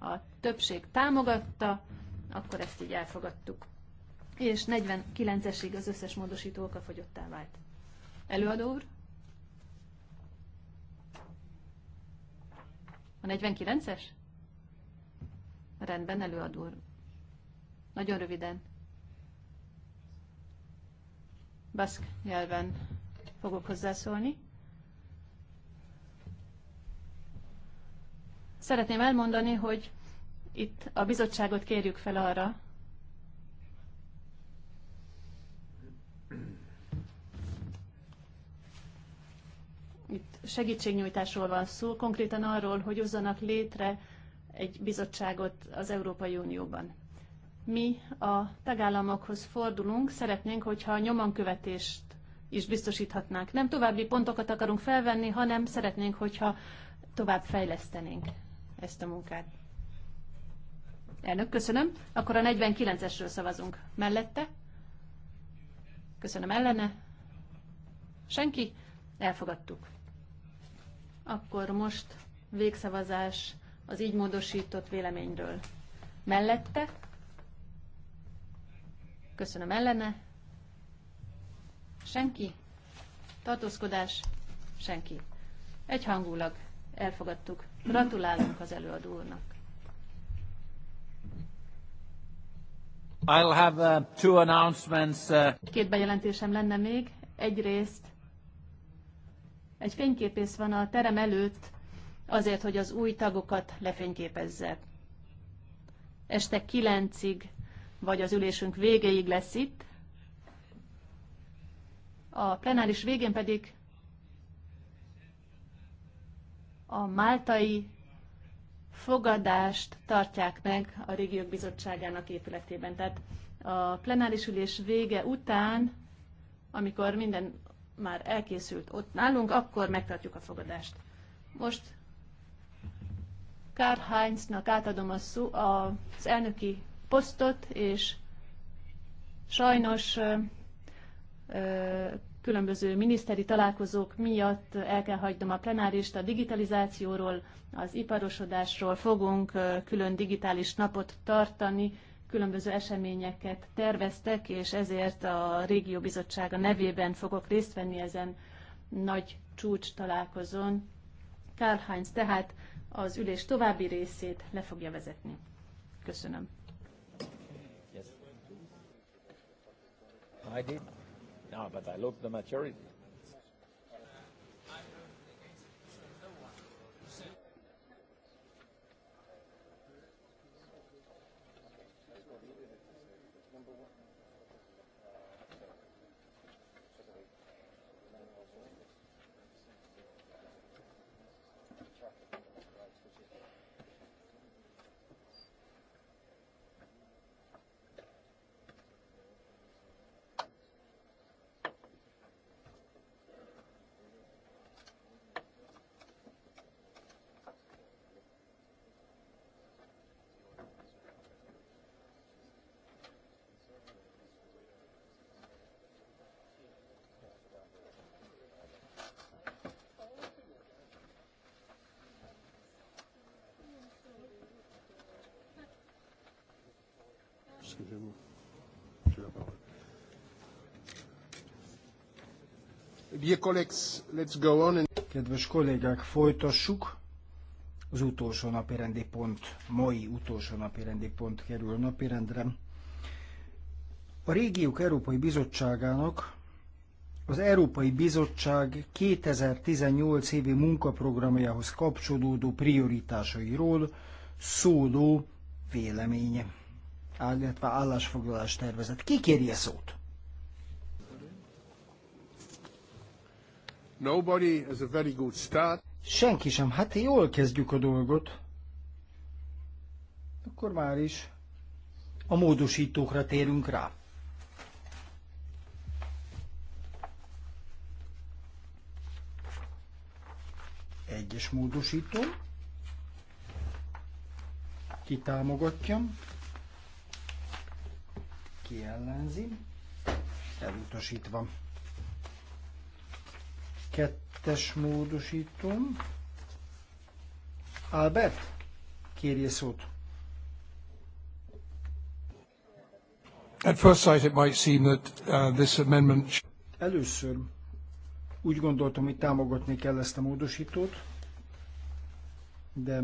A többség támogatta, akkor ezt így elfogadtuk. És 49-esig az összes módosító okafogyottá vált. Előadó úr? A 49-es? Rendben, előadó úr. Nagyon röviden. Baszk nyelven fogok hozzászólni. Szeretném elmondani, hogy itt a bizottságot kérjük fel arra, itt segítségnyújtásról van szó, konkrétan arról, hogy hozzanak létre egy bizottságot az Európai Unióban mi a tagállamokhoz fordulunk, szeretnénk, hogyha a nyomankövetést is biztosíthatnák, Nem további pontokat akarunk felvenni, hanem szeretnénk, hogyha tovább fejlesztenénk ezt a munkát. Elnök, köszönöm. Akkor a 49-esről szavazunk. Mellette? Köszönöm ellene. Senki? Elfogadtuk. Akkor most végszavazás az így módosított véleményről. Mellette? Köszönöm ellene. Senki. Tartózkodás. Senki. Egyhangulag elfogadtuk. Gratulálunk az előadónak. I'll have uh, two announcements. Uh... Két bejelentésem lenne még. Egyrészt egy fényképész van a terem előtt, azért, hogy az új tagokat lefényképezze. Este kilencig vagy az ülésünk végéig lesz itt. A plenáris végén pedig a máltai fogadást tartják meg a Régiók Bizottságának épületében. Tehát a plenáris ülés vége után, amikor minden már elkészült ott nálunk, akkor megtartjuk a fogadást. Most Karl Heinznak átadom a szó, az elnöki posztot, és sajnos különböző miniszteri találkozók miatt el kell hagynom a plenárist, a digitalizációról, az iparosodásról fogunk külön digitális napot tartani, különböző eseményeket terveztek, és ezért a Régió Bizottsága nevében fogok részt venni ezen nagy csúcs találkozón. Karl Heinz tehát az ülés további részét le fogja vezetni. Köszönöm. I did. No, but I looked the maturity. excusez-moi. J'ai la parole. Dear colleagues, let's go on and... Kedves kollégák, folytassuk. Az utolsó napi rendi pont, mai utolsó napi rendi pont kerül napirendre. A Régiók Európai Bizottságának az Európai Bizottság 2018 évi munkaprogramjához kapcsolódó prioritásairól szóló véleménye illetve állásfoglalás tervezet. Ki kéri szót? Nobody is a very good start. Senki sem. Hát jól kezdjük a dolgot. Akkor már is a módosítókra térünk rá. Egyes módosító. Kitámogatjam kiellenzi, elutasítva. Kettes módosítom. Albert, kérje szót. At first sight it might seem that uh, this amendment... Először úgy gondoltam, hogy támogatni kell ezt a módosítót, de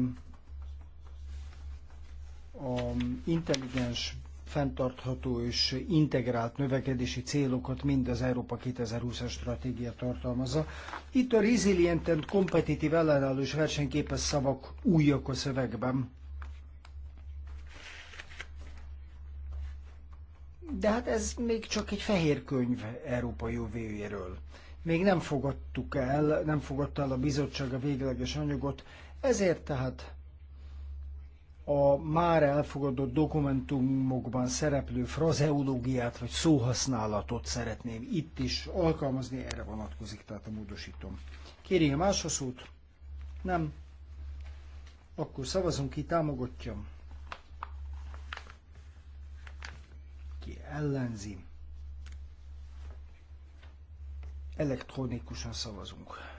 a intelligens fenntartható és integrált növekedési célokat mind az Európa 2020-as stratégia tartalmazza. Itt a resilient and kompetitív ellenállós versenyképes szavak újak a szövegben. De hát ez még csak egy fehér könyv Európa jövőjéről. Még nem fogadtuk el, nem fogadta el a bizottság a végleges anyagot, ezért tehát a már elfogadott dokumentumokban szereplő frazeológiát vagy szóhasználatot szeretném itt is alkalmazni, erre vonatkozik, tehát a módosítom. Kérje más a szót? Nem. Akkor szavazunk ki, támogatjam. Ki ellenzi. Elektronikusan szavazunk.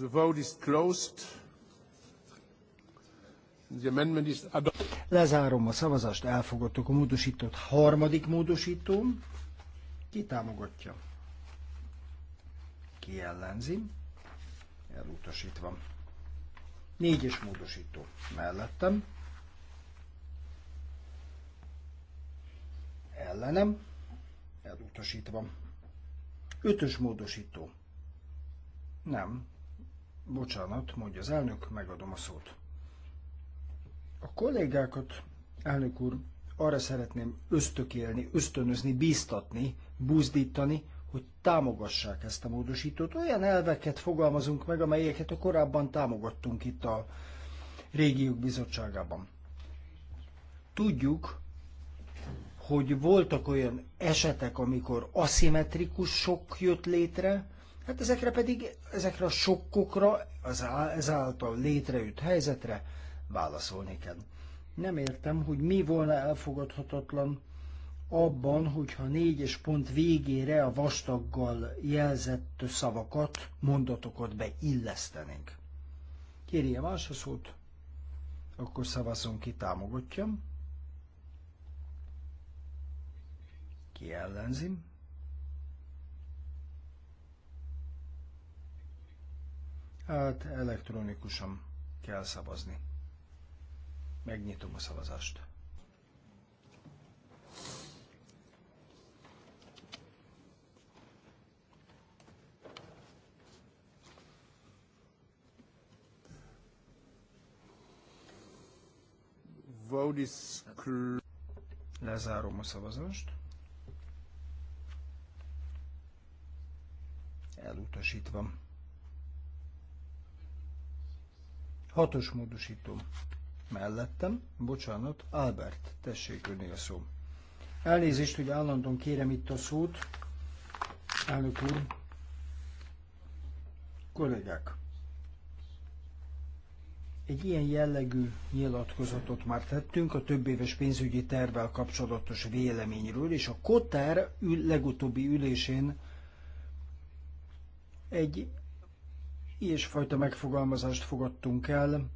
The vote is closed. The amendment is adopted. Lezárom a szavazást, elfogadtuk a módosítót. Harmadik módosító. Ki támogatja? Ki ellenzi? Elutasítva. Négyes módosító mellettem. Ellenem. Elutasítva. Ötös módosító. Nem, Bocsánat, mondja az elnök, megadom a szót. A kollégákat, elnök úr, arra szeretném ösztökélni, ösztönözni, bíztatni, buzdítani, hogy támogassák ezt a módosítót. Olyan elveket fogalmazunk meg, amelyeket a korábban támogattunk itt a régiók bizottságában. Tudjuk, hogy voltak olyan esetek, amikor aszimmetrikus sok jött létre, Hát ezekre pedig, ezekre a sokkokra, az ezáltal létrejött helyzetre válaszolni kell. Nem értem, hogy mi volna elfogadhatatlan abban, hogyha négyes pont végére a vastaggal jelzett szavakat, mondatokat beillesztenénk. Kérje más a szót, akkor szavazzon ki, támogatjam. Ki ellenzim? Hát elektronikusan kell szavazni. Megnyitom a szavazást. Vote is Lezárom a szavazást. Elutasítva. Hatos módosító. Mellettem, bocsánat, Albert, tessék önni a szó. Elnézést, hogy állandóan kérem itt a szót. Elnök úr, kollégák, egy ilyen jellegű nyilatkozatot már tettünk a több éves pénzügyi tervvel kapcsolatos véleményről, és a Kotár ül, legutóbbi ülésén egy ilyesfajta megfogalmazást fogadtunk el,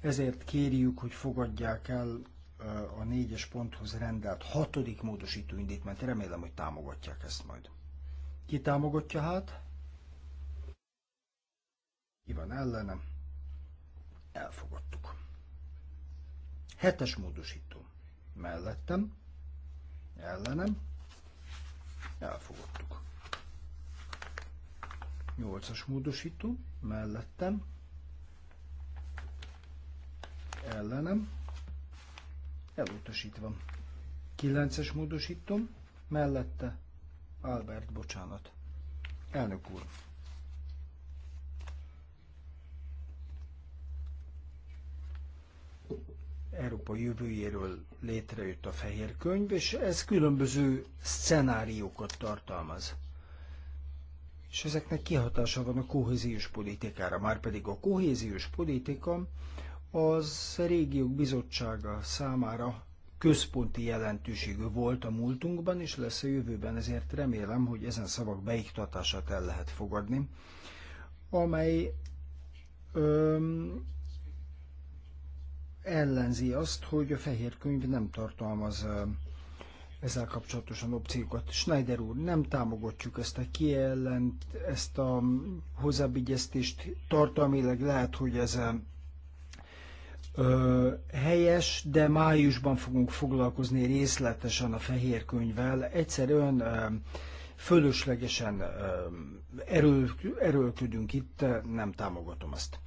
ezért kérjük, hogy fogadják el eh, a négyes ponthoz rendelt hatodik módosító indítmányt. Remélem, hogy támogatják ezt majd. Ki támogatja hát? Ki van ellenem? Elfogadtuk. Hetes módosító. Mellettem, ellenem, elfogadtuk. 8-as módosító, mellettem, ellenem, elutasítva. 9-es módosítom, mellette, Albert, bocsánat. Elnök úr. Európa jövőjéről létrejött a fehér könyv, és ez különböző szenáriókat tartalmaz és ezeknek kihatása van a kohéziós politikára, már pedig a kohéziós politika az régiók bizottsága számára központi jelentőségű volt a múltunkban, és lesz a jövőben, ezért remélem, hogy ezen szavak beiktatását el lehet fogadni, amely öm, ellenzi azt, hogy a fehér könyv nem tartalmaz öm, ezzel kapcsolatosan opciókat. Schneider úr, nem támogatjuk ezt a kijelent, ezt a hozzábigyeztést tartalmilag lehet, hogy ez ö, helyes, de májusban fogunk foglalkozni részletesen a fehér könyvvel. Egyszerűen ö, fölöslegesen ö, eről, erőlködünk itt, nem támogatom ezt.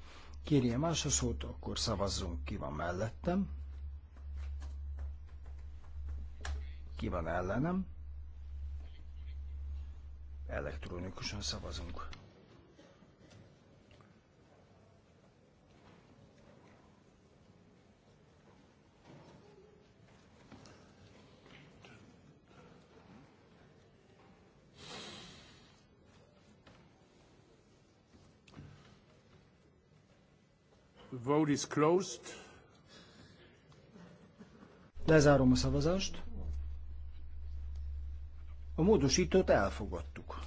Kérje más a szót, akkor szavazzunk, ki van mellettem. Ki van ellenem? Elektronikusan szavazunk. Vote is closed. Lezárom a szavazást. A módosítót elfogadtuk.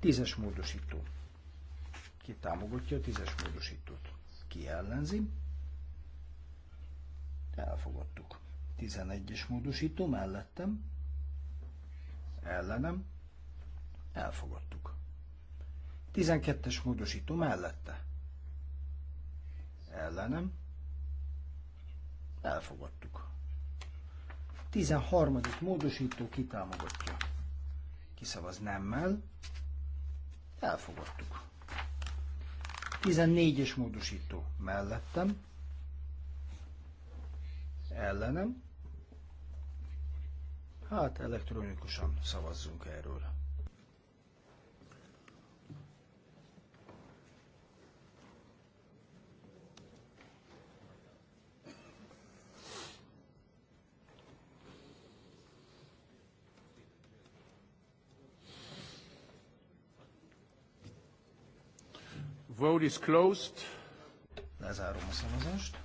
Tízes módosító. Ki támogatja a tízes módosítót? Ki ellenzi? Elfogadtuk. Tizenegyes módosító mellettem, ellenem, elfogadtuk. Tizenkettes módosító mellette, ellenem, elfogadtuk. 13. módosító kitámogatja. Kiszavaz nemmel. Elfogadtuk. 14-es módosító mellettem. Ellenem. Hát elektronikusan szavazzunk erről. Vote is closed. Lezárom a szavazást.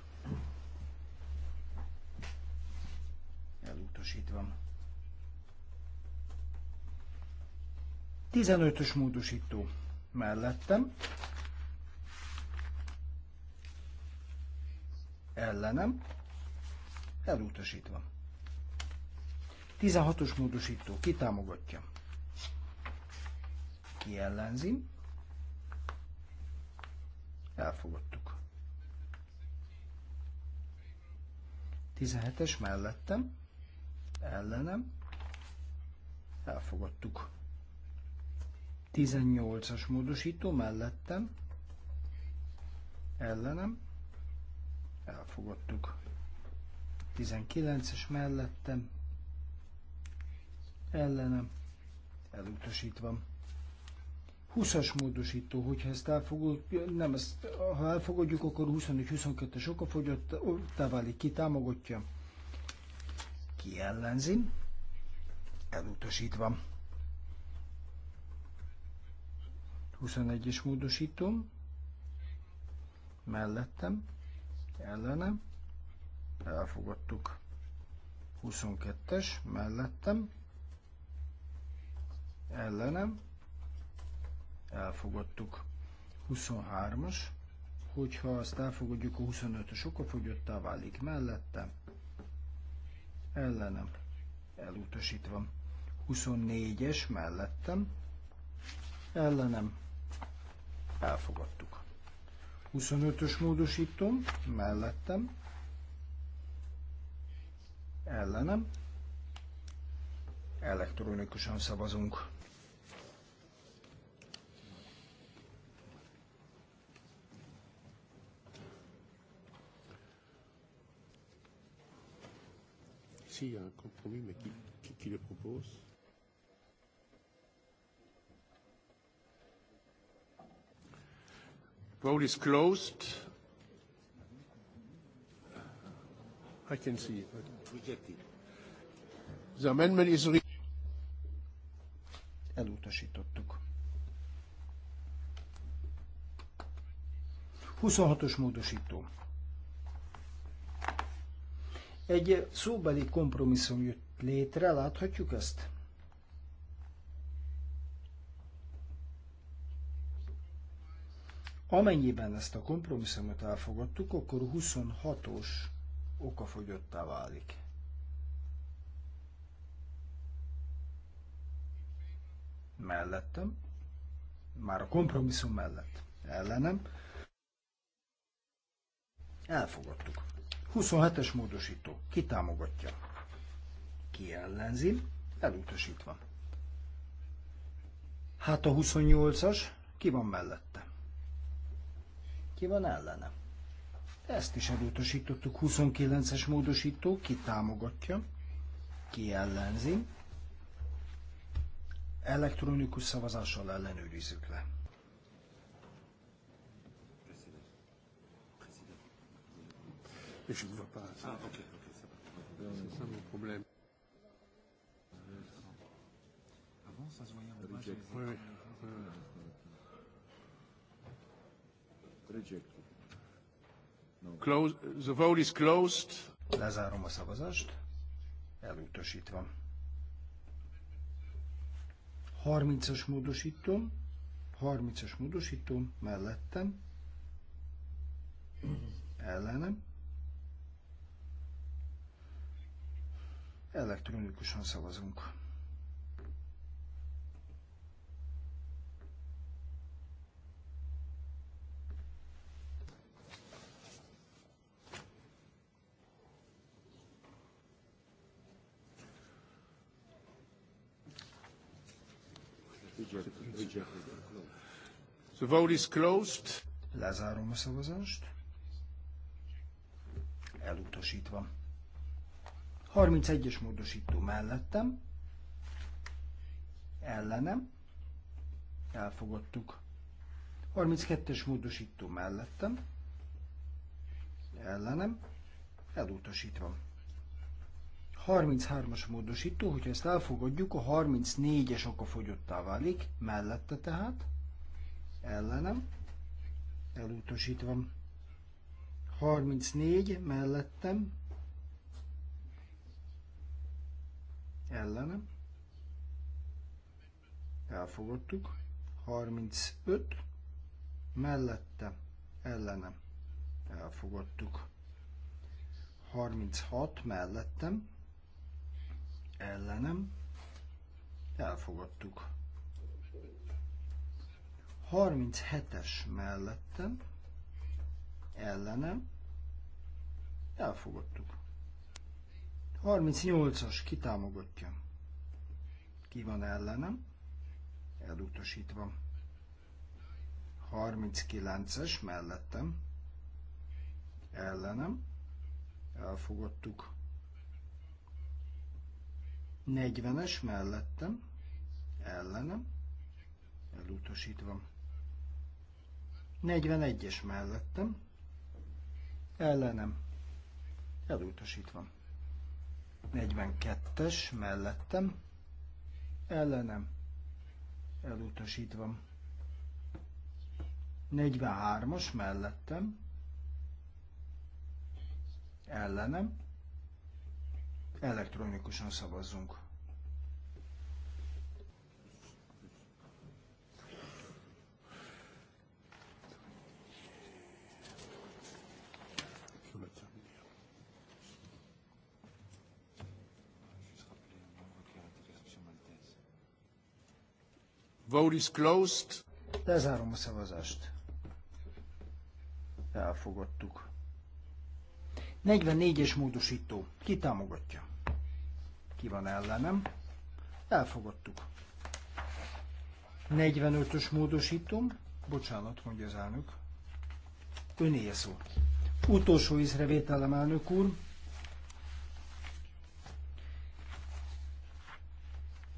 Elutasítva. 15-ös módosító mellettem. Ellenem. Elutasítva. 16-os módosító kitámogatja. Ki ellenzi? Elfogadtuk. 17-es mellettem, ellenem, elfogadtuk. 18-as módosító mellettem, ellenem, elfogadtuk. 19-es mellettem, ellenem, elutasítva. 20-as módosító, hogyha ezt elfogadjuk, nem ezt, ha elfogadjuk, akkor 21-22-es okafogyott, válik ki, támogatja. Ki ellenzi? Elutasítva. 21-es módosító, mellettem, ellene, elfogadtuk. 22-es, mellettem, ellenem, elfogadtuk. 23-as, hogyha azt elfogadjuk, a 25-ös okafogyottá válik mellette, ellenem, elutasítva. 24-es mellettem, ellenem, elfogadtuk. 25-ös módosítom, mellettem, ellenem, elektronikusan szavazunk. si, y a un compromis, mais qui, qui, qui le propose Vote is closed. I can see it. Rejected. The amendment is re- Elutasítottuk. 26-os módosító. Egy szóbeli kompromisszum jött létre, láthatjuk ezt? Amennyiben ezt a kompromisszumot elfogadtuk, akkor 26-os okafogyottá válik. Mellettem, már a kompromisszum mellett, ellenem, elfogadtuk. 27-es módosító. Ki támogatja? Ki ellenzi? Elutasítva. Hát a 28-as, ki van mellette? Ki van ellene? Ezt is elutasítottuk. 29-es módosító, ki támogatja? Ki ellenzi? Elektronikus szavazással ellenőrizzük le. Ah, ça va. ça ça Close. The vote is closed. Lezárom a szavazást. Elutasítva. 30-as módosítom. 30-as módosítom mellettem. Ellenem elektronikusan szavazunk. The vote is closed. Lezárom a szavazást. Elutasítva. 31-es módosító mellettem, ellenem, elfogadtuk. 32-es módosító mellettem, ellenem, elutasítva. 33-as módosító, hogyha ezt elfogadjuk, a 34-es okafogyottá válik, mellette tehát, ellenem, elutasítva. 34 mellettem, ellenem, elfogadtuk, 35 mellette, ellenem, elfogadtuk, 36 mellettem, ellenem, elfogadtuk. 37-es mellettem, ellenem, elfogadtuk. 38-as kitámogatja. Ki van ellenem? Elutasítva. 39-es mellettem. Ellenem. Elfogadtuk. 40-es mellettem. Ellenem. Elutasítva. 41-es mellettem. Ellenem. Elutasítva. 42-es mellettem, ellenem, elutasítva. 43-as mellettem, ellenem, elektronikusan szavazzunk. Vote is closed. Lezárom a szavazást. Elfogadtuk. 44-es módosító. Ki támogatja? Ki van ellenem? Elfogadtuk. 45-ös módosítom. Bocsánat, mondja az elnök. Öné szó. Utolsó észrevételem, elnök úr.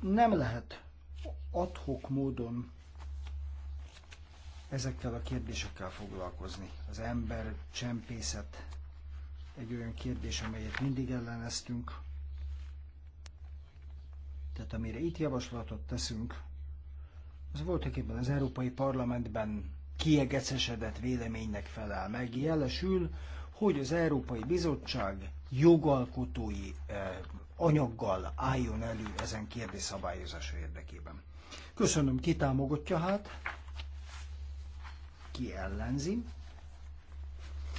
Nem lehet adhok módon ezekkel a kérdésekkel foglalkozni. Az ember csempészet egy olyan kérdés, amelyet mindig elleneztünk. Tehát amire itt javaslatot teszünk, az volt éppen az Európai Parlamentben kiegecesedett véleménynek felel meg. Jelesül, hogy az Európai Bizottság jogalkotói eh, anyaggal álljon elő ezen kérdés szabályozása érdekében. Köszönöm, ki támogatja hát, ki ellenzi.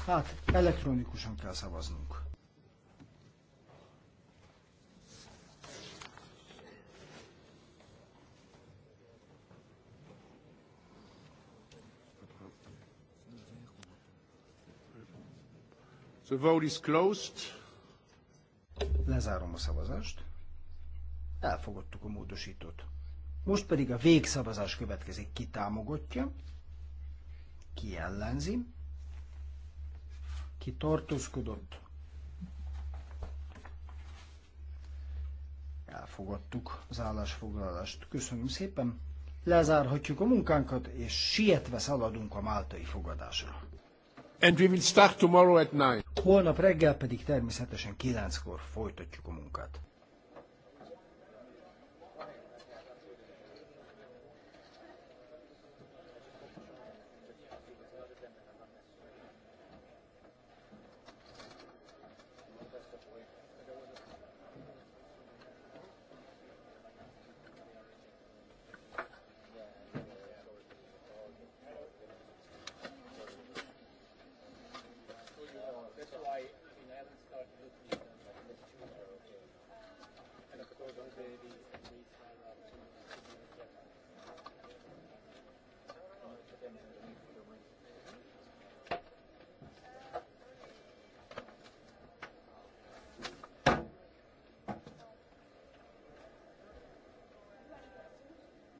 Hát elektronikusan kell szavaznunk. The vote is closed. Lezárom a szavazást. Elfogadtuk a módosítót. Most pedig a végszavazás következik. Ki támogatja, ki ellenzi, ki tartózkodott. Elfogadtuk az állásfoglalást. Köszönöm szépen. Lezárhatjuk a munkánkat, és sietve szaladunk a máltai fogadásra. And we will start tomorrow at nine. Holnap reggel pedig természetesen kilenckor folytatjuk a munkát.